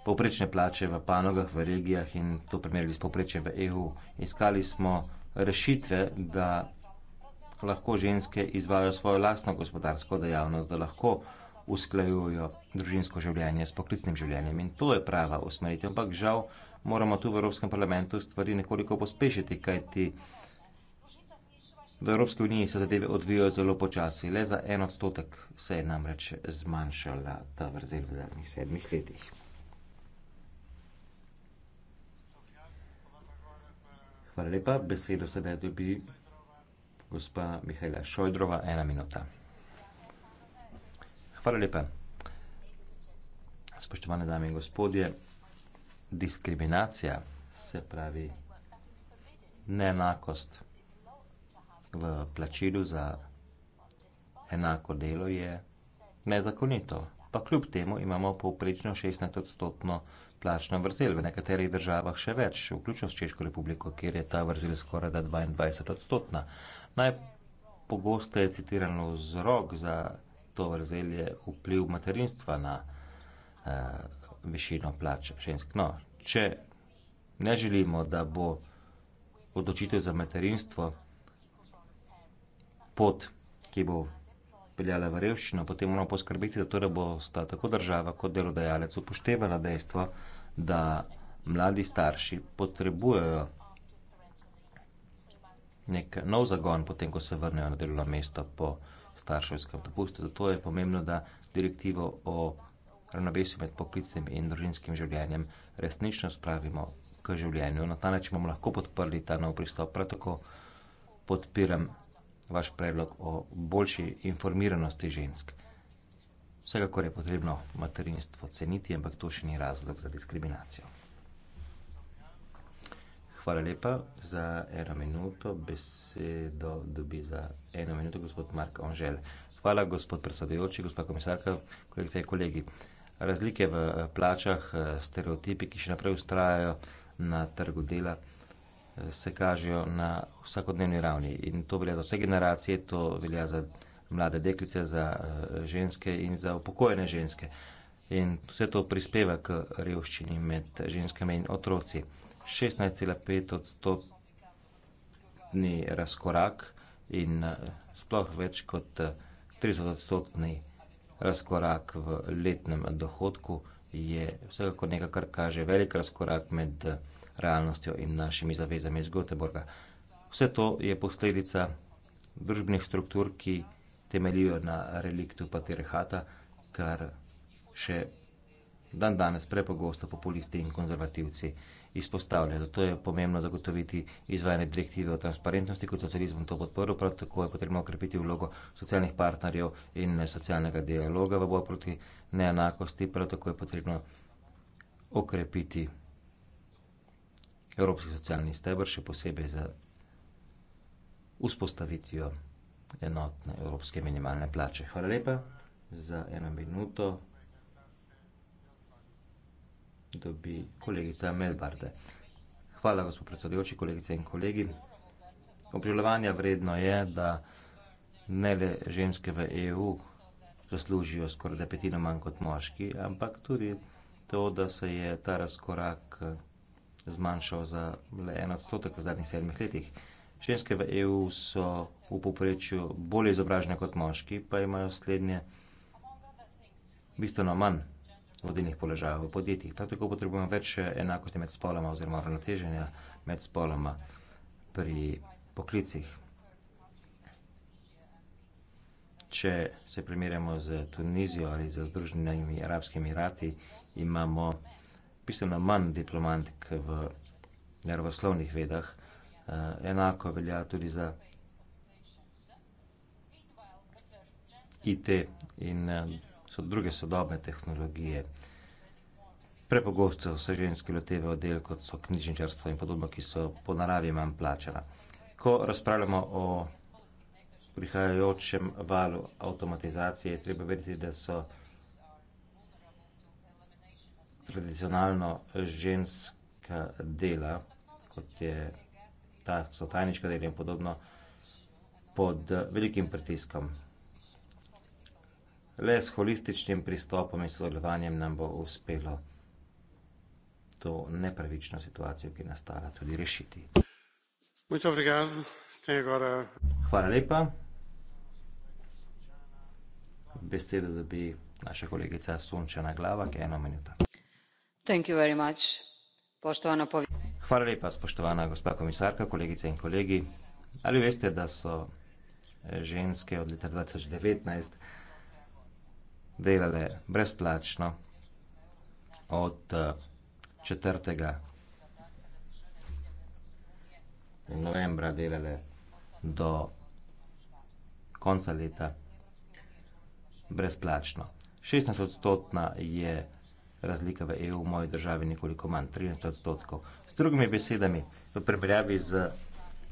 poprečne plače v panogah, v regijah in to primerjali s poprečjem v EU. Iskali smo rešitve, da lahko ženske izvajo svojo lastno gospodarsko dejavnost, da lahko usklajujo družinsko življenje s poklicnim življenjem. In to je prava usmeritev. Ampak žal moramo tu v Evropskem parlamentu stvari nekoliko pospešiti, kajti v Evropski uniji se zadeve odvijajo zelo počasi. Le za en odstotek se je namreč zmanjšala ta vrzel v zadnjih sedmih letih. Hvala lepa, besedo sedaj dobi gospa Mihajla Šojdrova, ena minuta. Hvala lepa. Spoštovane dame in gospodje, diskriminacija, se pravi neenakost v plačilu za enako delo je nezakonito. Pa kljub temu imamo povprečno 16-odstotno plačno vrzel, v nekaterih državah še več, vključno s Češko republiko, kjer je ta vrzel skoraj da 22-odstotna. Najpogosteje citiran vzrok za to vrzel je vpliv materinstva na eh, višino plač žensk. No, če ne želimo, da bo odločitev za materinstvo pot, ki bo peljala v revščino, potem moramo poskrbeti, da torej bo sta tako država kot delodajalec upoštevala dejstvo, da mladi starši potrebujejo nek nov zagon, potem ko se vrnejo na delovno mesto po starševskem dopustu. Zato je pomembno, da direktivo o ravnovesju med poklicnim in družinskim življenjem resnično spravimo k življenju. Na ta način bomo lahko podprli ta nov pristop. Prav tako podpiram vaš predlog o boljši informiranosti žensk. Vsekakor je potrebno materinstvo ceniti, ampak to še ni razlog za diskriminacijo. Hvala lepa za eno minuto. Besedo dobi za eno minuto gospod Mark Onžel. Hvala, gospod predsedujoči, gospod komisarka, kolegice in kolegi. Razlike v eh, plačah, eh, stereotipi, ki še naprej ustrajajo na trgu dela, eh, se kažejo na vsakodnevni ravni. In to velja za vse generacije, to velja za mlade deklice, za ženske in za upokojene ženske. In vse to prispeva k revščini med ženskami in otroci. 16,5 odstotni razkorak in eh, sploh več kot 30 eh, odstotni razkorak v letnem dohodku je vsekakor nekaj, kar kaže velik razkorak med eh, realnostjo in našimi zavezami iz Göteborga. Vse to je posledica družbenih struktur, ki temeljijo na reliktu patriarhata, kar še dan danes prepogosto populisti in konzervativci izpostavlja. Zato je pomembno zagotoviti izvajanje direktive o transparentnosti, kot socializem to podporil, prav tako je potrebno okrepiti vlogo socialnih partnerjev in socialnega dialoga v boju proti neenakosti, prav tako je potrebno okrepiti Evropski socialni stebr, še posebej za vzpostavitvijo enotne evropske minimalne plače. Hvala lepa za eno minuto dobi kolegica Melbarde. Hvala, gospod predsedujoči, kolegice in kolegi. Obžalovanja vredno je, da ne le ženske v EU zaslužijo skoraj da petino manj kot moški, ampak tudi to, da se je ta razkorak zmanjšal za le en odstotek v zadnjih sedmih letih. Ženske v EU so v poprečju bolje izobražene kot moški, pa imajo slednje bistveno manj vodilnih položajev v podjetjih. Prav tako potrebujemo več enakosti med spoloma oziroma ravnoteženja med spoloma pri poklicih. Če se primerjamo z Tunizijo ali z Združenimi arabskimi rati, imamo bistveno manj diplomantik v naravoslovnih vedah. Eh, enako velja tudi za IT in eh, so druge sodobne tehnologije. Prepogosto se ženske lotevajo del, kot so knjižničarstvo in podobno, ki so po naravi manj plačana. Ko razpravljamo o prihajajočem valu avtomatizacije, treba vedeti, da so tradicionalno ženska dela, kot je ta, so tajnička dela in podobno, pod velikim pritiskom. Le s holističnim pristopom in sodelovanjem nam bo uspelo to nepravično situacijo, ki je nastala, tudi rešiti. Hvala lepa. Besedo dobi naša kolegica Sončana Glavak, ena minuta. Hvala lepa, spoštovana gospa komisarka, kolegice in kolegi. Ali veste, da so eh, ženske od leta dva tisoč devetnajst delale brezplačno od eh, četrtega novembra delale do konca leta brezplačno. 16 odstotna je razlika v EU, v moji državi nekoliko manj, 13 odstotkov. S drugimi besedami, v primerjavi z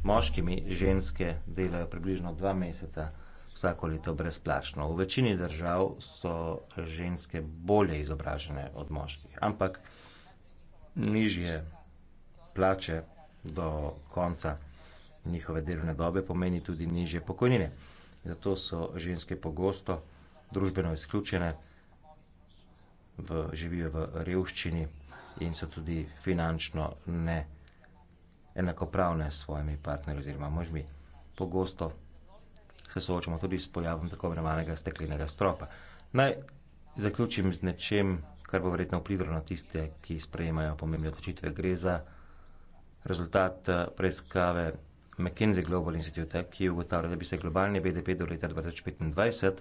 moškimi ženske delajo približno dva meseca vsako leto brezplačno. V večini držav so ženske bolje izobražene od moških, ampak nižje plače do konca njihove delovne dobe pomeni tudi nižje pokojnine. Zato so ženske pogosto družbeno izključene, v, živijo v revščini in so tudi finančno ne enakopravne s svojimi partnerji oziroma možmi. Pogosto se soočamo tudi s pojavom tako imenovanega steklenega stropa. Naj zaključim z nečem, kar bo verjetno vplivalo na tiste, ki sprejemajo pomembne odločitve. Gre za rezultat eh, preiskave McKinsey Global Institute, ki je ugotavljal, da bi se globalni BDP do leta 2025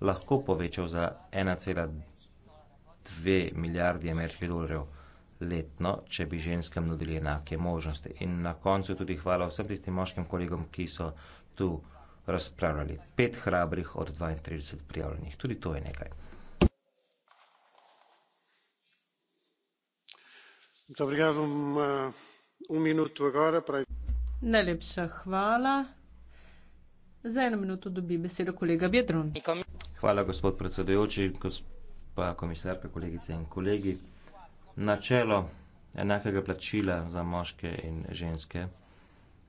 lahko povečal za 1,2 milijardi ameriških dolarjev letno, če bi ženskem nudili enake možnosti. In na koncu tudi hvala vsem tistim moškim kolegom, ki so tu razpravljali. Pet hrabrih od 32 prijavljenih. Tudi to je nekaj. Dobro, jaz bom v uh, minuto gore. Prav... Najlepša hvala. Za eno minuto dobi besedo kolega Bjedron. Hvala, gospod predsedujoči, gospa komisarka, kolegice in kolegi. Načelo enakega plačila za moške in ženske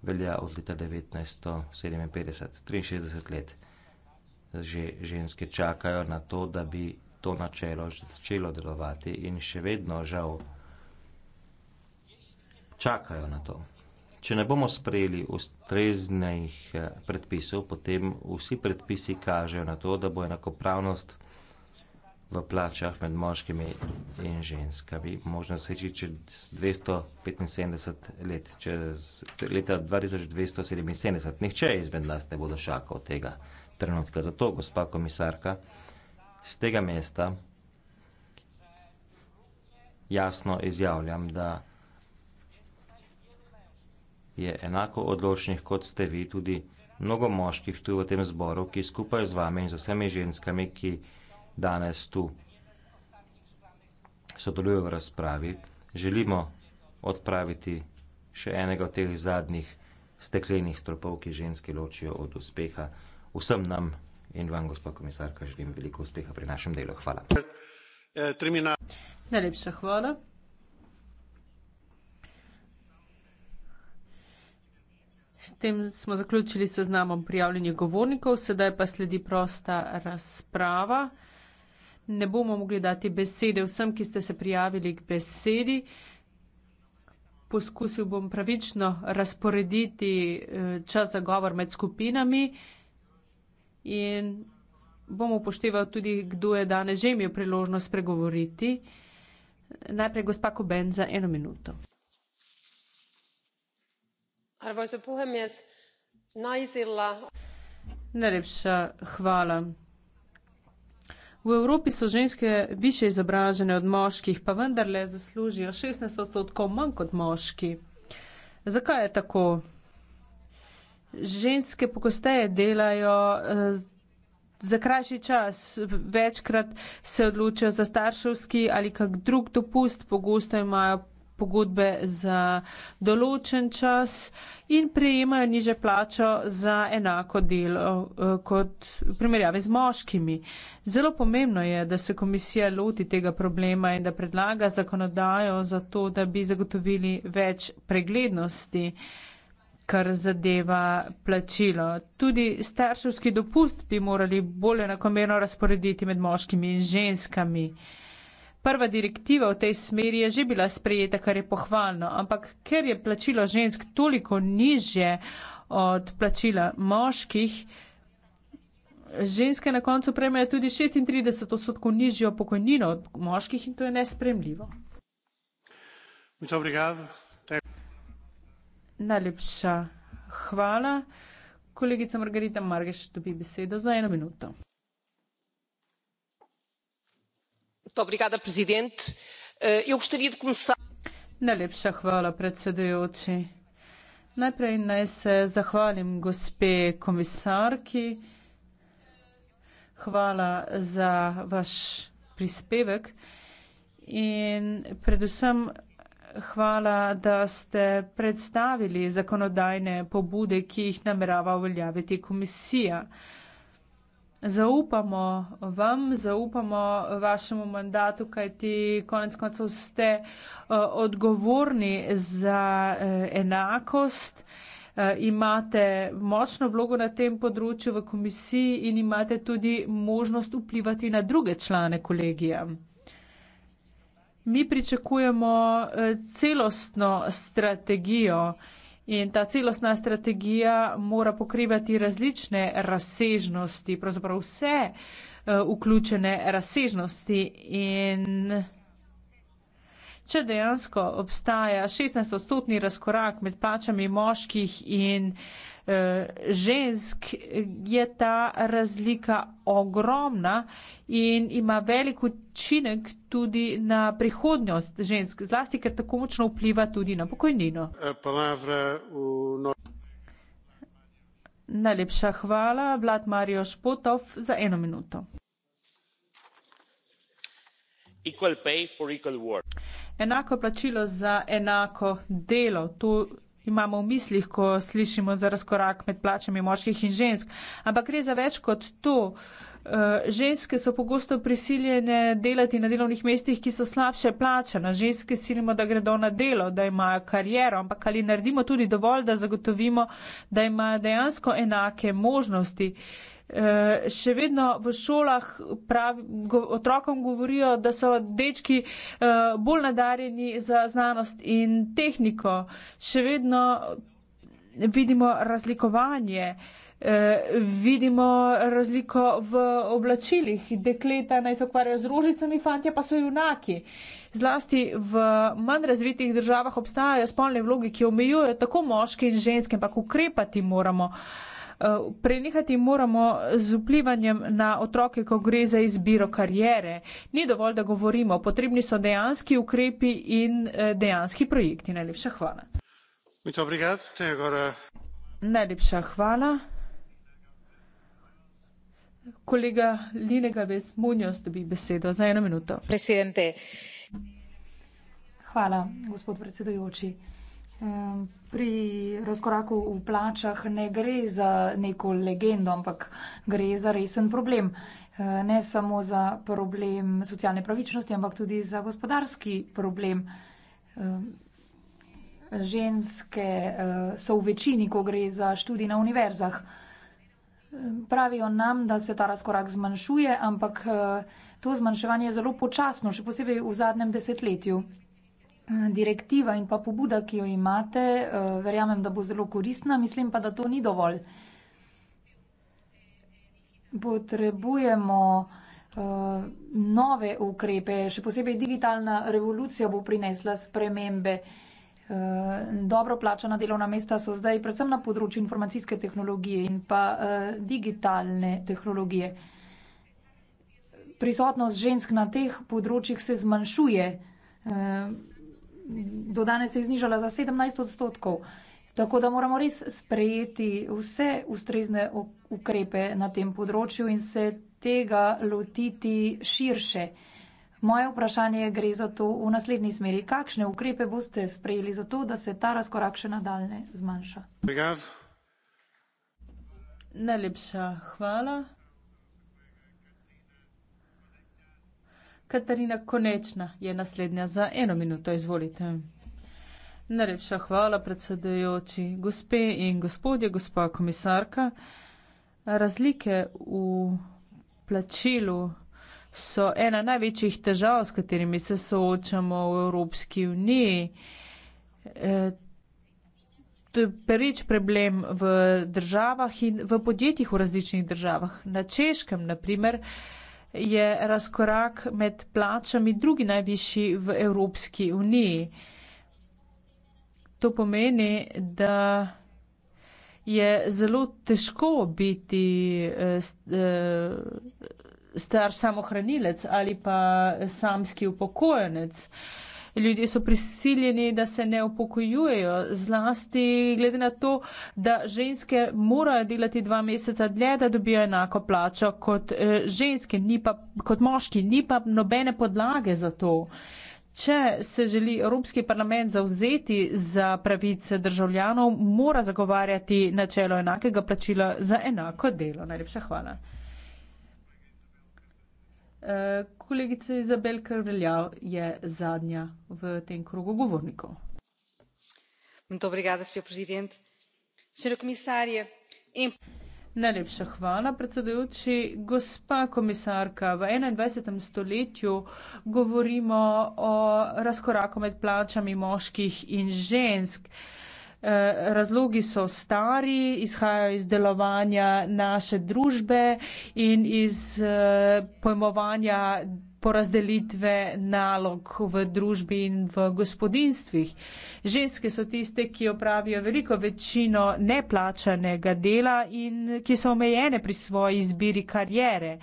velja od leta 1957, 63 let. Že ženske čakajo na to, da bi to načelo začelo delovati in še vedno žal čakajo na to. Če ne bomo sprejeli ustreznih eh, predpisov, potem vsi predpisi kažejo na to, da bo enakopravnost v plačah med moškimi in ženskami. Možno se reči, čez 275 let, čez leta 2277. Nihče izmed nas ne bo došakal tega trenutka. Zato, gospa komisarka, z tega mesta jasno izjavljam, da je enako odločnih, kot ste vi, tudi mnogo moških tu v tem zboru, ki skupaj z vami in z vsemi ženskami, ki danes tu. Sodelujo v razpravi, želimo odpraviti še enega od teh zadnjih steklenih stropov, ki ženske ločijo od uspeha. Vsem nam in vam, gospod komisarka, želim veliko uspeha pri našem delu. Hvala. Najlepša hvala. S tem smo zaključili seznamom prijavljenih govornikov, sedaj pa sledi prosta razprava ne bomo mogli dati besede vsem, ki ste se prijavili k besedi. Poskusil bom pravično razporediti eh, čas za govor med skupinami in bom upošteval tudi, kdo je danes že imel priložnost pregovoriti. Najprej gospa Koben za eno minuto. Najlepša hvala. V Evropi so ženske više izobražene od moških, pa vendarle zaslužijo 16 odstotkov manj kot moški. Zakaj je tako? Ženske pogosteje delajo eh, za krajši čas, večkrat se odločijo za starševski ali kak drug dopust, pogosto imajo pogodbe za določen čas in prejemajo niže plačo za enako delo eh, kot v primerjavi z moškimi. Zelo pomembno je, da se komisija loti tega problema in da predlaga zakonodajo za to, da bi zagotovili več preglednosti kar zadeva plačilo. Tudi starševski dopust bi morali bolje enakomerno razporediti med moškimi in ženskami. Prva direktiva v tej smeri je že bila sprejeta, kar je pohvalno, ampak ker je plačilo žensk toliko nižje od plačila moških, ženske na koncu prejmejo tudi 36 odstotkov nižjo pokojnino od moških in to je nespremljivo. Najlepša hvala. Kolegica Margarita Margeš dobi besedo za eno minuto. gospa predsednica eh, najlepša hvala predsedujoči. najprej naj se zahvalim gospe komisarki. hvala za vaš prispevek in predvsem hvala da ste predstavili zakonodajne pobude ki jih namerava uveljaviti komisija zaupamo vam, zaupamo vašemu mandatu, kajti konec koncev ste eh, odgovorni za eh, enakost. Eh, imate močno vlogo na tem področju v komisiji in imate tudi možnost vplivati na druge člane kolegija. Mi pričakujemo celostno strategijo, In ta celostna strategija mora pokrivati različne razsežnosti, pravzaprav vse eh, vključene razsežnosti. In če dejansko obstaja 16-odstotni razkorak med plačami moških in Eh, žensk je ta razlika ogromna in ima velik učinek tudi na prihodnost žensk, zlasti ker tako močno vpliva tudi na pokojnino. No- Najlepša hvala, Vlad Mario Špotov, za eno minuto. Enako plačilo za enako delo, to imamo v mislih, ko slišimo za razkorak med plačami moških in žensk. Ampak gre za več kot to. Eh, ženske so pogosto prisiljene delati na delovnih mestih, ki so slabše plačena. Ženske silimo, da gredo na delo, da imajo karjero, ampak ali naredimo tudi dovolj, da zagotovimo, da imajo dejansko enake možnosti. Eh, še vedno v šolah pravi, go, otrokom govorijo, da so dečki eh, bolj nadarjeni za znanost in tehniko. Še vedno vidimo razlikovanje. E, vidimo razliko v oblačilih. Dekleta naj se ukvarjajo z rožicami, fantje pa so junaki. Zlasti v manj razvitih državah obstajajo spolne vloge, ki omejujejo tako moške in ženske, ampak ukrepati moramo. E, Eh, prenehati moramo z vplivanjem na otroke, ko gre za izbiro karijere. Ni dovolj, da govorimo, potrebni so dejanski ukrepi in eh, dejanski projekti. Najlepša hvala. Najlepša hvala. Kolega Linega Vesmunjos dobi besedo za eno minuto. Presidente. Hvala, gospod predsedujoči pri razkoraku v plačah ne gre za neko legendo, ampak gre za resen problem. E, ne samo za problem socialne pravičnosti, ampak tudi za gospodarski problem. E, ženske e, so v večini, ko gre za študij na univerzah. Pravijo nam, da se ta razkorak zmanjšuje, ampak to zmanjševanje je zelo počasno, še posebej v zadnjem desetletju. Eh, direktiva in pa pobuda, ki jo imate, eh, verjamem, da bo zelo koristna, mislim pa, da to ni dovolj. Potrebujemo eh, nove ukrepe, še posebej digitalna revolucija bo prinesla spremembe. Dobro plačana delovna mesta so zdaj predvsem na področju informacijske tehnologije in pa digitalne tehnologije. Prisotnost žensk na teh področjih se zmanjšuje do danes se je znižala za 17 odstotkov. Tako da moramo res sprejeti vse ustrezne ukrepe na tem področju in se tega lotiti širše. Moje vprašanje gre za to v naslednji smeri. Kakšne ukrepe boste sprejeli za to, da se ta razkorak še nadaljne zmanjša? Najlepša hvala. Katarina Konečna je naslednja za eno minuto. Izvolite. Najlepša hvala, predsedujoči, gospe in gospodje, gospa komisarka. Razlike v plačilu so ena največjih težav, s katerimi se soočamo v Evropski uniji. E, to je prvič problem v državah in v podjetjih v različnih državah. Na češkem, naprimer, je razkorak med plačami drugi najvišji v Evropski uniji. To pomeni, da je zelo težko biti eh, eh, star samohranilec ali pa samski upokojenec ljudje so prisiljeni, da se ne upokojujejo, zlasti glede na to, da ženske morajo delati dva meseca dlje, da dobijo enako plačo kot eh, ženske, ni pa kot moški, ni pa nobene podlage za to. Če se želi Evropski parlament zauzeti za pravice državljanov, mora zagovarjati načelo enakega plačila za enako delo. Najlepša hvala. Eh, kolegica Izabel Krveljav je zadnja v tem krogu govornikov. Najlepša hvala, predsedujoči. Gospa komisarka, v 21. stoletju govorimo o razkoraku med plačami moških in žensk. Uh, Eh, razlogi so stari, izhajajo iz delovanja naše družbe in iz eh, pojmovanja porazdelitve nalog v družbi in v gospodinstvih. Ženske so tiste, ki opravijo veliko večino neplačanega dela in ki so omejene pri svoji izbiri karijere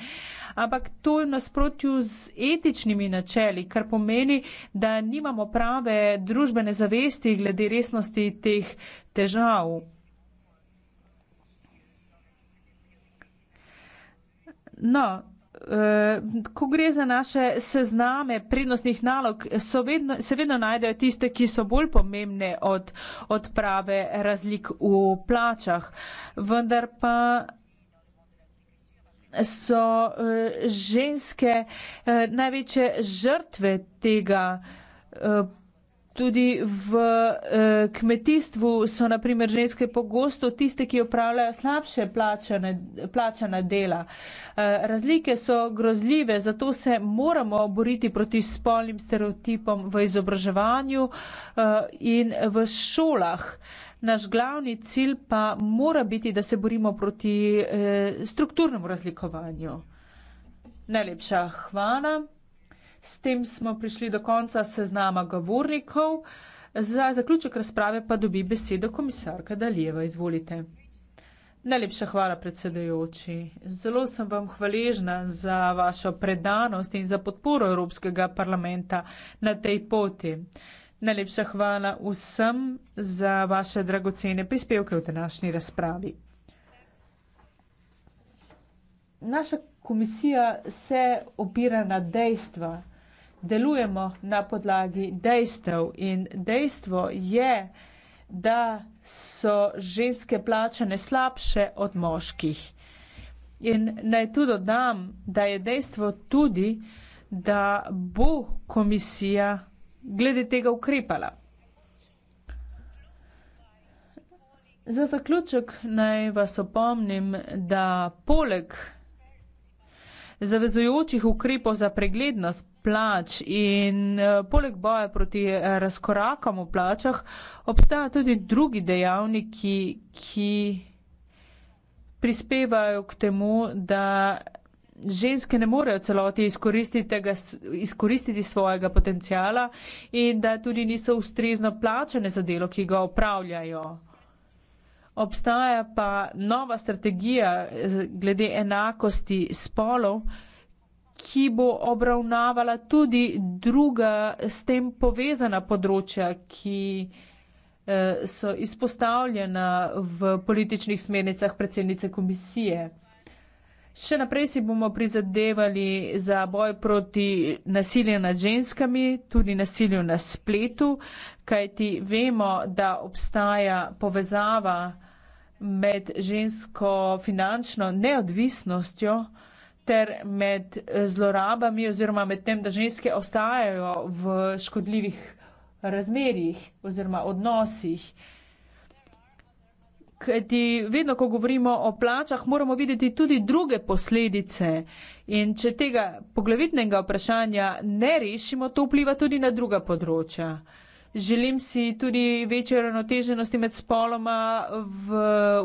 ampak to je v nasprotju z etičnimi načeli, kar pomeni, da nimamo prave družbene zavesti glede resnosti teh težav. No, eh, ko gre za naše sezname prednostnih nalog, vedno, se vedno najdejo tiste, ki so bolj pomembne od odprave razlik v plačah. Vendar pa so eh, ženske eh, največje žrtve tega. Eh, tudi v kmetijstvu so naprimer ženske pogosto tiste, ki opravljajo slabše plačane, plačana dela. Razlike so grozljive, zato se moramo boriti proti spolnim stereotipom v izobraževanju in v šolah. Naš glavni cilj pa mora biti, da se borimo proti eh, strukturnemu razlikovanju. Najlepša hvala. S tem smo prišli do konca seznama govornikov. Za zaključek razprave pa dobi besedo komisarka Daljeva. Izvolite. Najlepša hvala, predsedajoči. Zelo sem vam hvaležna za vašo predanost in za podporo Evropskega parlamenta na tej poti. Najlepša hvala vsem za vaše dragocene prispevke v današnji razpravi. Naša komisija se opira na dejstva. Delujemo na podlagi dejstev in dejstvo je, da so ženske plačane slabše od moških. In naj tudi dodam, da je dejstvo tudi, da bo komisija glede tega ukrepala. Za zaključek naj vas opomnim, da poleg zavezujočih ukrepov za preglednost plač in eh, poleg boja proti eh, razkorakom v plačah obstaja tudi drugi dejavniki, ki prispevajo k temu, da ženske ne morejo celoti izkoristiti, tega, izkoristiti svojega potencijala in da tudi niso ustrezno plačene za delo, ki ga opravljajo. Obstaja pa nova strategija glede enakosti spolov, ki bo obravnavala tudi druga s tem povezana področja, ki eh, so izpostavljena v političnih smernicah predsednice komisije. Še naprej si bomo prizadevali za boj proti nasilju nad ženskami, tudi nasilju na spletu, kajti vemo, da obstaja povezava med žensko finančno neodvisnostjo ter med zlorabami oziroma med tem, da ženske ostajajo v škodljivih razmerjih oziroma odnosih kajti vedno, ko govorimo o plačah, moramo videti tudi druge posledice. In če tega poglavitnega vprašanja ne rešimo, to vpliva tudi na druga področja. Želim si tudi večje ravnoteženosti med spoloma v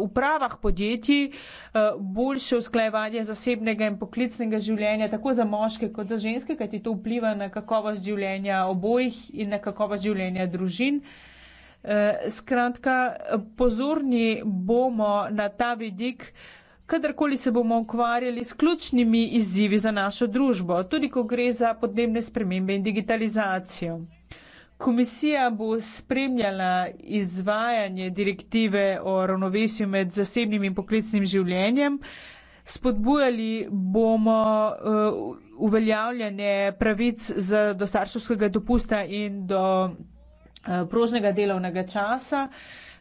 upravah podjetij, eh, boljše usklajevanje zasebnega in poklicnega življenja, tako za moške kot za ženske, kajti to vpliva na kakovost življenja obojih in na kakovost življenja družin. Eh, skratka, pozorni bomo na ta vidik, kadarkoli se bomo ukvarjali s ključnimi izzivi za našo družbo, tudi ko gre za podnebne spremembe in digitalizacijo. Komisija bo spremljala izvajanje direktive o ravnovesju med zasebnim in poklicnim življenjem, spodbujali bomo eh, uveljavljanje pravic do starševskega dopusta in do Eh, prožnega delovnega časa.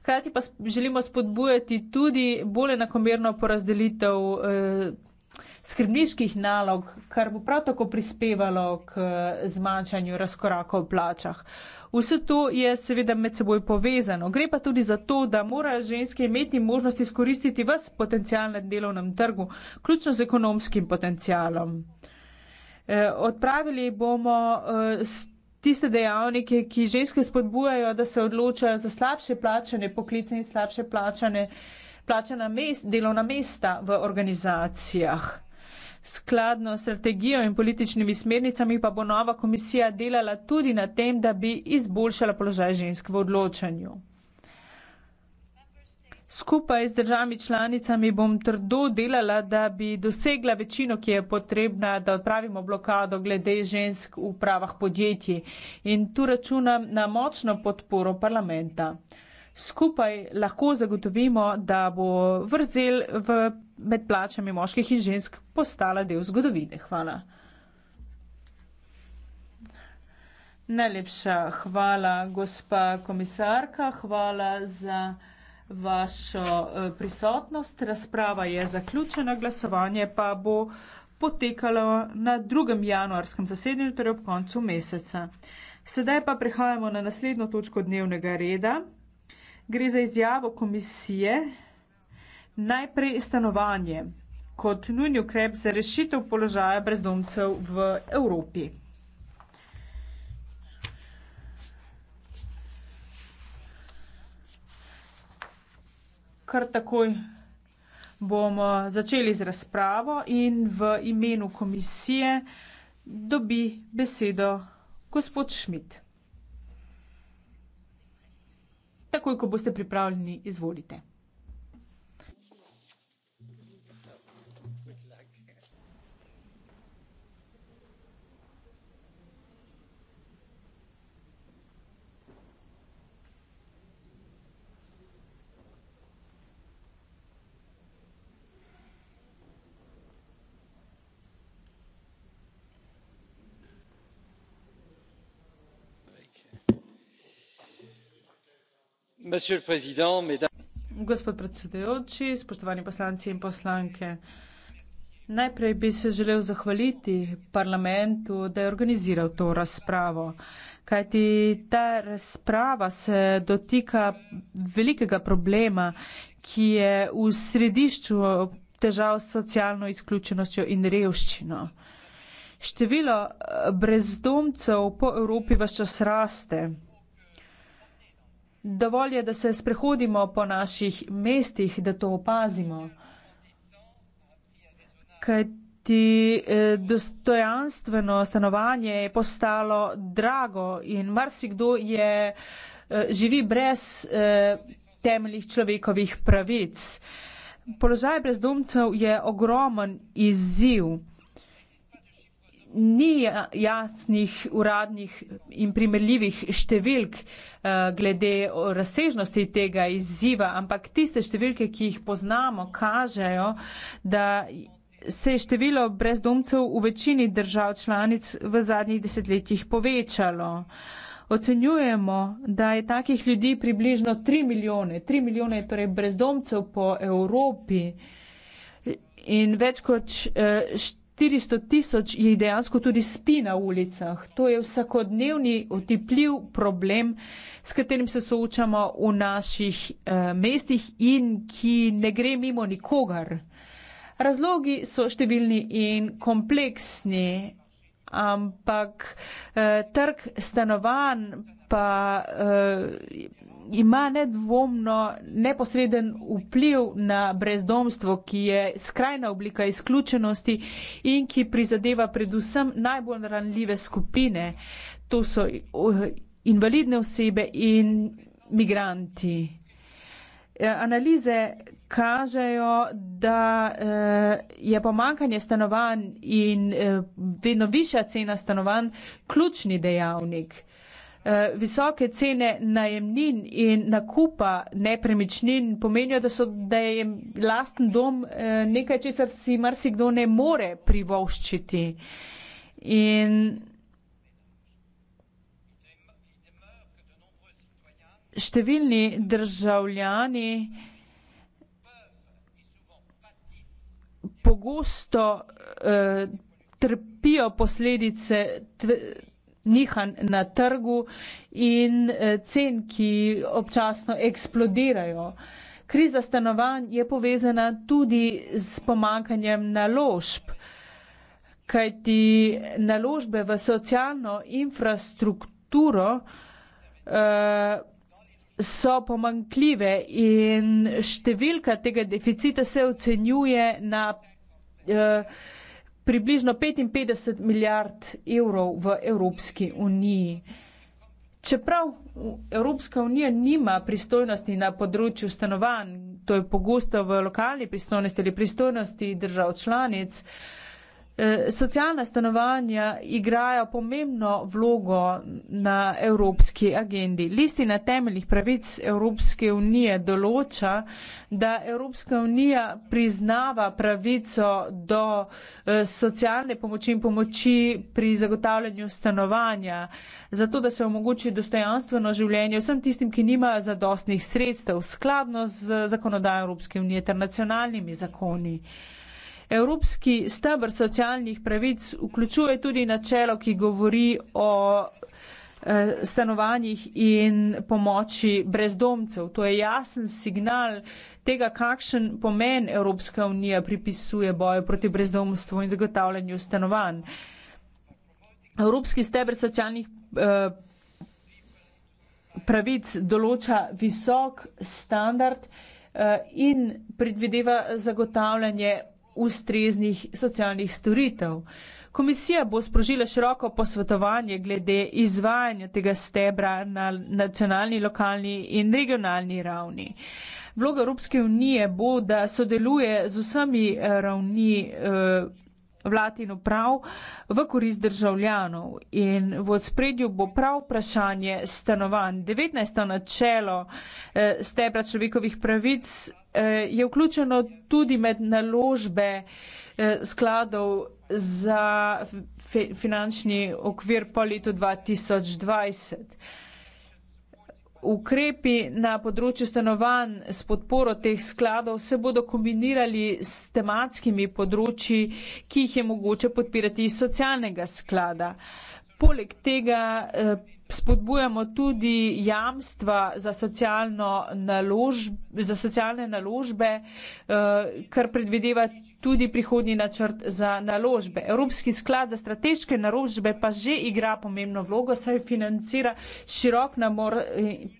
Hkrati pa želimo spodbujati tudi bolj enakomerno porazdelitev eh, skrbniških nalog, kar bo prav tako prispevalo k eh, zmanjšanju razkoraka v plačah. Vse to je seveda med seboj povezano. Gre pa tudi za to, da morajo ženske imeti možnost izkoristiti vas potencialnem delovnem trgu, ključno z ekonomskim potencialom. Odpravili bomo tiste dejavnike, ki ženske spodbujajo, da se odločajo za slabše plačane poklice in slabše plačane, plačana mest, delovna mesta v organizacijah. Skladno strategijo in političnimi smernicami pa bo nova komisija delala tudi na tem, da bi izboljšala položaj žensk v odločanju. Skupaj z državami članicami bom trdo delala, da bi dosegla večino, ki je potrebna, da odpravimo blokado glede žensk v pravah podjetij. In tu računam na močno podporo parlamenta. Skupaj lahko zagotovimo, da bo vrzel v med plačami moških in žensk postala del zgodovine. Hvala. Najlepša hvala, gospa komisarka. Hvala za vašo eh, prisotnost. Razprava je zaključena, glasovanje pa bo potekalo na 2. januarskem zasedanju, torej ob koncu meseca. Sedaj pa prehajamo na naslednjo točko dnevnega reda. Gre za izjavo komisije najprej stanovanje kot nujni ukrep za rešitev položaja brezdomcev v Evropi. kar takoj bomo začeli z razpravo in v imenu komisije dobi besedo gospod Šmit. Takoj, ko boste pripravljeni, izvolite. gospod predsedujoči spoštovani poslanci in poslanke najprej bi se želel zahvaliti parlamentu da je organiziral to razpravo kajti ta razprava se dotika velikega problema ki je v središču težav s socialno izključenostjo in revščino število brezdomcev po evropi ves čas raste Dovolj je, da se sprehodimo po naših mestih, da to opazimo. Kajti eh, dostojanstveno stanovanje je postalo drago in marsikdo je, eh, živi brez eh, temeljih človekovih pravic. Položaj brezdomcev je ogromen izziv ni jasnih uradnih in primerljivih številk eh, glede razsežnosti tega izziva, ampak tiste številke, ki jih poznamo, kažejo, da se je število brezdomcev v večini držav članic v zadnjih desetletjih povečalo. Ocenjujemo, da je takih ljudi približno 3 milijone, 3 milijone je torej brezdomcev po Evropi in več kot 4 eh, 400 tisoč jih dejansko tudi spi na ulicah. To je vsakodnevni otipljiv problem, s katerim se soočamo v naših eh, mestih in ki ne gre mimo nikogar. Razlogi so številni in kompleksni, ampak eh, trg stanovanj pa eh, ima nedvomno neposreden vpliv na brezdomstvo, ki je skrajna oblika izključenosti in ki prizadeva predvsem najbolj ranljive skupine. To so eh, invalidne osebe in migranti. Eh, analize kažejo, da eh, je pomankanje stanovanj in vedno višja cena stanovanj ključni dejavnik. Eh, visoke cene najemnin in nakupa nepremičnin pomenijo, da, so, da je lasten dom eh, nekaj, česar si marsikdo ne more privoščiti. In številni državljani pogosto eh, trpijo posledice. Tve, nihanj na trgu in eh, cen, ki občasno eksplodirajo. Kriza stanovanj je povezana tudi s pomankanjem naložb, kajti naložbe v socialno infrastrukturo uh, so pomankljive in številka tega deficita se ocenjuje na uh, približno 55 milijard evrov v Evropski uniji. Čeprav Evropska unija nima pristojnosti na področju stanovanj, to je pogosto v lokalni pristojnosti ali pristojnosti držav članic, Eh, socialna stanovanja igrajo pomembno vlogo na evropski agendi. Listi na temeljih pravic Evropske unije določa, da Evropska unija priznava pravico do eh, socialne pomoči in pomoči pri zagotavljanju stanovanja, zato da se omogoči dostojanstveno življenje vsem tistim, ki nimajo zadostnih sredstev skladno z zakonodajo Evropske unije ter nacionalnimi zakoni. Evropski stebr socialnih pravic vključuje tudi načelo, ki govori o eh, stanovanjih in pomoči brezdomcev. To je jasen signal tega, kakšen pomen Evropska unija pripisuje boju proti brezdomstvu in zagotavljanju stanovanj. Evropski stebr socialnih eh, pravic določa visok standard eh, in predvideva zagotavljanje ustreznih socialnih storitev. Komisija bo sprožila široko posvetovanje glede izvajanja tega stebra na nacionalni, lokalni in regionalni ravni. Vloga Evropske unije bo, da sodeluje z vsemi eh, ravni eh, vlad in uprav v korist državljanov in v spredju bo prav vprašanje stanovanj. 19. načelo eh, stebra človekovih pravic Eh, je vključeno tudi med naložbe eh, skladov za finančni okvir po letu 2020. Ukrepi na področju stanovanj s podporo teh skladov se bodo kombinirali s tematskimi področji, ki jih je mogoče podpirati iz socialnega sklada. Poleg tega eh, spodbujamo tudi jamstva za, socialno naložb, za socialne naložbe, eh, kar predvideva tudi prihodnji načrt za naložbe. Evropski sklad za strateške naložbe pa že igra pomembno vlogo, saj financira širok namor eh,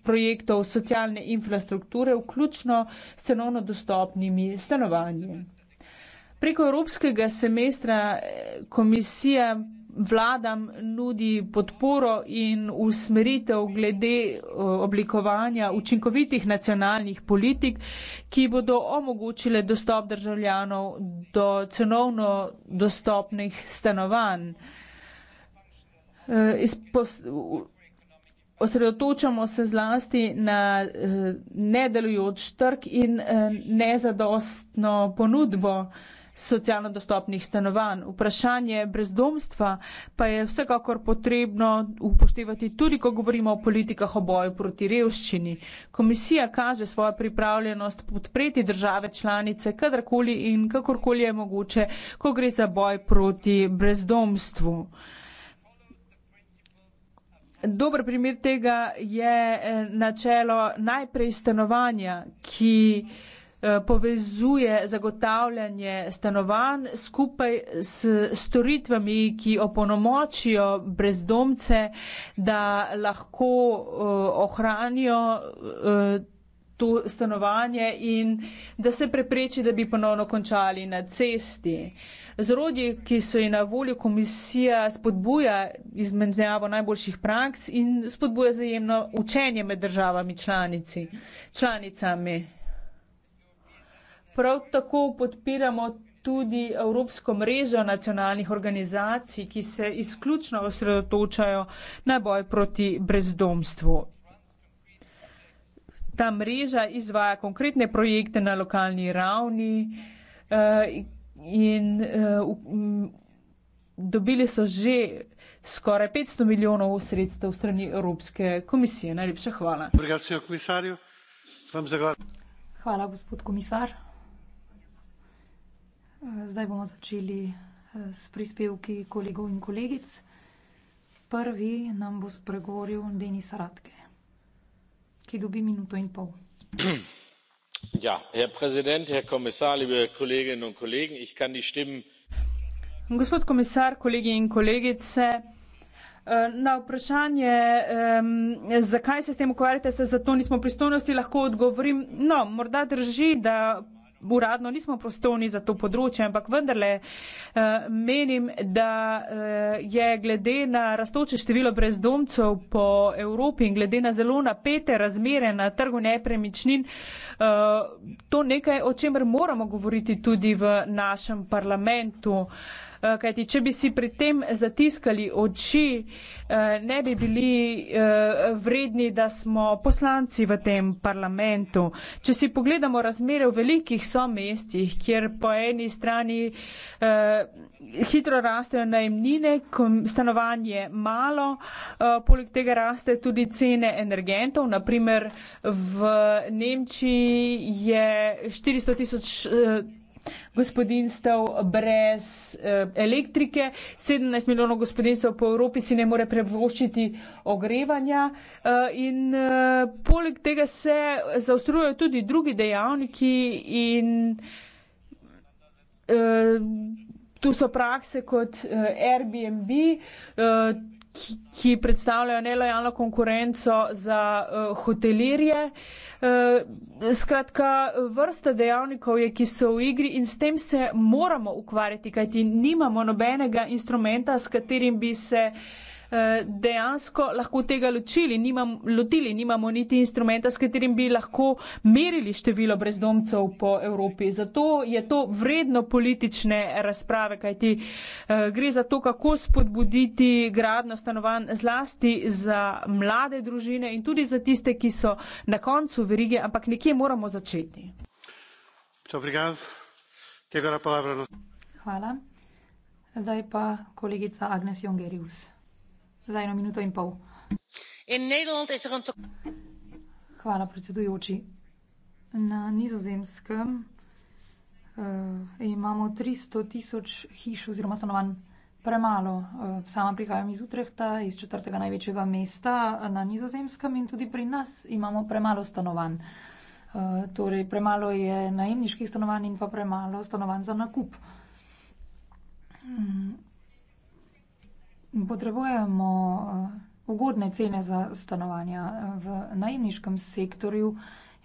projektov socialne infrastrukture, vključno s cenovno dostopnimi stanovanji. Preko evropskega semestra eh, komisija vladam nudi podporo in usmeritev glede eh, oblikovanja učinkovitih nacionalnih politik, ki bodo omogočile dostop državljanov do cenovno dostopnih stanovanj. Eh, osredotočamo se zlasti na eh, nedelujoč trg in nezadostno ponudbo socialno dostopnih stanovanj. Vprašanje brezdomstva pa je vsekakor potrebno upoštevati tudi, ko govorimo o politikah o boju proti revščini. Komisija kaže svojo pripravljenost podpreti države članice kadarkoli in kakorkoli je mogoče, ko gre za boj proti brezdomstvu. Dober primer tega je eh, načelo najprej stanovanja, ki eh, Eh, povezuje zagotavljanje stanovanj skupaj s storitvami, ki opolnomočijo brezdomce, da lahko eh, ohranijo eh, to stanovanje in da se prepreči, da bi ponovno končali na cesti. Z rodi, ki so ji na voljo komisija, spodbuja izmenjavo najboljših praks in spodbuja zajemno učenje med državami članici, članicami. Prav tako podpiramo tudi Evropsko mrežo nacionalnih organizacij, ki se izključno osredotočajo na boj proti brezdomstvu. Ta mreža izvaja konkretne projekte na lokalni ravni eh, in eh, dobili so že skoraj 500 milijonov sredstev strani Evropske komisije. Najlepša hvala. Hvala, gospod komisar. Zdaj bomo začeli eh, s prispevki kolegov in kolegic. Prvi nam bo spregovoril Denis Radke, ki dobi minuto in pol. Ja, herr Präsident, herr Kommissar, liebe Kolleginnen und Kollegen, ich kann die Stimmen. Gospod komisar, kolegi in kolegice, eh, na vprašanje, zakaj se s tem ukvarjate, se za to nismo pristojnosti, lahko odgovorim. No, morda drži, da uradno nismo prostovni za to področje, ampak vendarle eh, menim, da eh, je glede na raztoče število brezdomcev po Evropi in glede na zelo napete razmere na trgu nepremičnin, eh, to nekaj, o čemer moramo govoriti tudi v našem parlamentu. Eh, kajti če bi si pri tem zatiskali oči, eh, ne bi bili eh, vredni, da smo poslanci v tem parlamentu. Če si pogledamo razmere v velikih somestih, kjer po eni strani hitro rastejo najemnine, stanovanje malo, poleg tega raste tudi cene energentov, naprimer v Nemčiji je 400 tisoč gospodinstv brez eh, elektrike, 17 milijonov gospodinstv po Evropi si ne more prevoščiti ogrevanja eh, in eh, poleg tega se zaostrujajo tudi drugi dejavniki in tu so prakse kot Airbnb, tudi ki, ki predstavljajo nelojalno konkurenco za uh, hotelirje. Uh, skratka, vrsta dejavnikov je, ki so v igri in s tem se moramo ukvarjati, kajti nimamo nobenega instrumenta, s katerim bi se uh, Eh, dejansko lahko tega ločili, nimam, lotili, nimamo niti instrumenta, s katerim bi lahko merili število brezdomcev po Evropi. Zato je to vredno politične razprave, kajti eh, gre za to, kako spodbuditi gradno stanovanj zlasti za mlade družine in tudi za tiste, ki so na koncu verige, ampak nekje moramo začeti. No- Hvala. Zdaj pa kolegica Agnes Jongerius za eno minuto in pol. In Nederland is er een Hvala, predsedujoči. Na nizozemskem uh, imamo 300 tisoč hiš oziroma stanovanj premalo. Uh, sama prihajam iz Utrehta, iz četrtega največjega mesta eh, na nizozemskem in tudi pri nas imamo premalo stanovanj. Uh, torej, premalo je najemniških stanovanj in pa premalo stanovanj za nakup. Mm. Potrebujemo eh, ugodne cene za stanovanja. Eh, v najemniškem sektorju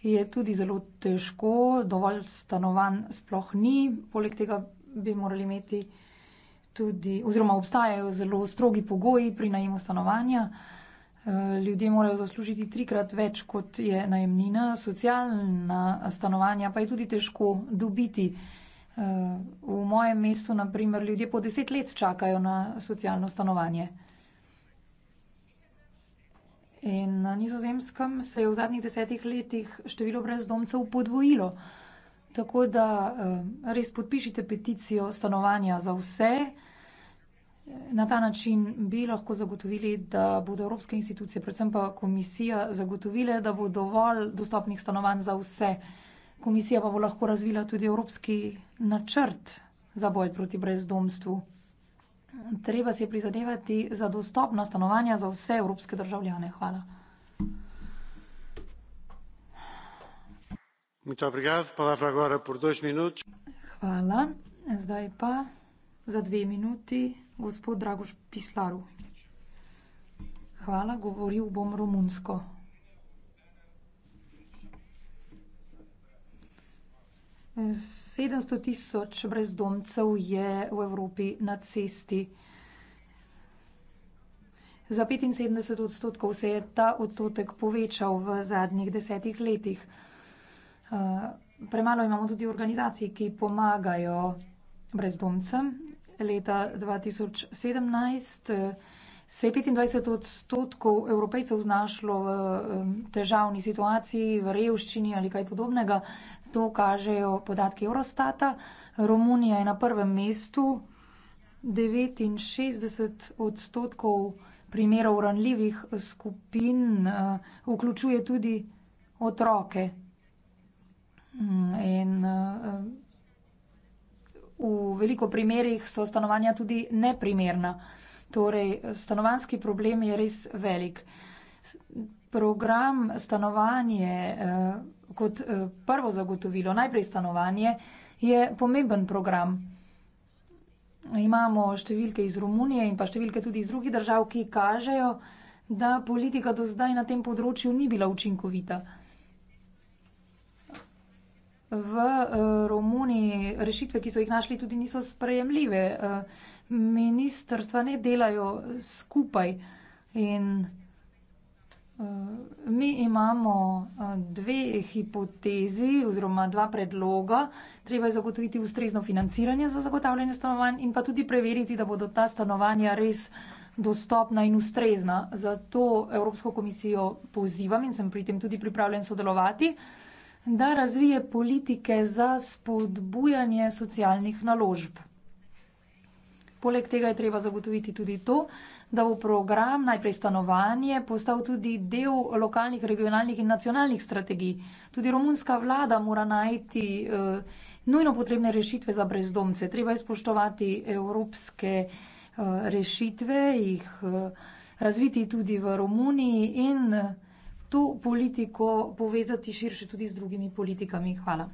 je tudi zelo težko, dovolj stanovanj sploh ni, poleg tega bi morali imeti tudi, oziroma obstajajo zelo strogi pogoji pri najemu stanovanja. Eh, ljudje morajo zaslužiti trikrat več, kot je najemnina, socialna stanovanja pa je tudi težko dobiti. Eh, v mojem mestu, na primer, ljudje po deset let čakajo na socialno stanovanje. In na nizozemskem se je v zadnjih desetih letih število brezdomcev podvojilo. Tako da eh, res podpišite peticijo stanovanja za vse. Na ta način bi lahko zagotovili, da bodo evropske institucije, predvsem pa komisija, zagotovile, da bo dovolj dostopnih stanovanj za vse. Komisija pa bo lahko razvila tudi evropski načrt za boj proti brezdomstvu. Treba si je prizadevati za dostopna stanovanja za vse evropske državljane. Hvala. Hvala. Zdaj pa za dve minuti gospod Dragoš Pislaru. Hvala, govoril bom romunsko. 700 tisoč brezdomcev je v Evropi na cesti. Za 75 odstotkov se je ta odstotek povečal v zadnjih desetih letih. Eh, premalo imamo tudi organizacij, ki pomagajo brezdomcem. Leta 2017 eh, se je 25 odstotkov evropejcev znašlo v eh, težavni situaciji, v revščini ali kaj podobnega. To kažejo podatki Eurostata. Romunija je na prvem mestu. 69 odstotkov primerov ranljivih skupin uh, vključuje tudi otroke. Mm, in uh, v veliko primerjih so stanovanja tudi neprimerna. Torej, stanovanski problem je res velik. Program stanovanje uh, kot eh, prvo zagotovilo, najprej stanovanje, je pomemben program. Imamo številke iz Romunije in pa številke tudi iz drugih držav, ki kažejo, da politika do zdaj na tem področju ni bila učinkovita. V eh, Romuniji rešitve, ki so jih našli, tudi niso sprejemljive. Eh, ministrstva ne delajo skupaj in Eh, mi imamo eh, dve hipotezi oziroma dva predloga. Treba je zagotoviti ustrezno financiranje za zagotavljanje stanovanj in pa tudi preveriti, da bodo ta stanovanja res dostopna in ustrezna. Zato Evropsko komisijo pozivam in sem pri tem tudi pripravljen sodelovati, da razvije politike za spodbujanje socialnih naložb. Poleg tega je treba zagotoviti tudi to, da bo program najprej stanovanje postal tudi del lokalnih, regionalnih in nacionalnih strategij. Tudi romunska vlada mora najti uh, nujno potrebne rešitve za brezdomce. Treba je spoštovati evropske uh, rešitve, jih uh, razviti tudi v Romuniji in to politiko povezati širše tudi z drugimi politikami. Hvala.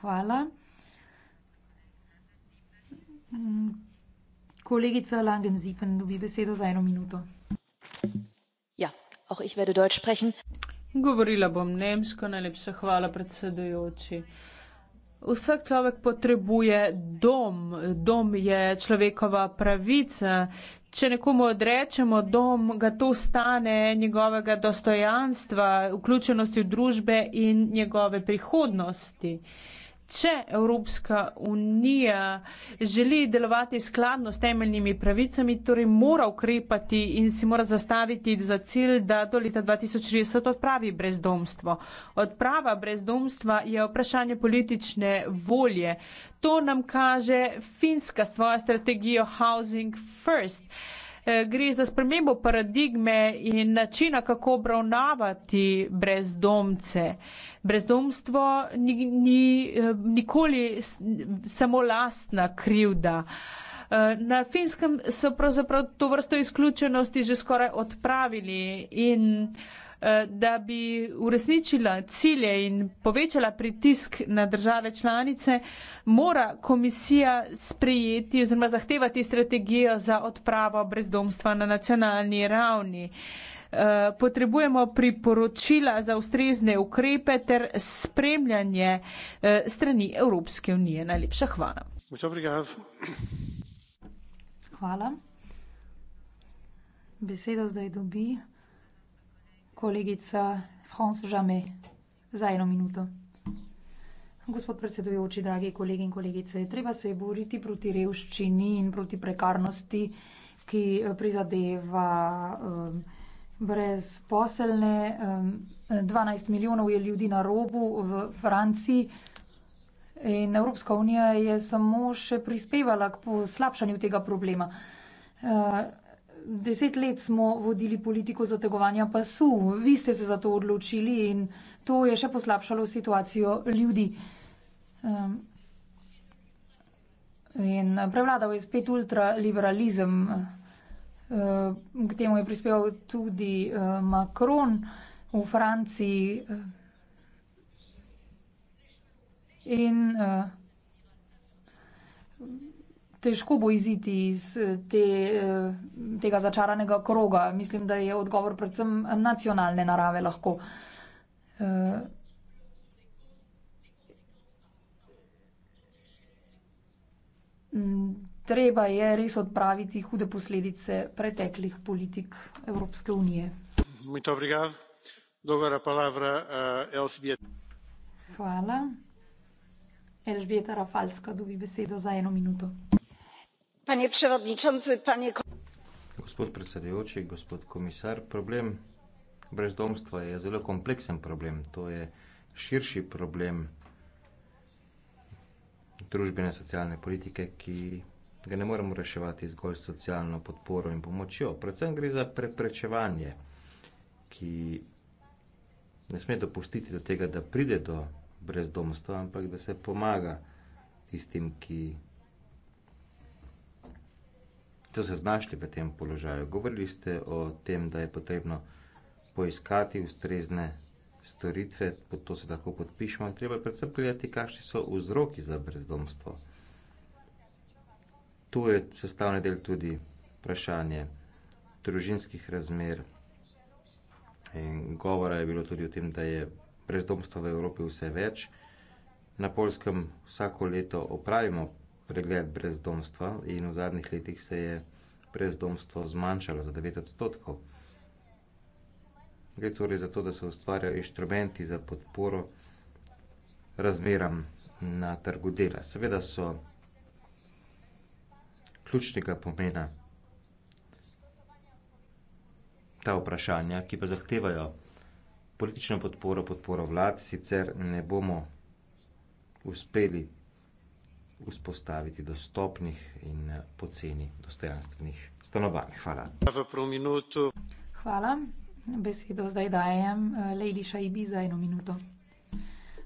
Hvala. Kollegica Langen-Siepen, du bist besedo za eno minuto. Ja, auch ich werde Deutsch sprechen. Govorila bom nemško, najlepša hvala, predsedujoči. Vsak človek potrebuje dom. Dom je človekova pravica. Če nekomu odrečemo dom, ga to stane njegovega dostojanstva, vključenosti v družbe in njegove prihodnosti. Uh, Če Evropska unija želi delovati skladno s temeljnimi pravicami, torej mora ukrepati in si mora zastaviti za cilj, da do leta 2030 odpravi brezdomstvo. Odprava brezdomstva je vprašanje politične volje. To nam kaže finska svojo strategijo Housing First. Eh, gre za spremembo paradigme in načina, kako obravnavati brezdomce. Brezdomstvo ni, ni eh, nikoli samo lastna krivda. Eh, na finskem so pravzaprav to vrsto izključenosti že skoraj odpravili in uh, Eh, da bi uresničila cilje in povečala pritisk na države članice, mora komisija sprejeti oziroma zahtevati strategijo za odpravo brezdomstva na nacionalni ravni. Eh, potrebujemo priporočila za ustrezne ukrepe ter spremljanje eh, strani Evropske unije. Najlepša hvala. Hvala. Besedo zdaj dobi kolegica France Jamais za eno minuto. Gospod predsedujoči, dragi kolegi in kolegice, treba se je boriti proti revščini in proti prekarnosti, ki eh, prizadeva um, brezposelne. Um, eh, 12 milijonov je ljudi na robu v Franciji in Evropska unija je samo še prispevala k slabšanju tega problema. Uh, deset let smo vodili politiko zategovanja pasu, vi ste se za to odločili in to je še poslabšalo situacijo ljudi. Ehm, in prevladal je spet ultraliberalizem. Ehm, k temu je prispeval tudi eh, Macron v Franciji. Ehm, in eh, težko bo iziti iz eh, te, eh, tega začaranega kroga. Mislim, da je odgovor predvsem nacionalne narave lahko. Eh, treba je res odpraviti hude posledice preteklih politik Evropske unije. Hvala. Elžbieta Rafalska dobi besedo za eno minuto gospod predsedujoči, gospod komisar, problem brezdomstva je zelo kompleksen problem, to je širši problem družbene socialne politike, ki ga ne moremo reševati zgolj s socialno podporo in pomočjo. Predvsem gre za preprečevanje, ki ne sme dopustiti do tega, da pride do brezdomstva, ampak da se pomaga tistim, ki so se znašli v tem položaju. Govorili ste o tem, da je potrebno poiskati ustrezne storitve, pod to se lahko podpišemo. Treba je predvsem gledati, kakšni so vzroki za brezdomstvo. Tu je sestavni del tudi vprašanje družinskih razmer. In govora je bilo tudi o tem, da je brezdomstva v Evropi vse več. Na Polskem vsako leto opravimo pregled brezdomstva in v zadnjih letih se je brezdomstvo zmanjšalo za 9 odstotkov. Gre torej za to, da se ustvarjajo inštrumenti za podporo razmeram na trgu dela. Seveda so ključnega pomena ta vprašanja, ki pa zahtevajo politično podporo, podporo vlad, sicer ne bomo uspeli vzpostaviti dostopnih in eh, poceni dostojanstvenih stanovanj. Hvala. Hvala. Besedo zdaj dajem eh, Lejli Šajbi za eno minuto.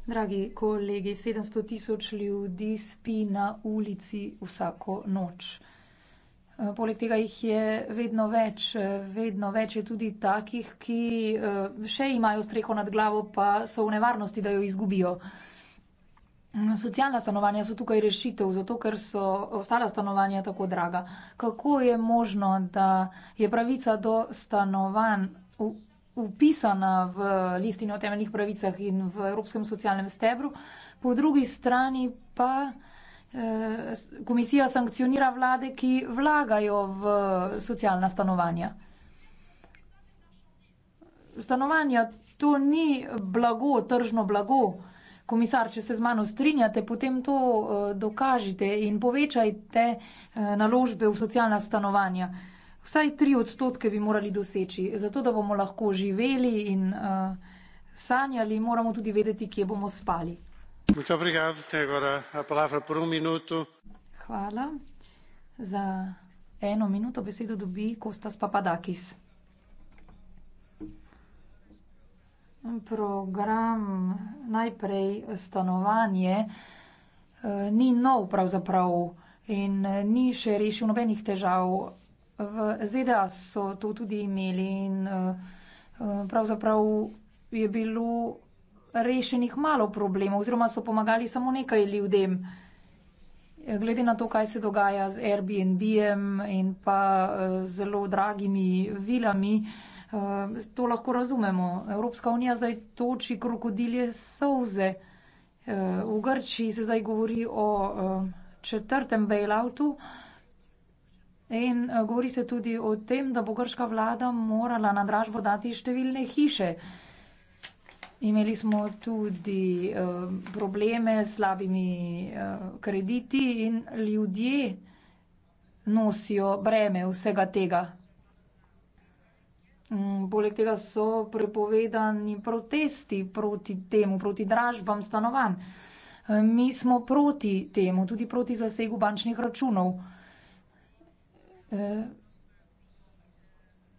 Dragi kolegi, 700 tisoč ljudi spi na ulici vsako noč. Eh, poleg tega jih je vedno več, vedno več je tudi takih, ki še imajo streho nad glavo, pa so v nevarnosti, da jo izgubijo. Socialna stanovanja so tukaj rešitev, zato ker so ostala stanovanja tako draga. Kako je možno, da je pravica do stanovanj upisana v listino o temeljnih pravicah in v Evropskem socialnem stebru, po drugi strani pa eh, komisija sankcionira vlade, ki vlagajo v socialna stanovanja. Stanovanja to ni blago, tržno blago. Komisar, če se z mano strinjate, potem to eh, dokažite in povečajte eh, naložbe v socialna stanovanja. Vsaj tri odstotke bi morali doseči, zato da bomo lahko živeli in uh, sanjali, moramo tudi vedeti, kje bomo spali. Um Hvala. Za eno minuto besedo dobi Kostas Papadakis. Program najprej stanovanje eh, ni nov pravzaprav in eh, ni še rešil nobenih težav. V ZDA so to tudi imeli in eh, pravzaprav je bilo rešenih malo problemov oziroma so pomagali samo nekaj ljudem. Glede na to, kaj se dogaja z Airbnb-em in pa zelo dragimi vilami, Eh, to lahko razumemo. Evropska unija zdaj toči krokodilje solze. Eh, v Grčiji se zdaj govori o eh, četrtem bailoutu in govori se tudi o tem, da bo grška vlada morala na dražbo dati številne hiše. Imeli smo tudi probleme s slabimi krediti in ljudje nosijo breme vsega tega. Mm, poleg tega so prepovedani protesti proti temu, proti dražbam stanovanj. E, mi smo proti temu, tudi proti zasegu bančnih računov. E,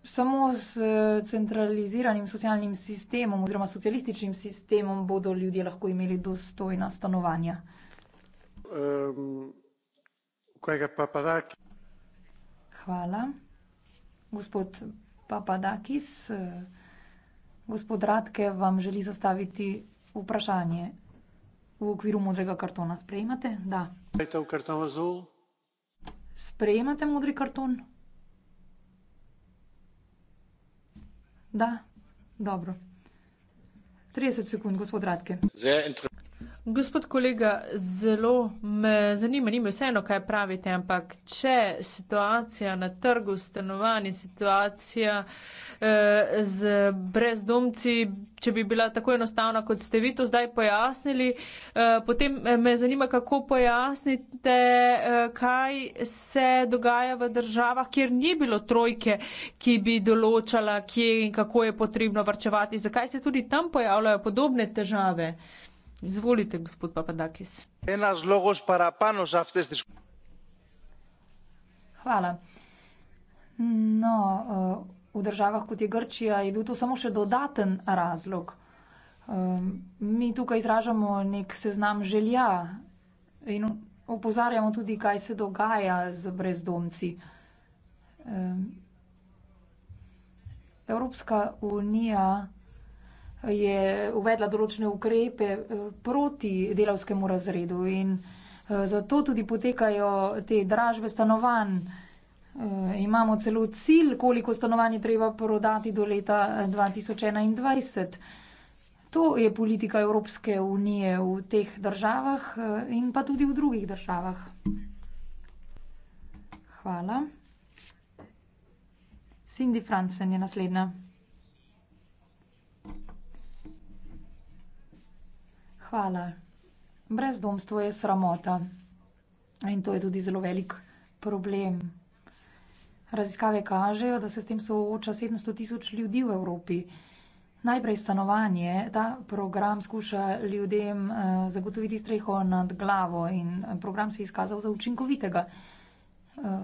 samo s e, centraliziranim socialnim sistemom oziroma socialističnim sistemom bodo ljudje lahko imeli dostojna stanovanja. Hvala. Gospod Papadakis. Eh, gospod Radke vam želi zastaviti vprašanje. V okviru modrega kartona sprejemate? Da. Sprejemate v karton azul? Sprejemate modri karton? Da. Dobro. 30 sekund, gospod Radke. Zelo interesantno. Gospod kolega, zelo me zanima, ni me vseeno, kaj pravite, ampak če situacija na trgu stanovanj, situacija eh, z brezdomci, če bi bila tako enostavna, kot ste vi to zdaj pojasnili, eh, potem me zanima, kako pojasnite, eh, kaj se dogaja v državah, kjer ni bilo trojke, ki bi določala, kje in kako je potrebno varčevati, zakaj se tudi tam pojavljajo podobne težave. Izvolite, gospod Papadakis. Hvala. No, eh, v državah kot je Grčija je bil to samo še dodaten razlog. Eh, mi tukaj izražamo nek seznam želja in opozarjamo tudi, kaj se dogaja z brezdomci. Eh, Evropska unija je uvedla določene ukrepe eh, proti delavskemu razredu in eh, zato tudi potekajo te dražbe stanovanj. Eh, imamo celo cilj, koliko stanovanj je treba prodati do leta 2021. To je politika Evropske unije v teh državah in pa tudi v drugih državah. Hvala. Cindy Fransen je naslednja. Hvala. Brezdomstvo je sramota in to je tudi zelo velik problem. Raziskave kažejo, da se s tem sooča 700 tisoč ljudi v Evropi. Najprej stanovanje. Ta program skuša ljudem eh, zagotoviti streho nad glavo in eh, program se je izkazal za učinkovitega. Eh,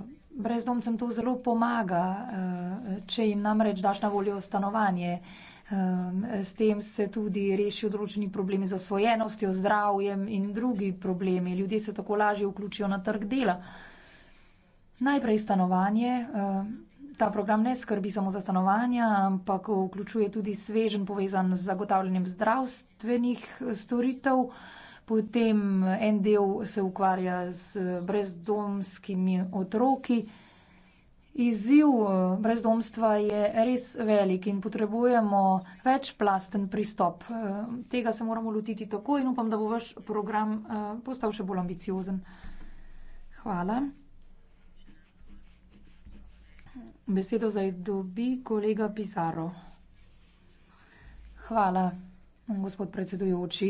brezdomcem to zelo pomaga, če jim namreč daš na voljo stanovanje s tem se tudi reši odročni problemi z osvojenostjo, zdravjem in drugi problemi. Ljudje se tako lažje vključijo na trg dela. Najprej stanovanje. Ta program ne skrbi samo za stanovanja, ampak vključuje tudi svežen povezan z zagotavljanjem zdravstvenih storitev. Potem en del se ukvarja z brezdomskimi otroki. Izziv eh, brezdomstva je res velik in potrebujemo večplasten pristop. Eh, tega se moramo lotiti tako in upam, da bo vaš program eh, postal še bolj ambiciozen. Hvala. Besedo zdaj dobi kolega Pizarro. Hvala, gospod predsedujoči.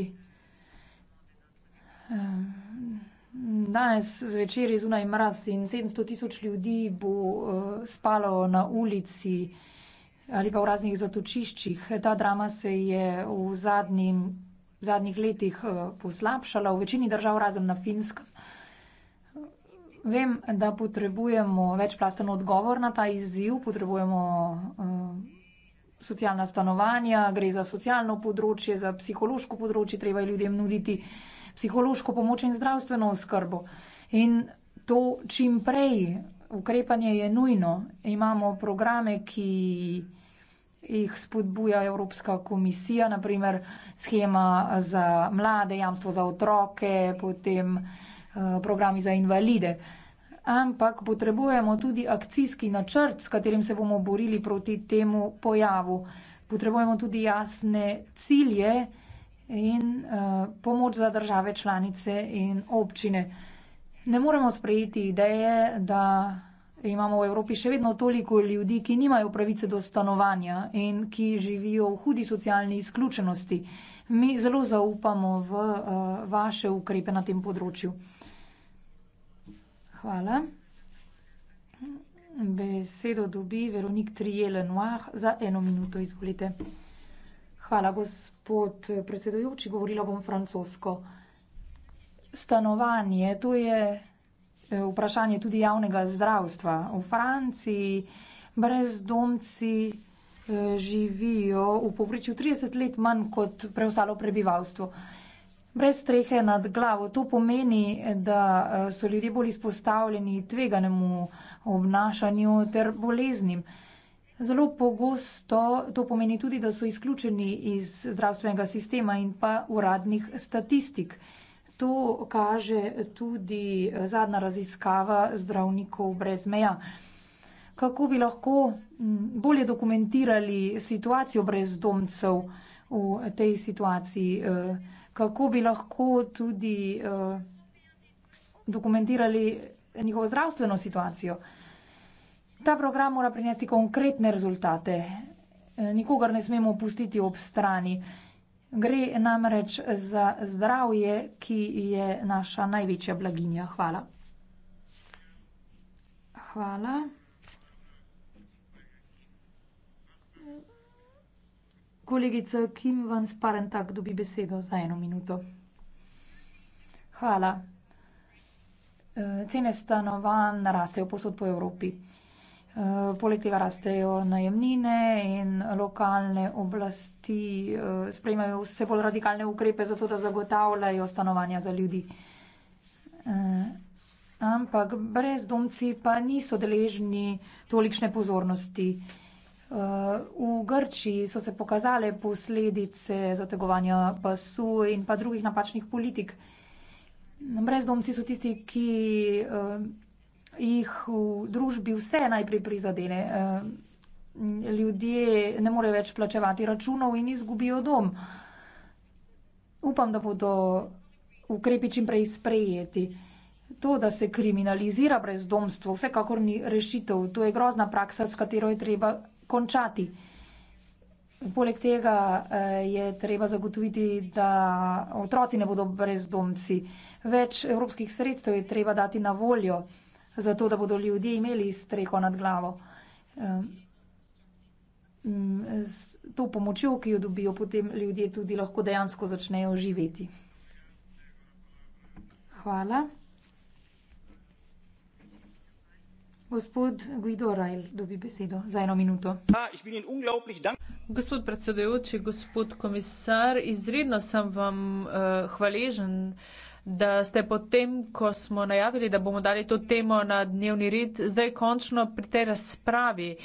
Danes zvečer je zunaj mraz in 700 tisoč ljudi bo eh, spalo na ulici ali pa v raznih zatočiščih. Ta drama se je v zadnjim, zadnjih letih eh, poslabšala, v večini držav razen na Finskem. Vem, da potrebujemo večplasten odgovor na ta izziv, potrebujemo eh, socialna stanovanja, gre za socialno področje, za psihološko področje, treba je ljudem nuditi psihološko pomoč in zdravstveno oskrbo. In to čim prej, ukrepanje je nujno. Imamo programe, ki jih spodbuja Evropska komisija, naprimer schema za mlade, jamstvo za otroke, potem uh, programi za invalide. Ampak potrebujemo tudi akcijski načrt, s katerim se bomo borili proti temu pojavu. Potrebujemo tudi jasne cilje, uh, in uh, pomoč za države članice in občine. Ne moremo sprejeti ideje, da imamo v Evropi še vedno toliko ljudi, ki nimajo pravice do stanovanja in ki živijo v hudi socialni izključenosti. Mi zelo zaupamo v uh, vaše ukrepe na tem področju. Hvala. Besedo dobi Veronik Trijelenoah za eno minuto. Izvolite. Hvala, gospod predsedujoči. Govorila bom francosko. Stanovanje, to je eh, vprašanje tudi javnega zdravstva. V Franciji brezdomci eh, živijo v povprečju trideset let manj kot preostalo prebivalstvo. Brez strehe nad glavo, to pomeni, da eh, so ljudje bolj izpostavljeni tveganemu obnašanju ter boleznim. Zelo pogosto to pomeni tudi, da so izključeni iz zdravstvenega sistema in pa uradnih statistik. To kaže tudi eh, zadnja raziskava zdravnikov brez meja. Kako bi lahko mm, bolje dokumentirali situacijo brezdomcev v tej situaciji? Eh, kako bi lahko tudi eh, dokumentirali njihovo zdravstveno situacijo? Ta program mora prinesti konkretne rezultate. E, nikogar ne smemo pustiti ob strani. Gre namreč za zdravje, ki je naša največja blaginja. Hvala. Hvala. Kolegica Kim Van Sparentak dobi besedo za eno minuto. Hvala. E, cene stanovanj narastejo posod po Evropi. Eh, poleg tega rastejo najemnine in lokalne oblasti eh, sprejmajo vse bolj radikalne ukrepe za to, da zagotavljajo stanovanja za ljudi. Eh, ampak brezdomci pa niso deležni tolikšne pozornosti. V Grčiji so se pokazale posledice zategovanja pasu in pa drugih napačnih politik. Brezdomci so tisti, ki jih v družbi vse najprej prizadene. Eh, ljudje ne morejo več plačevati računov in izgubijo dom. Upam, da bodo ukrepi čim prej sprejeti. To, da se kriminalizira brezdomstvo, vsekakor ni rešitev. To je grozna praksa, s katero je treba končati. Poleg tega eh, je treba zagotoviti, da otroci ne bodo brezdomci. Več evropskih sredstev je treba dati na voljo zato da bodo ljudje imeli streho nad glavo. S to pomočjo, ki jo dobijo, potem ljudje tudi lahko dejansko začnejo živeti. Hvala. Gospod Guido Rajl dobi besedo za eno minuto. Ja, gospod predsedujoči, gospod komisar, izredno sem vam uh, hvaležen da ste potem, ko smo najavili, da bomo dali to temo na dnevni red, zdaj končno pri tej razpravi.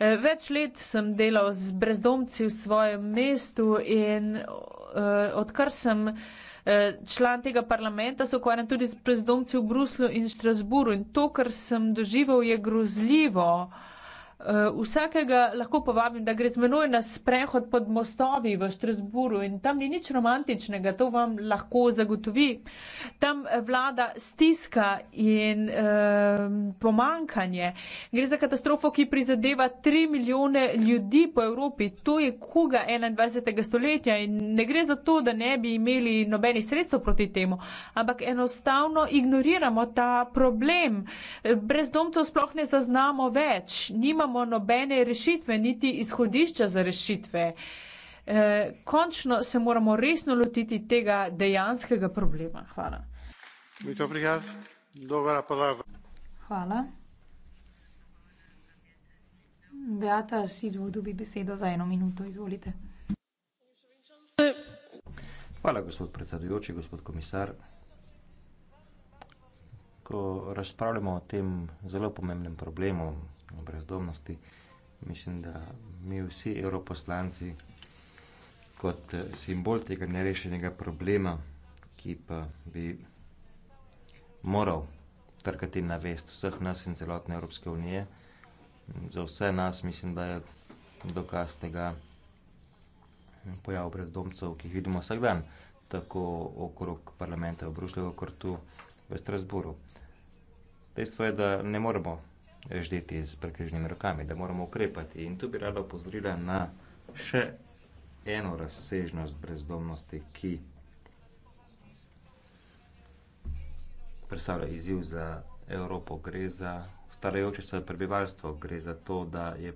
Eh, več let sem delal z brezdomci v svojem mestu in eh, odkar sem eh, član tega parlamenta, se ukvarjam tudi z brezdomci v Bruslu in Štrasburu in to, kar sem doživel, je grozljivo. Eh, vsakega lahko povabim, da gre z menoj na sprehod pod mostovi v Štrasburu in tam ni nič romantičnega, to vam lahko zagotovi. Tam vlada stiska in eh, pomankanje. Gre za katastrofo, ki prizadeva 3 milijone ljudi po Evropi. To je kuga 21. stoletja in ne gre za to, da ne bi imeli nobenih sredstev proti temu, ampak enostavno ignoriramo ta problem. Brezdomcev sploh ne zaznamo več. Nima nimamo nobene rešitve, niti izhodišča za rešitve. E, končno se moramo resno lotiti tega dejanskega problema. Hvala. Hvala. Beata Sidvo dobi besedo za eno minuto, izvolite. Hvala, gospod predsedujoči, gospod komisar. Ko razpravljamo o tem zelo pomembnem problemu brezdomnosti, mislim, da mi vsi europoslanci kot simbol tega nerešenega problema, ki pa bi moral trkati na vest vseh nas in celotne Evropske unije, za vse nas mislim, da je dokaz tega pojav brezdomcev, ki jih vidimo vsak dan, tako okrog parlamenta v Bruslju, kot tu v Strasburu dejstvo je, da ne moremo ždeti z prekrižnimi rokami, da moramo ukrepati. In tu bi rada opozorila na še eno razsežnost brezdomnosti, ki predstavlja izziv za Evropo. Gre za starajoče se prebivalstvo, gre za to, da je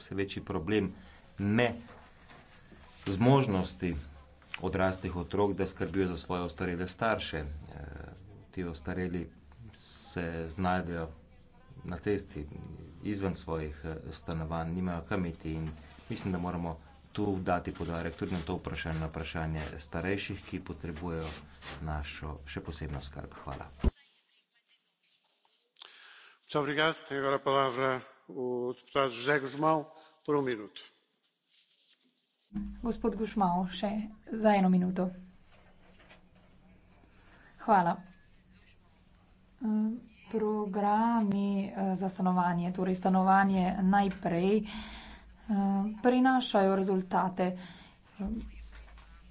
vse večji problem ne zmožnosti odraslih otrok, da skrbijo za svoje ostarele starše. E, ti ostareli se znajdejo na cesti, izven svojih eh, stanovanj, nimajo kam iti. In mislim, da moramo tu dati podarek tudi na to vprašanje, na vprašanje starejših, ki potrebujejo našo še posebno skrb. Hvala. Um Gospod Gušmal, še za eno minuto. Hvala programi eh, za stanovanje, torej stanovanje najprej, eh, prinašajo rezultate.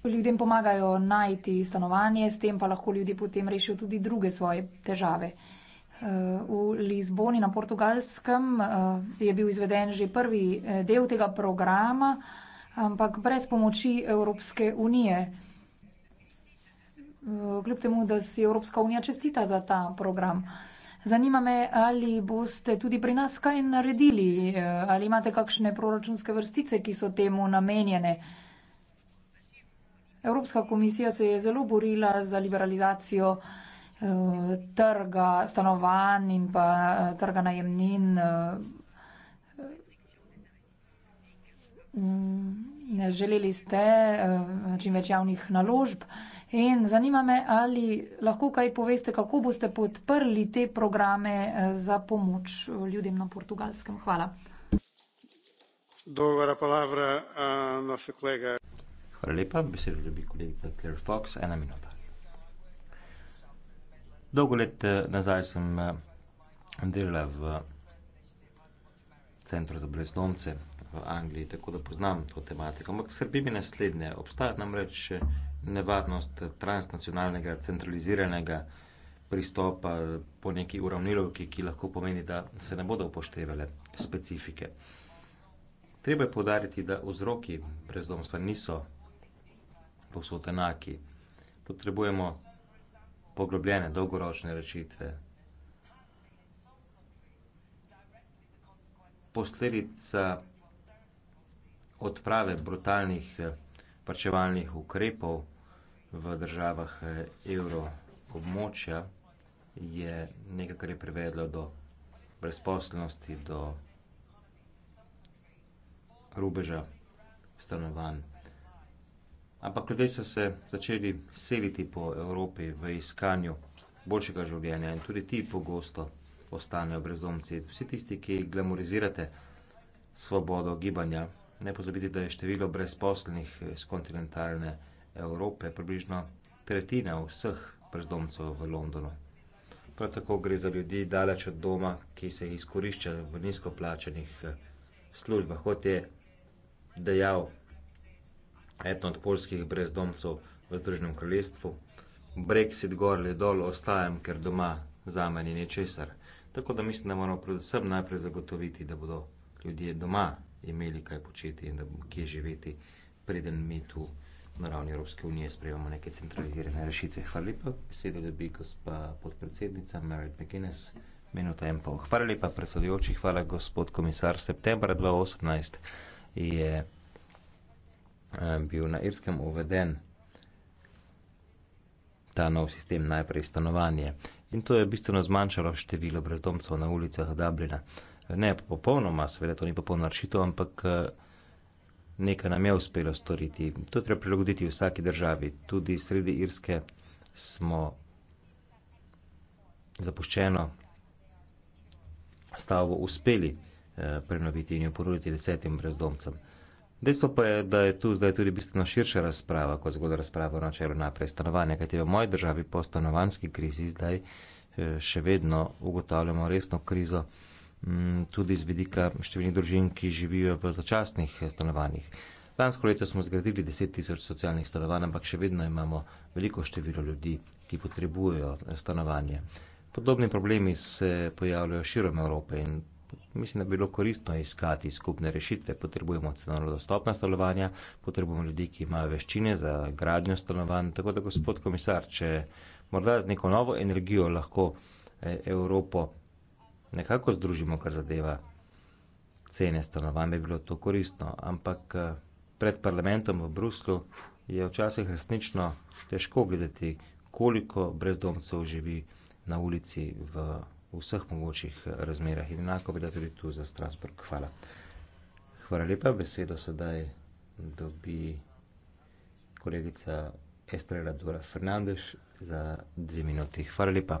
Ljudem pomagajo najti stanovanje, s tem pa lahko ljudje potem rešijo tudi druge svoje težave. Eh, v Lizboni na portugalskem je bil izveden že prvi del tega programa, ampak brez pomoči Evropske unije kljub temu, da si Evropska unija čestita za ta program. Zanima me, ali boste tudi pri nas kaj naredili, ali imate kakšne proračunske vrstice, ki so temu namenjene. Evropska komisija se je zelo borila za liberalizacijo eh, trga stanovanj in pa eh, trga najemnin. Eh, mm, želeli ste čim več javnih naložb. In zanima me, ali lahko kaj poveste, kako boste podprli te programe eh, za pomoč eh, ljudem na portugalskem. Hvala. Dobra palavra, eh, nosso kolega. Hvala lepa, besedo dobi kolegica Claire Fox, ena minuta. Dolgo let nazaj sem delala v centru za brezdomce v Angliji, tako da poznam to tematiko. Ampak skrbi mi naslednje. Obstaja namreč nevarnost transnacionalnega, centraliziranega pristopa po neki uravnilovki, ki lahko pomeni, da se ne bodo upoštevale specifike. Treba je podariti, da vzroki brezdomstva niso povsod enaki. Potrebujemo poglobljene, dolgoročne rešitve. Posledica odprave brutalnih eh, vrčevalnih ukrepov v državah eh, evroobmočja, je nekaj, kar je privedlo do brezposelnosti, do rubeža stanovanj. Ampak ljudje so se začeli seliti po Evropi v iskanju boljšega življenja in tudi ti pogosto ostanejo brezdomci. Vsi tisti, ki glamorizirate svobodo gibanja, ne pozabite, da je število brezposelnih iz kontinentalne Evrope. Evrope približno tretjina vseh brezdomcev v Londonu. Prav tako gre za ljudi daleč od doma, ki se jih izkorišča v nizkoplačenih eh, službah, kot je dejal eden od polskih brezdomcev v Združenem kraljestvu. Brexit gor ali dol ostajam, ker doma za me ni česar. Tako da mislim, da moramo predvsem najprej zagotoviti, da bodo ljudje doma imeli kaj početi in da bomo kje živeti, preden mi tu na ravni Evropske unije sprejemamo neke centralizirane rešitve. Hvala lepa, besedo dobi gospa podpredsednica Mary McGuinness, minuta in pol. Hvala lepa, predsedujoči, hvala gospod komisar. Septembra 2018 je eh, bil na Irskem uveden ta nov sistem, najprej stanovanje. In to je bistveno zmanjšalo število brezdomcev na ulicah Dublina. Ne popolnoma, seveda to ni popolno rešitev, ampak eh, nekaj nam je uspelo storiti. To treba prilagoditi vsaki državi. Tudi sredi Irske smo zapuščeno stavbo uspeli eh, prenoviti in jo ponuditi desetim brezdomcem. Dejstvo pa je, da je tu zdaj tudi bistveno širša razprava, kot zgodaj razprava o načelu naprej stanovanja, kajti v moji državi po stanovanski krizi zdaj eh, še vedno ugotavljamo resno krizo. Mm, tudi z vidika številnih družin, ki živijo v začasnih stanovanjih. Lansko leto smo zgradili 10 tisoč socialnih stanovanj, ampak še vedno imamo veliko število ljudi, ki potrebujejo stanovanje. Podobni problemi se pojavljajo širom Evrope in mislim, da bi bilo koristno iskati skupne rešitve. Potrebujemo cenovno dostopna stanovanja, potrebujemo ljudi, ki imajo veščine za gradnjo stanovanj. Tako da, gospod komisar, če morda z neko novo energijo lahko eh, Evropo nekako združimo, kar zadeva cene stanovanj, bi bilo to koristno. Ampak eh, pred parlamentom v Bruslu je včasih resnično težko gledeti, koliko brezdomcev živi na ulici v vseh mogočih eh, razmerah. In enako velja tudi tu za Strasburg. Hvala. Hvala lepa. Besedo sedaj dobi kolegica Estrela Dura Fernandez za dve minuti. Hvala lepa.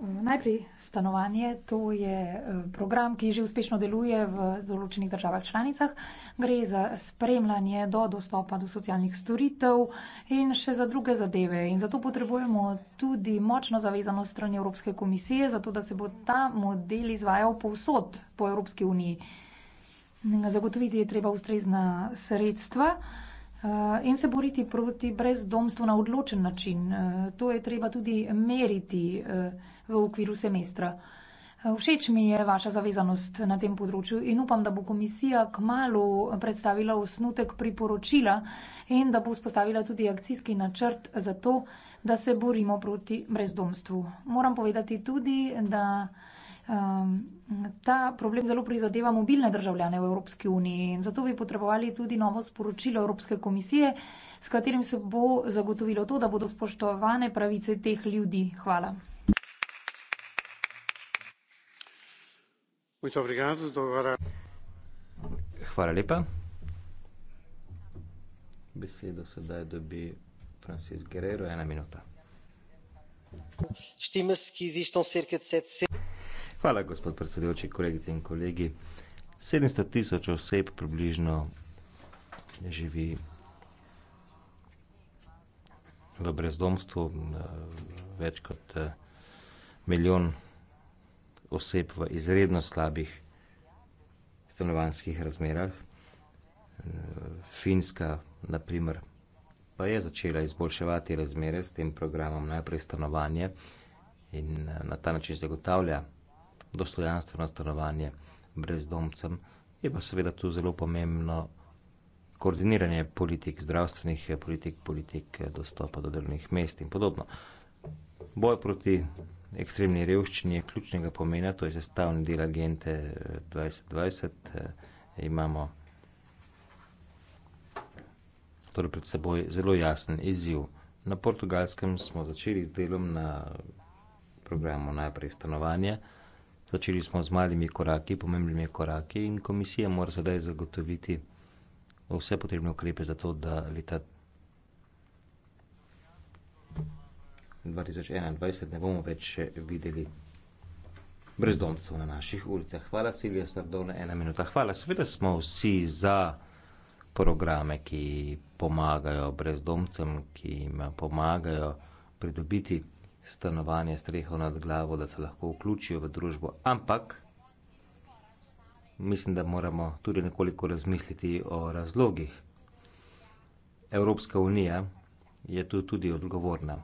Najprej stanovanje. To je eh, program, ki že uspešno deluje v določenih državah članicah. Gre za spremljanje do dostopa do socialnih storitev in še za druge zadeve. In zato potrebujemo tudi močno zavezano strani Evropske komisije, zato da se bo ta model izvajal povsod po Evropski uniji. Zagotoviti je treba ustrezna sredstva. Eh, in se boriti proti brezdomstvu na odločen način. Eh, to je treba tudi meriti v okviru semestra. Eh, všeč mi je vaša zavezanost na tem področju in upam, da bo komisija kmalu predstavila osnutek priporočila in da bo vzpostavila tudi akcijski načrt za to, da se borimo proti brezdomstvu. Moram povedati tudi, da, ehm, ta problem zelo prizadeva mobilne državljane v Evropski uniji in zato bi potrebovali tudi novo sporočilo Evropske komisije, s katerim se bo zagotovilo to, da bodo spoštovane pravice teh ljudi. Hvala. Hvala lepa. Besedo sedaj dobi Francis Guerrero, ena minuta. Hvala, gospod predsedujoči, kolegice in kolegi. Sedemsto tisoč oseb približno živi v brezdomstvu, eh, več kot, eh, milijon oseb v izredno slabih stanovanjskih razmerah. Finska, naprimer, pa je začela izboljševati razmere s tem programom najprej stanovanje in na ta način zagotavlja dostojanstveno stanovanje brezdomcem. Je pa seveda tu zelo pomembno koordiniranje politik, zdravstvenih politik, politik dostopa do delovnih mest in podobno. Boj proti ekstremni revščini je ključnega pomena, to je sestavni del agente 2020. Eh, eh, imamo torej pred seboj zelo jasen izziv. Na portugalskem smo začeli z delom na programu najprej stanovanja. Začeli smo z malimi koraki, pomembnimi koraki in komisija mora sedaj zagotoviti vse potrebne ukrepe za to, da leta 2021 ne bomo več eh, videli brezdomcev na naših ulicah. Hvala, Silvija Sardone, ena minuta. Hvala, seveda smo vsi za programe, ki pomagajo brezdomcem, ki jim pomagajo pridobiti stanovanje streho nad glavo, da se lahko vključijo v družbo. Ampak mislim, da moramo tudi nekoliko razmisliti o razlogih. Evropska unija je tu tudi odgovorna.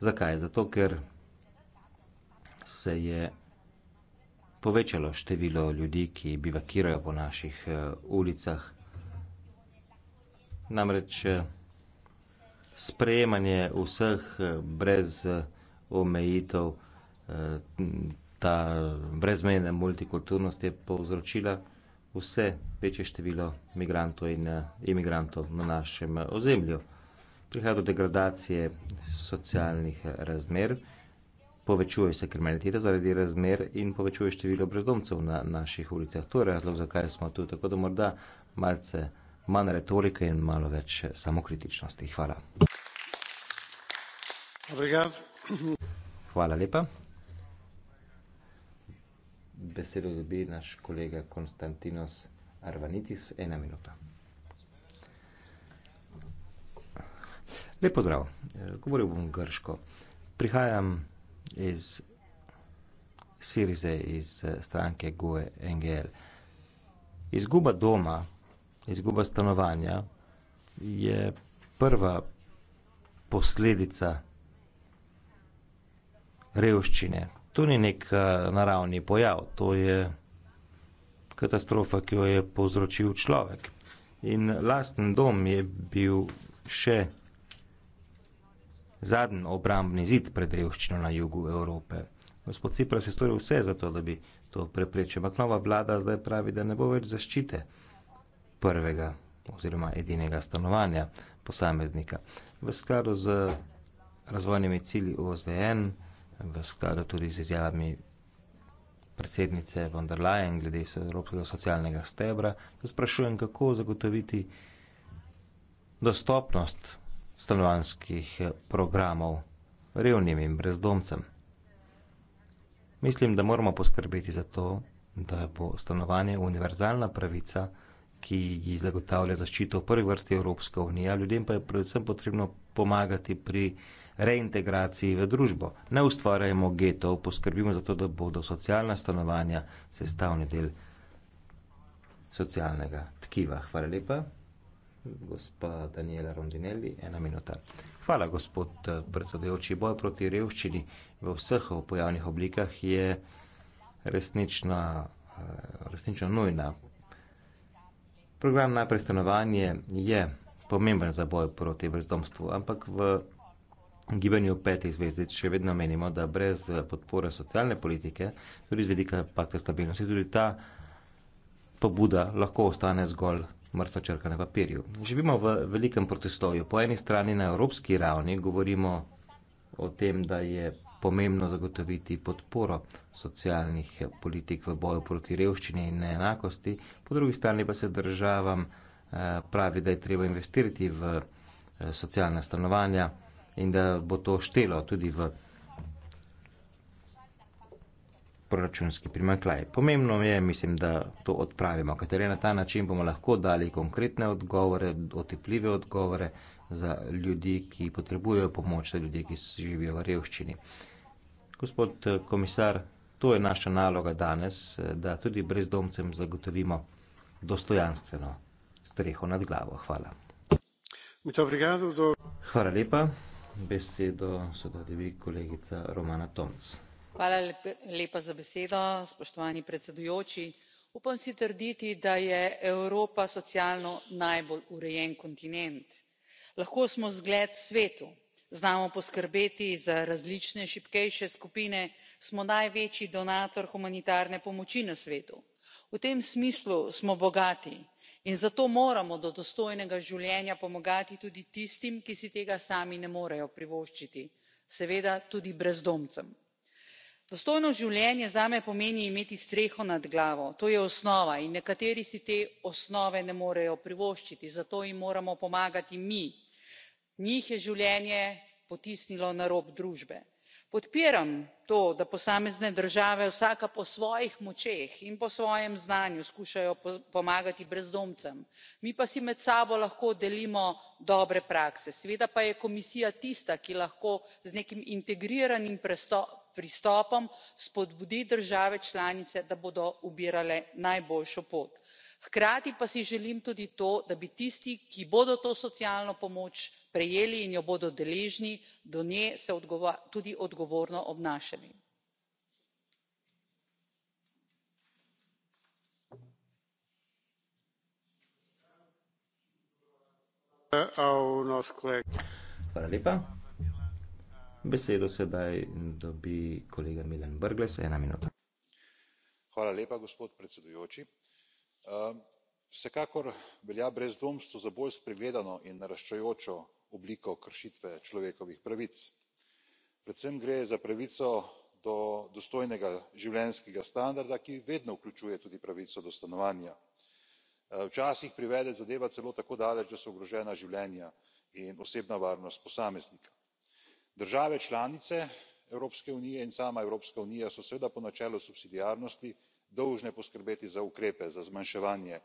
Zakaj? Zato, ker se je povečalo število ljudi, ki bivakirajo po naših eh, ulicah. Namreč eh, sprejemanje vseh eh, brez omejitev, ta brezmejna multikulturnost je povzročila vse večje število migrantov in imigrantov na našem ozemlju prihaja do degradacije socialnih razmer, povečuje se kriminaliteta zaradi razmer in povečuje število brezdomcev na naših ulicah. To je razlog, zakaj smo tu, tako da morda malce manj retorike in malo več samokritičnosti. Hvala. Hvala lepa. Besedo dobi naš kolega Konstantinos Arvanitis, ena minuta. Lepo zdrav, eh, govoril bom grško. Prihajam iz Sirize, iz eh, stranke Goe NGL. Izguba doma, izguba stanovanja je prva posledica revščine. To ni nek eh, naravni pojav, to je katastrofa, ki jo je povzročil človek. In lasten dom je bil še zadnji obrambni zid pred revščino na jugu Evrope. Gospod Cipras je storil vse za to, da bi to preprečil, ampak nova vlada zdaj pravi, da ne bo več zaščite prvega oziroma edinega stanovanja posameznika. V skladu z razvojnimi cilji OZN, v skladu tudi z izjavami predsednice von der Leyen glede Evropskega socialnega stebra, sprašujem, kako zagotoviti dostopnost stanovanjskih eh, programov revnim in brezdomcem. Mislim, da moramo poskrbeti za to, da bo stanovanje univerzalna pravica, ki ji zagotavlja zaščito v prvi vrsti Evropska unija, ljudem pa je predvsem potrebno pomagati pri reintegraciji v družbo. Ne ustvarjajmo getov, poskrbimo za to, da bodo socialna stanovanja sestavni del socialnega tkiva. Hvala lepa gospa Daniela Rondinelli, ena minuta. Hvala, gospod eh, predsedujoči. Boj proti revščini v vseh pojavnih oblikah je resnična, eh, resnično nujna. Program najprej stanovanje je pomemben za boj proti brezdomstvu, ampak v gibanju petih zvezdic še vedno menimo, da brez eh, podpore socialne politike, tudi z vedika pakta stabilnosti, tudi ta pobuda lahko ostane zgolj mrtva črka na papirju. Živimo v velikem protestoju. Po eni strani na evropski ravni govorimo o tem, da je pomembno zagotoviti podporo socialnih politik v boju proti revščini in neenakosti, po drugi strani pa se državam eh, pravi, da je treba investirati v eh, socialna stanovanja in da bo to štelo tudi v proračunski primanjkljaj. Pomembno je, mislim, da to odpravimo, ker na ta način bomo lahko dali konkretne odgovore, otepljive odgovore za ljudi, ki potrebujejo pomoč, za ljudi, ki živijo v revščini. Gospod eh, komisar, to je naša naloga danes, eh, da tudi brezdomcem zagotovimo dostojanstveno streho nad glavo. Hvala. Hvala lepa. Besedo so dodali kolegica Romana Tomc hvala lepa za besedo spoštovani predsedujoči upam si trditi da je evropa socialno najbolj urejen kontinent lahko smo zgled svetu znamo poskrbeti za različne šibkejše skupine smo največji donator humanitarne pomoči na svetu v tem smislu smo bogati in zato moramo do dostojnega življenja pomagati tudi tistim ki si tega sami ne morejo privoščiti seveda tudi brezdomcem dostojno življenje zame pomeni imeti streho nad glavo to je osnova in nekateri si te osnove ne morejo privoščiti zato jim moramo pomagati mi njih je življenje potisnilo na rob družbe podpiram to da posamezne države vsaka po svojih močeh in po svojem znanju skušajo pomagati brezdomcem mi pa si med sabo lahko delimo dobre prakse seveda pa je komisija tista ki lahko z nekim integriranim pristopom spodbudi države članice da bodo ubirale najboljšo pot hkrati pa si želim tudi to da bi tisti ki bodo to socialno pomoč prejeli in jo bodo deležni do nje se tudi odgovorno obnašali. hvala lepa gospod predsedujoči. Ehm, vsekakor velja brezdomstvo za bolj spregledano in naraščajočo obliko kršitve človekovih pravic. predvsem gre za pravico do dostojnega življenjskega standarda ki vedno vključuje tudi pravico do stanovanja. Ehm, včasih privede zadeva celo tako daleč da so ogrožena življenja in osebna varnost posameznika. države članice evropske unije in sama evropska unija so seveda po načelu subsidiarnosti dolžne poskrbeti za ukrepe za zmanjševanje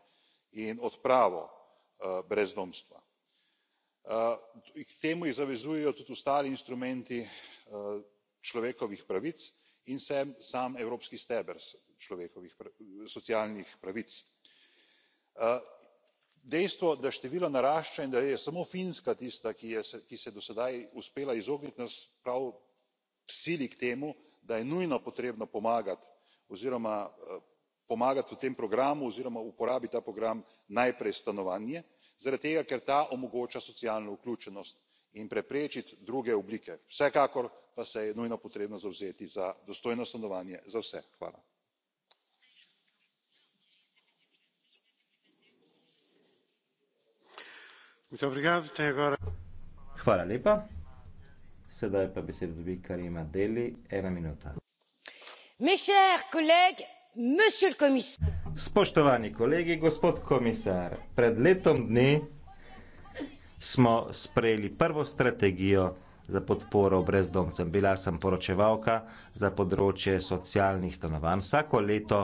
in odpravo eh, brezdomstva. Eh, k temu jih zavezujejo tudi ostali instrumenti eh, človekovih pravic in sam evropski steber socialnih pravic. dejstvo da število narašča in da je samo finska tista ki se je do sedaj uspela izogniti nas prav sili k temu da je nujno potrebno pomagati oziroma eh, pomagati v tem programu oziroma uporabiti ta program najprej stanovanje zaradi tega ker ta omogoča socialno vključenost in preprečiti druge oblike vsekakor pa se je nujno potrebno zavzeti za dostojno stanovanje za vse spoštovani kolegi gospod komisar pred letom dni smo sprejeli prvo strategijo za podporo brezdomcem bila sem poročevalka za področje socialnih stanovanj vsako leto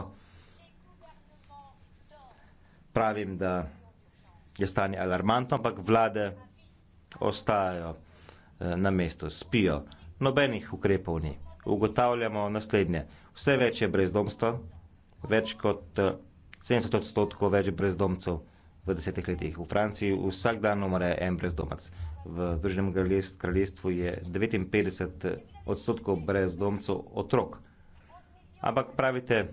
pravim da je stanje alarmantno ampak vlade ostajajo eh, na mestu spijo nobenih ukrepov ni ugotavljamo naslednje vse več je brezdomstva, več kot 70 eh, odstotkov več brezdomcev v desetih letih. V Franciji vsak dan umre en brezdomac. V Združenem kraljestvu je 59 eh, odstotkov brezdomcev otrok. Ampak pravite,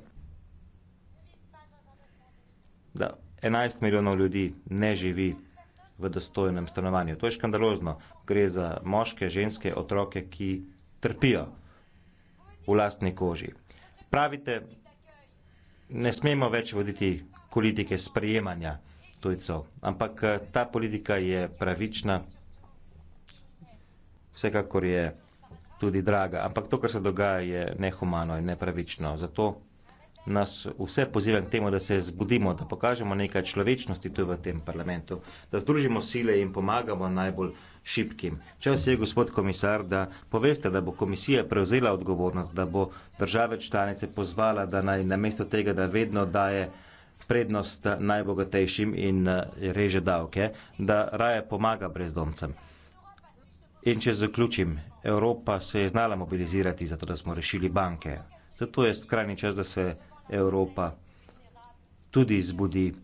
da 11 milijonov ljudi ne živi v dostojnem stanovanju. To je škandalozno. Gre za moške, ženske, otroke, ki trpijo v lastni koži. Pravite, ne smemo več voditi politike sprejemanja tujcev, ampak eh, ta politika je pravična, vsekakor je tudi draga. Ampak to, kar se dogaja, je nehumano in nepravično. Zato nas vse pozivam k temu, da se zbudimo, da pokažemo nekaj človečnosti tu v tem parlamentu, da združimo sile in pomagamo najbolj šipkim. Čas je, gospod komisar, da poveste, da bo komisija prevzela odgovornost, da bo države članice pozvala, da naj namesto tega, da vedno daje prednost najbogatejšim in eh, reže davke, da raje pomaga brezdomcem. In če zaključim, Evropa se je znala mobilizirati zato, da smo rešili banke. Zato je skrajni čas, da se Evropa tudi zbudi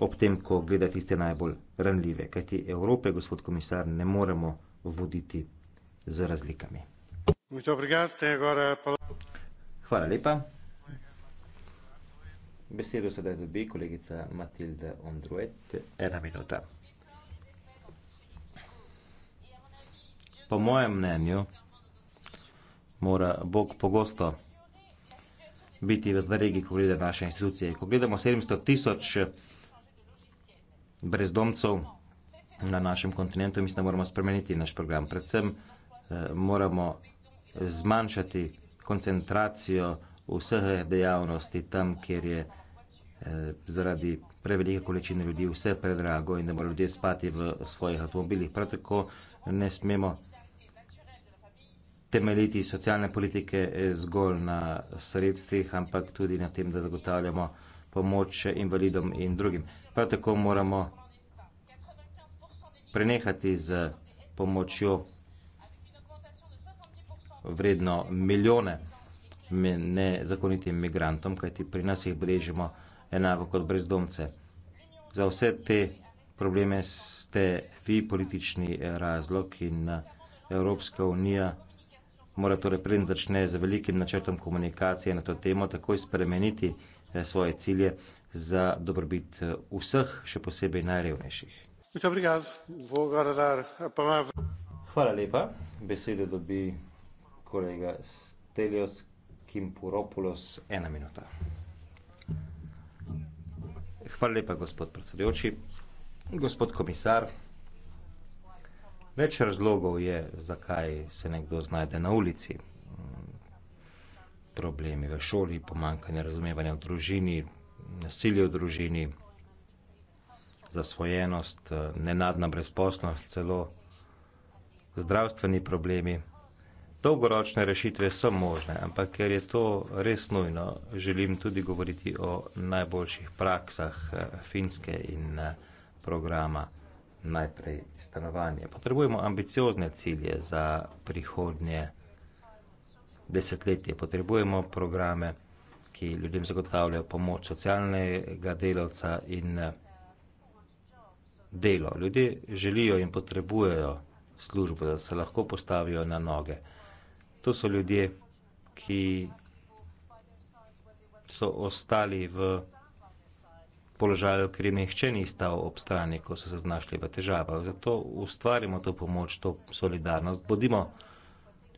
ob tem, ko gleda tiste najbolj ranljive. Kajti Evrope, gospod komisar, ne moremo voditi z razlikami. Hvala lepa. Besedo sedaj dobi kolegica Matilde Ondruet. Ena minuta. Po mojem mnenju mora Bog pogosto biti v zaregi, ko glede naše institucije. Ko gledamo 700 tisoč brezdomcev na našem kontinentu, mislim, da moramo spremeniti naš program. Predvsem eh, moramo zmanjšati koncentracijo vseh dejavnosti tam, kjer je eh, zaradi prevelike količine ljudi vse predrago in da morajo ljudje spati v svojih avtomobilih. Prav tako ne smemo temeljiti socialne politike eh, zgolj na sredstvih, ampak tudi na tem, da zagotavljamo pomoč invalidom in drugim. Prav tako moramo prenehati z pomočjo vredno milijone nezakonitim migrantom, kajti pri nas jih beležimo enako kot brezdomce. Za vse te probleme ste vi politični razlog in Evropska unija mora torej preden začne z velikim načrtom komunikacije na to temo, takoj spremeniti eh, svoje cilje za dobrobit eh, vseh, še posebej najrevnejših. Hvala lepa. Besedo dobi kolega Stelios Kimpuropoulos, ena minuta. Hvala lepa, gospod predsedujoči. Gospod komisar, Več razlogov je, zakaj se nekdo znajde na ulici. Problemi v šoli, pomankanje razumevanja v družini, nasilje v družini, zasvojenost, nenadna brezposnost, celo zdravstveni problemi. Dolgoročne rešitve so možne, ampak ker je to res nujno, želim tudi govoriti o najboljših praksah eh, finske in eh, programa najprej stanovanje. Potrebujemo ambiciozne cilje za prihodnje desetletje. Potrebujemo programe, ki ljudem zagotavljajo pomoč socialnega delavca in delo. Ljudje želijo in potrebujejo službo, da se lahko postavijo na noge. To so ljudje, ki so ostali v položaju, ker jim nihče ni stal ob strani, ko so se znašli v težavah. Zato ustvarimo to pomoč, to solidarnost, bodimo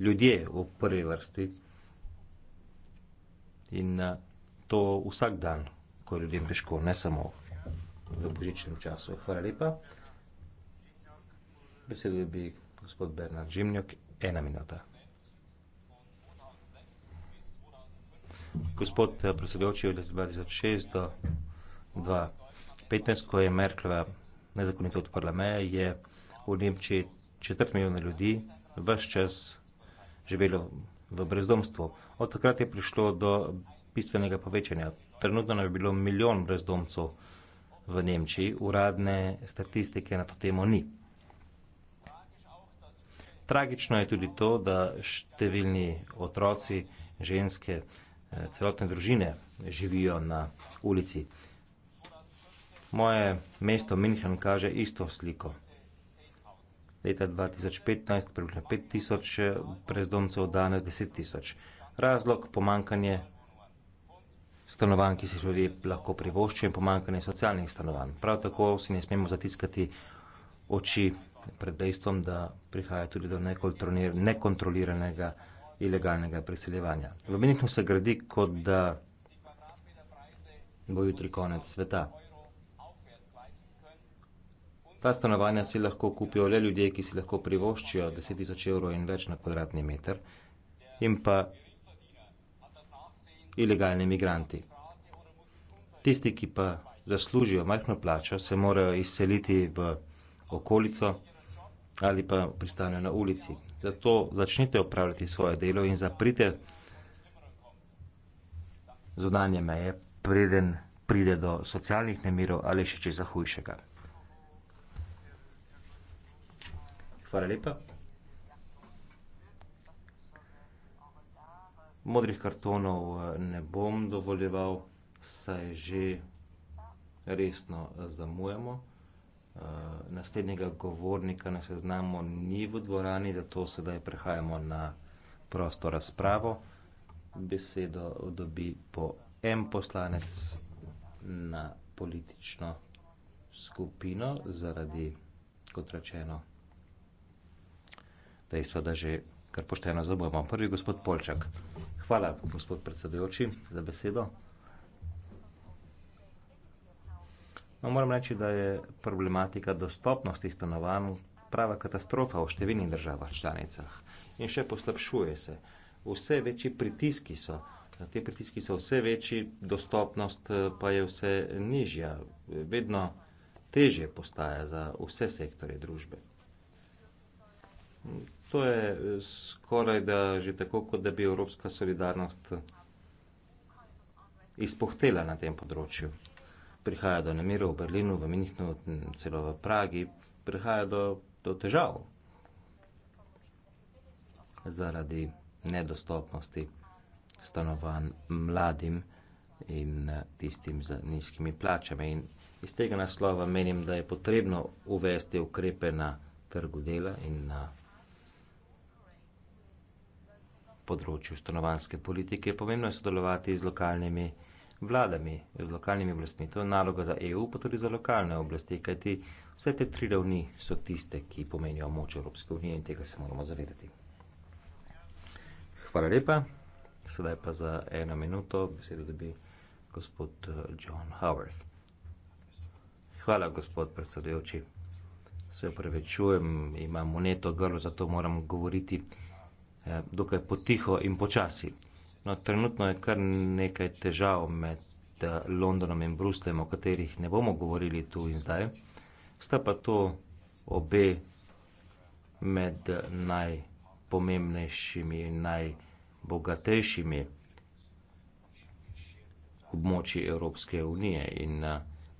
ljudje v prvi vrsti in eh, to vsak dan, ko ljudem težko, ne samo v božičnem času. Hvala lepa. Besedo bi gospod Bernard Žimljok, ena minuta. Gospod eh, predsedujoči od 2006 do 2015, ko je Merklova nezakonito odprla meje, je v Nemčiji četrt milijona ljudi vse čas živelo v brezdomstvu. Od takrat je prišlo do bistvenega povečanja. Trenutno je bilo milijon brezdomcev v Nemčiji, uradne statistike na to temo ni. Tragično je tudi to, da številni otroci, ženske, eh, celotne družine živijo na ulici moje mesto minhen kaže isto sliko leta 2015 približno 5000 brezdomcev danes 10000 razlog pomankanje stanovanj ki se ljudje lahko privoščijo in pomankanje socialnih stanovanj prav tako si ne smemo zatiskati oči pred dejstvom da prihaja tudi do nekontroliranega ilegalnega preseljevanja v minhenu se gradi kot da bo jutri konec sveta Ta stanovanja si lahko kupijo le ljudje, ki si lahko privoščijo 10.000 evrov in več na kvadratni meter, in pa ilegalni imigranti. Tisti, ki pa zaslužijo majhno plačo, se morajo izseliti v okolico ali pa pristanejo na ulici. Zato začnite opravljati svoje delo in zaprite zunanje meje, preden pride do socialnih nemirov ali še česa hujšega. Hvala lepa. Modrih kartonov eh, ne bom dovoljeval, saj že resno zamujamo. Eh, naslednjega govornika na seznamu ni v dvorani, zato sedaj prehajamo na prosto razpravo. Besedo dobi po en poslanec na politično skupino zaradi, kot rečeno, dejstvo, da že kar pošteno zabavamo. Prvi gospod Polčak. Hvala, gospod predsedujoči, za besedo. No, moram reči, da je problematika dostopnosti stanovanj prava katastrofa v številnih državah članicah in še poslabšuje se. Vse večji pritiski so, te pritiski so vse večji, dostopnost eh, pa je vse nižja, vedno težje postaja za vse sektorje družbe. To je eh, skoraj da že tako, kot da bi evropska solidarnost eh, izpohtela na tem področju. Prihaja do nemirov v Berlinu, v Minhnu, celo v Pragi, prihaja do, do težav zaradi nedostopnosti stanovanj mladim in eh, tistim z nizkimi plačami. In iz tega naslova menim, da je potrebno uvesti ukrepe na trgu dela in na področju stanovanske politike, pomembno je sodelovati z lokalnimi vladami, z lokalnimi oblastmi. To je naloga za EU, pa tudi za lokalne oblasti, kajti vse te tri ravni so tiste, ki pomenijo moč Evropske unije in tega se moramo zavedati. Hvala lepa. Sedaj pa za eno minuto besedo dobi gospod eh, John Howard. Hvala, gospod predsedujoči. Se upravičujem, imam moneto grlo, zato moram govoriti. Eh, dokaj potiho in počasi. No, trenutno je kar nekaj težav med eh, Londonom in Brustem, o katerih ne bomo govorili tu in zdaj. Sta pa to obe med eh, najpomembnejšimi in najbogatejšimi območji Evropske unije in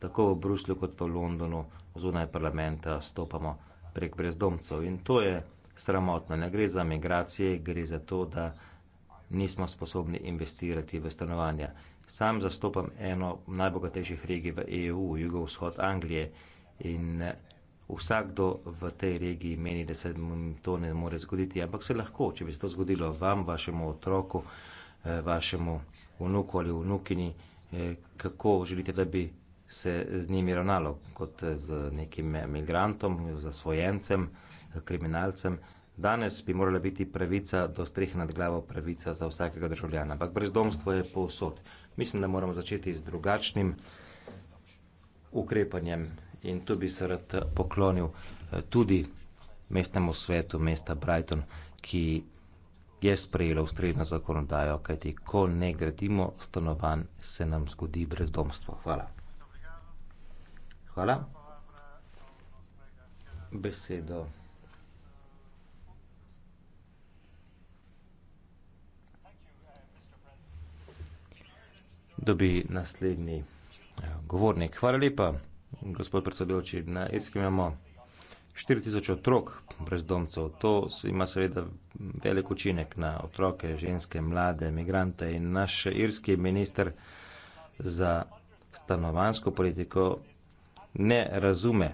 tako v Bruslju kot v Londonu zunaj parlamenta stopamo prek brezdomcev in to je sramotno. Ne gre za migracije, gre za to, da nismo sposobni investirati v stanovanja. Sam zastopam eno najbogatejših regij v EU, jugovzhod Anglije in eh, vsakdo v tej regiji meni, da se to ne more zgoditi, ampak se lahko, če bi se to zgodilo vam, vašemu otroku, eh, vašemu vnuku ali vnukini, eh, kako želite, da bi se z njimi ravnalo kot z nekim migrantom, zasvojencem kriminalcem. Danes bi morala biti pravica do streh nad glavo pravica za vsakega državljana, ampak brezdomstvo je povsod. Mislim, da moramo začeti z drugačnim ukrepanjem in tu bi se rad poklonil eh, tudi mestnemu svetu mesta Brighton, ki je sprejelo ustrezno zakonodajo, kajti ko ne gradimo stanovanj, se nam zgodi brezdomstvo. Hvala. Hvala. Besedo. dobi naslednji eh, govornik. Hvala lepa, gospod predsedujoči. Na Irskem imamo 4000 otrok brezdomcev. To ima seveda velik učinek na otroke, ženske, mlade, imigrante in naš irski minister za stanovansko politiko ne razume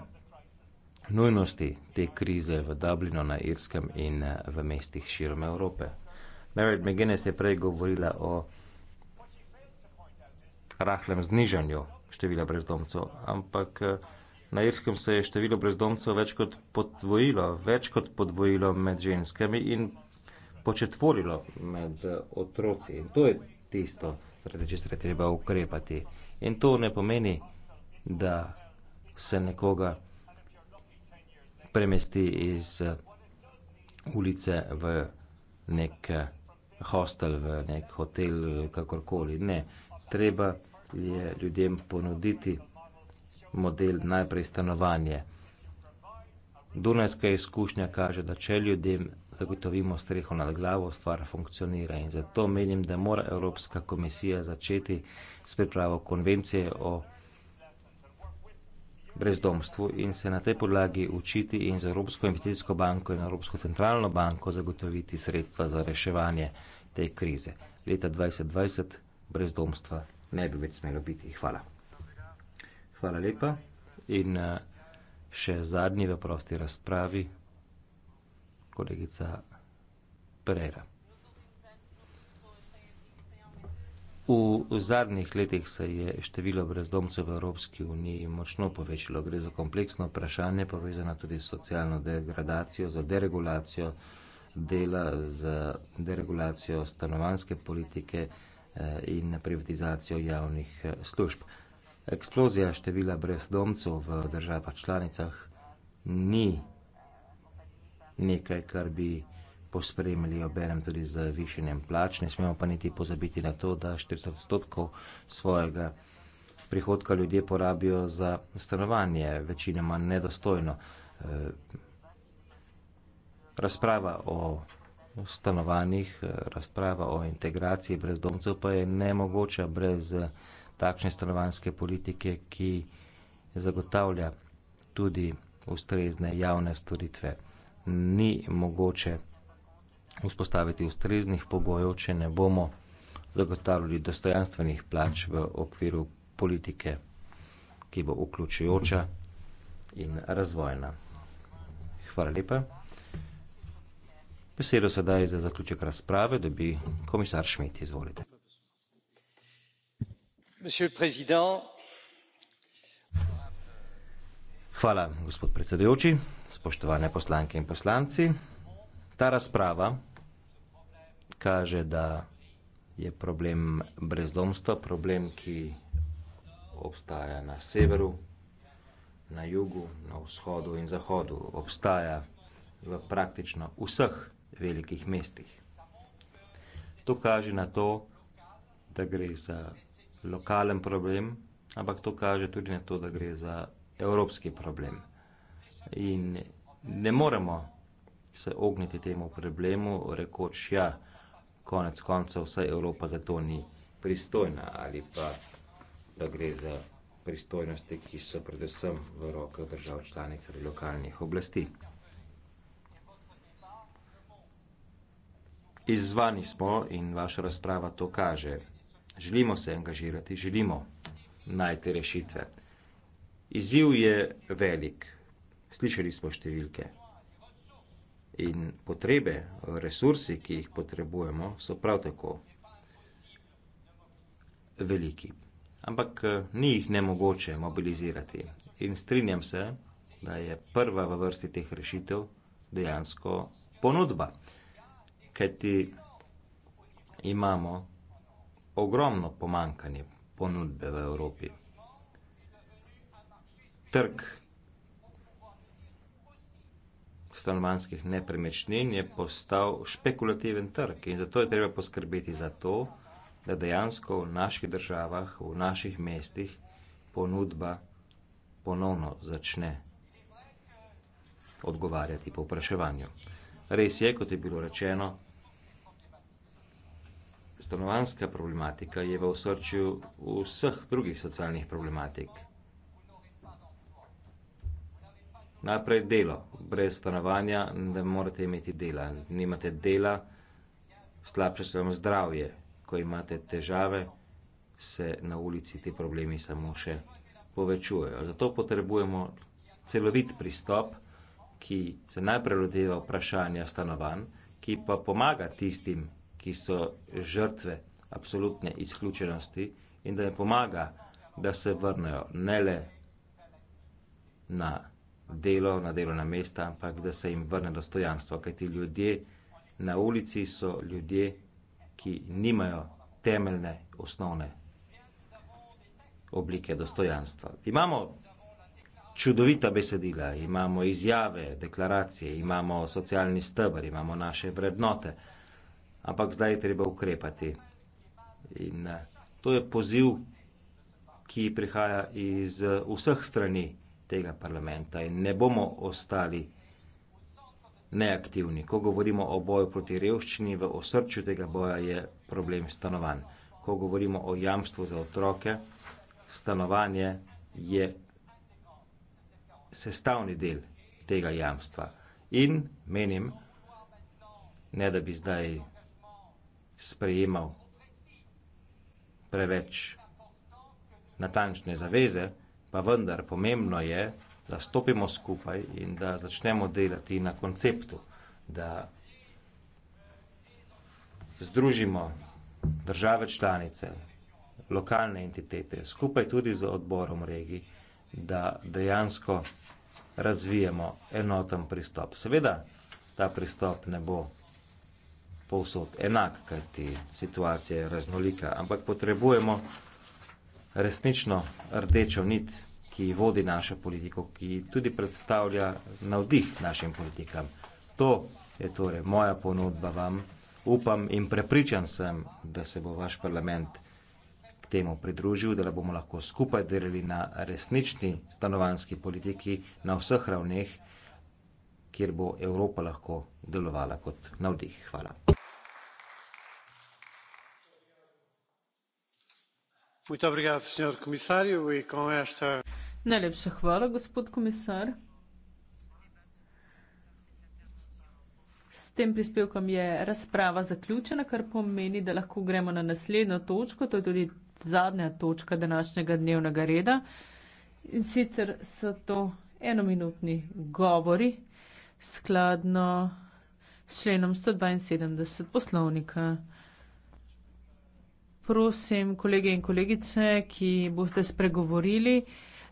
nujnosti te krize v Dublinu na Irskem in eh, v mestih širom Evrope. Mary McGuinness je prej govorila o rahlem znižanju števila brezdomcev, ampak eh, na Irskem se je število brezdomcev več kot podvojilo, več kot podvojilo med ženskami in početvorilo med eh, otroci. In to je tisto, zaradi česar je treba ukrepati. In to ne pomeni, da se nekoga premesti iz eh, ulice v nek hostel, v nek hotel, kakorkoli. Ne, treba je ljudem ponuditi model najprej stanovanje. Dunajska izkušnja kaže, da če ljudem zagotovimo streho nad glavo, stvar funkcionira in zato menim, da mora Evropska komisija začeti s pripravo konvencije o brezdomstvu in se na tej podlagi učiti in z Evropsko investicijsko banko in Evropsko centralno banko zagotoviti sredstva za reševanje te krize. Leta 2020 brezdomstva ne bi več smelo biti. Hvala. Hvala lepa. In eh, še zadnji v prosti razpravi, kolegica Pereira. V zadnjih letih se je število brezdomcev v Evropski uniji močno povečalo. Gre za kompleksno vprašanje, povezano tudi s socialno degradacijo, za deregulacijo dela, za deregulacijo stanovanske politike. Eh, in privatizacijo javnih eh, služb. Eksplozija števila brezdomcev v državah članicah ni nekaj, kar bi pospremili obenem tudi z višenjem plač. Ne smemo pa niti pozabiti na to, da 40 odstotkov svojega prihodka ljudje porabijo za stanovanje, večinoma nedostojno. Eh, razprava o stanovanjih, eh, razprava o integraciji brezdomcev pa je nemogoča brez eh, takšne stanovanske politike, ki zagotavlja tudi ustrezne javne storitve. Ni mogoče vzpostaviti ustreznih pogojev, če ne bomo zagotavljali dostojanstvenih plač v okviru politike, ki bo vključujoča in razvojna. Hvala lepa. Besedo sedaj za zaključek razprave dobi komisar Schmidt, izvolite. Hvala, gospod predsedujoči. Spoštovane poslanke in poslanci. Ta razprava kaže, da je problem brezdomstva problem, ki obstaja na severu, na jugu, na vzhodu in zahodu. Obstaja v praktično vseh velikih mestih. To kaže na to, da gre za lokalen problem, ampak to kaže tudi na to, da gre za evropski problem. In ne moremo se ogniti temu problemu, rekoč ja, konec koncev vsa Evropa za to ni pristojna ali pa da gre za pristojnosti, ki so predvsem v rokah držav članic ali lokalnih oblasti. Izvani smo in vaša razprava to kaže. Želimo se angažirati, želimo najti rešitve. Izziv je velik. Slišali smo številke. In potrebe, resursi, ki jih potrebujemo, so prav tako veliki. Ampak eh, ni jih ne mogoče mobilizirati. In strinjam se, da je prva v vrsti teh rešitev dejansko ponudba kajti imamo ogromno pomankanje ponudbe v Evropi. Trg stanovanskih nepremečnin je postal špekulativen trg in zato je treba poskrbeti za to, da dejansko v naših državah, v naših mestih ponudba ponovno začne odgovarjati po vpraševanju. Res je, kot je bilo rečeno, stanovanska problematika je v osrčju vseh drugih socialnih problematik. Najprej delo. Brez stanovanja ne morete imeti dela. Nimate dela, slabše se vam zdravje. Ko imate težave, se na ulici ti problemi samo še povečujejo. Zato potrebujemo celovit pristop ki se najprej lotiva vprašanja stanovanj, ki pa pomaga tistim, ki so žrtve absolutne izključenosti in da jim pomaga, da se vrnejo ne le na delo, na delovna mesta, ampak da se jim vrne dostojanstvo, ker ti ljudje na ulici so ljudje, ki nimajo temeljne, osnovne oblike dostojanstva. Imamo čudovita besedila, imamo izjave, deklaracije, imamo socialni stebr, imamo naše vrednote, ampak zdaj je treba ukrepati. In eh, to je poziv, ki prihaja iz eh, vseh strani tega parlamenta in ne bomo ostali neaktivni. Ko govorimo o boju proti revščini, v osrčju tega boja je problem stanovanj. Ko govorimo o jamstvu za otroke, stanovanje je sestavni del tega jamstva. In menim, ne da bi zdaj sprejemal preveč natančne zaveze, pa vendar pomembno je, da stopimo skupaj in da začnemo delati na konceptu, da združimo države članice, lokalne entitete, skupaj tudi z odborom regij da dejansko razvijemo enoten pristop. Seveda, ta pristop ne bo povsod enak, kajti situacija je raznolika, ampak potrebujemo resnično rdečo nit, ki vodi našo politiko, ki tudi predstavlja navdih našim politikam. To je torej moja ponudba vam. Upam in prepričan sem, da se bo vaš parlament temu pridružil, da bomo lahko skupaj delali na resnični stanovanski politiki na vseh ravneh, kjer bo Evropa lahko delovala kot navdih. Hvala. E Najlepša hvala, gospod komisar. S tem prispevkom je razprava zaključena, kar pomeni, da lahko gremo na naslednjo točko, to je tudi zadnja točka današnjega dnevnega reda. In sicer so to enominutni govori skladno s členom 172 poslovnika. Prosim, kolege in kolegice, ki boste spregovorili,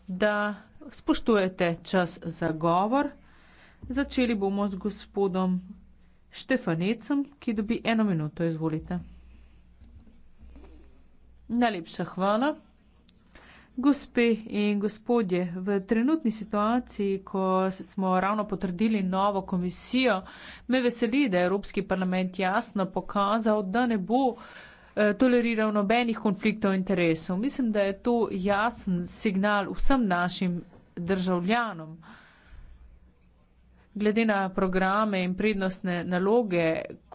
da spoštujete čas za govor. Začeli bomo z gospodom Štefanecem, ki dobi eno minuto. Izvolite. Najlepša hvala. Gospe in gospodje, v trenutni situaciji, ko smo ravno potrdili novo komisijo, me veseli, da je Evropski parlament jasno pokazal, da ne bo eh, toleriral nobenih konfliktov interesov. Mislim, da je to jasen signal vsem našim državljanom. Glede na programe in prednostne naloge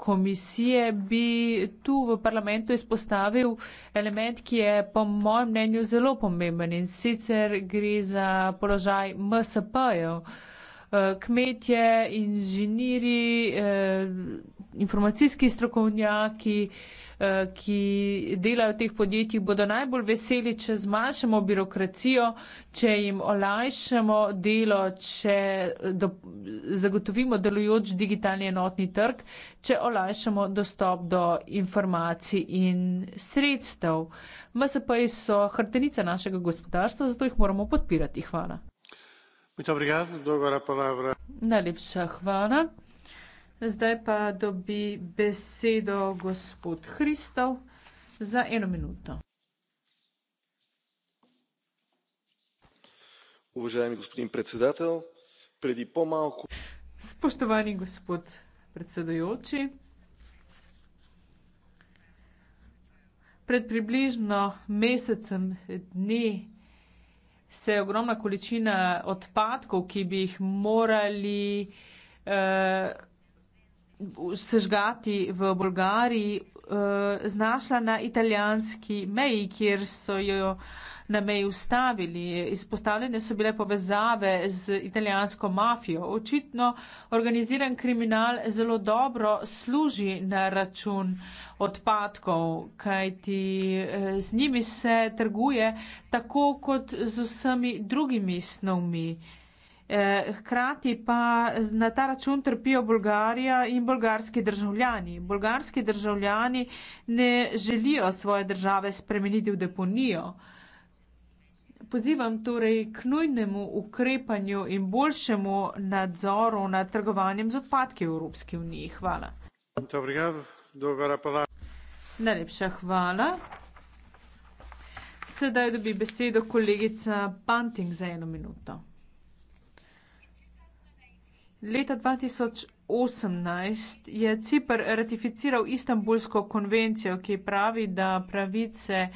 komisije bi tu v parlamentu izpostavil element, ki je po mojem mnenju zelo pomemben in sicer gre za položaj MSP-jev. Eh, kmetje, inženiri, eh, informacijski strokovnjaki, eh, ki delajo v teh podjetjih, bodo najbolj veseli, če zmanjšamo birokracijo, če jim olajšamo delo, če do, zagotovimo delujoč digitalni enotni trg, če olajšamo dostop do informacij in sredstev. MSP-ji so hrtenica našega gospodarstva, zato jih moramo podpirati. Hvala. Muito obrigado, dou agora a palavra. Na lipsa, Zdaj pa dobi besedo gospod Hristov za eno minuto. Uvaženi gospodin predsedatelj, pred in po malku. Spoštovani gospod predsedujoči, pred približno mesecem dni se je ogromna količina odpadkov, ki bi jih morali, eh, sežgati v Bolgariji, eh, znašla na italijanski meji, kjer so jo na meji ustavili. Izpostavljene so bile povezave z italijansko mafijo. Očitno organiziran kriminal zelo dobro služi na račun odpadkov, kajti eh, z njimi se trguje tako kot z vsemi drugimi snovmi. Eh, hkrati pa na ta račun trpijo Bolgarija in bolgarski državljani. Bolgarski državljani ne želijo svoje države spremeniti v deponijo. Pozivam torej k nujnemu ukrepanju in boljšemu nadzoru nad trgovanjem z odpadki v Evropski uniji. Hvala. Najlepša hvala. Sedaj dobi besedo kolegica Panting za eno minuto. Leta 2018 je Cipr ratificiral Istanbulsko konvencijo, ki pravi, da pravice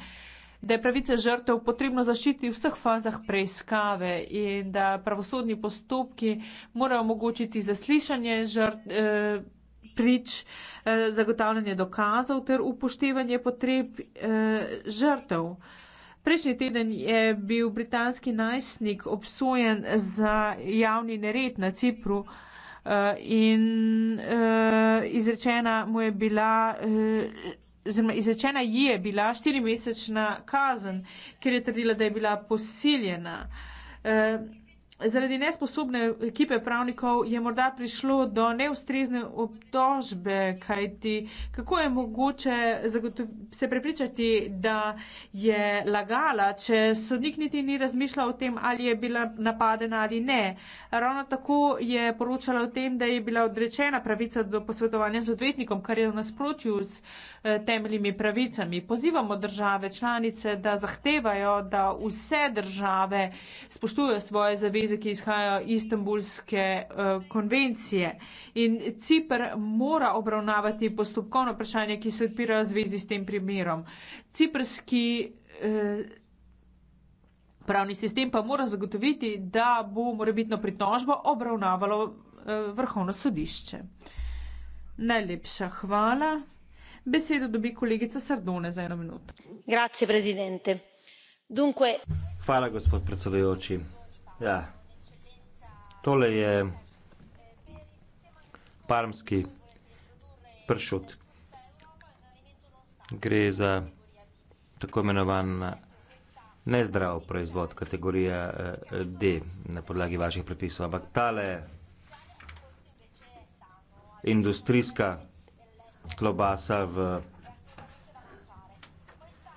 da je pravice žrtev potrebno zaščiti v vseh fazah preiskave in da pravosodni postopki morajo omogočiti zaslišanje žrt, eh, prič, eh, zagotavljanje dokazov ter upoštevanje potreb eh, žrtev. Eh, Prejšnji teden je bil britanski najstnik obsojen za javni nered na Cipru eh, in eh, izrečena mu je bila. Eh, oziroma, izrečena ji je bila štirimesečna kazen, ker je trdila, da je bila posiljena. Zaradi nesposobne ekipe pravnikov je morda prišlo do neustrezne obtožbe, kajti kako je mogoče se prepričati, da je lagala, če sodnik niti ni razmišljal o tem, ali je bila napadena ali ne. Ravno tako je poročala o tem, da je bila odrečena pravica do posvetovanja z odvetnikom, kar je v nasprotju s eh, temeljimi pravicami. Pozivamo države članice, da zahtevajo, da vse države spoštujejo svoje zaveze, zaveze, ki izhajajo iz istambulske uh, eh, konvencije. In Cipr mora obravnavati postopkovno vprašanje, ki se odpirajo v zvezi s tem primerom. Ciprski uh, Pravni sistem pa mora zagotoviti, da bo morebitno pritožbo obravnavalo eh, vrhovno sodišče. Najlepša hvala. Besedo dobi kolegica Sardone za eno minuto. Grazie, predsedente. Dunque... Hvala, gospod predsedujoči. Ja, tole je parmski pršut. Gre za tako imenovan eh, nezdrav proizvod, kategorija eh, D na podlagi vaših predpisov. Ampak tale industrijska klobasa v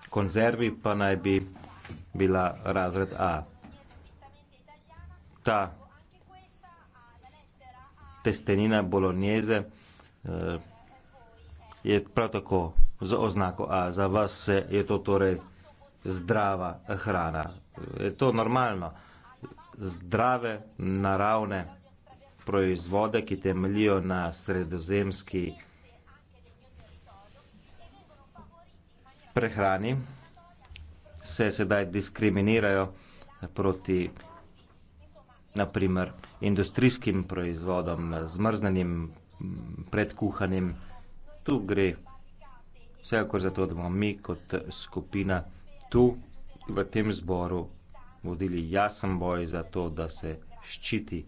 konzervi pa naj bi bila razred A. Ta testenina bolognese, eh, je prav tako z oznako A. Za vas je to torej zdrava hrana. Je to normalno. Zdrave, naravne proizvode, ki temeljijo na sredozemski prehrani, se sedaj diskriminirajo proti, naprimer, industrijskim proizvodom, zmrznjenim, predkuhanim. Tu gre vsekakor za to, da bomo mi kot skupina tu v tem zboru vodili jasen boj za to, da se ščiti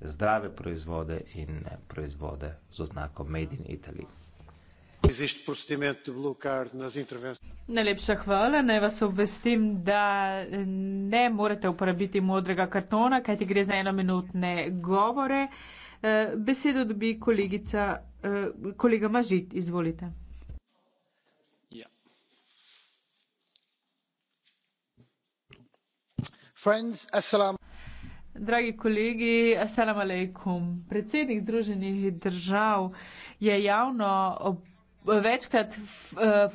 zdrave proizvode in proizvode z oznako Made in Italy. Najlepša hvala. Naj vas obvestim, da ne morete uporabiti modrega kartona, kajti gre za enominutne govore. Eh, besedo dobi kolegica, eh, kolega Mažit, izvolite. Ja. Dragi kolegi, assalamu alaikum. Predsednik Združenih držav je javno ob, večkrat eh,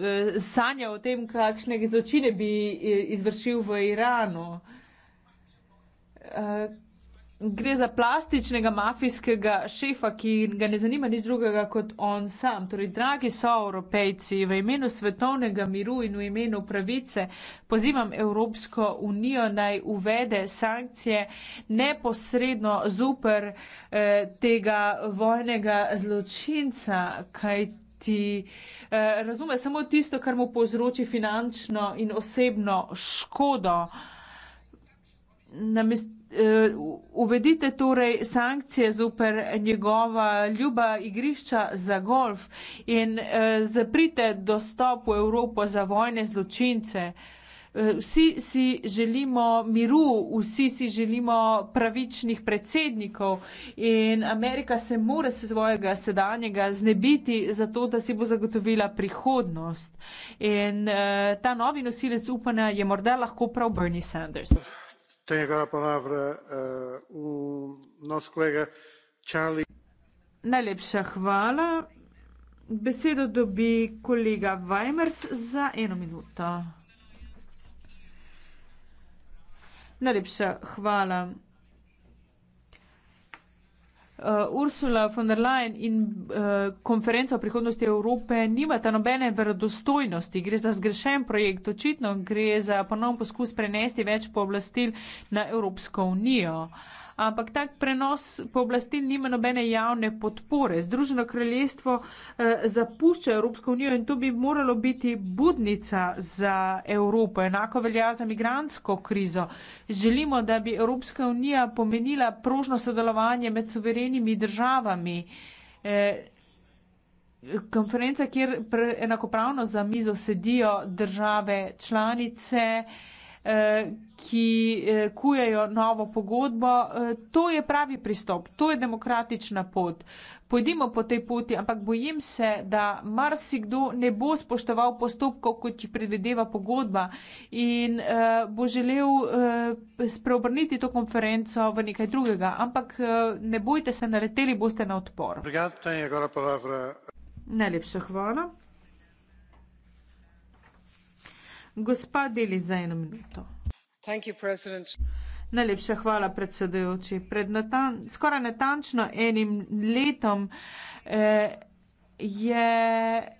eh, sanjal o tem, kakšne zločine bi eh, izvršil v Iranu gre za plastičnega mafijskega šefa, ki ga ne zanima nič drugega kot on sam. Torej, dragi so evropejci, v imenu svetovnega miru in v imenu pravice pozivam Evropsko unijo naj uvede sankcije neposredno zuper eh, tega vojnega zločinca, kaj ti eh, razume samo tisto, kar mu povzroči finančno in osebno škodo. Namest Eh, uvedite torej sankcije zoper njegova ljuba igrišča za golf in eh, zaprite dostop v Evropo za vojne zločince. Eh, vsi si želimo miru, vsi si želimo pravičnih predsednikov in Amerika se mora se svojega sedanjega znebiti za to, da si bo zagotovila prihodnost. In eh, ta novi nosilec upanja je morda lahko prav Bernie Sanders. Eh, Najlepša hvala. Besedo dobi kolega Vajmers za eno minuto. Najlepša hvala uh, Ursula von der Leyen in uh, konferenca o prihodnosti Evrope nimata nobene verodostojnosti. Gre za zgrešen projekt, očitno gre za ponovno poskus prenesti več pooblastil na Evropsko unijo. Uh, ampak tak prenos pooblastil nima nobene javne podpore. Združeno kraljestvo eh, zapušča Evropsko unijo in to bi moralo biti budnica za Evropo. Enako velja za migransko krizo. Želimo, da bi Evropska unija pomenila prožno sodelovanje med suverenimi državami. Eh, konferenca, kjer enakopravno za mizo sedijo države članice, eh, Eh, ki eh, kujejo novo pogodbo. Eh, to je pravi pristop, to je demokratična pot. Pojdimo po tej poti, ampak bojim se, da marsikdo ne bo spoštoval postopkov, kot jih predvideva pogodba in uh, bo želel uh, spreobrniti to konferenco v nekaj drugega. Ampak uh, ne bojte se, naleteli boste na odpor. Najlepša hvala. gospa deli za eno minuto. Thank you, president. Najlepša hvala, predsedujoči. Pred natan, skoraj natančno enim letom eh, je eh,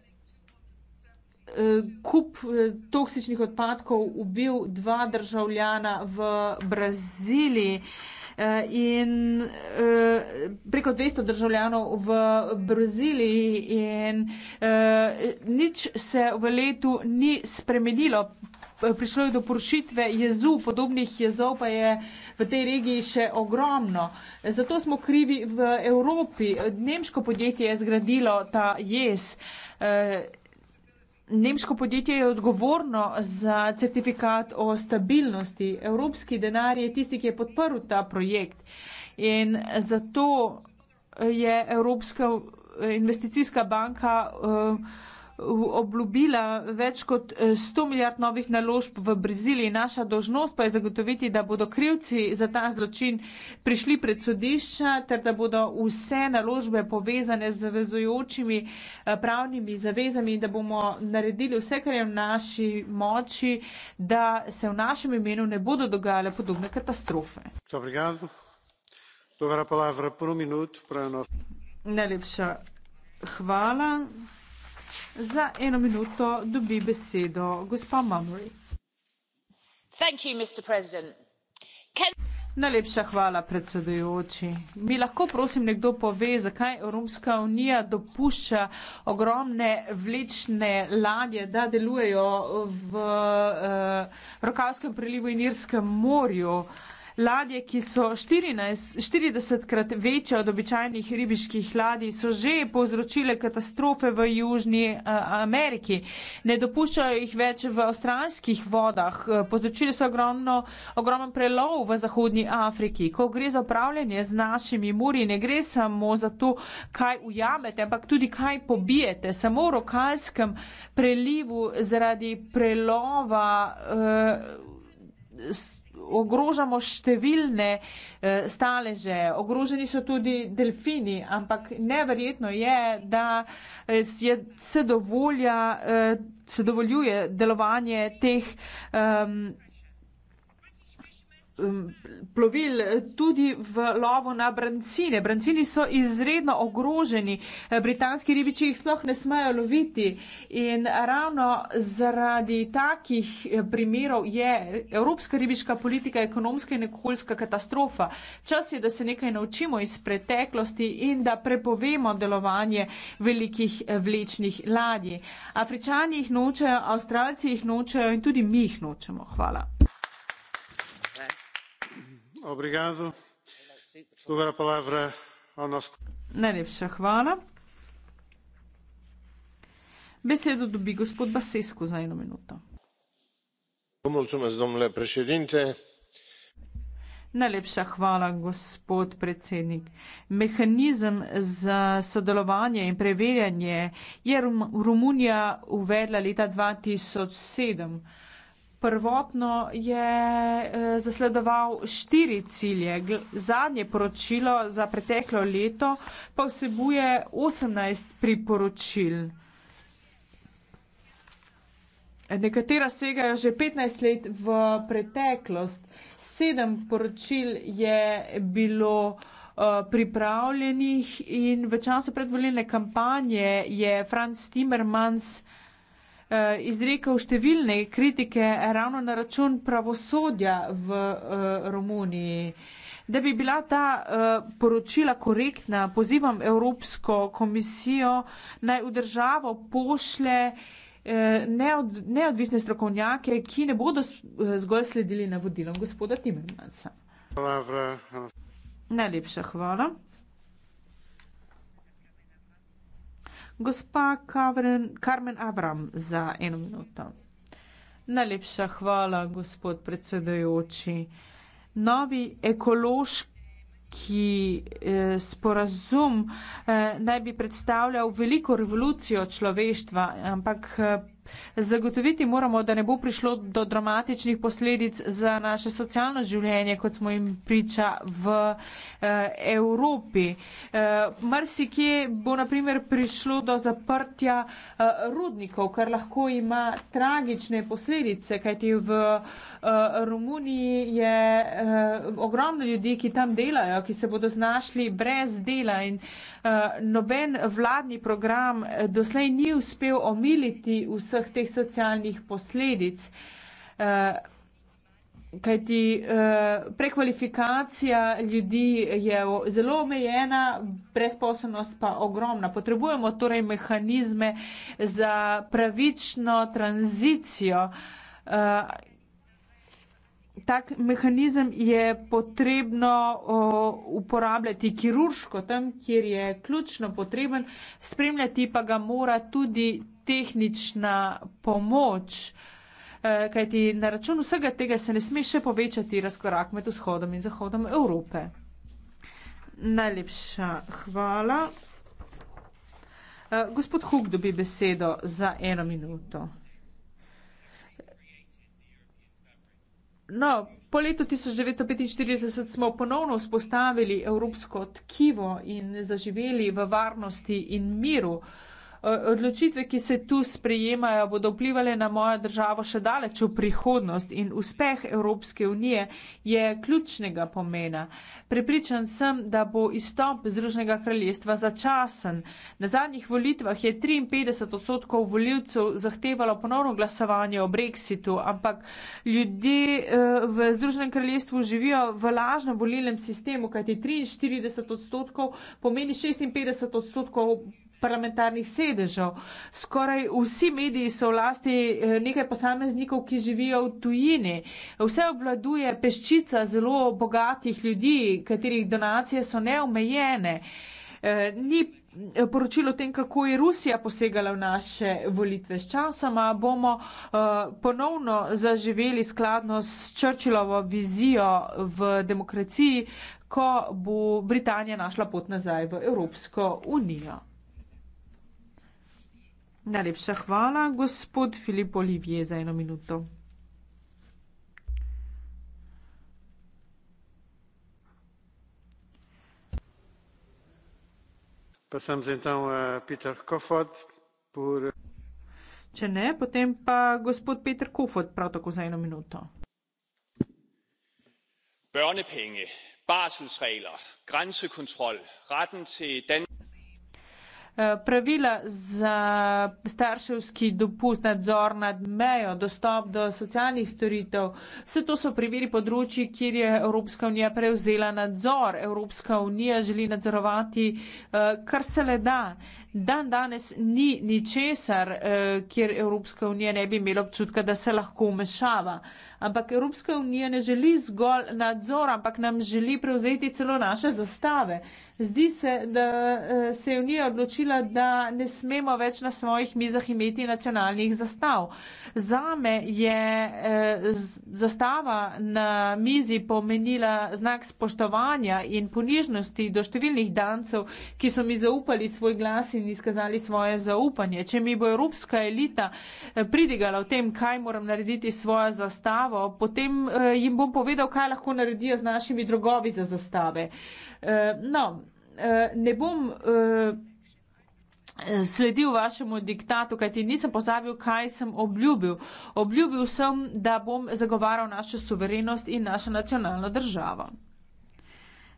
kup eh, toksičnih odpadkov ubil dva državljana v Braziliji. Eh, Eh, in eh, preko 200 državljanov v Braziliji in eh, nič se v letu ni spremenilo. Prišlo je do porušitve jezu, podobnih jezov pa je v tej regiji še ogromno. Zato smo krivi v Evropi. Nemško podjetje je zgradilo ta jez. Nemško podjetje je odgovorno za certifikat o stabilnosti. Evropski denar je tisti, ki je podprl ta projekt. In zato je Evropska investicijska banka uh, obljubila več kot 100 eh, milijard novih naložb v Braziliji. Naša dožnost pa je zagotoviti, da bodo krivci za ta zločin prišli pred sodišča ter da bodo vse naložbe povezane z zavezujočimi eh, pravnimi zavezami in da bomo naredili vse, kar je v naši moči, da se v našem imenu ne bodo dogajale podobne katastrofe. Um Najlepša hvala. Za eno minuto dobi besedo gospa Mamori. Najlepša hvala, predsedujoči. Mi lahko prosim nekdo pove, zakaj Evropska unija dopušča ogromne vlečne ladje, da delujejo v uh, Rokavskem prilivu in Irskem morju. Uh, Ladje, ki so 14, 40krat večje od običajnih ribiških ladij, so že povzročile katastrofe v Južni eh, Ameriki. Ne dopuščajo jih več v avstralskih vodah, povzročile so ogromno, ogromen prelov v Zahodnji Afriki. Ko gre za upravljanje z našimi muri, ne gre samo za to, kaj ujamete, ampak tudi kaj pobijete. Samo v lokalskem prelivu zaradi prelova. Uh, ogrožamo številne eh, staleže, ogroženi so tudi delfini, ampak neverjetno je, da eh, se dovolja, eh, se dovoljuje delovanje teh um, plovil eh, tudi v lovo na brancine. Brancini so izredno ogroženi, eh, britanski ribiči jih sploh ne smejo loviti in ravno zaradi takih eh, primerov je evropska ribiška politika ekonomska in okoljska katastrofa. Čas je, da se nekaj naučimo iz preteklosti in da prepovemo delovanje velikih vlečnih ladij. Afričani jih nočejo, Avstralci jih nočejo in tudi mi jih nočemo. Hvala. Najlepša hvala. Besedo dobi gospod Basescu za eno minuto. Najlepša hvala, gospod predsednik. Mehanizem za sodelovanje in preverjanje je Romunija uvedla leta dva tisoč sedem prvotno je eh, zasledoval štiri cilje. Zadnje poročilo za preteklo leto pa vsebuje 18 priporočil. Nekatera segajo že 15 let v preteklost. Sedem poročil je bilo eh, pripravljenih in v času predvoljene kampanje je Franz Timmermans Eh, izrekel številne kritike ravno na račun pravosodja v uh, Romuniji. Da bi bila ta uh, poročila korektna, pozivam Evropsko komisijo naj v državo pošle Neod, neodvisne strokovnjake, ki ne bodo zgolj sledili navodilom gospoda Timmermansa. Najlepša hvala. gospa Karen, Carmen Avram za eno minuto. Najlepša hvala, gospod predsedujoči. Novi ekološki eh, sporazum eh, naj bi predstavljal veliko revolucijo človeštva, ampak eh, Zagotoviti moramo, da ne bo prišlo do dramatičnih posledic za naše socialno življenje, kot smo jim priča v eh, Evropi. Eh, Marsikje bo naprimer prišlo do zaprtja eh, rudnikov, kar lahko ima tragične posledice, kajti v eh, Romuniji je eh, ogromno ljudi, ki tam delajo, ki se bodo znašli brez dela. In, eh, Eh, noben vladni program eh, doslej ni uspel omiliti vseh teh socialnih posledic, eh, kajti prekvalifikacija ljudi je zelo omejena, brezposobnost pa ogromna. Potrebujemo torej mehanizme za pravično tranzicijo tak mehanizem je potrebno uporabljati kirurško, tam, kjer je ključno potreben, spremljati pa ga mora tudi tehnična pomoč, e, kajti na račun vsega tega se ne sme še povečati razkorak med vzhodom in zahodom Evrope. Najlepša hvala. E, gospod Huk dobi besedo za eno minuto. No, po letu 1945 smo ponovno vzpostavili evropsko tkivo in zaživeli v varnosti in miru. Odločitve, ki se tu sprejemajo, bodo vplivali na mojo državo še daleč v prihodnost in uspeh Evropske unije je ključnega pomena. Prepričan sem, da bo izstop Združnega kraljestva začasen. Na zadnjih volitvah je 53 odstotkov voljivcev zahtevalo ponovno glasovanje o brexitu, ampak ljudje eh, v Združnem kraljestvu živijo v lažnem volilnem sistemu, kajti 43 odstotkov pomeni 56 odstotkov parlamentarnih sedežev. Skoraj vsi mediji so v lasti eh, nekaj posameznikov, ki živijo v tujini. Vse obvladuje peščica zelo bogatih ljudi, katerih donacije so neomejene. Eh, ni eh, poročilo o tem, kako je Rusija posegala v naše volitve. S časoma bomo ponovno zaživeli skladno s Churchillovo vizijo v demokraciji, ko bo Britanija našla pot nazaj v Evropsko unijo. Najlepša hvala, gospod Filip Olivije, za eno minuto. Eh, Če ne, potem pa gospod Peter Kofod prav tako za eno minuto. Børnepenge, barselsregler, grænsekontrol, retten til dan. Eh, pravila za starševski dopust, nadzor nad mejo, dostop do socialnih storitev, vse to so primeri področji, kjer je Evropska unija prevzela nadzor. Evropska unija želi nadzorovati, eh, kar se le da. Dan danes ni ničesar, eh, kjer Evropska unija ne bi imela občutka, da se lahko umešava. Ampak Evropska unija ne želi zgolj nadzor, ampak nam želi prevzeti celo naše zastave. Zdi se, da eh, se je Unija odločila, da ne smemo več na svojih mizah imeti nacionalnih zastav. Za me je eh, zastava na mizi pomenila znak spoštovanja in ponižnosti do številnih dancev, ki so mi zaupali svoj glas in izkazali svoje zaupanje. Če mi bo evropska elita eh, pridigala o tem, kaj moram narediti s svojo zastavo, potem jim bom povedal, kaj lahko naredijo z našimi drugovi za zastave. Eh, no, eh, ne bom eh, sledil vašemu diktatu, kajti nisem pozabil, kaj sem obljubil. Obljubil sem, da bom zagovarjal našo suverenost in našo nacionalno državo.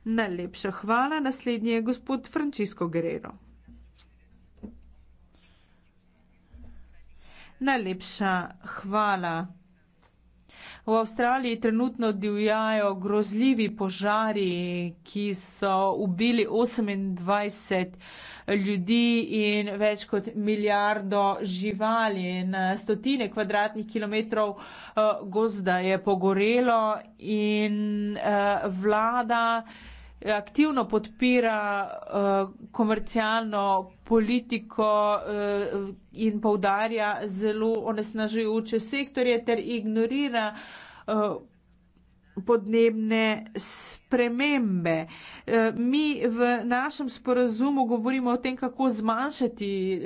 Najlepša hvala. Naslednji je gospod Francisco Guerrero. Najlepša hvala. V Avstraliji trenutno divjajo grozljivi požari, ki so ubili 28 ljudi in več kot milijardo živali. Na stotine kvadratnih kilometrov eh, gozda je pogorelo in eh, vlada aktivno podpira uh, komercialno politiko uh, in povdarja zelo onesnažujoče sektorje ter ignorira uh, podnebne spremembe. Mi v našem sporazumu govorimo o tem, kako zmanjšati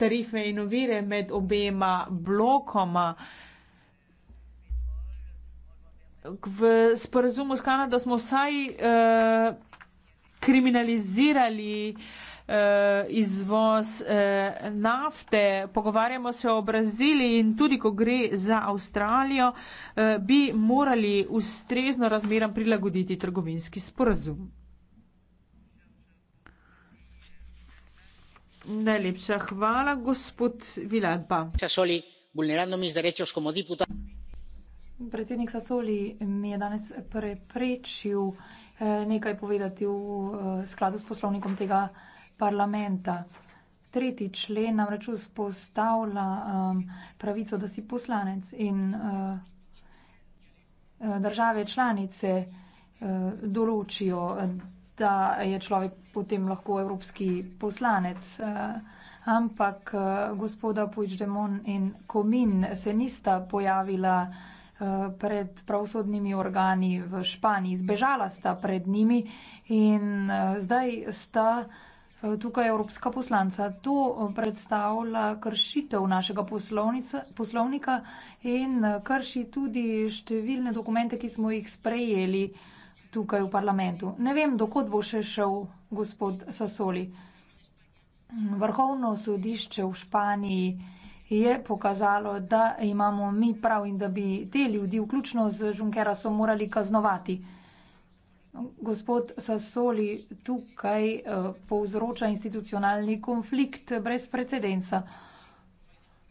tarife in ovire med obema blokoma v sporazumu s Kanado smo vsaj uh, kriminalizirali uh, izvoz uh, nafte, pogovarjamo se o Braziliji in tudi, ko gre za Avstralijo, uh, bi morali ustrezno razmeram prilagoditi trgovinski sporazum. Najlepša hvala, gospod Vilagba. Predsednik Sasoli mi je danes preprečil eh, nekaj povedati v eh, skladu s poslovnikom tega parlamenta. Tretji člen namreč vzpostavlja eh, pravico, da si poslanec in države članice določijo, da je človek potem lahko evropski poslanec. Ampak gospoda Pujč Demon in Komin se nista pojavila pred pravosodnimi organi v Španiji. Zbežala sta pred njimi in eh, zdaj sta eh, tukaj evropska poslanca. To eh, predstavlja kršitev našega poslovnika in krši tudi številne dokumente, ki smo jih sprejeli tukaj v parlamentu. Ne vem, dokot bo še šel gospod Sasoli. Vrhovno sodišče v Španiji je pokazalo, da imamo mi prav in da bi te ljudi, vključno z Junckerasom, morali kaznovati. Gospod Sassoli tukaj eh, povzroča institucionalni konflikt brez precedensa.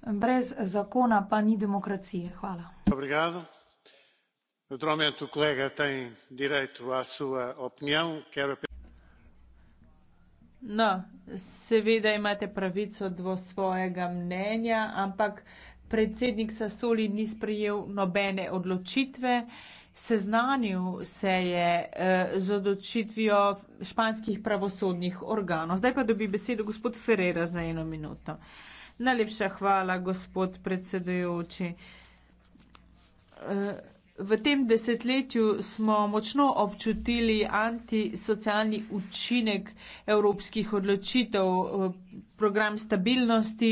Brez zakona pa ni demokracije. Hvala. No, seveda imate pravico do svojega mnenja, ampak predsednik Sasoli ni sprejel nobene odločitve. Seznanil se je eh, z odločitvijo španskih pravosodnih organov. Zdaj pa dobi besedo gospod Ferreira za eno minuto. Najlepša hvala, gospod predsedujoči. Uh, v tem desetletju smo močno občutili antisocialni učinek evropskih odločitev, eh, program stabilnosti,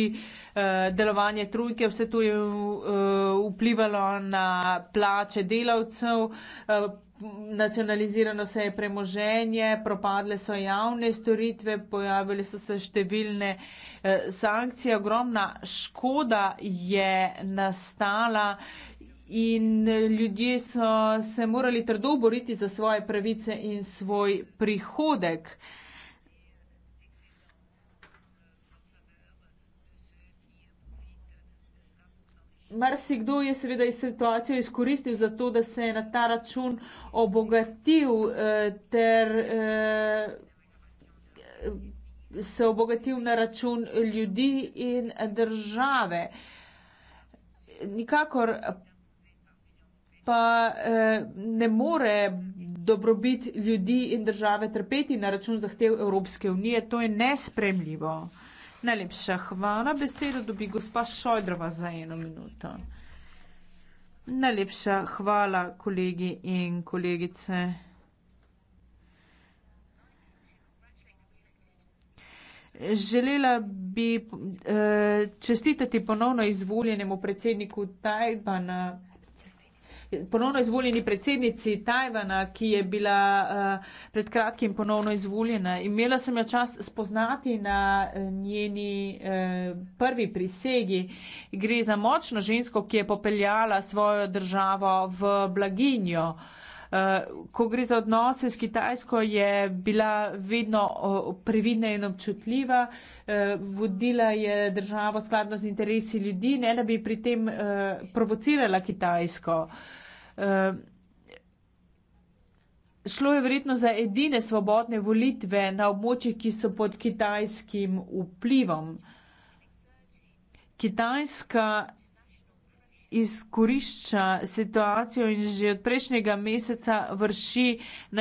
eh, delovanje trojke, vse to je eh, vplivalo na plače delavcev, nacionalizirano se je premoženje, propadle so javne storitve, pojavile so se številne sankcije, ogromna škoda je nastala in eh, ljudje so se morali trdo boriti za svoje pravice in svoj prihodek. Marsikdo je seveda iz situacijo izkoristil za to, da se je na ta račun obogatil eh, ter eh, se obogatil na račun ljudi in države. Nikakor pa eh, ne more dobrobit ljudi in države trpeti na račun zahtev Evropske unije. To je nespremljivo. Najlepša hvala. Besedo dobi gospa Šojdrova za eno minuto. Najlepša hvala, kolegi in kolegice. Želela bi eh, čestitati ponovno izvoljenemu predsedniku Tajbana ponovno izvoljeni predsednici Tajvana, ki je bila uh, pred kratkim ponovno izvoljena. Imela sem jo čast spoznati na eh, njeni uh, prvi prisegi. Gre za močno žensko, ki je popeljala svojo državo v blaginjo. Uh, ko gre za odnose s Kitajsko, je bila vedno uh, previdna in občutljiva, uh, vodila je državo skladno z interesi ljudi, ne da bi pri tem uh, provocirala Kitajsko. Uh, Eh, šlo je verjetno za edine svobodne volitve na območjih, ki so pod kitajskim vplivom. Kitajska izkorišča situacijo in že od prejšnjega meseca vrši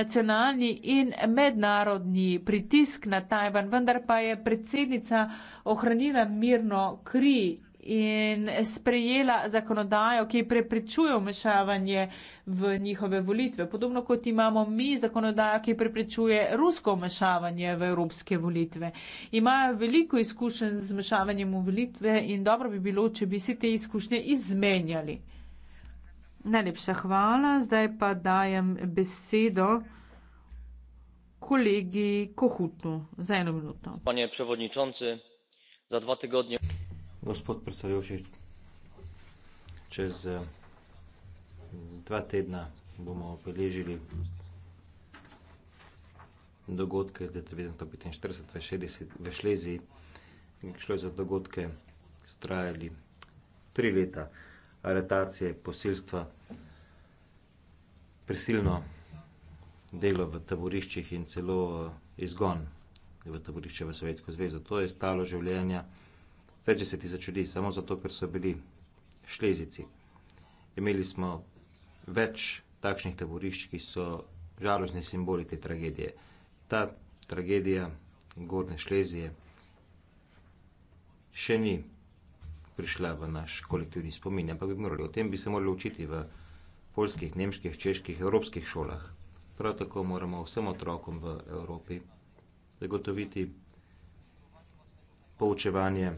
nacionalni in mednarodni pritisk na Tajvan, vendar pa je predsednica ohranila mirno kri in sprejela zakonodajo, ki preprečuje vmešavanje v njihove volitve. Podobno kot imamo mi zakonodajo, ki preprečuje rusko vmešavanje v evropske volitve. Imajo veliko izkušenj z vmešavanjem v volitve in dobro bi bilo, če bi si te izkušnje izmenjali. Najlepša hvala. Zdaj pa dajem besedo kolegi Kohutu za eno minuto. Panie przewodniczący, za dva tygodnje. Gospod predsedujoči, čez eh, dva tedna bomo obeležili dogodke z 1945 v Šleziji. Šlo je za dogodke, ki so trajali tri leta, aretacije, posilstva, prisilno delo v taboriščih in celo eh, izgon v taborišče v Sovjetsko zvezo. To je stalo življenja več deset tisoč ljudi, samo zato, ker so bili šlezici. Imeli smo več takšnih taborišč, ki so žalostni simboli te tragedije. Ta tragedija Gorne Šlezije še ni prišla v naš kolektivni spomin, ampak bi morali o tem bi se morali učiti v polskih, nemških, čeških, evropskih šolah. Prav tako moramo vsem otrokom v Evropi zagotoviti poučevanje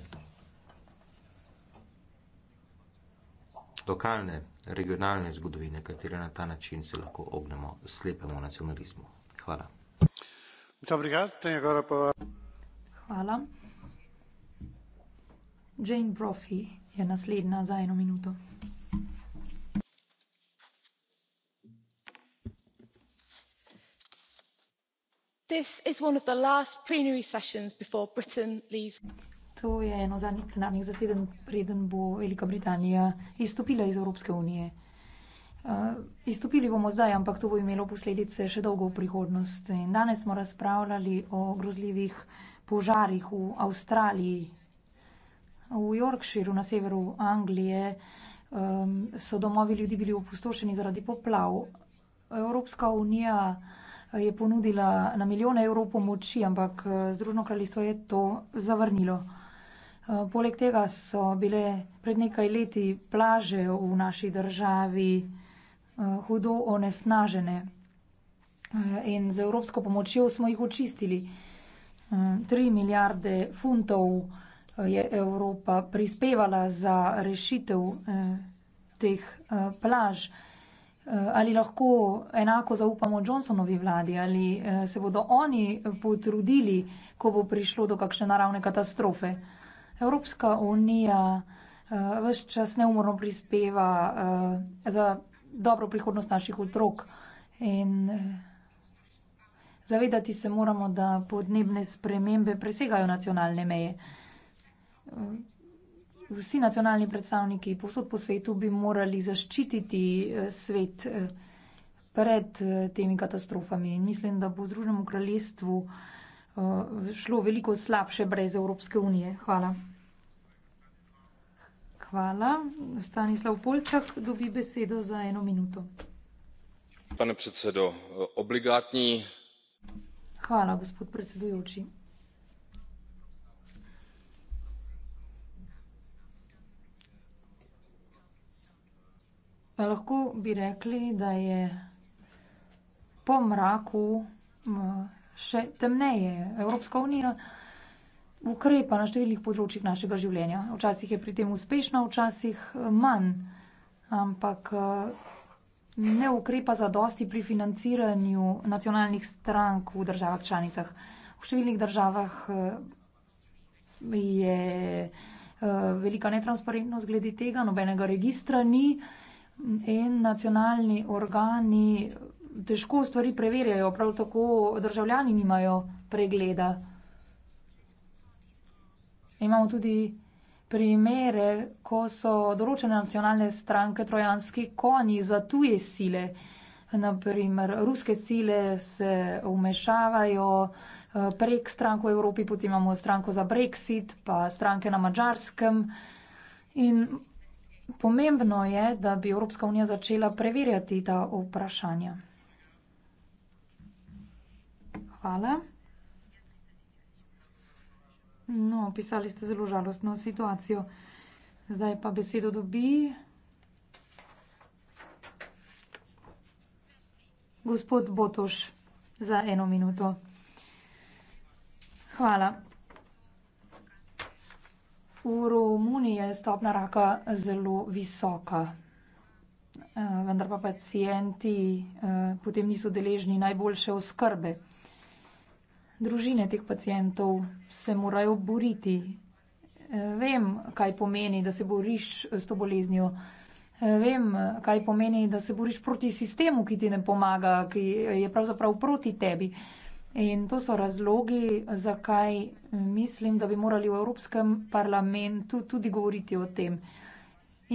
lokalne, regionalne zgodovine, katere na ta način se lahko ognemo slepemu nacionalizmu. Hvala. Hvala. Jane Brophy je naslednja za eno minuto. This is one of the last plenary sessions before Britain leaves to je eno zadnjih plenarnih zaseden, preden bo Velika Britanija izstopila iz Evropske unije. Uh, izstopili bomo zdaj, ampak to bo imelo posledice še dolgo v prihodnost. In danes smo razpravljali o grozljivih požarih v Avstraliji, v Yorkshireu na severu Anglije. Um, so domovi ljudi bili opustošeni zaradi poplav. Evropska unija eh, je ponudila na milijone evrov pomoči, ampak eh, Združeno kraljestvo je to zavrnilo. Eh, poleg tega so bile pred nekaj leti plaže v naši državi eh, hudo onesnažene eh, in z evropsko pomočjo smo jih očistili. Tri milijarde funtov je Evropa prispevala za rešitev teh plaž. Ali lahko enako zaupamo Johnsonovi vladi, ali se bodo oni potrudili, ko bo prišlo do kakšne naravne katastrofe? Evropska unija eh, vse čas neumorno prispeva eh, za dobro prihodnost naših otrok in eh, zavedati se moramo, da podnebne spremembe presegajo nacionalne meje. Vsi nacionalni predstavniki posod po svetu bi morali zaščititi svet pred temi katastrofami in mislim, da bo Združenemu kraljestvu šlo veliko slabše brez Evropske unije. Hvala. Hvala. Stanislav Polčak dobi besedo za eno minuto. Pane predsedo, obligatni. Hvala, gospod predsedujoči. Lahko bi rekli, da je po mraku eh, še temneje. Evropska unija ukrepa na številnih področjih našega življenja. Včasih je pri tem uspešna, včasih eh, manj, ampak eh, ne ukrepa za dosti pri financiranju nacionalnih strank v državah članicah. V številnih državah eh, je velika netransparentnost glede tega, nobenega registra ni in nacionalni organi težko stvari preverjajo, prav tako državljani nimajo pregleda. Imamo tudi primere, ko so določene nacionalne stranke trojanski konji za tuje sile. Naprimer, ruske sile se umešavajo eh, prek strank v Evropi, potem imamo stranko za Brexit, pa stranke na Mačarskem. In pomembno je, da bi Evropska unija začela preverjati ta vprašanja. Hvala. No, opisali ste zelo žalostno situacijo. Zdaj pa besedo dobi. Gospod Botoš, za eno minuto. Hvala. V Romuniji je stopna raka zelo visoka. Eh, vendar pa pacijenti eh, potem niso deležni najboljše oskrbe družine teh pacijentov se morajo boriti. Eh, vem, kaj pomeni, da se boriš eh, s to boleznijo. Eh, vem, kaj pomeni, da se boriš proti sistemu, ki ti ne pomaga, ki je pravzaprav proti tebi. In to so razlogi, zakaj mislim, da bi morali v Evropskem parlamentu tudi govoriti o tem.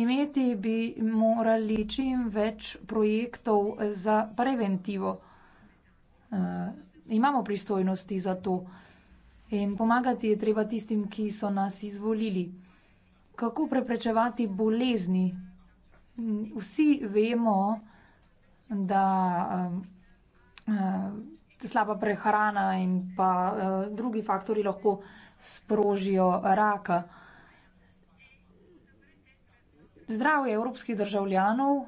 Imeti bi morali čim več projektov za preventivo imamo pristojnosti za to. In pomagati je treba tistim, ki so nas izvolili. Kako preprečevati bolezni? Vsi vemo, da uh, uh, slaba prehrana in pa uh, drugi faktori lahko sprožijo raka. Zdravje evropskih državljanov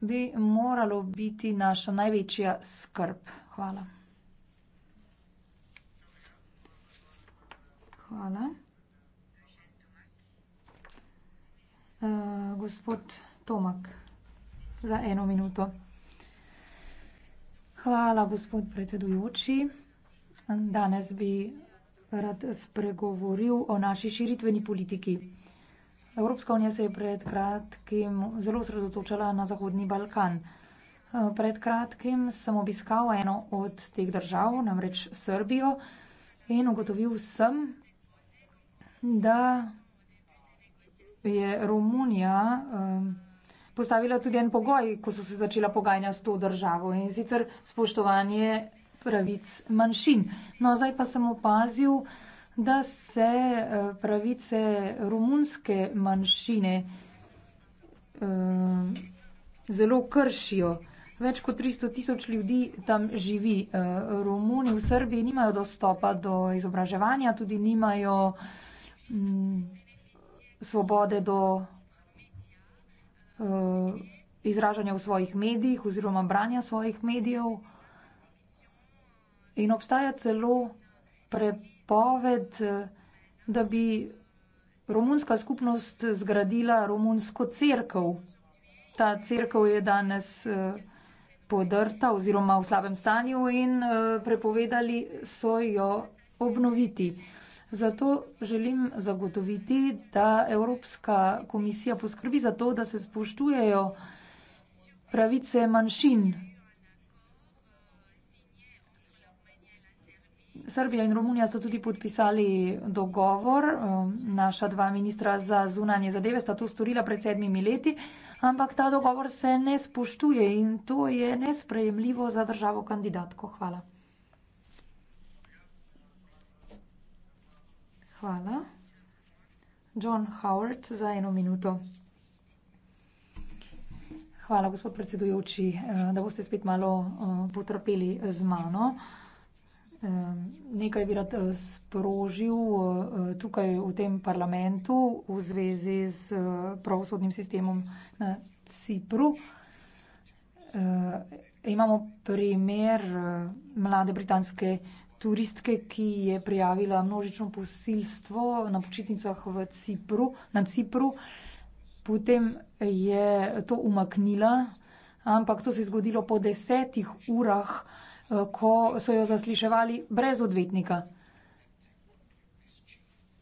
bi moralo biti naša največja skrb. Hvala. Hvala. Eh, gospod Tomak, za eno minuto. Hvala, gospod predsedujoči. Danes bi rad spregovoril o naši širitveni politiki. Evropska unija se je pred kratkim zelo osredotočala na Zahodni Balkan. Eh, pred kratkim sem obiskal eno od teh držav, namreč Srbijo, in ugotovil sem, da je Romunija um, postavila tudi en pogoj, ko so se začela pogajanja s to državo in sicer spoštovanje pravic manjšin. No, zdaj pa sem opazil, da se uh, pravice romunske manjšine um, zelo kršijo. Več kot 300 tisoč ljudi tam živi. Uh, Romuni v Srbiji nimajo dostopa do izobraževanja, tudi nimajo Mm, svobode do, eh, izražanja v svojih medijih oziroma branja svojih medijev. In obstaja celo prepoved, eh, da bi romunska skupnost zgradila romunsko cerkev. Ta cerkev je danes, eh, podrta oziroma v slabem stanju in, prepovedali so jo obnoviti. Zato želim zagotoviti, da Evropska komisija poskrbi za to, da se spoštujejo pravice manjšin. Srbija in Romunija sta tudi podpisali dogovor, um, naša dva ministra za zunanje zadeve sta to storila pred sedmimi leti, ampak ta dogovor se ne spoštuje in to je nesprejemljivo za državo kandidatko. Hvala. Hvala. John Howard za eno minuto. Hvala, gospod predsedujoči, eh, da boste spet malo eh, potrpeli eh, z mano. Nekaj bi rad sprožil tukaj v tem parlamentu v zvezi s pravosodnim sistemom na Cipru. Imamo primer mlade britanske turistke, ki je prijavila množično posilstvo na počitnicah v Cipru, na Cipru. Potem je to umaknila, ampak to se je zgodilo po desetih urah, eh, ko so jo zasliševali brez odvetnika.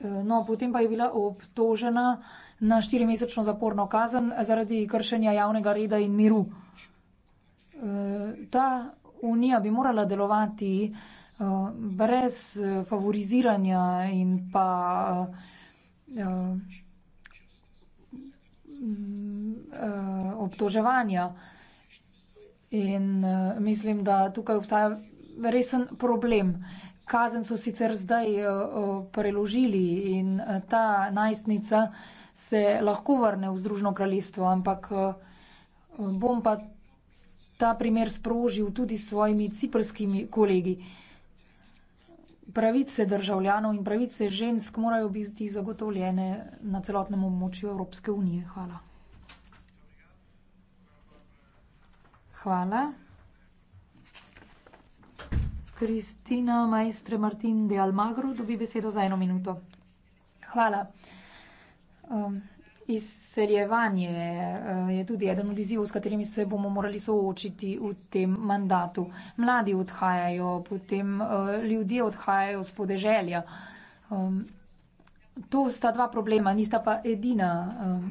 Eh, no, potem pa je bila obtožena na štirimesečno zaporno kazen zaradi kršenja javnega reda in miru. Eh, ta unija bi morala delovati Eh, brez eh, favoriziranja in pa eh, obtoževanja. In mislim, da tukaj obstaja resen problem. Kazen so sicer zdaj preložili in ta najstnica se lahko vrne v Združno kraljestvo, ampak bom pa ta primer sprožil tudi s svojimi ciprskimi kolegi pravice državljanov in pravice žensk morajo biti zagotovljene na celotnem območju Evropske unije. Hvala. Hvala. Kristina Maistre Martin de Almagro dobi besedo za eno minuto. Hvala. Izseljevanje eh, je tudi eden od izzivov, s katerimi se bomo morali soočiti v tem mandatu. Mladi odhajajo, potem eh, ljudje odhajajo s podeželja. Ehm, to sta dva problema, nista pa edina. Ehm,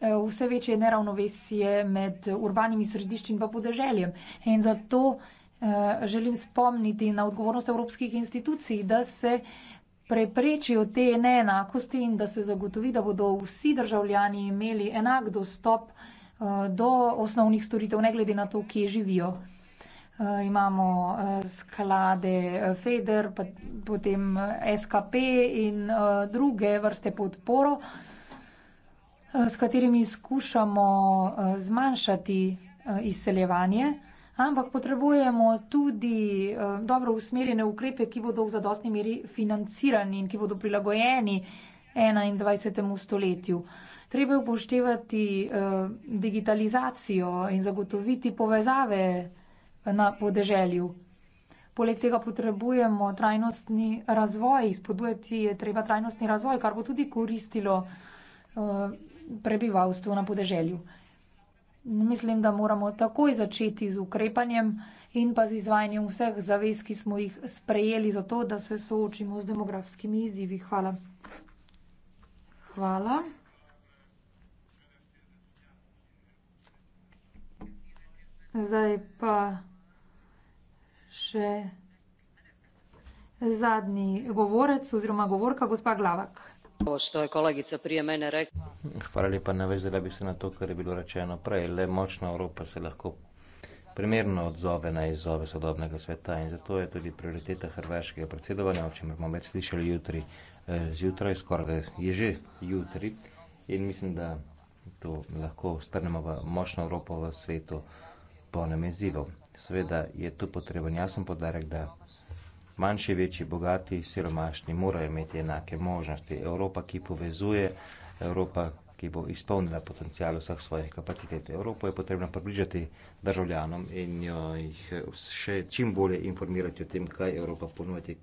eh, vse večje neravnovesje med urbanimi središči in pa podeželjem. In zato želim spomniti na odgovornost evropskih institucij, da se preprečijo te neenakosti in da se zagotovi, da bodo vsi državljani imeli enak dostop eh, do osnovnih storitev, ne glede na to, kje živijo. Eh, imamo eh, sklade FEDER, potem SKP in druge vrste podporo, s katerimi skušamo zmanjšati izseljevanje. Ampak potrebujemo tudi eh, dobro usmerjene ukrepe, ki bodo v zadostni meri financirani in ki bodo prilagojeni 21. stoletju. Treba je upoštevati eh, digitalizacijo in zagotoviti povezave na podeželju. Poleg tega potrebujemo trajnostni razvoj, spodbujati je treba trajnostni razvoj, kar bo tudi koristilo eh, prebivalstvu na podeželju. Mislim, da moramo takoj začeti z ukrepanjem in pa z izvajanjem vseh zavez, ki smo jih sprejeli, zato da se soočimo z demografskimi izzivi. Hvala. Hvala. Zdaj pa še zadnji govorec oziroma govorka, gospa Glavak ovo što je kolegica prije mene rekla. Hvala lijepa, ne vezila bi se na to kar je bilo rečeno prej. Le močna Evropa se lahko primerno odzove na izzove sodobnega sveta in zato je tudi prioriteta hrvaškega predsedovanja, o čemer bomo več slišali jutri eh, zjutraj, skoraj da je že jutri in mislim, da to lahko strnemo v močno Evropo v svetu polnem izzivov. Seveda je tu potreben jasen podarek, da manjši, večji, bogati, siromašni, morajo imeti enake možnosti. Evropa, ki povezuje, Evropa, ki bo izpolnila potencijal vseh svojih kapacitet. Evropo je potrebno približati državljanom in jo jih še čim bolje informirati o tem, kaj Evropa ponuditi,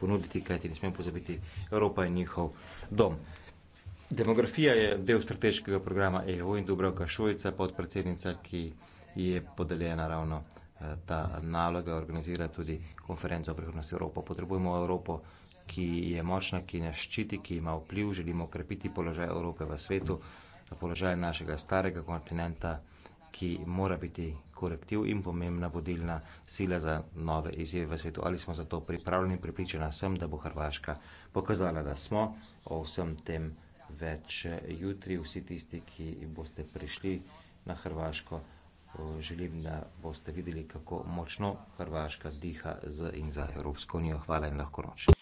ponuditi kaj ti ne smemo pozabiti. Evropa je njihov dom. Demografija je del strateškega programa EU in Dubravka Šujica, podpredsednica, ki je podeljena ravno Eh, ta naloga organizira tudi konferenco o prihodnosti Evropo. Potrebujemo Evropo, ki je močna, ki nas ščiti, ki ima vpliv, želimo okrepiti položaj Evrope v svetu, položaj našega starega kontinenta, ki mora biti korektiv in pomembna vodilna sila za nove izjeve v svetu. Ali smo zato pripravljeni, pripričana sem, da bo Hrvaška pokazala, da smo o vsem tem več jutri, vsi tisti, ki boste prišli na Hrvaško želim, da boste videli, kako močno Hrvaška diha z in za Evropsko unijo. Hvala in lahko noč.